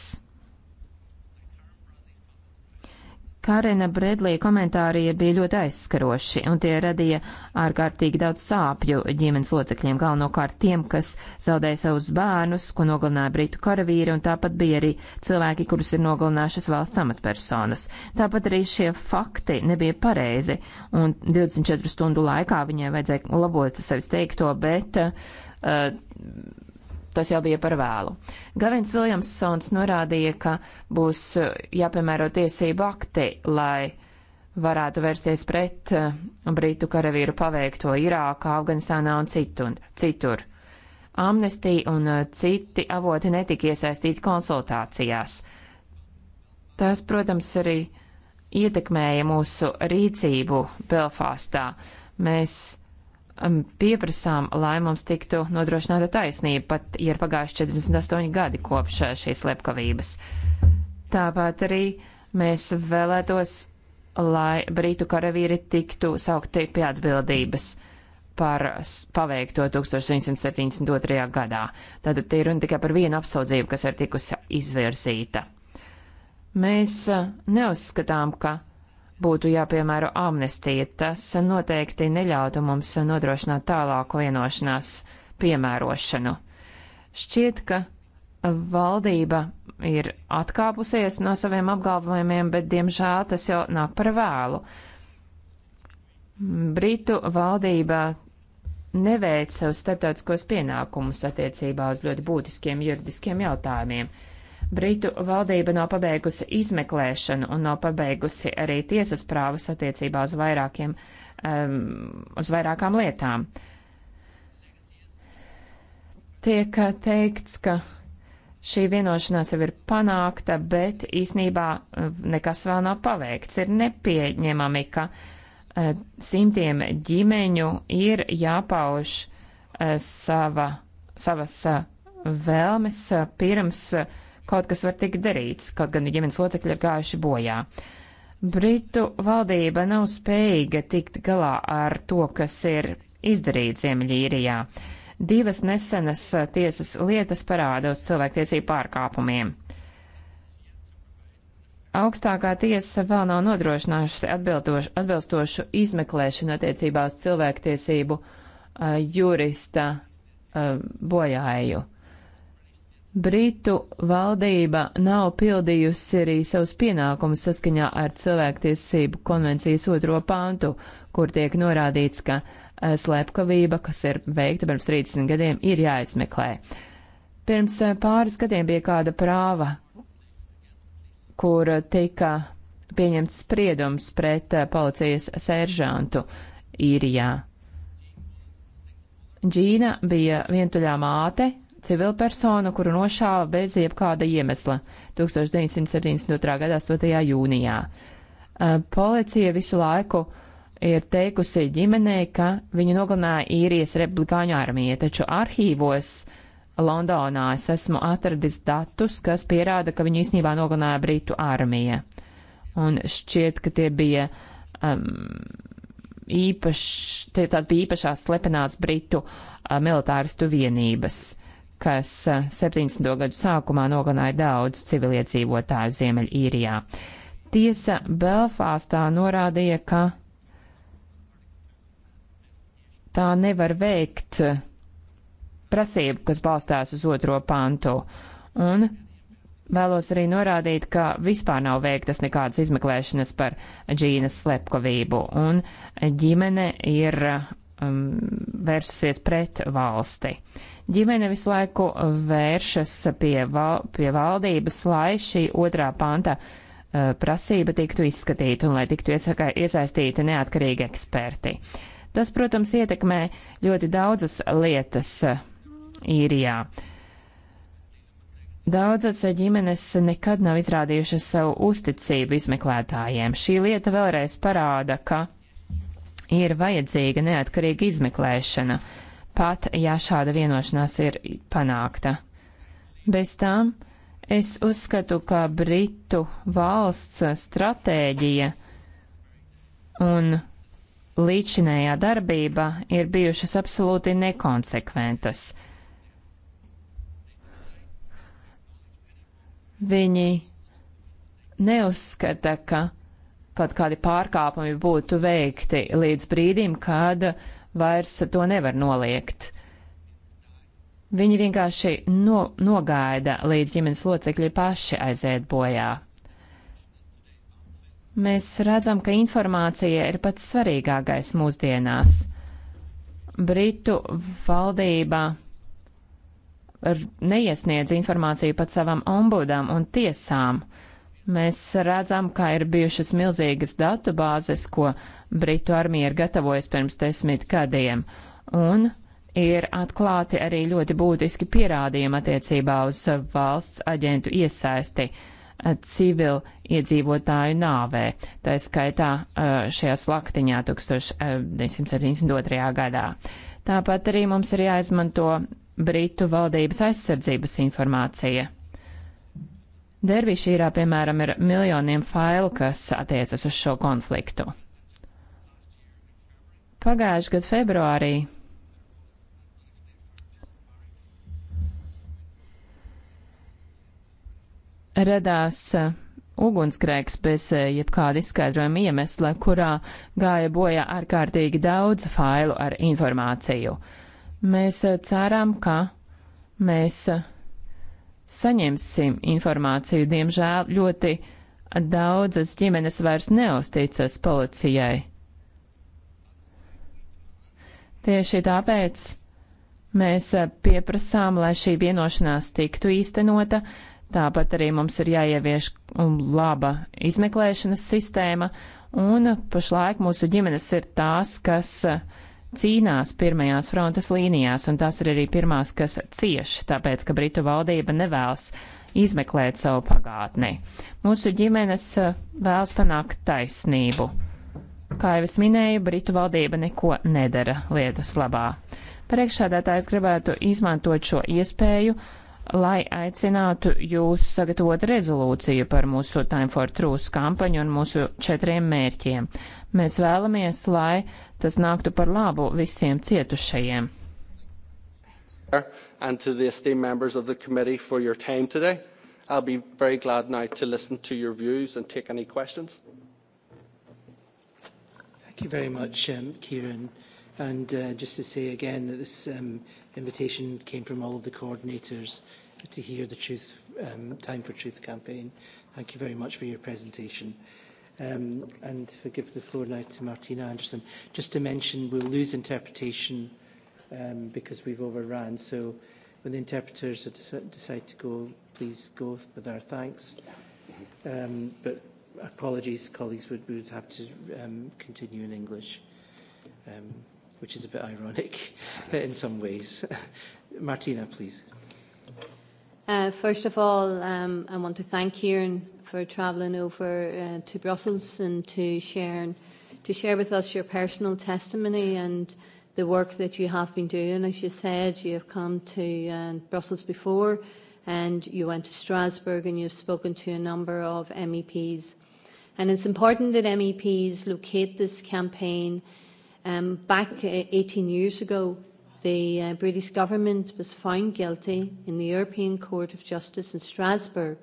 Karina Bredlija komentārie bija ļoti aizskaroši, un tie radīja ārkārtīgi daudz sāpju ģimenes locekļiem, galvenokārt tiem, kas zaudēja savus bērnus, ko nogalināja britu karavīri, un tāpat bija arī cilvēki, kurus ir nogalinājušas valsts amatpersonas. Tāpat arī šie fakti nebija pareizi, un 24 stundu laikā viņai vajadzēja labot sevis teikto, bet uh, tas jau bija par vēlu. Gavins Viljamsons norādīja, ka būs eh, jāpiemēro tiesību akti, lai varētu vērsties pret eh, Britu karavīru paveikto Irākā, Afganistānā un citur. citur. Amnestija un eh, citi avoti netika iesaistīti konsultācijās. Tas, protams, arī ietekmēja mūsu rīcību Belfāstā. Mēs Um, pieprasām, lai mums tiktu nodrošināta taisnība, pat ja ir pagājuši 48 gadi kopš uh, šīs slepkavības. Tāpat arī mēs vēlētos, lai brītu karavīri tiktu saukti pie atbildības par paveikto 1972. gadā. Tātad te ir runa tikai par vienu apsūdzību, kas ir tikusi izvirzīta. Mēs uh, neuzskatām, ka būtu jāpiemēro amnestija. Tas noteikti neļautu mums nodrošināt tālāku vienošanās piemērošanu. Šķiet, ka valdība ir atkāpusies no saviem apgalvojumiem, bet diemžēl tas jau nāk par vēlu. Britu valdība neveic savus starptautiskos pienākumus attiecībā uz ļoti būtiskiem juridiskiem jautājumiem. Britu valdība nav pabeigusi izmeklēšanu un nav pabeigusi arī tiesas prāvas attiecībā uz, vairākiem, um, uz vairākām lietām. Tiek teikts, ka šī vienošanās jau ir panākta, bet īsnībā uh, nekas vēl nav paveikts. Ir nepieņemami, ka uh, simtiem ģimeņu ir jāpauž uh, sava, savas uh, vēlmes uh, pirms uh, kaut kas var tikt darīts, kaut gan ģimenes locekļi ir gājuši bojā. Britu valdība nav spējīga tikt galā ar to, kas ir izdarīts Ziemeļīrijā. Divas nesenas tiesas lietas parāda uz cilvēktiesību pārkāpumiem. Augstākā tiesa vēl nav nodrošinājusi atbilstošu izmeklēšanu attiecībā uz cilvēktiesību uh, jurista uh, bojāju. Britu valdība nav pildījusi arī savus pienākumus saskaņā ar cilvēktiesību konvencijas otro pāntu, kur tiek norādīts, ka eh, slepkavība, kas ir veikta pirms 30 gadiem, ir jāizmeklē. Pirms eh, pāris gadiem bija kāda prāva, kur tika pieņemts spriedums pret eh, policijas seržantu īrijā. Džīna bija vientuļā māte, civilpersonu, kuru nošāva bez jebkāda iemesla 1972. gada 8. jūnijā. Policija visu laiku ir teikusi ģimenei, ka viņu nogalināja īrijas republikāņu armija, taču arhīvos Londonā es esmu atradis datus, kas pierāda, ka viņu īsnībā nogalināja Britu armija. Un šķiet, ka tie bija um, īpaši, tie tās bija īpašās slepenās Britu uh, militāristu vienības kas 70. Eh, gadu sākumā nogalināja daudz civiliedzīvotāju Ziemeļīrijā. Tiesa Belfāstā norādīja, ka tā nevar veikt eh, prasību, kas balstās uz otro pantu. Un vēlos arī norādīt, ka vispār nav veiktas nekādas izmeklēšanas par Džīnas slepkavību, un ģimene ir um, vērsusies pret valsti. Uh, Ģimene visu laiku vēršas pie, val, pie valdības, lai šī otrā panta uh, prasība tiktu izskatīta un lai tiktu iesaka, iesaistīti neatkarīgi eksperti. Tas, protams, ietekmē ļoti daudzas lietas eh, īrijā. Daudzas ģimenes nekad nav izrādījušas savu uzticību izmeklētājiem. Šī lieta vēlreiz parāda, ka ir vajadzīga neatkarīga izmeklēšana pat ja šāda vienošanās ir panākta. Bez tām es uzskatu, ka Britu valsts stratēģija un līdzinējā darbība ir bijušas absolūti nekonsekventas. Viņi neuzskata, ka kaut kādi pārkāpumi būtu veikti līdz brīdim, kad uh, vairs to nevar noliegt. Viņi vienkārši no, nogaida, līdz ģimenes locekļi paši aiziet bojā. Mēs redzam, ka informācija ir pats svarīgākais mūsdienās. Britu valdība neiesniedz informāciju pat savam ombudam un tiesām. Mēs redzam, ka ir bijušas milzīgas datubāzes, ko Britu armija ir gatavojusi pirms desmit gadiem, un ir atklāti arī ļoti būtiski pierādījumi attiecībā uz valsts aģentu iesaisti civil iedzīvotāju nāvē, tā skaitā šajā slaktiņā 1972. gadā. Tāpat arī mums ir jāizmanto Britu valdības aizsardzības informācija. Dervišīrā, piemēram, ir miljoniem failu, kas attiecas uz šo konfliktu. Pagājuši gadu februārī radās e, ugunsgrēks bez e, jebkāda izskaidrojuma iemesla, kurā gāja bojā ārkārtīgi daudz failu ar informāciju. Mēs e, ceram, ka mēs saņemsim informāciju. Diemžēl ļoti daudzas ģimenes vairs neusticas policijai. Tieši tāpēc mēs eh, pieprasām, lai šī vienošanās tiktu īstenota. Tāpat arī mums ir jāievieš um, laba izmeklēšanas sistēma, un pašlaik mūsu ģimenes ir tās, kas eh, cīnās pirmajās frontes līnijās, un tās ir arī pirmās, kas cieš, tāpēc, ka Britu valdība nevēlas izmeklēt savu pagātni. Mūsu ģimenes eh, vēlas panākt taisnību. Kā jau es minēju, Britu valdība neko nedara lietas labā. Priekšsēdētājs gribētu izmantot šo iespēju, lai aicinātu jūs sagatavot rezolūciju par mūsu Time for Truth kampaņu un mūsu četriem mērķiem. Mēs vēlamies, lai tas nāktu par labu visiem cietušajiem. And to the esteemed members of the committee for your time today. I'll be very glad now to listen to your views and take any questions. Thank you very much, um, Kieran. And uh, just to say again that this um, invitation came from all of the coordinators to hear the Truth um, Time for Truth campaign. Thank you very much for your presentation. Um, and if I give the floor now to Martina Anderson, just to mention we'll lose interpretation um, because we've overrun. So when the interpreters decide to go, please go with our thanks. Um, but apologies, colleagues, would would have to um, continue in English, um, which is a bit ironic in some ways. Martina, please. Uh, first of all, um, I want to thank Kieran for travelling over uh, to Brussels and to share, to share with us your personal testimony and the work that you have been doing. As you said, you have come to uh, Brussels before and you went to Strasbourg and you've spoken to a number of MEPs. And it's important that MEPs locate this campaign. Um, back 18 uh, years ago, the uh, British government was found guilty in the European Court of Justice in Strasbourg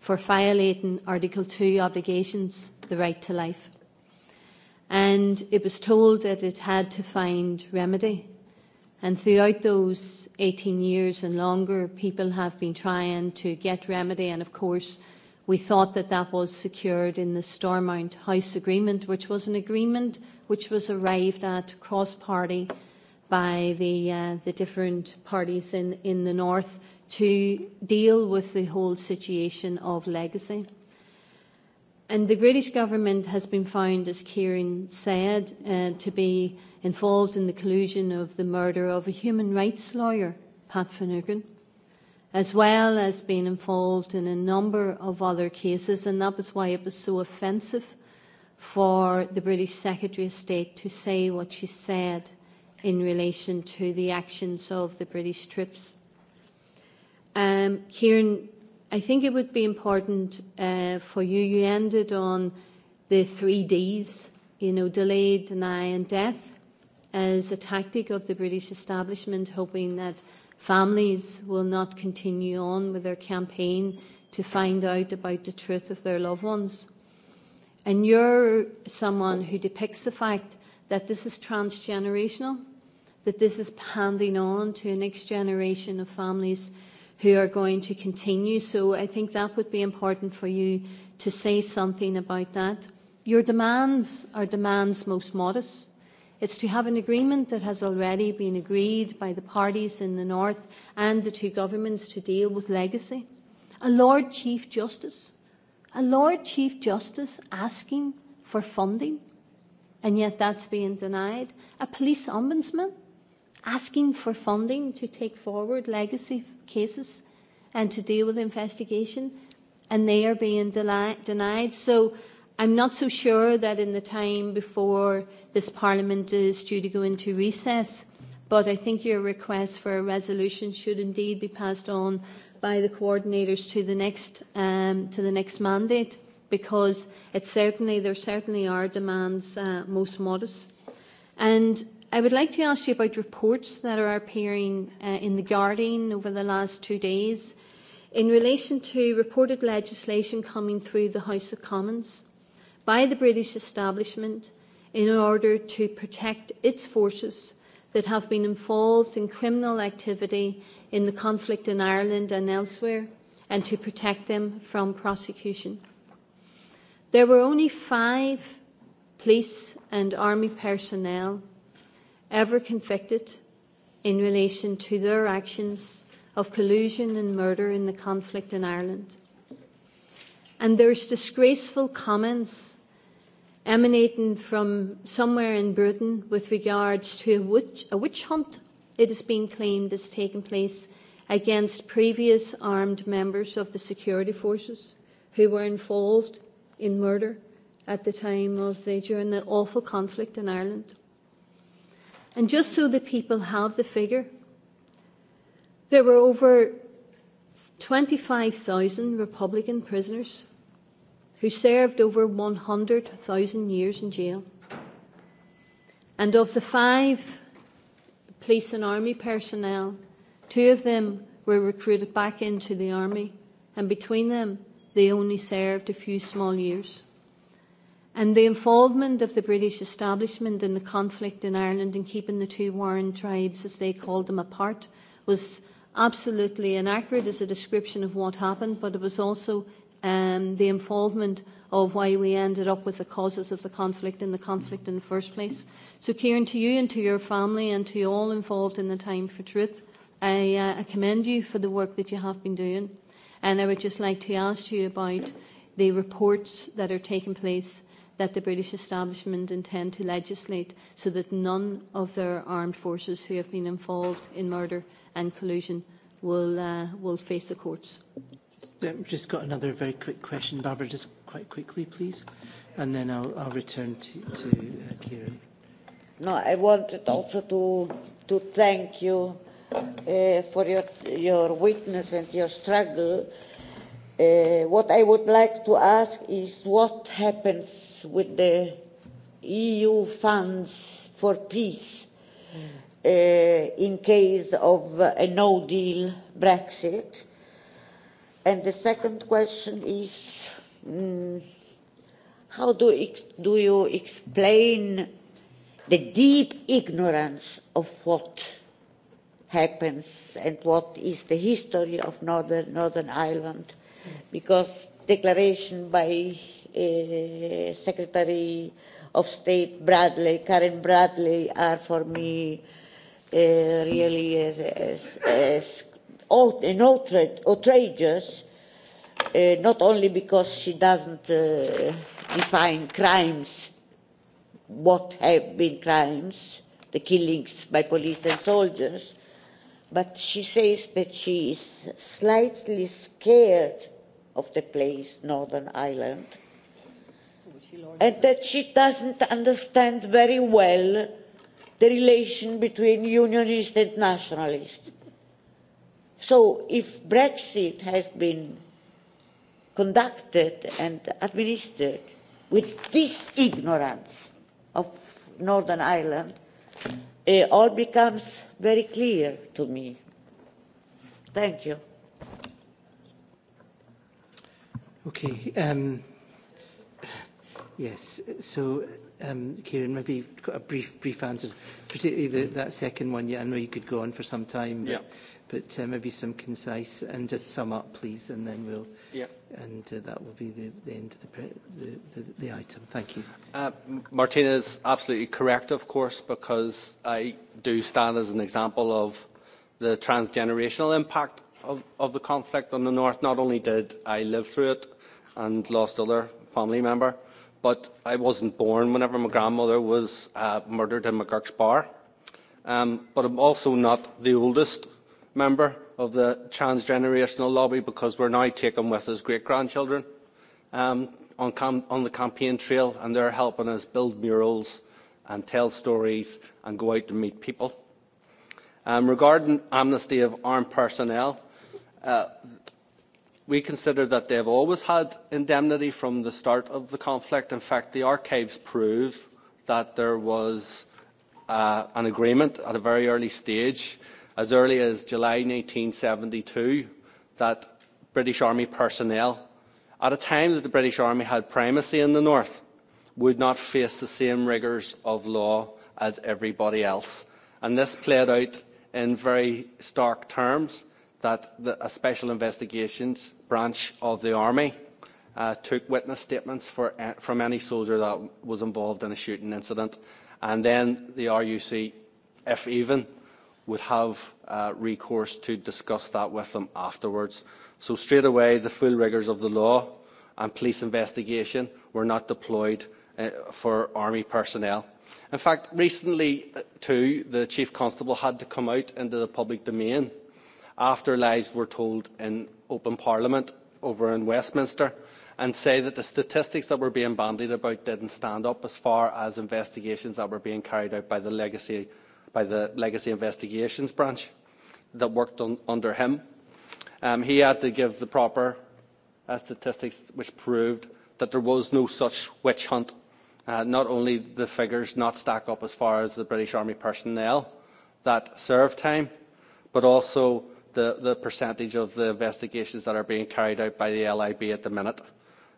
for violating Article 2 obligations, the right to life. And it was told that it had to find remedy. And throughout those 18 years and longer, people have been trying to get remedy. And of course, We thought that that was secured in the Stormont House Agreement, which was an agreement which was arrived at cross-party by the, uh, the different parties in, in the north to deal with the whole situation of legacy. And the British government has been found, as Kieran said, uh, to be involved in the collusion of the murder of a human rights lawyer, Pat Finnegan as well as being involved in a number of other cases, and that was why it was so offensive for the British Secretary of State to say what she said in relation to the actions of the British troops. Um, Kieran, I think it would be important uh, for you, you ended on the three Ds, you know, delay, deny and death as a tactic of the British establishment, hoping that Families will not continue on with their campaign to find out about the truth of their loved ones. And you're someone who depicts the fact that this is transgenerational, that this is handing on to a next generation of families who are going to continue. So I think that would be important for you to say something about that. Your demands are demands most modest. It's to have an agreement that has already been agreed by the parties in the North and the two governments to deal with legacy. A Lord Chief Justice. A Lord Chief Justice asking for funding, and yet that's being denied. A police ombudsman asking for funding to take forward legacy cases and to deal with investigation, and they are being deli- denied. So I'm not so sure that in the time before this Parliament is uh, due to go into recess, but I think your request for a resolution should indeed be passed on by the coordinators to the next um, to the next mandate, because it certainly there certainly are demands uh, most modest. And I would like to ask you about reports that are appearing uh, in the Guardian over the last two days in relation to reported legislation coming through the House of Commons by the British establishment in order to protect its forces that have been involved in criminal activity in the conflict in Ireland and elsewhere, and to protect them from prosecution. There were only five police and army personnel ever convicted in relation to their actions of collusion and murder in the conflict in Ireland. And there's disgraceful comments emanating from somewhere in Britain with regards to a witch, a witch hunt, it has been claimed, has taken place against previous armed members of the security forces who were involved in murder at the time of the during the awful conflict in Ireland. And just so the people have the figure, there were over 25,000 Republican prisoners who served over 100,000 years in jail. And of the five police and army personnel, two of them were recruited back into the army, and between them, they only served a few small years. And the involvement of the British establishment in the conflict in Ireland and keeping the two Warren tribes, as they called them, apart was absolutely inaccurate as a description of what happened, but it was also um, the involvement of why we ended up with the causes of the conflict and the conflict in the first place. So, Kieran, to you and to your family and to all involved in the Time for Truth, I, uh, I commend you for the work that you have been doing. And I would just like to ask you about the reports that are taking place that the British establishment intend to legislate so that none of their armed forces who have been involved in murder and collusion will, uh, will face the courts. Um, just got another very quick question, Barbara, just quite quickly, please, and then I'll, I'll return to, to uh, Kieran. No, I wanted also to, to thank you uh, for your, your witness and your struggle. Uh, what I would like to ask is what happens with the EU funds for peace uh, in case of a no-deal Brexit? Uh, And the second question is, um, how do, ex do you explain the deep ignorance of what happens and what is the history of Northern, Northern Ireland? Because declaration by uh, Secretary of State Bradley, Karen Bradley, are for me uh, really as, as, as an outrageous, uh, not only because she doesn't uh, define crimes, what have been crimes, the killings by police and soldiers, but she says that she is slightly scared of the place, Northern Ireland, and that she doesn't understand very well the relation between unionists and nationalists So if Brexit has been conducted and administered with this ignorance of Northern Ireland, it all becomes very clear to me. Thank you. Okay. Um, yes. So, um, Kieran, maybe you've got a brief, brief answers, particularly the, that second one. Yeah, I know you could go on for some time. But yeah but uh, maybe some concise and just sum up, please, and then we'll. Yeah. And uh, that will be the, the end of the, the, the, the item. Thank you. Uh, Martina is absolutely correct, of course, because I do stand as an example of the transgenerational impact of, of the conflict on the north. Not only did I live through it and lost other family member, but I wasn't born whenever my grandmother was uh, murdered in McGurk's bar. Um, but I'm also not the oldest member of the transgenerational lobby because we're now taking with us great-grandchildren um, on, cam- on the campaign trail and they're helping us build murals and tell stories and go out to meet people. Um, regarding amnesty of armed personnel, uh, we consider that they've always had indemnity from the start of the conflict. In fact, the archives prove that there was uh, an agreement at a very early stage uh, as early as July 1972 that British Army personnel, at a time that the British Army had primacy in the north, would not face the same rigours of law as everybody else. And this played out in very stark terms that the, a special investigations branch of the Army uh, took witness statements for, uh, from any soldier that was involved in a shooting incident. And then the RUC, if even, would have uh, recourse to discuss that with them afterwards. So straight away, the full rigours of the law and police investigation were not deployed uh, for army personnel. In fact, recently uh, too, the chief constable had to come out into the public domain after lies were told in open parliament over in Westminster and say that the statistics that were being bandied about didn't stand up as far as investigations that were being carried out by the legacy by the Legacy Investigations Branch that worked on, under him. Um, he had to give the proper uh, statistics which proved that there was no such witch hunt. Uh, not only the figures not stack up as far as the British Army personnel that served time, but also the, the percentage of the investigations that are being carried out by the LIB at the minute. Uh,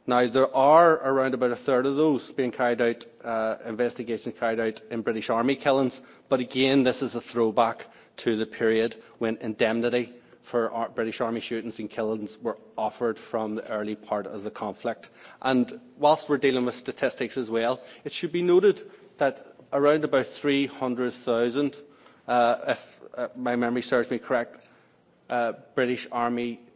Now, there are around about a third of those being carried out, uh, investigations carried out in British Army killings, but again, this is a throwback to the period when indemnity for our British Army shootings and killings were offered from the early part of the conflict. And whilst we're dealing with statistics as well, it should be noted that around about 300,000, uh, if uh, my memory serves me correct, uh, British Army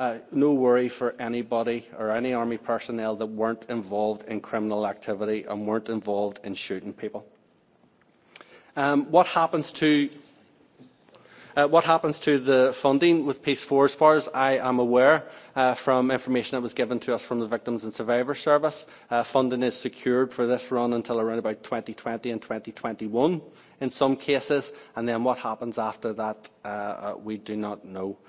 Uh, no worry for anybody or any army personnel that weren't involved in criminal activity and weren't involved in shooting people. Um, what happens to uh, what happens to the funding with Peace Four? As far as I am aware, uh, from information that was given to us from the Victims and Survivors Service, uh, funding is secured for this run until around about 2020 and 2021 in some cases, and then what happens after that, uh, uh we do not know. Uh,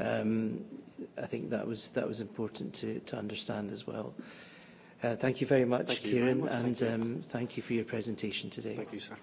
Um, I think that was that was important to, to understand as well. Uh, thank you very much, thank Kieran, you very much. and thank you. Um, thank you for your presentation today. Thank you, sir.